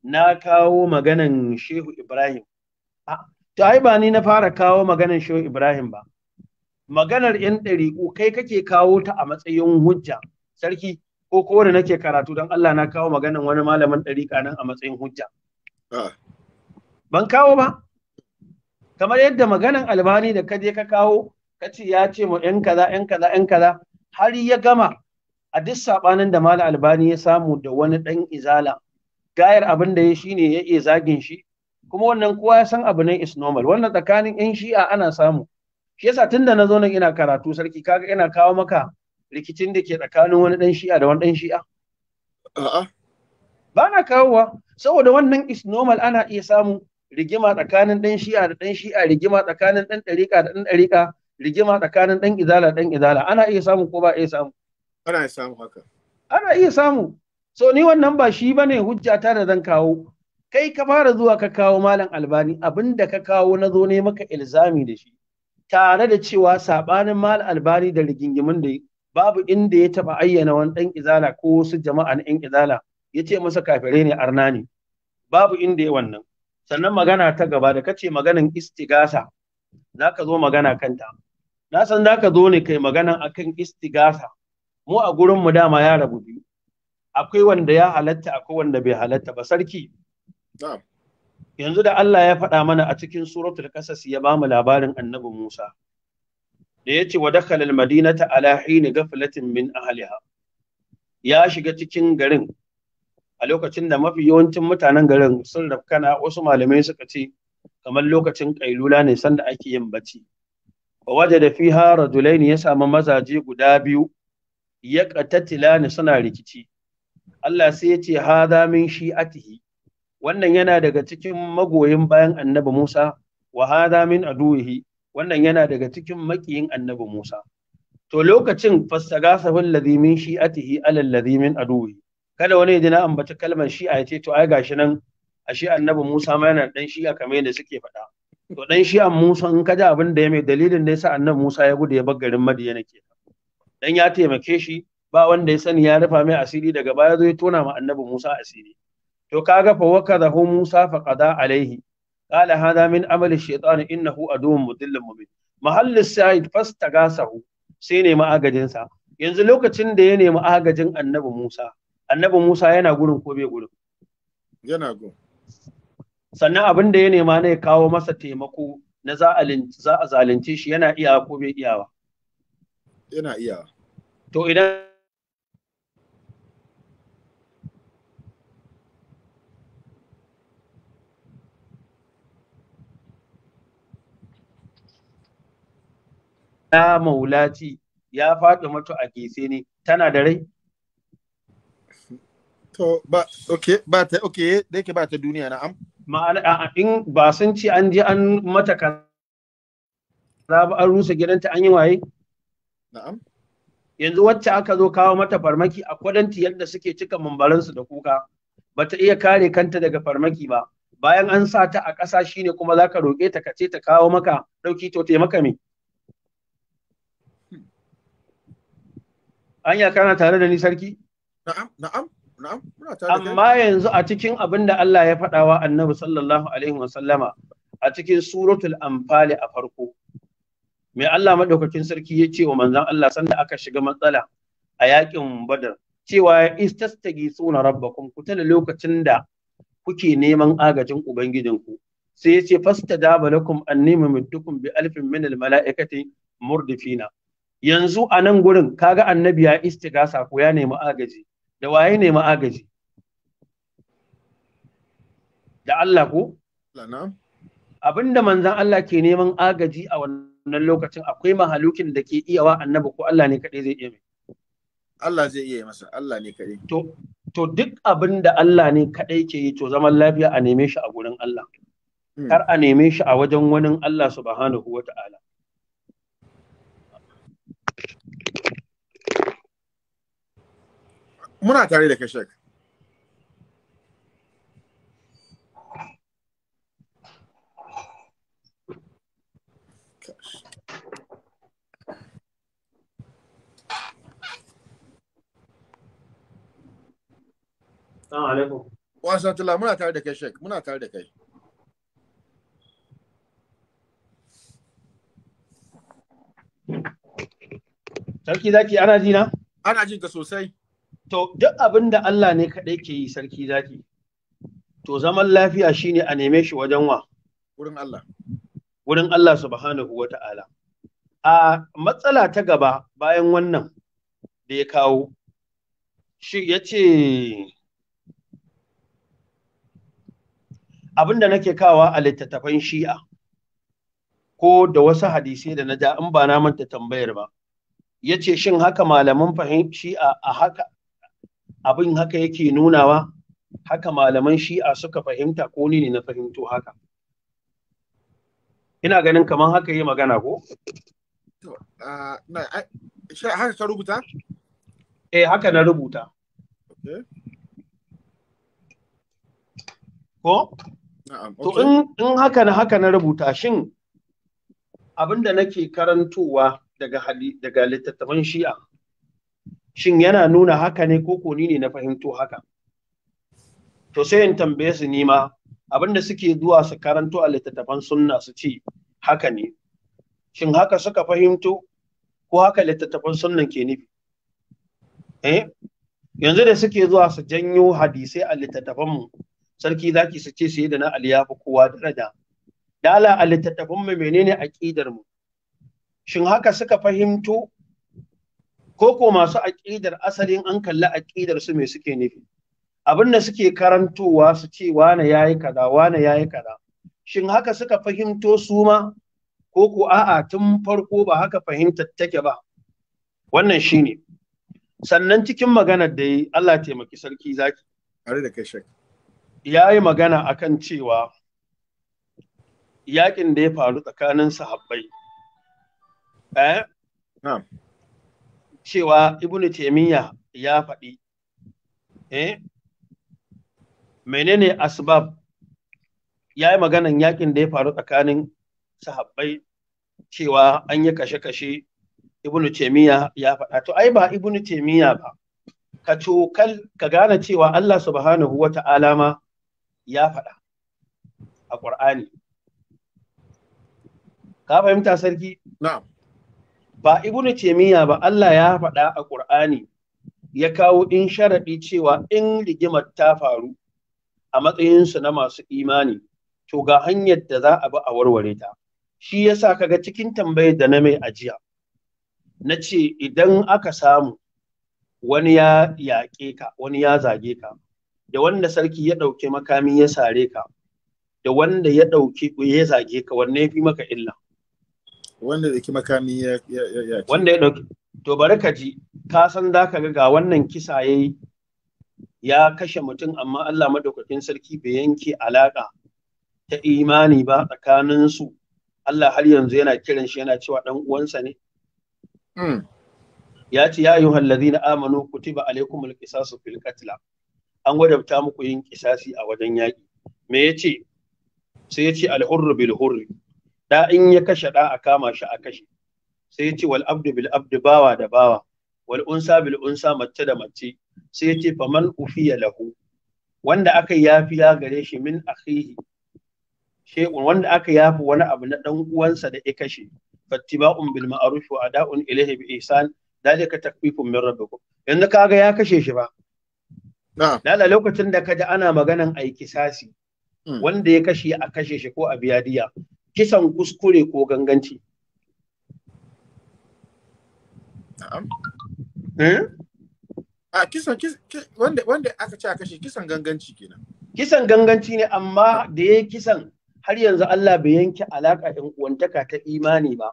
na kawo maganan Shehu Ibrahim to ai ba ni na fara kawo maganar Shehu Ibrahim ba maganar yan ɗariƙu kai kake kawo ta a matsayin hujja sarki ko ko da nake karatu don Allah na kawo maganar wani malamin ɗariƙa nan a matsayin hujja ban kawo ba kamar yadda maganan albani da kaje ka kawo ka ce ya ce mu yan kaza yan kaza yan kaza har ya gama a duk sabanin da Malam Albani ya samu da wani dan izala gayar abin da ya shine ya iya zagin shi kuma wannan kowa ya san abu ne is normal wannan tsakanin yan shi'a ana samu shi yasa tunda na zo nan ina karatu sarki kaga ina kawo maka rikicin da ke tsakanin wani dan shi'a da wani dan shi'a a'a ba na kawowa saboda wannan is normal ana iya samu rigima tsakanin dan shi'a da dan shi'a rigima tsakanin dan dariqa da dan dariqa rigima tsakanin dan izala dan izala ana iya samu ko ba iya samu Ana samu haka. Ana iya samu. So ni wannan ba shi bane hujjata da zan kawo. Kai ka fara zuwa ka kawo malam albani abin da ka kawo na zo ne maka ilzami da shi. Tare da cewa saɓanin malam albani da rigingimin da babu inda ya taba ayyana wani dan izala ko wasu jama'a na yan izala ya ce masa kafire ne arna ne. Babu inda ya wannan. Sannan magana ta gaba da kace maganan istigasa za ka zo magana kanta. Na san za ka zo ne kai maganan akan istigasa. mu a gurin mu dama ya rabu biyu akwai wanda ya halatta akwai wanda bai halatta ba sarki yanzu da Allah ya faɗa mana a cikin suratul qasas ya bamu labarin annabi Musa da yace wa dakhala almadinata ala hin ghaflatin min ahliha ya shiga cikin garin a lokacin da mafi yawancin mutanen garin sun rafkana wasu malamai suka ce kamar lokacin kailula ne sanda ake yin bacci wa wajada fiha rajulaini ya samu mazaje guda biyu ya Tatilani suna rikici Allah sai ya ce hada min shi'atihi wannan yana daga cikin magoyin bayan annabi Musa wa hada min aduwihi wannan yana daga cikin makiyin annabi Musa to lokacin fastagasa bil min shi'atihi alal ladhi min kada wani ya na ambaci kalmar shi'a a ce to ai gashi nan ashe annabi Musa ma yana dan shi'a kamar yadda suke faɗa to dan shi'an Musa in ka ji abin da ya mai dalilin da yasa annabi Musa ya gudu ya bar garin Madiyana kenan dan ya taimake shi ba wanda ya sani ya rufa mai asiri daga baya zo tona ma annabi Musa asiri to kaga fa wakadahu Musa fa qada alaihi qala hada min amali shaytan innahu adum mudillun mubin mahallu sa'id fastagasahu sai ne agajin sa yanzu lokacin da ya nemi agajin annabi Musa annabi Musa yana gurin ko bai gurin yana go sannan abin da ya nema ne kawo masa taimako na za a zalunce shi yana iya ko bai iyawa yana iya to idan ya maulaci ya faɗi mato a gese ne tana da rai to ba okay ba ta okay da yake ba ta duniya na'am ma'ana in ba sun ci an je an mata za ba an rusa gidanta an yi waye Yanzu wacce aka zo kawo mata farmaki a kwadanti yadda suke cika mambaransu da kuka, ba ta iya kare kanta daga farmaki ba. Bayan an sa ta a ƙasa shine kuma za ka roƙe ta kace ta kawo maka ɗauki to te maka me. Anya kana tare da ni sarki? Na'am, na'am, Amma yanzu a cikin abin da Allah ya faɗawa Annabi sallallahu alaihi wa a cikin suratul Anfal a farko. mai Allah madaukakin sarki ya ce wa manzon Allah sanda aka shiga matsala a yakin badar cewa istastagi suna rabbakum ku tana lokacin da kuke neman agajin ubangijinku sai ya yace fastadaba lakum anni mumiddukum bi alfin min al malaikati murdifina yanzu a nan gurin kaga annabi ya istigasa ko ya nemi agaji da waye nemi agaji da Allah ko abinda manzon Allah ke neman agaji a wannan wannan lokacin akwai mahalukin da ke iya wa annabi ko Allah ne kaɗai zai iya mai. Allah zai iya masa Allah ne kaɗai. To, to duk abin da Allah ne kaɗai ke yi to zaman lafiya a neme shi a gurin Allah. Hmm. Kar a neme shi a wajen wani Allah subhanahu wa ta'ala. Muna tare da kashe. Wa rahmatullah muna tare da kai Sheikh, muna tare da kai. Sarki zaki ana ji na? Ana jin ka sosai. To duk abin da Allah ne kaɗai ke yi sarki zaki. To zaman lafiya shine a neme shi wajen wa? Wurin Allah. Wurin Allah subhanahu wa ta'ala. A matsala ta gaba bayan wannan da ya kawo, shi ya ce, abin da nake kawa a littattafan shi'a ko da wasu hadisai da na ja in ba na manta tambayar ba ya ce shin haka malaman fahim shi'a a haka abin haka yake nunawa haka malaman shi'a suka fahimta ko ni ne na fahimto haka ina ganin kamar haka yi magana ko haka ka rubuta eh haka na rubuta ko To in haka na haka na rubuta shin abinda nake karantowa daga daga littattafan shi'a shin yana nuna haka ne ko ni ne na fahimto haka to sai in tambaye su nima abinda suke zuwa su karanto a littattafan sunna su ce haka ne shin haka suka fahimto ko haka littattafan sunnan ke nufi eh yanzu da suke zuwa su janyo hadisai a littattafanmu mu sarki zaki su ce sai da na Ali ya fi kowa daraja da a littattafan mu menene aqidar mu shin haka suka fahimto ko ko masu aqidar asalin an kalli aqidar su me suke nufi abin da suke karantowa su ce wane yayi kaza wane yayi kaza shin haka suka fahimto su ma ko ko a'a tun farko ba haka fahimtar take ba wannan shine sannan cikin maganar da Allah taimaki sarki zaki are da kai shakka ya yi magana a kan cewa yakin da ya faru tsakanin sahabbai eh cewa ibnu taimiyya ya faɗi eh menene asbab ya yi maganan yakin da ya faru tsakanin sahabbai cewa an yi kashe-kashe ibnu taimiyya ya faɗa to ai ba ibnu taimiyya ba ka cokal ka gane cewa Allah subhanahu wa ta'ala ma ya faɗa a ƙur'ani ka fahimta sarki na'am ba ibnu miya ba Allah ya faɗa a ƙur'ani ya kawo in sharaɗi cewa in rigimar ta faru a matsayinsu na masu imani to ga hanyar da za a bi a warware ta shi yasa kaga cikin tambayar da na mai ajiya na ce idan aka samu wani ya yaƙe ka wani ya zage ka da wanda sarki ya ɗauke makami ya sare ka da wanda ya ɗauki ya zage ka wanne ya fi maka illa wanda da ki makami ya ya wanda ya ɗauki to bari ka ji ka san da ka ga wannan kisa yayi ya kashe mutum amma Allah madaukakin sarki bai yanke alaka ta imani ba tsakanin su Allah har yanzu yana kiran shi yana cewa dan uwansa ne hmm. ya ce ya ayyuhal ladina amanu kutiba alaikumul qisasu fil qatla an wadabta muku yin kisasi a wajen yaƙi me ya ce sai ya ce alhurru bil hurri da in ya kashe da a kama shi a kashe sai ya ce wal abdu bil abdu bawa da bawa wal unsa bil unsa mace da mace sai ya ce faman ufiya lahu wanda aka yafiya gare shi min akhihi shay'un wanda aka yafi wani abu na dan uwansa da ya kashe fattiba'un bil ma'ruf wa ada'un ilayhi bi ihsan dalika takfifun min rabbikum yanzu kaga ya kashe shi ba Lala lokacin da ka ji ana maganan a kisasi hmm. wanda ya kashe a kashe shi ko a biya diya kisan kuskure ko ganganci. Eh? A kisan wanda aka ce a kashe kisan ganganci kenan. Kisan ganganci ne amma da ya kisan har yanzu Allah bai yanke alaƙa ɗin uwantaka ta imani ba.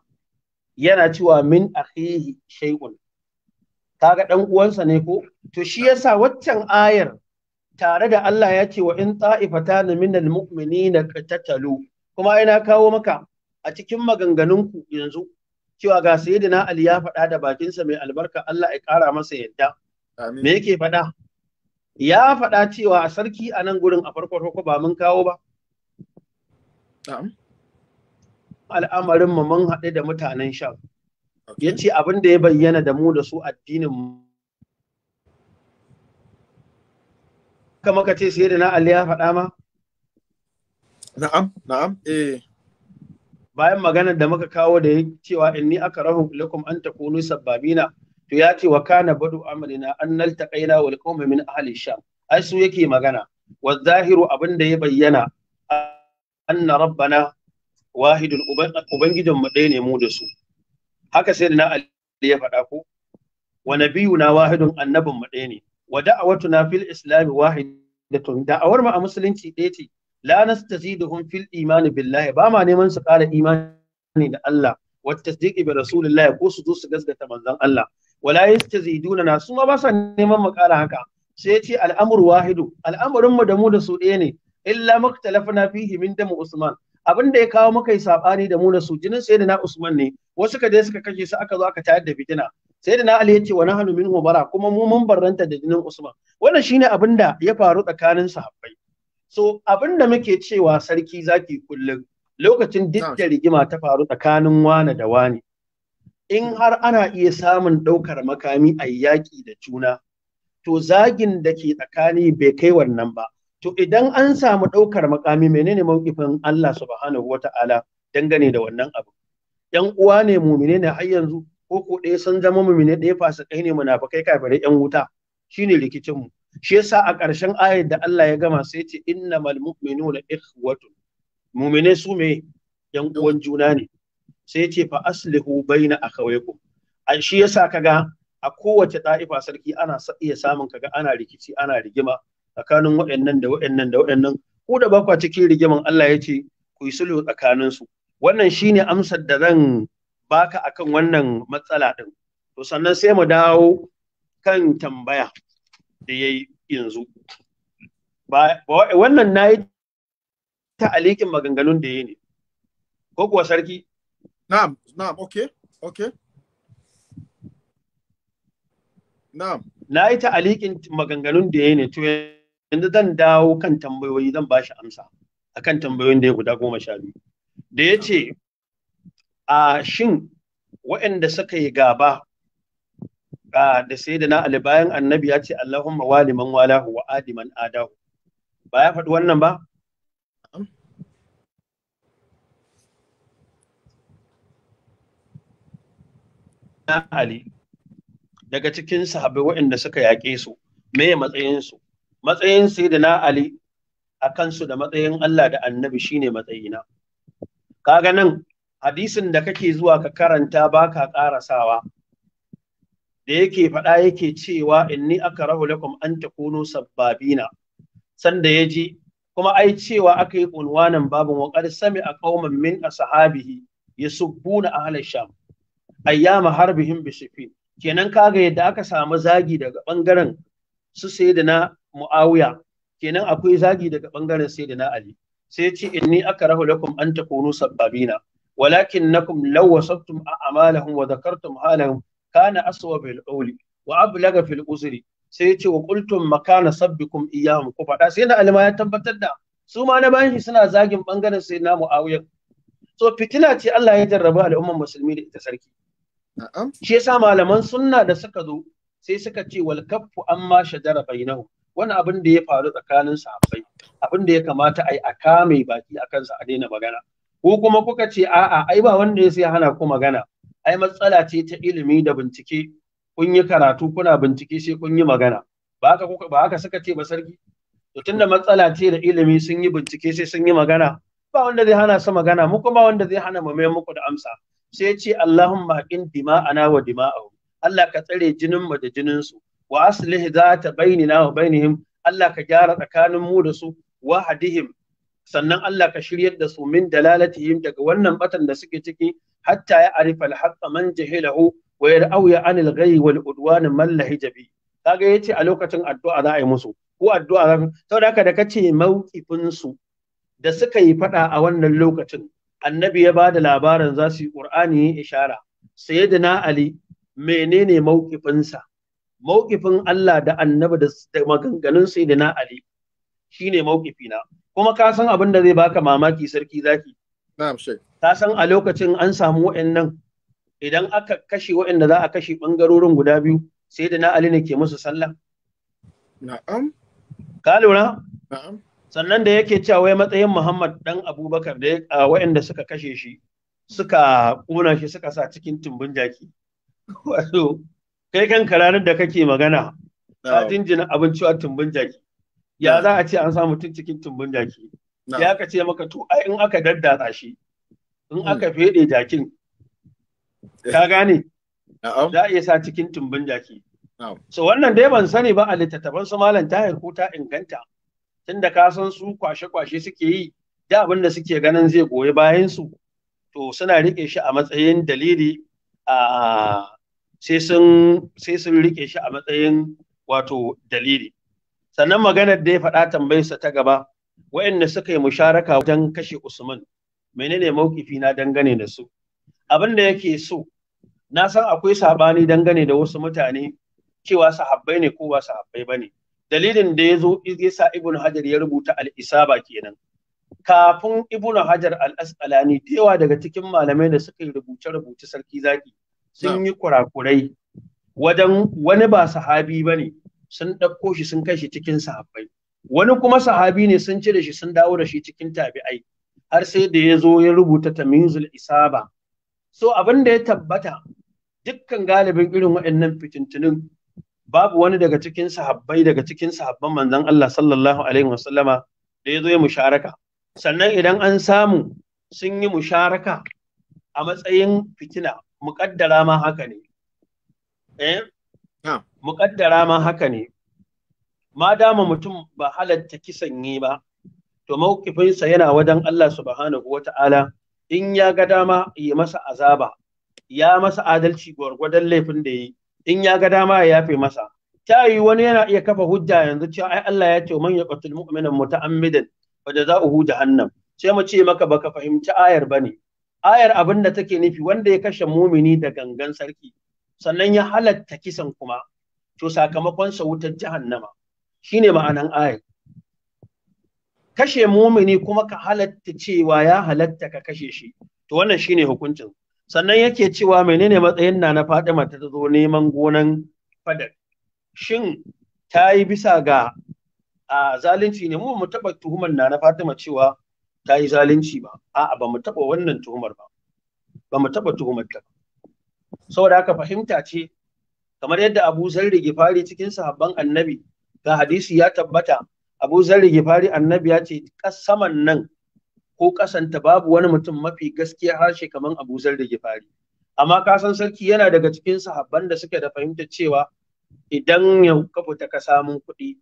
Yana cewa min akhihi shay'un kaga dan uwansa ne ko to shi yasa waccan ayar tare da Allah ya ce wa in ta'ifatan minal mu'minina qatatalu kuma ina kawo maka a cikin maganganunku yanzu cewa ga sayyidina Ali ya faɗa da bakinsa mai albarka Allah ya ƙara masa yadda me yake faɗa ya faɗa cewa a sarki a nan gurin a farko farko ba mun kawo ba al'amarin mu mun haɗe da mutanen sha ya ce abin da ya bayyana da mu da su addinin kama ka ce sai da na Ali ya faɗa ma? Na'am, na'am, eh. Bayan maganar da muka kawo da ya cewa inni aka rahu lakum an ta kunu sabbabina to ya ce wa kana badu amalina an nalta kaina wal qaumi min ahli sham ai su yake magana wa zahiru abin da ya bayyana anna rabbana wahidun ubangijin mu ɗaya ne mu da su haka sai na ali ya faɗa ko wa nabiyuna wahidun annabin mu ɗaya ne wa da'awatuna fil islam wahidatun da'awar mu a musulunci ɗaya ce la nastaziduhum fil imani billahi ba ma neman su ƙara imani da Allah wa tasdiqi bi rasulillahi ko su zo su gaskata manzon Allah wala yastaziduna na su ma ba sa neman mu ƙara haka sai ya ce al'amur wahidu al'amarin mu da mu da su ɗaya ne illa maktalafna fihi min damu usman abin da ya kawo maka yi sabani da mu na su jinin na Usman ne wasu ka dai suka kashe su aka zo aka tayar da fitina na Ali ya ce wa nahnu minhu bara kuma mu mun barranta da jinin Usman wannan shine abin da ya faru tsakanin sahabbai so abin da muke cewa sarki zaki kullum lokacin duk da rigima ta faru tsakanin wane da wane in har ana iya samun ɗaukar makami a yaƙi da juna to zagin da ke tsakani bai kai wannan ba to idan an samu ɗaukar makami menene mawkifin Allah subhanahu Ta'ala, dangane da wannan abu yan uwa ne mumine ne har yanzu ko ko ɗaya sun zama mumine ɗaya kai ne munafikai kafare yan wuta Shi rikicin mu shi yasa a ƙarshen ayar da Allah ya gama sai ce innamal mu'minuna ikhwatu. mumine su me yan uwan juna ne sai ce fa aslihu baina akhawaykum a shi yasa kaga a kowace da'ifa sarki ana iya samun kaga ana rikici ana rigima tsakanin waɗannan da waɗannan da waɗannan ko da ba kwa cikin rigiman Allah ya ce ku yi sulhu tsakanin su wannan shine amsar da zan baka akan wannan matsala din to sannan sai mu dawo kan tambaya da yayi yanzu ba wannan nayi ta alikin maganganun da yayi ne ko kuwa sarki na'am na'am okay okay na'am nayi ta alikin maganganun da yayi ne to yanzu zan dawo kan tambayoyi zan bashi amsa akan tambayoyin da ya guda goma sha biyu da ya ce a shin waanda suka yi gaba da sai da na ali bayan annabi ya ce Allahumma waliman walahu wa adiman adahu ba ya faɗi wannan ba Ali daga cikin sahabbai waɗanda suka yaƙe su me matsayinsu matsayin sayyidina ali a kansu da matsayin Allah da annabi shine matsayina kaga nan hadisin da kake zuwa ka karanta baka karasawa da yake faɗa yake cewa inni akrahu lakum an takunu sabbabina sanda yaji kuma ai cewa aka yi unwanan babin wa qad a qauman min ashabihi a ahla sham ayyama harbihim bi sifin kenan kaga yadda aka samu zagi daga ɓangaren su sayyidina muawiya kenan akwai zagi daga bangaren na ali sai ce inni akrahu lakum an takunu sababina walakin bil لو wa ablaga fil a sai أسوأ في الأول وأبلغ في الأسر سيتي وقلتم kum سبكم إياهم كفر ya tabbatar da, su ma na bayan suna zagin bangaren sai na Muawiya so fitina ce Allah ya jarraba al'umman musulmi da ita sarki shi yasa malaman sunna da suka zo sai suka ce wal kaffu amma shajara bainahu wani abin da ya faru tsakanin sahabbai abin da ya kamata a yi a kame baki a kansa a daina magana ko kuma kuka ce a'a ai ba wanda ya sai hana ku magana ai matsala ce ta ilimi da bincike kun yi karatu kuna bincike sai kun yi magana ba haka kuka ba haka suka ce ba sarki to tunda matsala ce da ilimi sun yi bincike sai sun yi magana ba wanda zai hana su magana mu kuma wanda zai hana mu mai muku da amsa sai ce Allahumma in dima'ana wa dima'ahu Allah ka tsare jinin mu da jinin su wa aslih zata bainina wa bainihim Allah ka gyara tsakanin mu da su wa sannan Allah ka shiryar da su min dalalatihim daga wannan batan da suke ciki hatta ya arifa al-haqqa man jahilahu wa yar'awiya anil ghayyi wal udwan man lahija bi kaga yace a lokacin addu'a za a yi musu ko addu'a za saboda haka da kace mauqifin su da suka yi fada a wannan lokacin annabi ya bada labarin za su yi qur'ani ishara sayyidina ali menene mauqifinsa mawqifin Allah da annabi da maganganun sayyidina Ali shine mawqifi na kuma ka san abin da zai baka mamaki sarki zaki na'am ka san a lokacin an samu wa'annan idan aka kashe wa'anda za a kashe bangarorin guda biyu sayyidina Ali ne ke musu sallah na'am ka lura na'am sannan da yake cewa wai matsayin Muhammad dan Abubakar da wayanda suka kashe shi suka kuna shi suka sa cikin tumbun jaki wato kai kanka ranar da kake magana ka jinjina abin cewa tumbin jaki ya za a ce an samu tun cikin tumbin jaki ya ka ce maka to ai in aka daddatsa shi in aka hmm. fede jakin ka gane za a iya sa cikin tumbin jaki so wannan dai ban sani ba a littattafan su malam tahir ko ta inganta tunda ka san su kwashe-kwashe suke yi da abin da suke ganin zai goyi bayan su to suna riƙe shi a matsayin dalili a sai sun rike shi a matsayin wato dalili sannan maganar da ya faɗa tambayarsa ta gaba waɗanda suka yi musharaka wajen kashe Usman menene maukifi na dangane da su abin da yake so na san akwai sabani dangane da wasu mutane cewa sahabbai ne ko ba sahabbai bane dalilin da ya zo yasa ibn hajar ya rubuta al-isaba kenan kafin ibn hajar al-asqalani daga cikin malamai da suka yi rubuce rubuce sarki zaki sun yi kurakurai wajen wani ba sahabi ba ne sun ɗauko shi sun kai shi cikin sahabbai wani kuma sahabi ne sun cire shi sun dawo da shi cikin tabi'ai har sai da ya zo ya rubuta tamizul isaba so abin da ya tabbata dukkan galibin irin waɗannan fitintunin babu wani daga cikin sahabbai daga cikin sahabban manzon Allah sallallahu alaihi wasallama da ya zo ya musharaka sannan idan an samu sun yi musharaka a matsayin fitina muƙaddara ma haka ne eh ah. muƙaddara ma haka ne ma dama mutum ba halatta kisan yi ba to mawkifinsa yana wajen Allah subhanahu Ta'ala, in ya ga dama yi masa azaba ya masa adalci gwargwadon laifin da yi in ya ga dama ya yafe masa ta yi wani yana iya kafa hujja yanzu cewa ai Allah ya ce man yaqtul mu'mina muta'ammidan fa huje jahannam sai mu ce maka baka fahimci ayar bane ayar abin da take nufi wanda ya kashe mumini da gangan sarki sannan ya halatta kisan kuma to sakamakon sa wutar jahannama shine ma'anan ayar kashe mumini kuma ka halatta cewa ya halatta ka kashe shi to wannan shine hukuncin sannan yake cewa menene matsayin na na Fadima ta zo neman gonan fadar shin ta yi bisa ga a zalunci ne mu mu taba tuhuman na na Fatima cewa ta yi zalunci ba a'a ba mu taɓa wannan tuhumar ba ba mu taɓa tuhumar ta ba saboda haka fahimta ce kamar yadda Abu Zarri Gifari cikin sahabban Annabi ga hadisi ya tabbata Abu Zarri Gifari Annabi ya ce kasaman nan ko kasanta babu wani mutum mafi gaskiya harshe kamar Abu Zarri Gifari amma ka san sarki yana daga cikin sahabban da suke da fahimta cewa idan ya ka fita ka samu kuɗi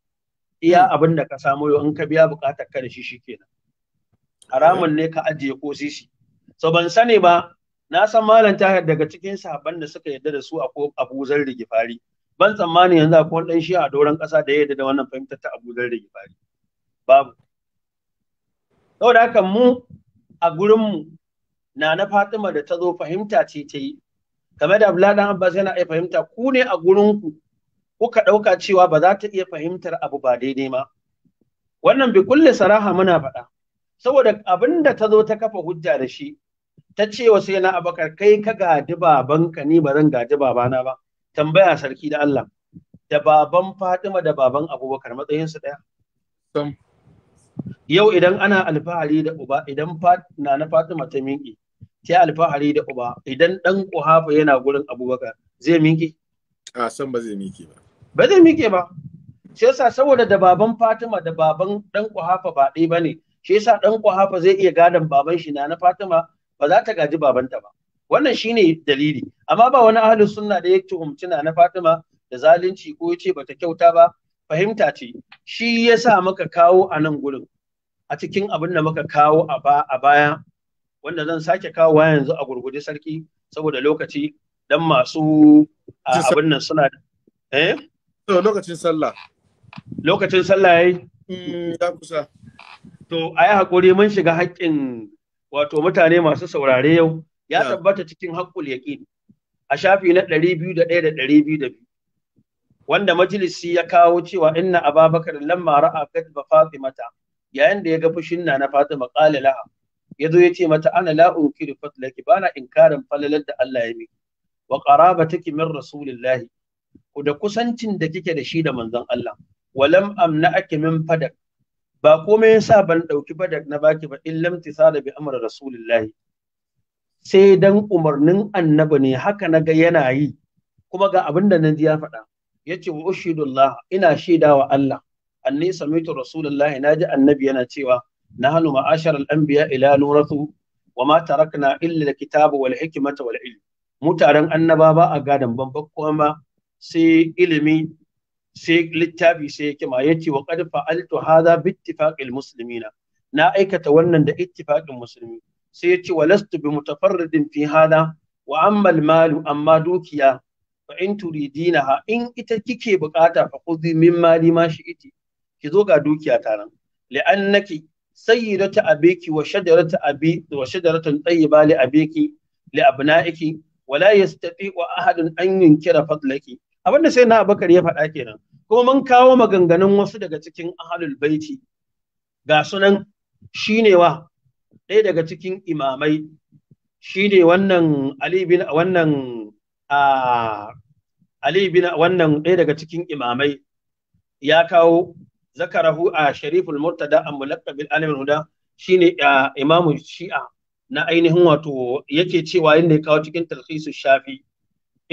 iya hmm. abin da ka samu in ka biya bukatar ka da shi shikenan haramun ne ka ajiye ko sisi so ban sani ba na san malam tahir daga cikin sahabban da suka yarda da su a Abu Zar Gifari ban tsammani yanzu akwai dan shi a doron ƙasa da ya yadda da wannan fahimtar ta Abu Zar Gifari babu saboda haka mu a gurin mu na na Fatima da ta zo fahimta ce ta yi game da Abdullahi dan Abbas yana iya fahimta ku ne a gurin ku kuka ɗauka cewa ba za ta iya fahimtar abu ba daidai ma wannan bi kulle saraha muna faɗa saboda abin da ta zo ta kafa hujja da shi ta ce wa sai na abakar kai ka gaji babanka ni ba zan gaji babana ba tambaya sarki da Allah da baban Fatima da baban Abubakar matsayin su daya yau idan ana alfahari da uba idan na na Fatima ta minki sai alfahari da uba idan dan kuhafa yana gurin Abubakar zai minki a san ba zai minki ba ba zai minki ba sai yasa saboda da baban Fatima da baban dan kuhafa ba ɗaya bane shi yasa dan kwahafa zai iya gadon baban shi na na fatima ba za ta gaji babanta ba wannan shine dalili amma ba wani ahli sunna da yake tuhumci na na fatima da zalunci ko yace bata kyauta ba fahimta ce shi yasa muka kawo a nan gurin a cikin abin da muka kawo a baya wanda zan sake kawo yanzu a gurguje sarki saboda lokaci dan masu abin nan suna eh lokacin sallah lokacin sallah yayi mm, ya kusa To a yi haƙuri mun shiga haƙƙin wato mutane masu saurare yau ya tabbata cikin haƙƙul yaƙin a shafi na ɗari biyu da ɗaya da ɗari biyu da biyu. Wanda majalisi ya kawo cewa inna Ababakar lamma ra'a kadba Fatimata yayin da ya ga fushin na na Fatima qala laha ya zo ya ce mata ana la unkiru fatlaki bana na inkarin falalar da Allah ya miki wa qarabataki min rasulillahi ku da kusancin da kike da shi da manzon Allah walam amna'aki min fadak ba komai yasa ban ɗauki badak na baki ba illam tisala bi amr rasulillah sai dan umarnin annabi ne haka naga yana yi kuma ga abin da nan ya faɗa yace wa ushidullah ina shaida wa Allah anni samitu rasulullah naji annabi yana cewa nahnu ma'ashar al-anbiya ila nurathu wa ma tarakna illa al-kitaba wal hikmata wal ilm mutaren annaba ba a gadan ban kuma sai ilimi sai littafi sai ya yace wa qad altu haza bi ittifaqil muslimina na aikata wannan da ittifakin musulmi sai yace lastu bi mutafarridin fi hada wa amma malu amma dukiya fa in ha, in ita kike bukata fa khudhi min mali ma shi'iti ki zo ga dukiya ta nan li'annaki sayyidatu abiki wa shajaratu abi wa shajaratun tayyiba li abiki li abna'iki wala wa ahadun an yunkira fadlaki abinda sai na abakar ya faɗa kenan ko mun kawo maganganun wasu daga cikin ahlul baiti ga sunan shine wa ɗaya daga cikin imamai shine wannan ali bin wannan ali bin wannan ɗaya daga cikin imamai ya kawo zakarahu a shariful murtada a bil alim huda shine imamu shi'a na ainihin wato yake cewa yadda ya kawo cikin talhisu shafi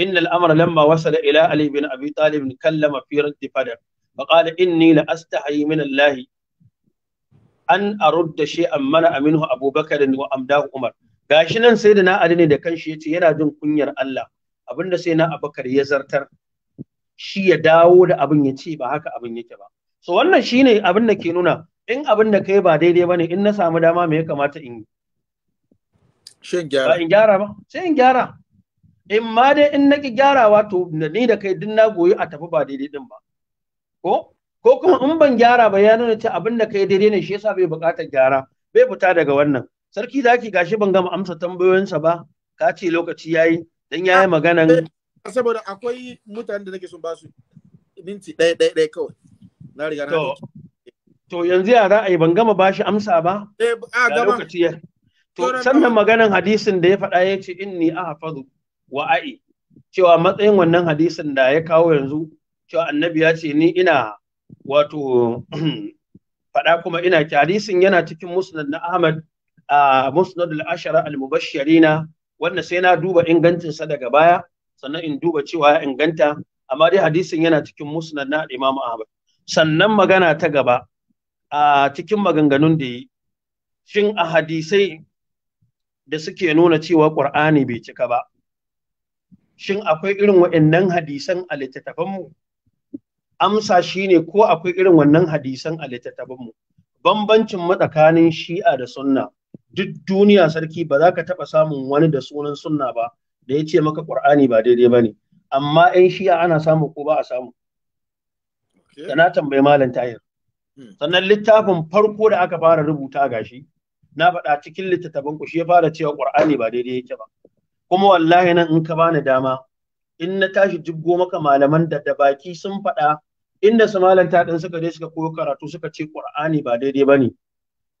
إن الأمر لما وصل إلى علي بن أبي طالب كلم في رد فدر فقال إني لأستحي من الله أن أرد شيئا منع منه أبو بكر وأمداه عمر gashi nan sai da na ali ne da kanshi ya ce yana jin kunyar Allah abinda sai na abakar ya zartar shi ya dawo da abin ya ce ba haka abin yake ba so wannan shine abin da ke nuna in abin da kai ba daidai bane in na samu dama me ya kamata in yi shin gyara ba in gyara ba sai in gyara in ma dai in na ki gyarawa to ni da kai duk na goyi a tafi ba daidai din ba ko ko kuma in ban gyara ba ya nuna ce abin da kai daidai ne shi yasa bai buƙatar gyara bai fita daga wannan sarki zaki gashi ban gama amsa tambayoyinsa ba ka ce lokaci yayi dan yayi magana saboda akwai mutanen da nake son ba su minti ɗaya ɗaya ɗaya kawai na riga na to yanzu ya za a yi ban gama ba shi amsa ba eh a lokaci ya to sannan maganan hadisin da ya faɗa ya ce inni ahfazu wa'a'i cewa matsayin wannan hadisin da ya kawo yanzu cewa annabi ya ce ni ina wato faɗa kuma ina ki hadisin yana cikin musnad na Ahmad a musnad al-ashara al wanda sai na duba ingancinsa daga baya sannan in duba cewa ya inganta amma dai hadisin yana cikin musnad na Imam Ahmad sannan magana ta gaba a cikin maganganun da yi shin a hadisai da suke nuna cewa Qur'ani bai cika ba shin akwai irin waɗannan hadisan a littattafanmu? Amsa shi ko akwai irin wannan hadisan a littattafanmu. Bambancin matsakanin shi'a da sunna duk duniya sarki ba za ka taɓa samun wani da sunan sunna ba da ya ce maka ƙur'ani ba daidai ba ne. Amma 'yan shi'a ana samu ko ba a samu. Da tambayi malam tayir. Hmm. Sannan littafin farko da aka fara rubuta gashi na faɗa cikin littattafan ku shi ya fara cewa ƙur'ani ba daidai yake ba. kuma wallahi nan in ka bani dama in na tashi jibgo maka malaman da da baki sun faɗa inda su malanta din suka je suka koyo karatu suka ce qur'ani ba daidai bane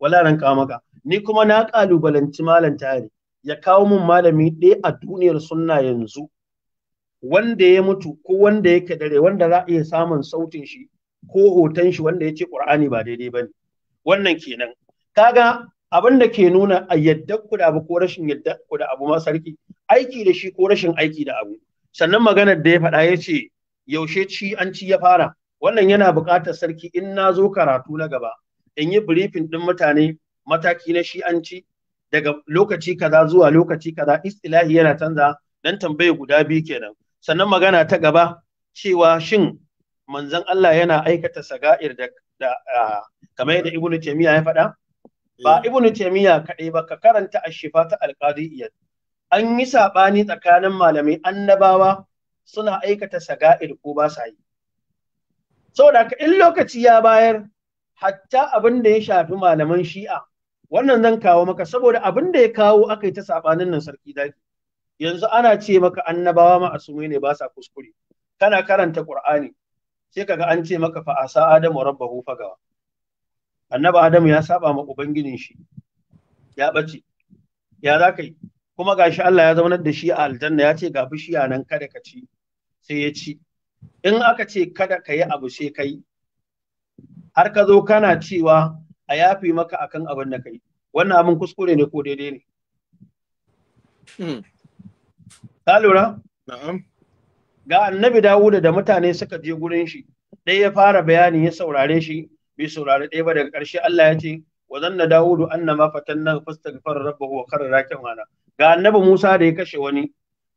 wala ran ka maka ni kuma na kalubalanci malanta ne ya kawo min malami ɗaya a duniyar sunna yanzu wanda ya mutu ko wanda yake dare wanda za a iya samun sautin shi ko hoton shi wanda ya ce qur'ani ba daidai bane wannan kenan kaga abin da ke nuna a yadda ku da abu ko rashin yadda ku da abu ma sarki aiki da shi ko rashin aiki da abu sannan maganar da ya faɗa ya ce yaushe ci an ci ya fara wannan yana buƙatar sarki in na zo karatu na gaba in yi birifin ɗin mutane mataki na shi an ci daga lokaci kaza zuwa lokaci kaza istilahi yana canza dan tambaye guda biyu kenan sannan magana ta gaba cewa shin manzon Allah yana aikata saga'ir da, da ah, kamar yadda Ibn Taymiyyah ya faɗa ba eh. ibnu taymiya kaɗai ba ka karanta ashifa ta alqadiyyah an yi saɓani tsakanin malamai annabawa suna aikata saga'ir ko ba sa yi saboda in lokaci ya bayar hatta abin da ya shafi malaman shi'a wannan zan kawo maka saboda abin da ya kawo aka yi ta saɓanin nan sarki zaki yanzu ana ce maka annabawa ma'asumai ne ba sa kuskure kana karanta qur'ani sai kaga an ce maka fa asa adamu rabbahu fagawa annabi adamu ya saba ma ubangijin shi ya bace ya za ka yi kuma gashi Allah ya zaunar da shi a aljanna ya ce ga bishiya nan kada ka ci sai ya ci in aka ce kada ka yi abu sai kai har ka zo kana cewa a yafi maka akan abin da kai wannan abin kuskure ne ko daidai ne hmm. ka lura ga annabi dawuda da mutane suka je gurin shi ɗaya ya fara bayani ya saurare shi Bi saurari ɗaya ba daga ƙarshe Allah ya ce wa zanna dawudu anna ma fatanna fastaghfara rabbahu wa karra raki'ana ga annabi Musa da ya kashe wani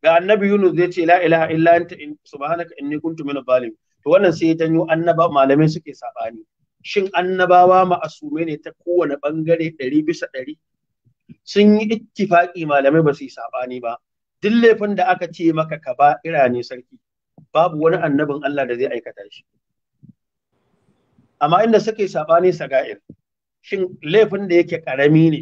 ga annabi Yunus zai ce la ilaha illa anta subhanaka inni kuntu minadh zalim to wannan sai ya janyo annaba malamai suke sabani shin annabawa ma'asume ne ta kowane bangare ɗari bisa ɗari sun yi ittifaki malamai ba su yi sabani ba duk laifin da aka ce maka ka ba ira ne sarki babu wani annabin Allah da zai aikata shi amma inda suka yi saɓani saga'ir shin laifin da yake ƙarami ne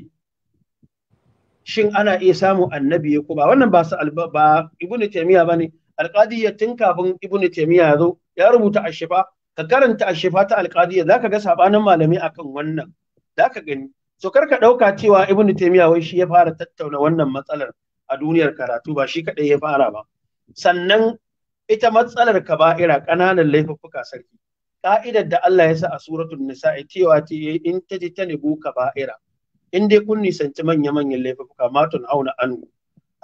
shin ana iya samu annabi ya ba? wannan ba su ba ibn taymiya bane alqadiyya tun kafin ibn taymiya ya zo ya rubuta ashifa ka karanta ashifa ta alqadiyya zaka ga sabanin malami akan wannan zaka gani so kar ka dauka cewa ibn taymiya wai shi ya fara tattauna wannan matsalar a duniyar karatu ba shi kadai ya fara ba sannan ita matsalar kaba'ira ƙananan laifuffuka sarki ka'idar da Allah ya sa a suratul nisa'i cewa ce in ta ji ka ba'ira in dai kun nisanci manya manyan laifuka matun auna anu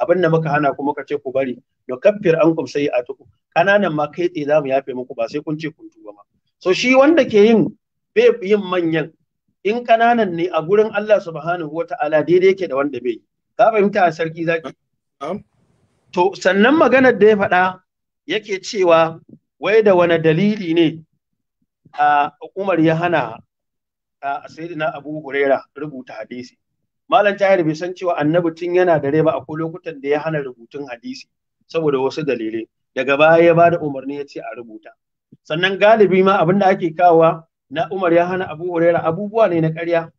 abin da muka hana kuma ka ce ku bari da kaffir an kum sai a tuku kananan ma kai tsaye zamu yafe muku ba sai kun ce kun tuba ma so shi wanda ke yin bai yin manyan in kananan ne a gurin Allah subhanahu wata'ala daidai yake da wanda bai ka fahimta a sarki zaki to sannan maganar da ya faɗa yake cewa wai da wani dalili ne Umar ya hana Sayyidina Abu Huraira rubuta hadisi. Malam Tahir bai san cewa annabi tun yana dare ba ko lokutan da ya hana rubutun hadisi saboda wasu dalilai. Daga baya ya bada umarni ya ce a rubuta. Sannan galibi ma abin da ake kawowa na Umar ya hana Abu Huraira abubuwa ne na ƙarya.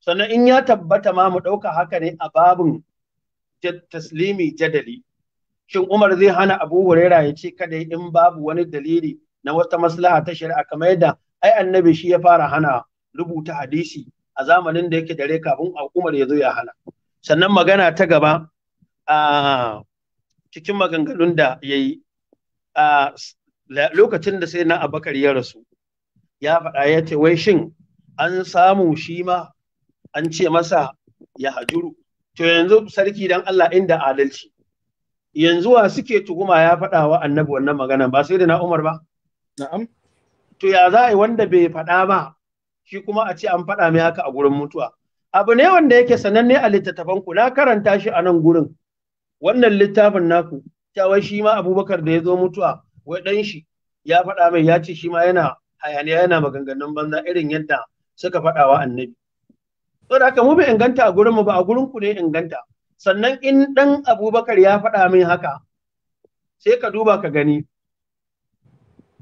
Sannan in ya tabbata ma mu ɗauka haka ne a babun taslimi jadali. Shin Umar zai hana Abu Huraira ya ce kada in babu wani dalili na wata maslaha ta shari'a kamar yadda ai annabi shi ya fara hana rubuta hadisi a zamanin da yake dare kafin Umar ya zo ya hana sannan magana ta gaba a cikin maganganun da ya yi lokacin da sai na abakar ya rasu ya faɗa ya ce wai shin an samu shi ma an ce masa ya hajuru to yanzu sarki dan Allah inda adalci yanzu wa suke tuhuma ya faɗa wa annabi wannan magana ba sai da na Umar ba Na'am. To ya za a yi wanda bai faɗa ba shi kuma a ce an faɗa mai haka a gurin mutuwa. Abu ne wanda yake sananne a littattafan ku na karanta shi a nan gurin. Wannan littafin naku cewa shi ma Abubakar da ya zo mutuwa wai ɗan shi ya faɗa mai ya ce shi ma yana hayaniya yana maganganun banza irin yadda suka faɗa wa annabi. da haka mu bai inganta a gurin mu ba a gurin ku ne inganta. Sannan in ɗan Abubakar ya faɗa min haka sai ka duba ka gani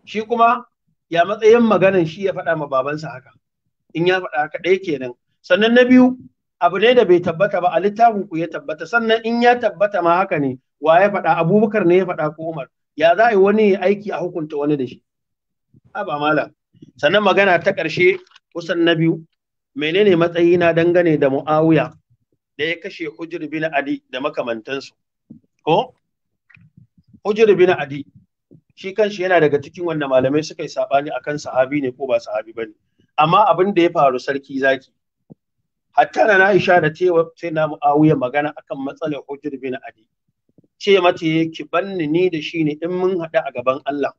shi kuma ya matsayin maganan shi ya faɗa ma babansa haka in ya faɗa haka ɗaya kenan sannan na biyu abu ne da bai tabbata ba a littafin ku ya tabbata sannan in ya tabbata ma haka ne wa ya faɗa abubakar ne ya faɗa ko umar ya za a yi wani aiki a hukunta wani da shi a ba malam sannan magana ta ƙarshe kusan na biyu menene matsayi na dangane da mu'awiya da ya kashe hujjar bin adi da makamantansu ko hujjar bin adi shi kanshi yana daga cikin wanda malamai suka yi sabani akan sahabi ne ko ba sahabi bane amma abin da ya faru sarki zaki hatta na Aisha da tewa sai na Muawiya magana akan matsalar Hujr bin Adi ce mata ki banni ni da shi ne in mun hada a gaban Allah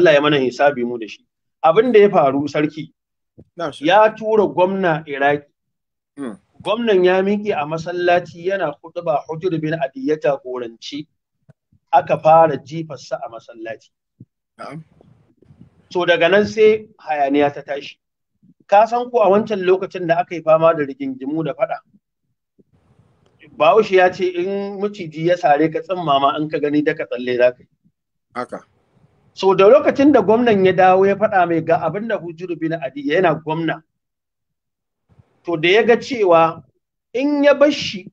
Allah ya mana hisabi mu da shi abin da ya faru sarki ya tura gwamna Iraki hmm. gwamnan ya miƙe a masallaci yana kuɗuba Hujr bin Adi ya jagoranci aka fara jifarsa a masallaci So daga nan sai hayaniya ta tashi. Ka san ko a wancan lokacin da aka yi fama da rigingimu da faɗa. Bawushi ya ce in maciji ya sare ka tsimma ma an ka gani da tsalle za ka yi. Haka. So da lokacin da gwamnan ya dawo ya faɗa mai ga abin da Hujuru bin Adi yana gwamna. To da ya ga cewa in ya bashi,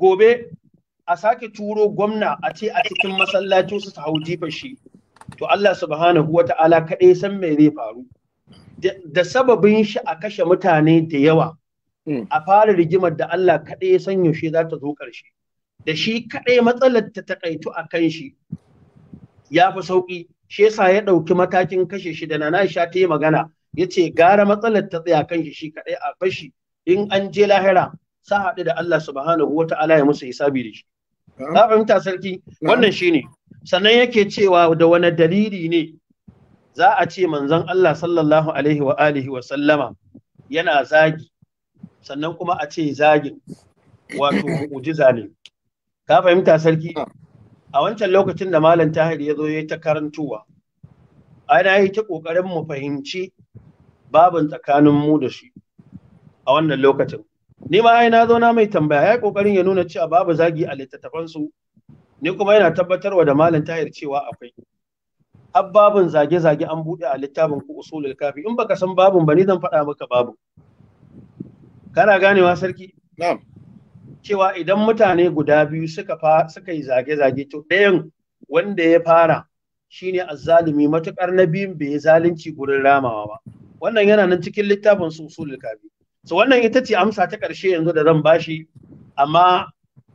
gobe a sake turo gwamna a ce a cikin masallaci su hau jifa shi to Allah subhanahu wa ta'ala kaɗai san me zai faru da sababin shi a kashe mutane da yawa hmm. a fara rigimar da Allah kaɗai ya san yaushe za ta zo ƙarshe da shi kaɗai matsalar ta taƙaitu a kan shi ya fi sauƙi shi yasa ya ɗauki matakin kashe shi da nana sha ta yi magana ya ce gara matsalar ta tsaya kan shi shi kaɗai a fashi in an je lahira sa haɗu da Allah subhanahu wa ta'ala ya musu hisabi da shi. Ka fahimta sarki wannan shi ne. sannan yake cewa da wani dalili ne za a ce manzon Allah sallallahu alaihi wa alihi wa sallama yana zagi sannan kuma a ce zagin wato mu'jiza ne ka fahimta sarki a wancan lokacin da malam tahir ya zo ya ta karantuwa ana yi ta kokarin mu fahimci babin tsakanin mu da shi a wannan lokacin ni ma ai na zo na mai tambaya ya kokarin ya nuna cewa babu zagi a littattafansu ni kuma yana tabbatarwa da malam tahir cewa akwai ababun zage-zage an buɗe a littafin ku usulul kafi in baka san babun ba ni zan faɗa maka babin kana ganewa sarki na'am cewa idan mutane guda biyu suka fa suka yi zage-zage to ɗayan wanda ya fara shine azzalimi matukar na biyun bai yi zalunci gurin ramawa ba wannan yana nan cikin littafin su usulul kafi so wannan ita ce amsa ta ƙarshe yanzu da zan bashi amma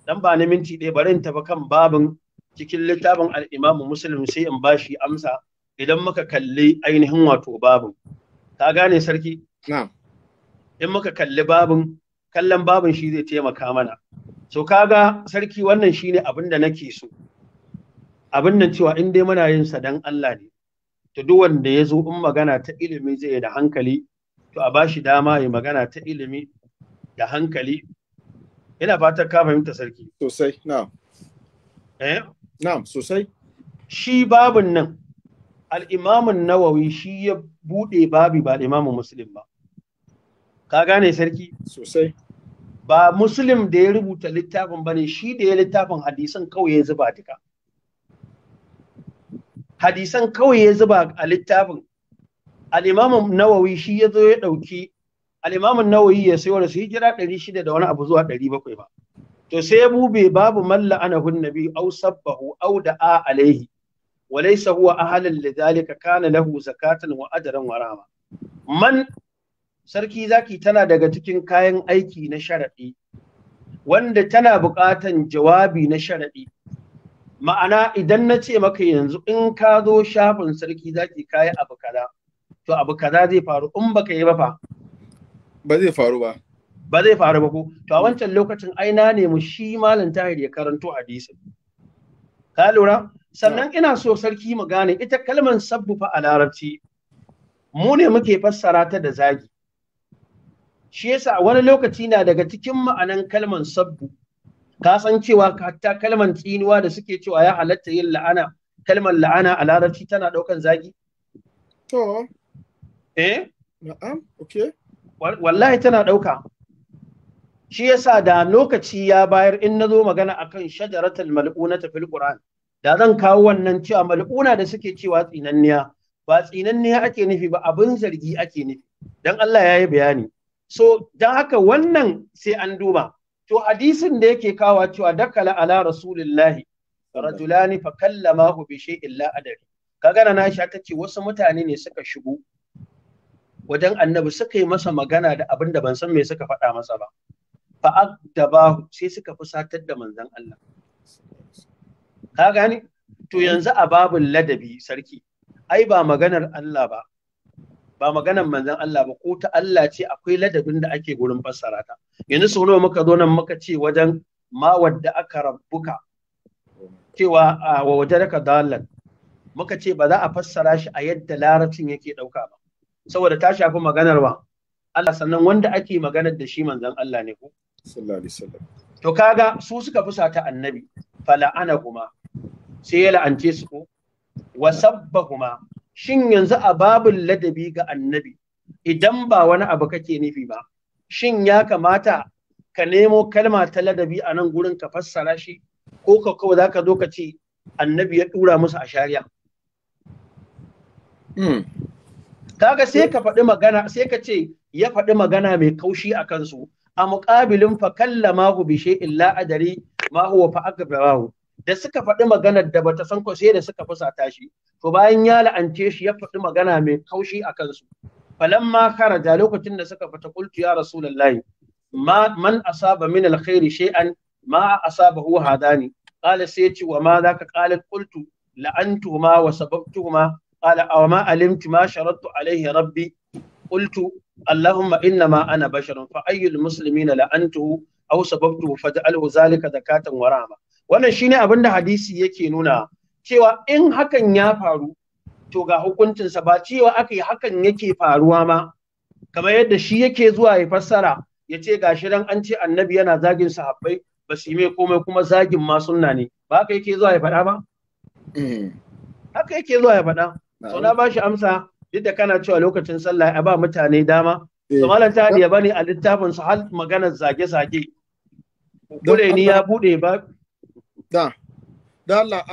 dan ba ni minti ɗaya bari in tafi kan babin cikin littafin al'imamu muslim sai in bashi amsa idan muka kalli ainihin wato babin ka gane sarki in muka kalli babin kallon babin shi zai taimaka mana so kaga sarki wannan shine abin da nake so abin nan cewa in dai muna yin sa dan Allah ne to duk wanda ya zo in magana ta ilimi zai da hankali to a bashi dama ya magana ta ilimi da hankali ina fatan ka fahimta sarki sosai na'am eh na'am sosai shi babun nan al-imamun nawawi shi ya bude babi ba imamu muslim ba ka gane sarki sosai ba muslim da ya rubuta littafin bane shi da ya littafin hadisan kawai ya zuba duka hadisan kawai ya zuba a littafin al'imamu nawawi shi ya zo ya ɗauki al'imamun nawayi ya sai wani su hijira ɗari shida da wani abu zuwa ɗari bakwai ba to sai bube babu malla ana nabi au sabbahu au da a alaihi sahuwa a halin da zalika kana lahu zakatan wa adaran wa rama. man sarki zaki tana daga cikin kayan aiki na sharaɗi. wanda tana buƙatan jawabi na sharaɗi. ma'ana idan na ce maka yanzu in ka zo shafin sarki zaki kayi abu kaza to abu kaza zai faru in baka yi ba fa ba zai faru ba ba zai faru ba ko to a wancan lokacin aina na nemi shi malam tahir ya karanto hadisin ka lura sannan ina so sarki mu gane ita kalmar sabbu fa a larabci mu ne muke fassara ta da zagi shi yasa wani lokaci na daga cikin ma'anan kalmar sabbu ka san cewa hatta kalmar tsinuwa da suke cewa ya halatta yin la'ana kalmar la'ana a larabci tana ɗaukan zagi to eh na'am okay wallahi tana ɗauka shi yasa da lokaci ya bayar in na zo magana akan shajaratul mal'unata fil qur'an da zan kawo wannan cewa mal'una da suke cewa tsinanniya ba tsinanniya ake nufi ba abin zargi ake nufi dan Allah ya yi bayani so dan haka wannan sai an duba to hadisin da yake kawo cewa dakala ala rasulillahi rajulani fa kallamahu bi shay'in la adari kaga na ta ce wasu mutane ne suka shigo wajen annabi suka yi masa magana da abin da ban san me suka faɗa masa ba fa'ad da ba sai suka fusatar da manzon Allah ka gane to yanzu a babin ladabi sarki ai ba maganar Allah ba ba maganar manzon Allah ba ko ta Allah ce akwai ladabin da ake gurin fassara ta yanzu sau nawa muka zo nan muka ce wajen ma wadda aka rabbuka cewa ah, wa wajen dalal muka ce ba za a fassara shi a yadda larabcin yake ɗauka ba saboda ta shafi maganar ba Allah sannan wanda ake maganar da shi manzon Allah ne ko to kaga su suka ta annabi fala ana kuma sai ya la'ance su ko wa kuma shin yanzu a babul ladabi ga annabi idan ba wani abu kake nufi ba shin ya kamata ka nemo kalma ta ladabi a nan gurin ka fassara shi ko ka kawai za ka zo ka ce annabi ya dura musu a shari'a hmm. kaga sai ka faɗi magana sai ka ce ya faɗi magana mai kaushi a kansu a muƙabilin fa kallamahu bi shay'in illa adari ma huwa fa akbarahu da suka faɗi maganar da bata san ko sai da suka fusata shi to bayan ya la'ance shi ya faɗi magana mai kaushi a kansu falamma kharaja lokacin da suka fita qultu ya rasulullahi ma man asaba min alkhairi shay'an ma asabahu hadani qala sai ce wa ma zaka qala qultu la'antuhuma wa sababtuhuma qala aw ma alimtu ma sharattu alayhi rabbi qultu allahumma inna ma ana basharun fa ayyul muslimina la antu aw sababtu faj'alhu zalika zakatan wa rahma wannan shine abin da hadisi yake nuna cewa in hakan ya faru to ga hukuncinsa ba cewa aka hakan yake faruwa ma kamar yadda shi yake zuwa ya fassara ya ce gashi shi an ce annabi yana zagin sahabbai ba su yi mai komai kuma zagin ma sunna ne ba haka yake zuwa ya faɗa ba eh. so na bashi amsa duk da kana cewa lokacin sallah a ba mutane dama eh. So, malam ta ya bani a littafin su hal maganar zage zage dole ni ya bude ba da da Allah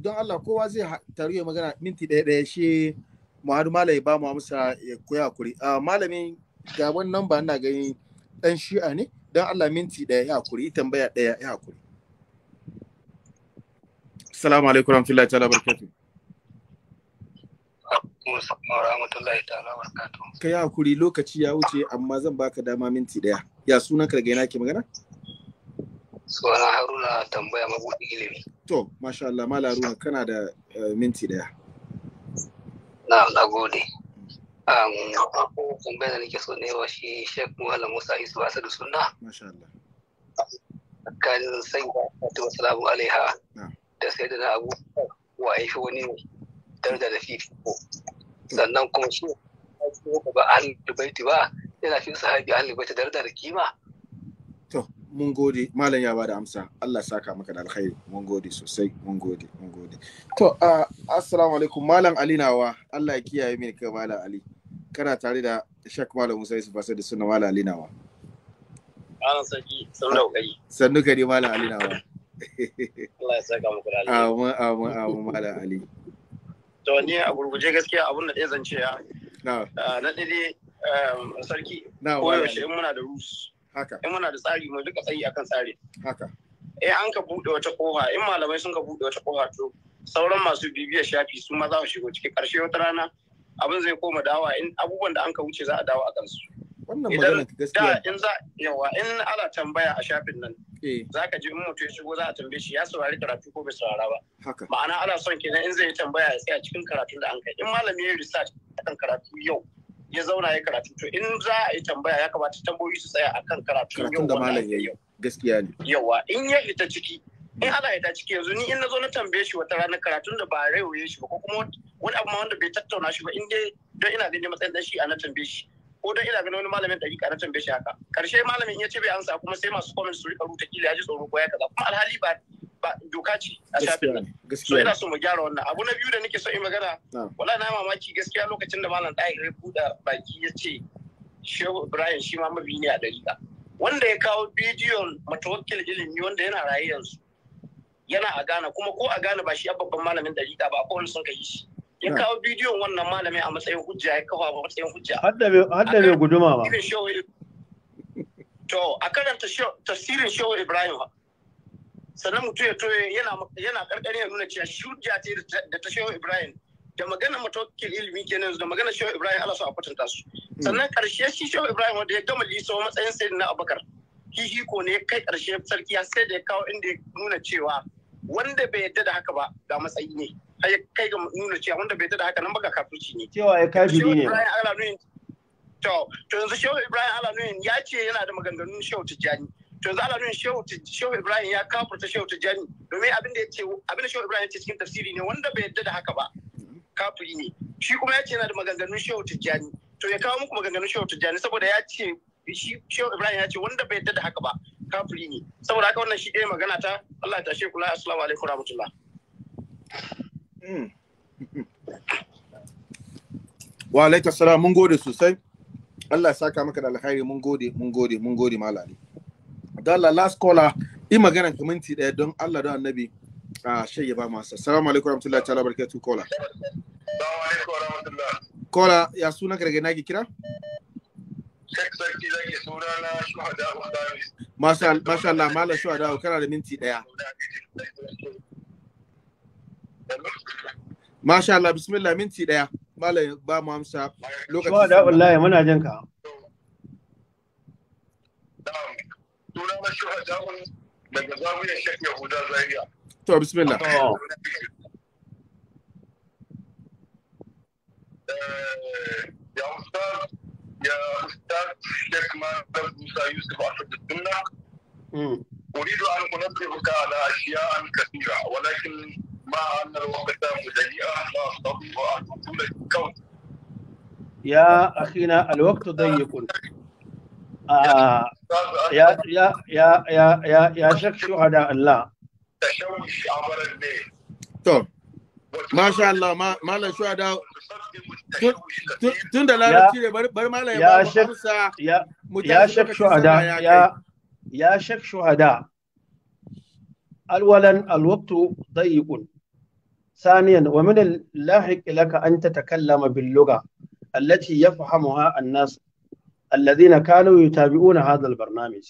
don Allah kowa zai taru magana minti ɗaya ɗaya shi Muhammadu Malai ba mu amsa ya koya kuri malamin ga wannan ba ina gani dan shi'a ne don Allah minti ɗaya ya kuri, tambaya ɗaya ya kuri. Assalamu alaikum warahmatullahi wabarakatuh. Ka yi hakuri lokaci ya wuce amma zan baka dama minti daya. Ya sunan ka daga yana ke magana? Suna Haruna tambaya mabuɗi ilimi. To, masha Allah, Mala Haruna kana da eh, minti daya. Na, na gode. Tambaya da nake so ne wa shi Sheikh Muhammad Musa Isu da Sunna. Masha Allah. Kan sanya Fatima Salamu Alaiha da na Abu wa aifi wani ne. daraja da fifiko sannan kuma shi ba ahlul baiti ba yana fi sahabi ahlul baiti daraja da kima to mun gode malam ya bada amsa Allah saka maka da alkhairi mun gode sosai mun gode mun gode to assalamu alaikum malam Ali nawa Allah ya kiyaye mini kai malam Ali kana tare da Shak Malam Musa Yusuf Asad da sunna malam Ali nawa Alan saki sun da kai sannu kare malam Ali wa. Allah ya saka muku da Ali. amin amin amin malam Ali to ni a gurguje gaskiya abun da ɗaya zance ya na ah, ɗaya ah, sarki ko yaushe in muna da rus in muna da tsari mai duka tsayi akan tsari haka eh an ka buɗe wata kowa in malamai sun ka buɗe wata kowa to sauran masu bibiyar shafi su ma za su shigo ciki ƙarshe wata rana abin zai koma dawa in abubuwan da an ka wuce za a dawo a kansu wannan magana gaskiya in za yawa in ana tambaya a shafin nan eh. za ka ji in mutum ya shigo za a tambaye shi ya saurari karatu ko bai saurara ba ma'ana ana son kenan in zai yi tambaya ya tsaya cikin karatun da an kai in malami ya yi research akan karatu yau ya zauna ya karatu to in za a yi tambaya ya kamata tambayoyi su tsaya akan karatu yau da malam ya yau gaskiya ne yawa in ya ita ciki in ana ta ciki yanzu ni in na zo na tambaye shi wata ranar karatun da ba raiwaye shi ba ko kuma wani abu ma wanda bai tattauna shi ba in dai don ina ganin matsayin dan shi a na tambaye shi ko dan ina ganin wani malamin da kika ratan shi haka karshe malamin ya ce bai ansa kuma sai masu comment su rika rubuta kila ya ji tsoro ko ya kaza kuma alhali ba ba doka ce a shafin so ina so mu gyara wannan abu na biyu da nake so in magana wala na mamaki gaskiya lokacin da malam ɗaya ya buɗe baki ya ce shehu ibrahim shi ma mabi ne a dariƙa wanda ya kawo bidiyon matawakkil ilimi wanda yana raye yanzu yana a Ghana kuma ko a Ghana ba shi a babban malamin dariƙa ba a sun sun yi shi ya kawo bidiyon wannan malami a matsayin hujja ya kawo a matsayin hujja hadda bai guduma ba to a karan tasirin shehu ibrahim sannan mutum ya toye yana karkar ya nuna cewa hujja ce da ta shehu ibrahim da magana matokin ilimi kenan da magana shehu ibrahim Allah su a kwatanta su hmm. sannan karshe shi shehu ibrahim wanda ya gama liso matsayin sai na abakar hihiko ne kai karshe sarki ya sai da ya kawo inda ya nuna cewa wanda bai yadda da haka ba ga matsayi ne har ya kai ga nuna cewa wanda bai da haka nan baka kafirci ne cewa ya kafiri ne to to yanzu shehu ibrahim alanuyin ya ce yana da maganganun shehu tijjani to yanzu alanuyin shehu ibrahim ya kafirta shehu tijjani domin abin da ya ce abin da shehu ibrahim ya ce cikin tafsiri ne wanda bai yarda da haka ba kafiri ne shi kuma ya ce yana da maganganun shehu tijjani to ya kawo muku maganganun shehu tijjani saboda ya ce shi shehu ibrahim ya ce wanda bai yarda da haka ba kafiri ne saboda haka wannan shi ɗaya magana ta Allah ya tashe kula assalamu alaikum warahmatullahi Mm. wa alaika salam mun gode sosai Allah saka maka da alkhairi mun gode mun gode mun gode malali dalla last caller in magana ka minti daya don Allah don annabi a shay ya ba masa assalamu alaikum warahmatullahi ta'ala barakatuh caller assalamu alaikum warahmatullahi caller ya suna ka daga nagi kira Sheikh Sarki zaki suna na Shuhada Ustaz Masha Allah Malam Shuhada kana da minti daya Masha Allah, bismillah minti daya. Malam ba mu amsa lokaci. Wa da wallahi muna jin ka. Tuna na shuha jamun daga zawiyar Sheikh Yahuda Zaria. To bismillah. Oh. Eh, ya ustaz ya ustaz Sheikh Malam Musa Yusuf Asaduddinna. أريد أن أنبهك على أشياء كثيرة ولكن مع أن الوقت مضيع وأصدق وأدخل الكون يا أخينا الوقت ضيق آه يا يا يا يا يا يا شك شهداء الله تشوش عبر الليل طب ما شاء الله ما ما لا شهداء tun da larabci ne bar malaya ya shek ya shek shuhada ya ya shek shuhada alwalan alwaqtu dayiqun ثانيا ومن اللاحق لك أن تتكلم باللغة التي يفهمها الناس الذين كانوا يتابعون هذا البرنامج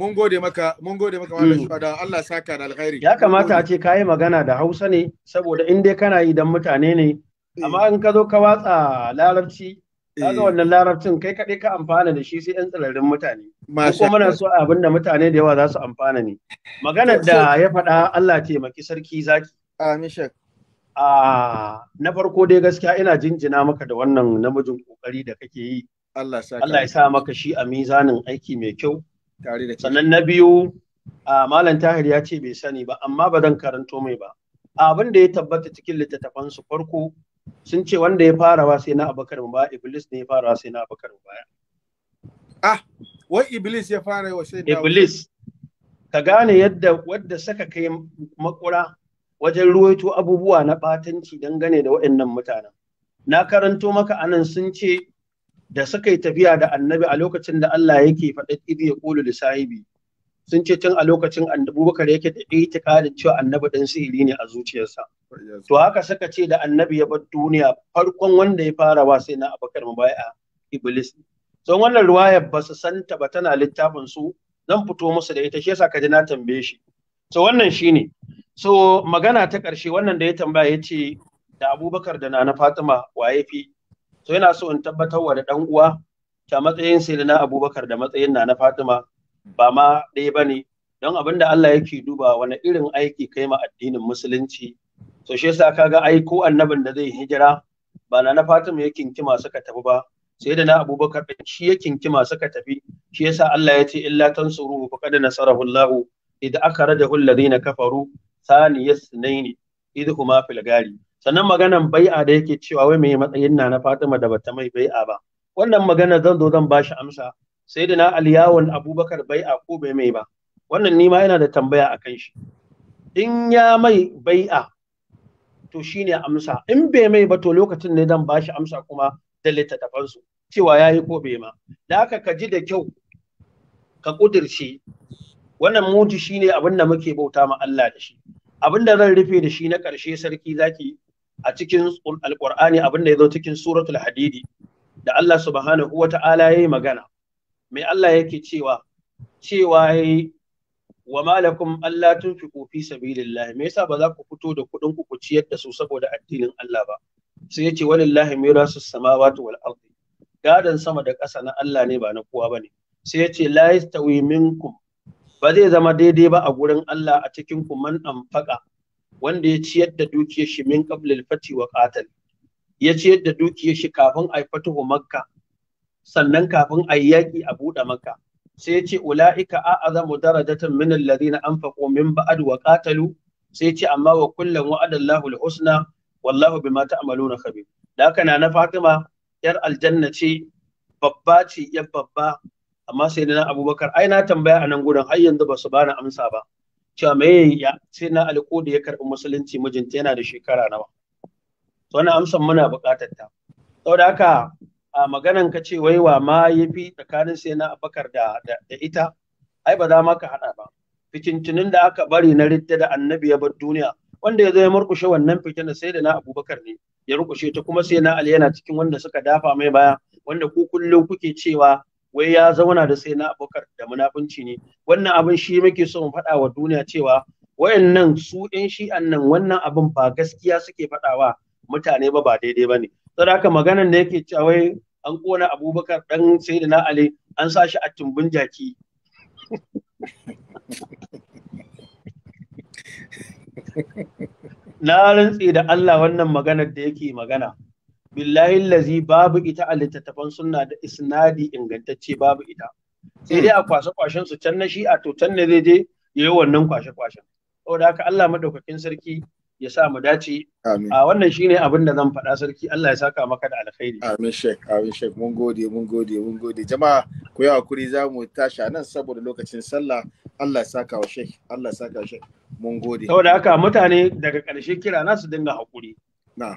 mun gode maka mun gode maka wannan hmm. shada Allah saka da alkhairi ya kamata a ce kayi magana da Hausa ne saboda in dai kana yi dan mutane ne hmm. amma in ka zo ka watsa larabci kaga hmm. wannan larabcin kai kaɗai ka amfana da shi sai yan tsirarin mutane ko muna so abinda mutane da yawa za su amfana ne maganar da ya faɗa Allah taimaki sarki zaki Amin Ah, na farko dai gaskiya ina jinjina maka da wannan namijin kokari da kake yi. Allah ya sa maka shi a mizanin aiki mai kyau. Sannan na biyu Malam Tahir ya ce bai sani ba amma ba zan karanto mai ba. Abin da ya tabbata cikin littattafan su farko sun ce wanda ya wa sai na Abubakar ba Iblis ne ya wa sai na Abubakar baya. Ah, wai Iblis ya fara wa sai Iblis. Ka gane yadda wadda saka kai makura wajen ruwaito abubuwa na ɓatanci dangane da waɗannan mutanen. Na karanto maka anan sun ce da suka yi tafiya da annabi a lokacin da Allah yake faɗa idi ya ƙulu da sahibi sun ce tun a lokacin Bakar yake da da cewa annabi ɗan sihiri ne a zuciyarsa. To haka suka ce da annabi ya bar duniya farkon wanda ya fara wa sai na Abubakar mubai'a Iblis. son wannan ruwayar ba su santa ba tana littafin su zan fito musu da ita shi yasa ka ji na tambaye shi. so wannan shi ne. so magana ta ƙarshe wannan da ya tambaya ya ce da abubakar da nana fatima waye fi so yana so in tabbatar wa da ɗan uwa ta matsayin selina abubakar da matsayin nana fatima ba ma ɗaya ba ne don abin da Allah yake duba wani irin aiki kai ma addinin musulunci so shi yasa kaga ai ko annabin da zai hijira ba nana Fatima ya kinkima suka tafi ba sai da na Abubakar shi ya kinkima suka tafi shi yasa Allah ya ce illa tansuru da nasarahu Allahu aka idh akhrajahu alladhina kafaru ya sinai ne idan kuma filgari sannan maganan bai'a da yake cewa wai mai matsayin na na Fatima da bata mai bai'a ba wannan magana zan zo zan bashi amsa sai da na aliyawun abubakar bai'a ko bai mai ba wannan nima yana da tambaya a kan shi in ya mai bai'a to shine amsa in bai mai ba to lokacin ne zan bashi amsa kuma da littattafansu cewa ya yi ko bai ma da aka ka ji da kyau ka kudirce wannan muji ne abin da muke bauta ma Allah da shi abin da zan rufe da shi na ƙarshe sarki zaki a cikin alƙur'ani abin da ya zo cikin suratul hadidi da Allah subhanahu wa ta'ala yayi magana mai Allah yake cewa cewa yi wa malakum Allah tun fi sabilillah me yasa ba za ku fito da kuɗin ku ku ciyar da su saboda addinin Allah ba sai yace walillahi mirasu samawati wal ardi Gadon sama da ƙasa na Allah ne ba na kowa bane sai yace la yastawi minkum ba zai zama daidai ba a gurin Allah a cikin ku man amfaka. wanda ya ciyar da dukiyar shi min qablil fati wa qatal ya ciyar da dukiyar shi kafin a fatuhu makka sannan kafin a yaƙi a buɗe makka sai ya ce ula'ika a'azamu darajatan min alladhina anfaqu min ba'd wa qatalu sai ya ce amma wa kullan wa'ada Allahu al-husna wallahu bima ta'maluna khabir da haka na Fatima yar aljanna ce babba ce yar babba amma sai na abubakar ai na tambaya a nan gurin ai yanzu ba su bani amsa ba cewa me ya sai na aliko da ya karɓi musulunci mijinta yana da shekara nawa to wannan amsan muna buƙatar ta saboda haka a maganan ka ce wai wa ma yafi tsakanin sai na abubakar da da ita ai ba za ma ka haɗa ba fitintunin da aka bari na ridda da annabi ya bar duniya wanda ya zo ya murkushe wannan fitina sai da na abubakar ne ya rukushe ta kuma sai na ali yana cikin wanda suka dafa mai baya wanda ku kullum kuke cewa wai ya zauna da sai na abokar da munafunci ne wannan abin shi muke so mu faɗa wa duniya cewa wayannan su ɗin shi nan wannan abin ba gaskiya suke faɗawa mutane ba ba daidai ba ne saboda haka maganan da yake cewa wai an kona abubakar ɗan sai da na ali an sa shi a tumbin jaki na rantse da Allah wannan maganar da yake magana billahi lazi babu ita a littattafan sunna da isnadi ingantacce babu ita sai dai a kwashe kwashen su can na shi a to can ne zai je ya yi wannan kwashe kwashen saboda haka Allah madaukakin sarki ya sa mu dace a wannan shine abin da zan faɗa sarki Allah ya saka maka da alkhairi amin Sheikh. amin Sheikh. mun gode mun gode mun gode jama'a ku yi hakuri za mu tashi a nan saboda lokacin sallah Allah ya saka wa Sheikh. Allah ya saka wa Sheikh. mun gode saboda haka mutane daga ƙarshe kira nasu su dinga hakuri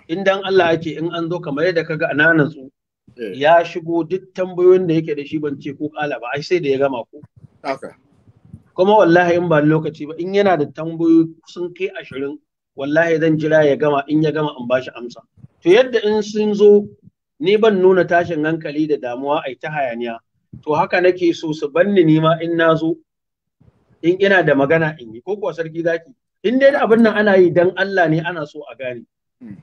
in dan Allah yake in an zo kamar yadda kaga ananan su eh. ya shigo duk tambayoyin da yake da shi ban ce ko kala ba ai sai da ya gama ko kuma wallahi in ba lokaci ba in yana da tambayoyi sun kai ashirin wallahi zan jira ya gama in ya gama in bashi amsa to yadda in sun zo ni ban nuna tashin hankali da damuwa ai ta hayaniya to haka nake so su banni ni ma in na in ina da magana in yi ko kuwa sarki zaki in dai abin nan ana yi dan Allah ne ana so a gane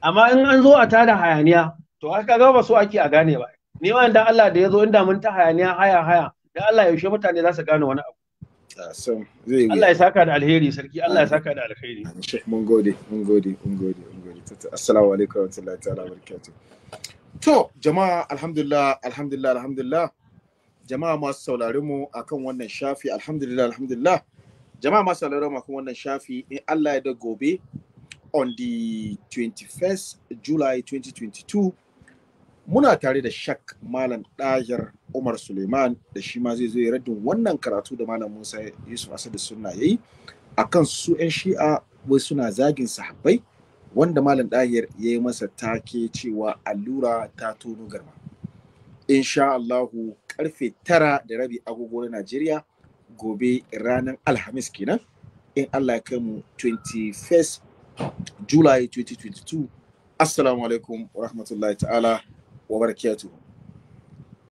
amma in an zo a tada hayaniya to haka ga ba so ake a gane ba ni ma dan Allah da ya zo inda mun ta hayaniya haya haya dan Allah yaushe mutane za su gane wani abu ah, Allah ya saka da alheri sarki Allah ya saka da alheri mun gode mun gode mun gode mun gode assalamu alaikum wa rahmatullahi ta'ala barakatuh to jama'a alhamdulillah alhamdulillah alhamdulillah jama'a masu sauraron mu akan wannan shafi alhamdulillah alhamdulillah jama'a masu sauraron mu akan wannan shafi in Allah ya da gobe on the 21st July 2022 muna tare da shak malam ɗajar Umar Suleiman da shi ma zai zai raddin wannan karatu da malam Musa Yusuf Asad Sunna yayi akan su 'yan shi'a wai suna zagin sahabbai wanda malam ɗahir yayi yi masa take cewa allura ta tono garma insha Allahu karfe tara da rabi agogo na Najeriya gobe ranar Alhamis kenan in Allah ya kai mu 21st July 2022. Assalamu alaikum wa rahmatullahi ta'ala wa barakatuhu.